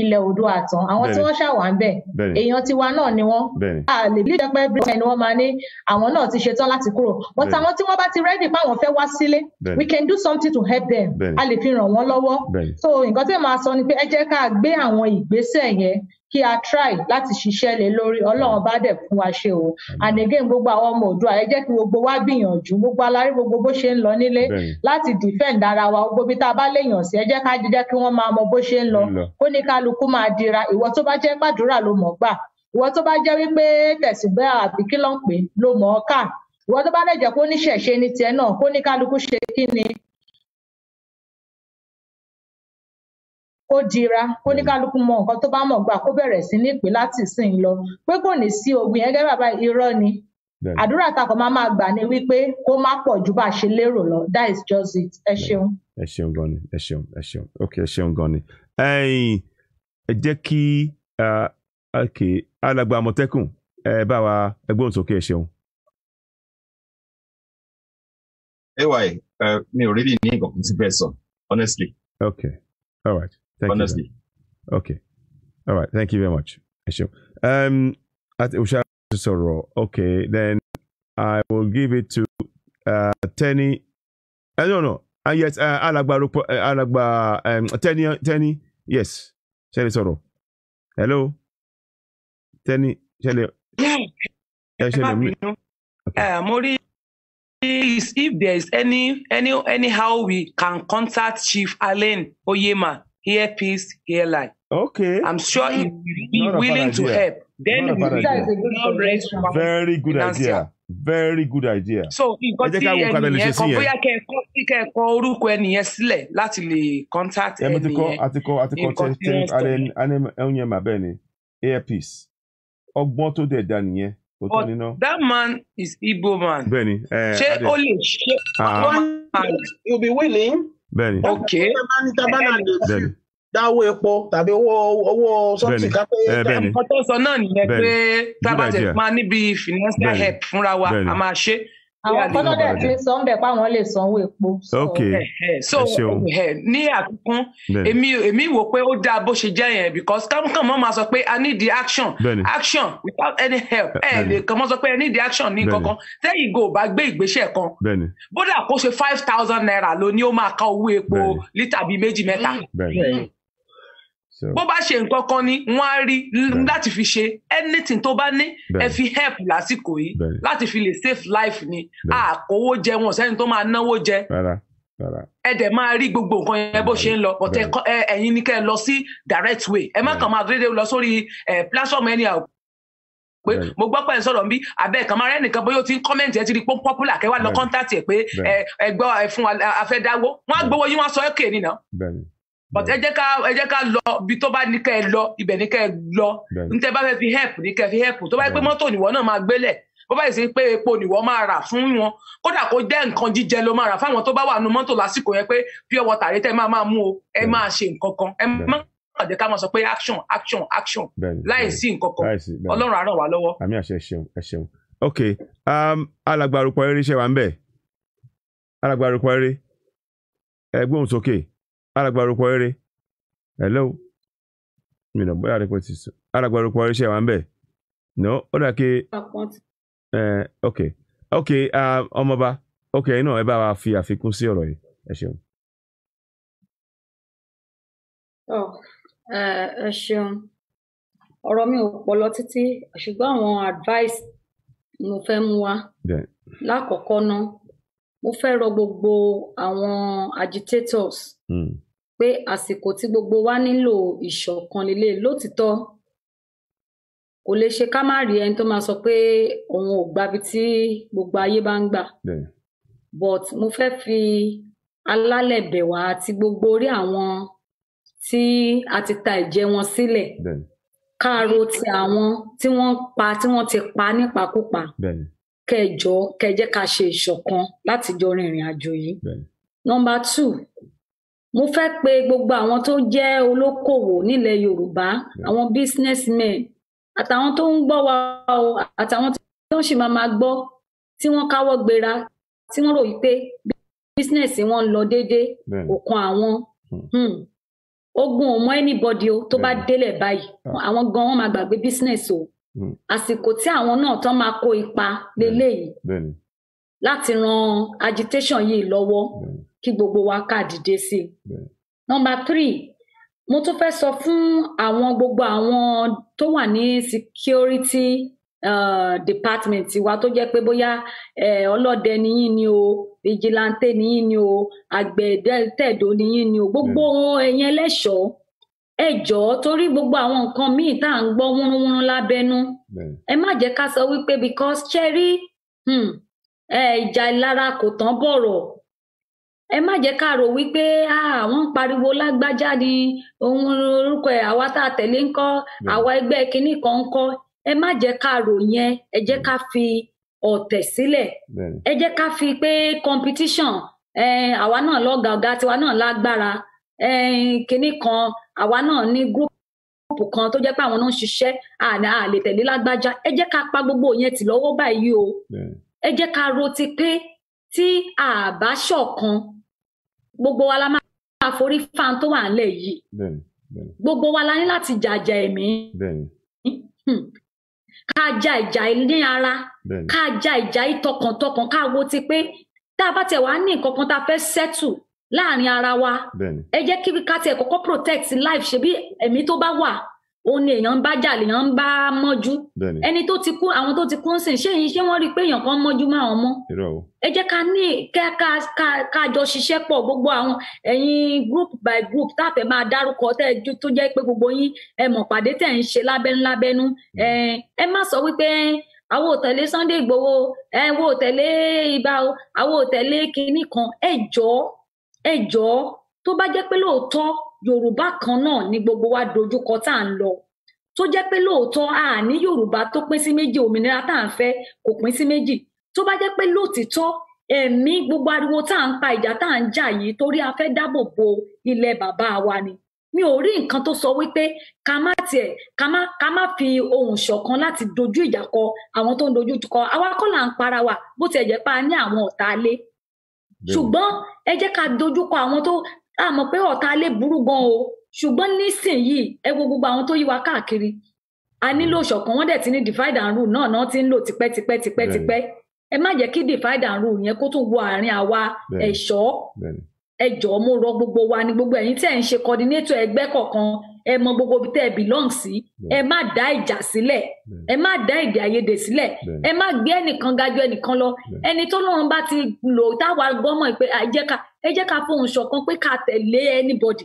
ilẹ̀ Oòduà tán àwọn tí wọ́n ṣàwà ń bẹ̀ èèyàn tiwa náà ni wọ́n a lè bí ìjọba ẹbí ni wọ́n máa ní àwọn náà ti ṣetán láti kúrò but àwọn tí wọ́n bá ti rẹ́dì pé àwọn fẹ́ wá sílé we can do something to help them a lè fi ràn wọ́n lọ́wọ́ so nǹkan tí màá sọ ni pé ẹ jẹ́ ká gbé àwọn ìgbésẹ̀ yẹn kí a try láti ṣiṣẹ́ lé lórí ọlọ́run bá dẹ̀ fún wa ṣe o and again gbogbo àwọn ọmọ òdua ẹ jẹ́ kí gbogbo wa gbìyànjú gbogbo alárí gbogbo bó ṣe ń lọ nílé láti defend ara wa gbogbo ibi tá a bá léèyàn sí ẹ jẹ́ ká jẹ́ kí wọ́n máa mọ bó ṣe ń lọ kó ní kálukú máa dira ìwọ tó bá jẹ́ gbàdúrà ló mọ̀ gbà ìwọ tó bá jẹ́ wípé tẹ̀sùgbẹ́ àbí kí ló ń pè ló mọ̀ ọ́ kà ìwọ tó bá dẹ̀ jẹ́ kó níṣẹ̀ṣe ní tiẹ̀ náà kó ní kálukú ṣe kí ni kó dira kó ní kálukú mọ nǹkan tó bá mọ̀ gbà kó bẹ̀rẹ̀ sí ní ìpè láti ìsìn lọ pé kò ní sí ogun yẹn gẹ́gẹ́ bàbá irọ́ ni àdúrà takọ máa máa gbà ni wípé kó má pọ̀ ju bá a ṣe lérò lọ that is just it ẹ ṣeun. ẹ ṣeun gan ni ẹ ṣeun ẹ ṣeun ok ẹ ṣeun gan ni ẹ jẹ́ kí alàgbà àmọ̀tẹ́kùn ẹ bá wa ẹgbọ́n sókè ẹ ṣeun. ay mi ò rí bí ní nǹkan bẹ́ẹ̀ sọ honestly. okay all right. Thank honestly. You. Okay. All right. Thank you very much, Ashim. Um, at Ushara Soro. Okay. Then I will give it to uh, Tenny. I don't know. And uh, yes, uh, Alagba, uh, Alagba, um, Tenny, uh, Tenny. Yes. Shelly Soro. Hello. Tenny, Shelly. Yeah. yeah Shelly. Okay. Uh, Mori if there is any any anyhow we can contact Chief Allen Oyema earpiece, earline. Okay. I'm sure he will be Not willing to help. Then we will not raise from Very good financial. idea. Very good idea. So nǹkan got ẹnìyẹn kan bóyá kẹ́ẹ̀kọ́ kí kẹ́ẹ̀kọ́ orúkọ ẹnìyẹn sílẹ̀ láti lè contact ẹnìyẹn. Ẹ̀mi ti kọ́ àti kọ́ àti kọ́ tẹ ẹ̀yẹ mà bẹ́ẹ̀ ni earpiece ọgbọ́n tó dẹ̀ da nìyẹn kò tán That man is Igbo man. Benny, Ṣé ó lè ṣe? One man will be willing bẹ́ẹ̀ni ok bẹ́ẹ̀ni dáwó epo tàbí owó owó sọ́ọ̀tì kápẹ́ nǹkan tó sọ náà nìyẹn pé tá a bá ti máa níbi financial help fúnra wa a máa ṣe àwọn kọlọdẹ ti sọ ń bẹ lè sanwó epo. ok so ní àfikún èmi èmi wò pé ó dáa bó ṣe jẹ́ yẹn because kámúkàn mọ́ máa sọ pé i need the action action without any help ẹ lè kàn mọ́ sọ pé i need the action ní kankan tẹ́yìn go bá gbé ìgbésẹ̀ kan bódà kó ṣe five thousand naira ló ní ó máa ká owó epo lítà bíi méjì mẹ́ta bó bá ṣe nǹkan kan ni wọ́n á rí láti fi ṣe anything tó bá ní ẹ fi help lásìkò yìí láti fi lè save life ni àkówó jẹ wọn sẹ́ni tó máa náwó jẹ ẹ dẹ̀ máa rí gbogbo nǹkan yẹn bó ṣe ń lọ but ẹ̀yin ni kẹ́ ẹ lọ sí direct way ẹ má kàn máa dédé lọ sórí platform ẹni àwọn pé mo gbọ́ pé ẹ sọ̀rọ̀ nbí abẹ́ ẹ̀kan máa rẹ́ nìkan bóyá o ti ń kọ́mẹ̀ntì ẹ ti rí pọ́n pọ́pùlà kẹ́ wá lọ kọ́ńtàtì ẹ̀ pé ẹ gbọ́ ẹ fún wa afẹ́ dáwó wọ́n á gbowó yín wọ́n á sọ ẹ́ kéènì náà but ẹ jẹ́ ká ẹ jẹ́ ká lọ ibi tó bá ní kẹ́ ẹ lọ ibẹ̀ ní kẹ́ ẹ lọ níta bá fẹ́ fi help ní kẹ́ ẹ fi help tó bá yẹ pé mọ́tò nìwọ náà máa gbélẹ̀ bó bá yẹ sí pé epo nìwọ máa rà fún wọn kódà kó jẹ́ nǹkan jíjẹ ló máa rà fáwọn tó bá wà nù mọ́tò lásìkò yẹn pé pure water rẹ tẹ́ máa máa mú o ẹ máa ṣe nǹkan kan ẹ má pàdé ká máa sọ pé action action action láì sí nǹkan kan ọlọ́run á ràn wá lọ́wọ́. àmì àṣẹ ẹ ṣeun ẹ ṣeun ok um, alàgbà àròpọ̀ eré iṣẹ́ wa ń bẹ̀ alàgbà àròpọ̀ eré ẹ gbóhùn alàgbàrúkọ rere hello mi nà bóyá àdìpọ̀ ti sùn alàgbàrúkọ rere ṣe wà ń bẹ̀ no ó dà kí ok ok ọmọọba uh, ok iná ẹ bá wa fi àfikún sí ọ̀rọ̀ yìí ẹ ṣeun. ẹ ṣeun ọ̀rọ̀ mi ò pọ̀ lọ títí ṣùgbọ́n àwọn advice mo fẹ́ mú wá lákọ̀ọ́kọ́ náà mo fẹ́ rọ gbogbo àwọn agitators. Mm pé àsìkò tí gbogbo wa nílò ìṣọ̀kan lélẹ̀ lótìítọ́ kò lè ṣe ká má rí ẹni tó máa sọ pé òun ò gbabi tí gbogbo ayé bá ń gbà but mo fẹ́ fi alálẹ̀ bẹ̀ wá àti gbogbo orí àwọn tí a ti ta ìjẹ́ wọn sílẹ̀ káàró ti àwọn tí wọ́n pa tí wọ́n ti pa nípakúpa kẹjọ kẹjẹ ká ṣe ìṣọ̀kan láti jọ rìnrìn àjò yìí nọmba two mo fẹ́ pe gbogbo àwọn tó jẹ́ olókòwò nílẹ̀ yorùbá àwọn businessmen àtàwọn tó ń gbọ́ wa o àtàwọn tó ń ṣì máa máa gbọ́ tí wọ́n káwọ́ gbéra tí wọ́n ròyìn pé business wọn ń lọ déédé òkan àwọn hmm. ogun ò mọ anybody o tó bá délẹ̀ báyìí àwọn gan wọn máa gbàgbé business o hmm. àsìkò tí àwọn náà tán máa kó ipa lélẹ́yìí láti ran agitation yìí lọ́wọ́ kí gbogbo wa ká sí i. three mo tún fẹ́ sọ fún àwọn gbogbo àwọn tó wà ní security uh, department wa tó jẹ́ pé bóyá ọlọ́dẹ niyín ni o vigilante niyín ni o àgbẹ̀dẹ́tẹ̀dọ́ niyín ni o gbogbo ẹ̀yin ẹlẹ́ṣọ̀ọ́ ẹ jọ̀ọ́ torí gbogbo àwọn nǹkan míì tá à ń gbọ́ wúrúwúrú lábẹ́nú ẹ má jẹ́ ká sọ wípé because cherry hmm, ìjà ìlara kò tán bọ̀rọ̀ ẹ má jẹ́ ká rò wípé àwọn ń pariwo lágbájá ni ohun orúkọ ẹ̀ àwa tá a tẹ̀lé ń kọ́ hmm. àwa ẹgbẹ́ kinní kan ń kọ́ ẹ má jẹ́ ká rò yẹn ẹ jẹ́ ká fi ọ̀tẹ̀ sílẹ̀ ẹ jẹ́ ká fi pé competition àwa náà lọ́gàá ọ̀gá tiwa náà lágbára kinní kan àwa náà ní gúrúùpù kan tó jẹ́ pé àwọn náà ń ṣiṣẹ́ àná àlè tẹ̀lé lágbájá ẹ jẹ́ ká pa gbogbo yẹn tì lọ́wọ́ báyìí o ẹ jẹ́ ká rò ti pé tí a bá ṣọ̀kan gbogbo wa la máa forí fan tó wà nílẹ̀ yìí gbogbo wa la ní láti jàjà ẹ̀mí hmm. ká ja ìjà ní ara ká ja ìjà ìtọkàntọkàn ká wo ti pé tá a bá tiẹ̀ wá ní nǹkan kan tá a fẹ́ settle láàrin ara wa ẹ jẹ́ kí ká tiẹ̀ kọ́kọ́ protect life ṣebí ẹ̀mí tó bá wà òun ni èèyàn ń bá jà lèèyàn ń bá mọ́jú ẹni tó ti kú àwọn tó ti kú ń sìn ṣé ṣé wọ́n rí i pé èèyàn kan mọ́jú mọ́ àwọn mọ́ ẹ jẹ́ ká ní ká jọ ṣiṣẹ́ pọ̀ gbogbo àwọn ẹ̀yin group by group táàfẹ́ máa dárúkọ tẹ́ ẹ tó jẹ́ pé gbogbo yín ẹ mọ̀ pàdé tẹ̀ ń ṣe lábẹ́nú lábẹ́nú mm. ẹ má sọ wípé àwọn ò tẹ̀lé Sunday Igboho ẹ wo ò tẹ̀lé ibà o àwọn ò tẹ̀lé kinní kan ẹ jọ̀ọ́ ẹ jọ̀ọ́ tó bá jẹ́ pé lóòótọ́ yorùbá kan náà ni gbogbo wa dojúkọ tá à ń lọ tó jẹ́ pé lóòótọ́ a ní yorùbá tó pín sí méjì òmìnira tá à ń fẹ́ kò pín sí méjì tó bá jẹ́ pé lóòtítọ́ ẹ̀mí gbogbo ariwo tá à ń pa ìjà tá à ń jà yìí torí a fẹ́ dáàbò bo ilẹ̀ bàbá wa ni mi ò rí nǹkan tó sọ wípé ká má tiẹ̀ ká má ká má fi ohùn ṣọ̀kan láti dojú ìjà kọ àwọn tó ń dojú kọ àwa là ń para wa bó tiẹ̀ jẹ́ pa ní àwọn ọ̀tá alé ṣùgbọ́n ẹ jẹ́ ká dojú kọ àwọn tó a mọ̀ pé ọ̀tá alẹ́ burú gan o ṣùgbọ́n nísìnyìí ẹ wo gbogbo àwọn tó yí wa káàkiri a nílò ìṣọ̀kan wọ́n dẹ̀ ti ní divide and rule náà náà ti ń lò tipẹ́tipẹ́ tipẹ́tipẹ́ ẹ má jẹ́ kí divide and rule yẹn kó tún wọ àárín àwa ẹ̀ṣọ́ ẹ jọ̀ọ́ mo rọ gbogbo wa ni gbogbo ẹ̀yin tẹ́ ẹ̀ ń ṣe coordinator ẹgbẹ́ kọ̀ọ̀kan ẹ mọ gbogbo ibi tẹ́ ẹ belong sí ẹ má dá ìjà sílẹ̀ ẹ má dá èdè àìyedè sílẹ̀ ẹ má gbé ẹnìkan ga ju ẹnìkan lọ ẹni tó lóun bá ti lò táwa gbọ́mọ pé ẹ jẹ́ ká fohùn ṣọ̀kan pé ká tẹ̀lé anybody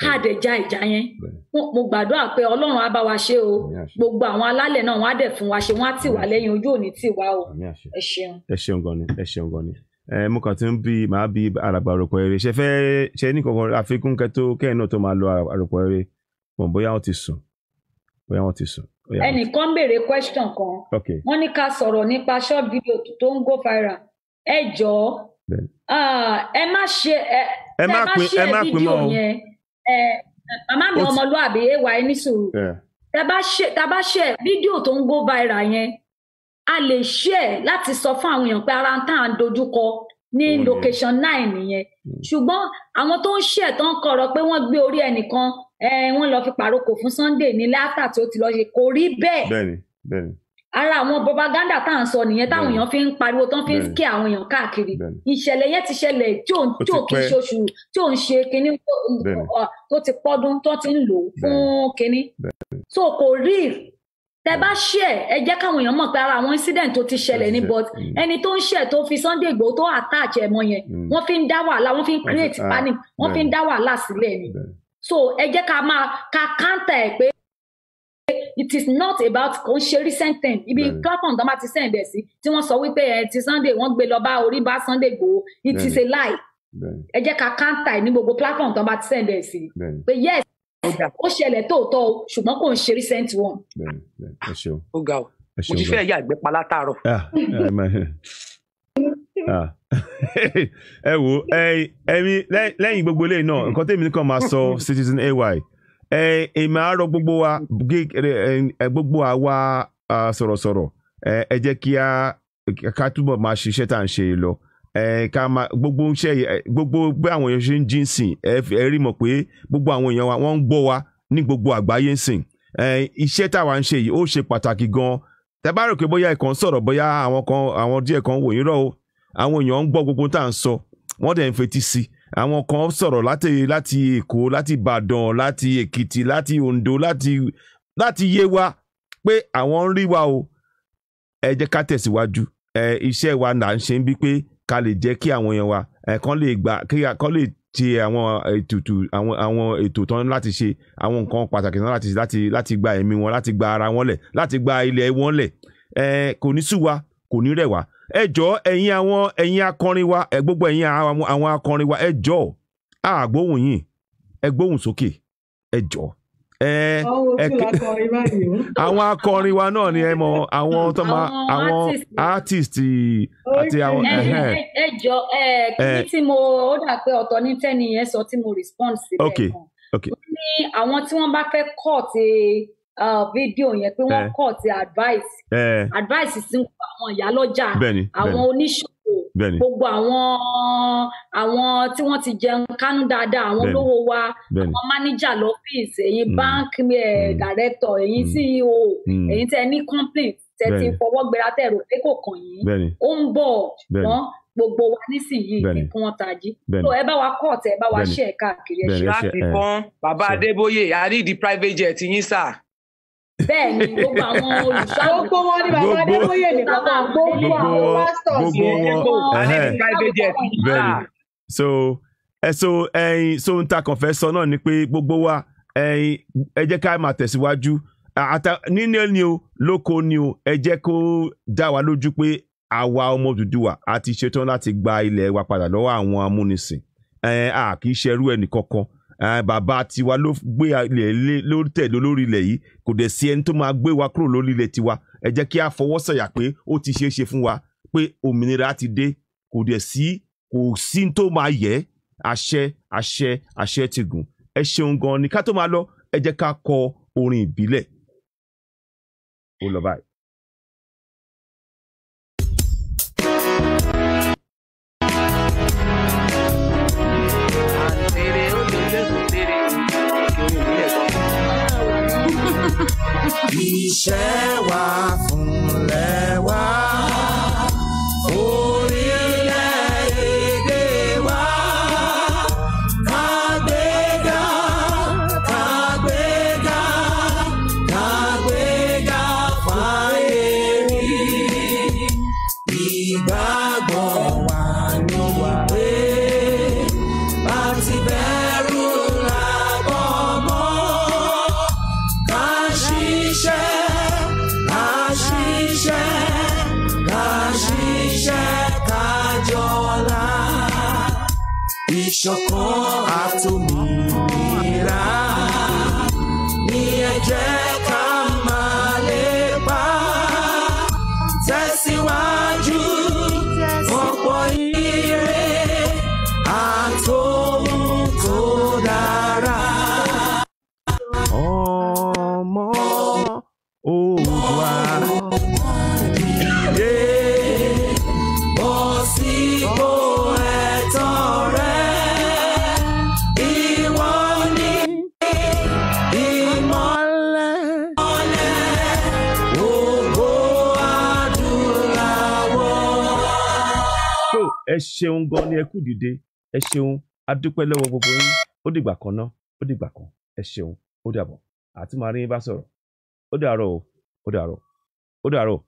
káàdẹ̀ já ìjà yẹn mo gbàdúrà pé ọlọ́run á bá wa ṣe o gbogbo àwọn alálẹ̀ náà wọ́n á dẹ̀ fún wa ṣe wọ́n á tì wá lẹ́yìn ojú òní tì wá o ẹ ṣeun. ẹ ṣeun gan ni ẹ ṣeun gan ni ẹ mo kàn ti ń bi màá bi àràgbà àròpọ̀ eré ṣe fẹ́ ṣe ní kankan àfikún kẹtó kẹ́hìn náà tó máa lọ àròpọ̀ eré mọ̀ bóyá wọ́n ti sùn bóyá wọ́n ti sùn. ẹnìkan béèrè question kan wọ́n ní ká sọ̀rọ̀ nípa short video tó ń go viral ẹ jọ̀ọ́ ẹ má ṣe ẹ má ṣe fídíò yẹn màmá mi ọmọlúwàbí ẹ wà ẹ ní sùúrù tá a bá ṣe fídíò tó ń go viral yẹn a lè share láti sọ fún àwọn èèyàn pé ara ń tà ń dojúkọ ní location nine nìyẹn hmm. ṣùgbọ́n àwọn tó ń share tó ń kọ̀rọ̀ pé wọ́n gbé orí ẹnìkan wọ́n lọ fi pàrókò fún Sunday ní láfà tí ó ti lọ ṣe kò rí bẹ́ẹ̀ bẹ́ẹ̀ni bẹ́ẹ̀ni ara àwọn propaganda tá à ń sọ nìyẹn táwọn èèyàn fi ń pariwo tán fi ń kí àwọn èèyàn káàkiri ìṣẹ̀lẹ̀ yẹn ti ṣẹlẹ̀ tí ò tí ò kí ṣoṣù tí ò ń ṣe kinní tó ti pọ́dún tó ti ń lò fún kinní so kò rí tẹ bá share ẹ jẹ́ káwọn èèyàn mọ̀ pé ara àwọn incident tó ti ṣẹlẹ̀ ní but mm. ẹni tó ń share tó fi Sunday Igboho tó attach ẹmọ yẹn mm. wọ́n fi ń dá wàhálà wọ́n fi ń create ah, panic wọ́n fi ń dá wàhálà sílẹ̀ ni so ẹ jẹ́ ká máa ka counter ẹ̀ pé it is not about kò ń ṣe recent ten ibi platform tó máa ti send ẹ̀ sí tí wọ́n sọ wípé ẹ ti Sunday wọ́n gbé lọ bá orí bá Sunday Igboho it is a lie ẹ jẹ́ ká counter ẹ̀ ní gbogbo platform tó máa ti send ẹ̀ sí pé yes ó ṣẹlẹ̀ tóòtọ́ o ṣùgbọ́n kò ń ṣe recent one. ó ga o mo ti fẹ́ yà gbẹ́ pa látàárọ̀. Ah, ah, eh. ah. ẹ wo ẹ̀yin lẹ́yìn gbogbo eléyìí náà nǹkan tèmi kan máa sọ citizen ay èmi àárọ̀ gbogbo wa gbogbo àwa sọ̀rọ̀sọ̀rọ̀ ẹ jẹ́ kí a túbọ̀ máa ṣiṣẹ́ tá à ń ṣe lọ ká máa gbogbo iṣẹ́ gbogbo bí àwọn èèyàn ṣe ń jí ń sìn ẹ rí mọ̀ pé gbogbo àwọn èèyàn wa wọ́n ń gbọ́ wa ní gbogbo àgbáyé ń sìn iṣẹ́ táwa ń ṣe yìí ó ṣe pàtàkì gan-an tẹ bá rò pé bóyá ẹ̀kan sọ̀rọ̀ bóyá àwọn kan àwọn díẹ̀ kan wò yín rọ̀ o àwọn èèyàn ń gbọ́ gbogbo tá à ń sọ wọ́n dẹ̀ ń fetí sí àwọn kan sọ̀rọ̀ láti láti èkó láti ìbàdàn láti èkìtì láti oǹdó láti láti yewa pé àwọn ń rí wa o ẹ jẹ́ ká tẹ̀síwájú ẹ iṣẹ́ wa là ń ṣe ń bí pé ká lè jẹ́ kí àwọn èèyàn wa kán lè gbà kán lè ṣe àwọn ètùtù àwọn àwọn ètò tán láti ṣe àwọn nǹkan pàtàkì tán láti ṣe láti láti gba ẹ̀mí wọn láti gba ara wọn lẹ̀ láti gba ilẹ̀ wọn lẹ̀ kò ní sú wa kò ní rẹ̀ wá ẹ jọ̀ọ́ ẹ̀yin àwọn ẹ̀yin akọrin wa ẹ gbogbo ẹ̀yin àwọn akọrin wa ẹ jọ̀ọ́ àgbóhùn yìí ẹ gbóhùn sókè ẹ jọ̀ọ́ àwọn akọrin wa náà ni ẹ mọ àwọn tó ma àwọn artist àti àwọn. ẹ jọ kí tí mo ó dà pé ọ̀tọ̀ ní tẹ́ni yẹn sọ tí mo respond sí bẹ́ẹ̀ kan ó ní àwọn tí wọ́n bá fẹ́ kọ́ ti fídíò yẹn pé wọ́n kọ́ ti advice advice sí àwọn ìyálọ́jà àwọn oníṣòwò bẹ́ẹ̀ni gbogbo àwọn àwọn tí wọ́n ti jẹun kánú dáadáa àwọn olówó wa àwọn mánéjà lọ́fíìsì ẹ̀yin báńkì dàrẹ́tọ̀ ẹ̀yin ceo ẹ̀yin tẹ ní complaint tẹ ti fọwọ́ gbéra tẹ rò pé kò kàn yín ó ń bọ̀ wọ́n gbogbo wa nísìnyí kí wọ́n tají so ẹ bá wa kọ́ ọ̀tẹ̀ ẹ bá wa ṣe ẹ̀ káàkiri ẹ̀ ṣe. láti kan bàbá adébóyè i private jet yín sáà bẹ́ẹ̀ni gbogbo àwọn olùṣọ́ gbogbo wọn ni bàbá adébóyè nìkan máa gbogbo àwọn pastors yẹn gbogbo wọn ah. so ẹ so ẹyin so n ta kàn fẹ́ sọ náà ni pé gbogbo wa ẹyin ẹ jẹ́ ká máa tẹ̀síwájú àtà níní ni o lóko ni o ẹ jẹ́ kó dá wa lójú pé àwa ọmọ Odùduwà a ti ṣetán láti gba ilẹ̀ wa padà lọ́wọ́ àwọn amúnisìn ẹ a kì í ṣerú ẹnì kankan bàbá tiwa ló gbé ilẹ̀ ló tẹ̀lé lórí ilẹ̀ yìí kò dẹ̀ sí ẹni tó máa gbé wa kúrò lórí ilẹ̀ tiwa ẹ jẹ́ kí a fọwọ́ sọ̀yà pé ó ti ṣeé ṣe fún wa pé òmìnira ti dé kò dẹ̀ sí kò sí tó máa yẹ àṣẹ àṣẹ àṣẹ ti gùn ẹ ṣeun gan ni ká tó máa lọ ẹ jẹ́ ká kọ orin ìbílẹ̀ ó lọ báyìí. iṣẹ́ wa fúnlẹ̀. Chocou. ṣeun gan ni ẹ kú dìde ẹ ṣeun a dúpẹ́ lọ́wọ́ gbogbo yín ó dìgbà kan náà ó dìgbà kan ẹ ṣeun ó dàbọ̀ àti máa rí yín bá sọ̀rọ̀ ó dàárọ̀ o ó dàárọ̀ ó dàárọ̀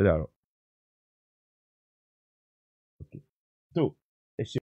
ó dàárọ̀. Okay. tó ẹ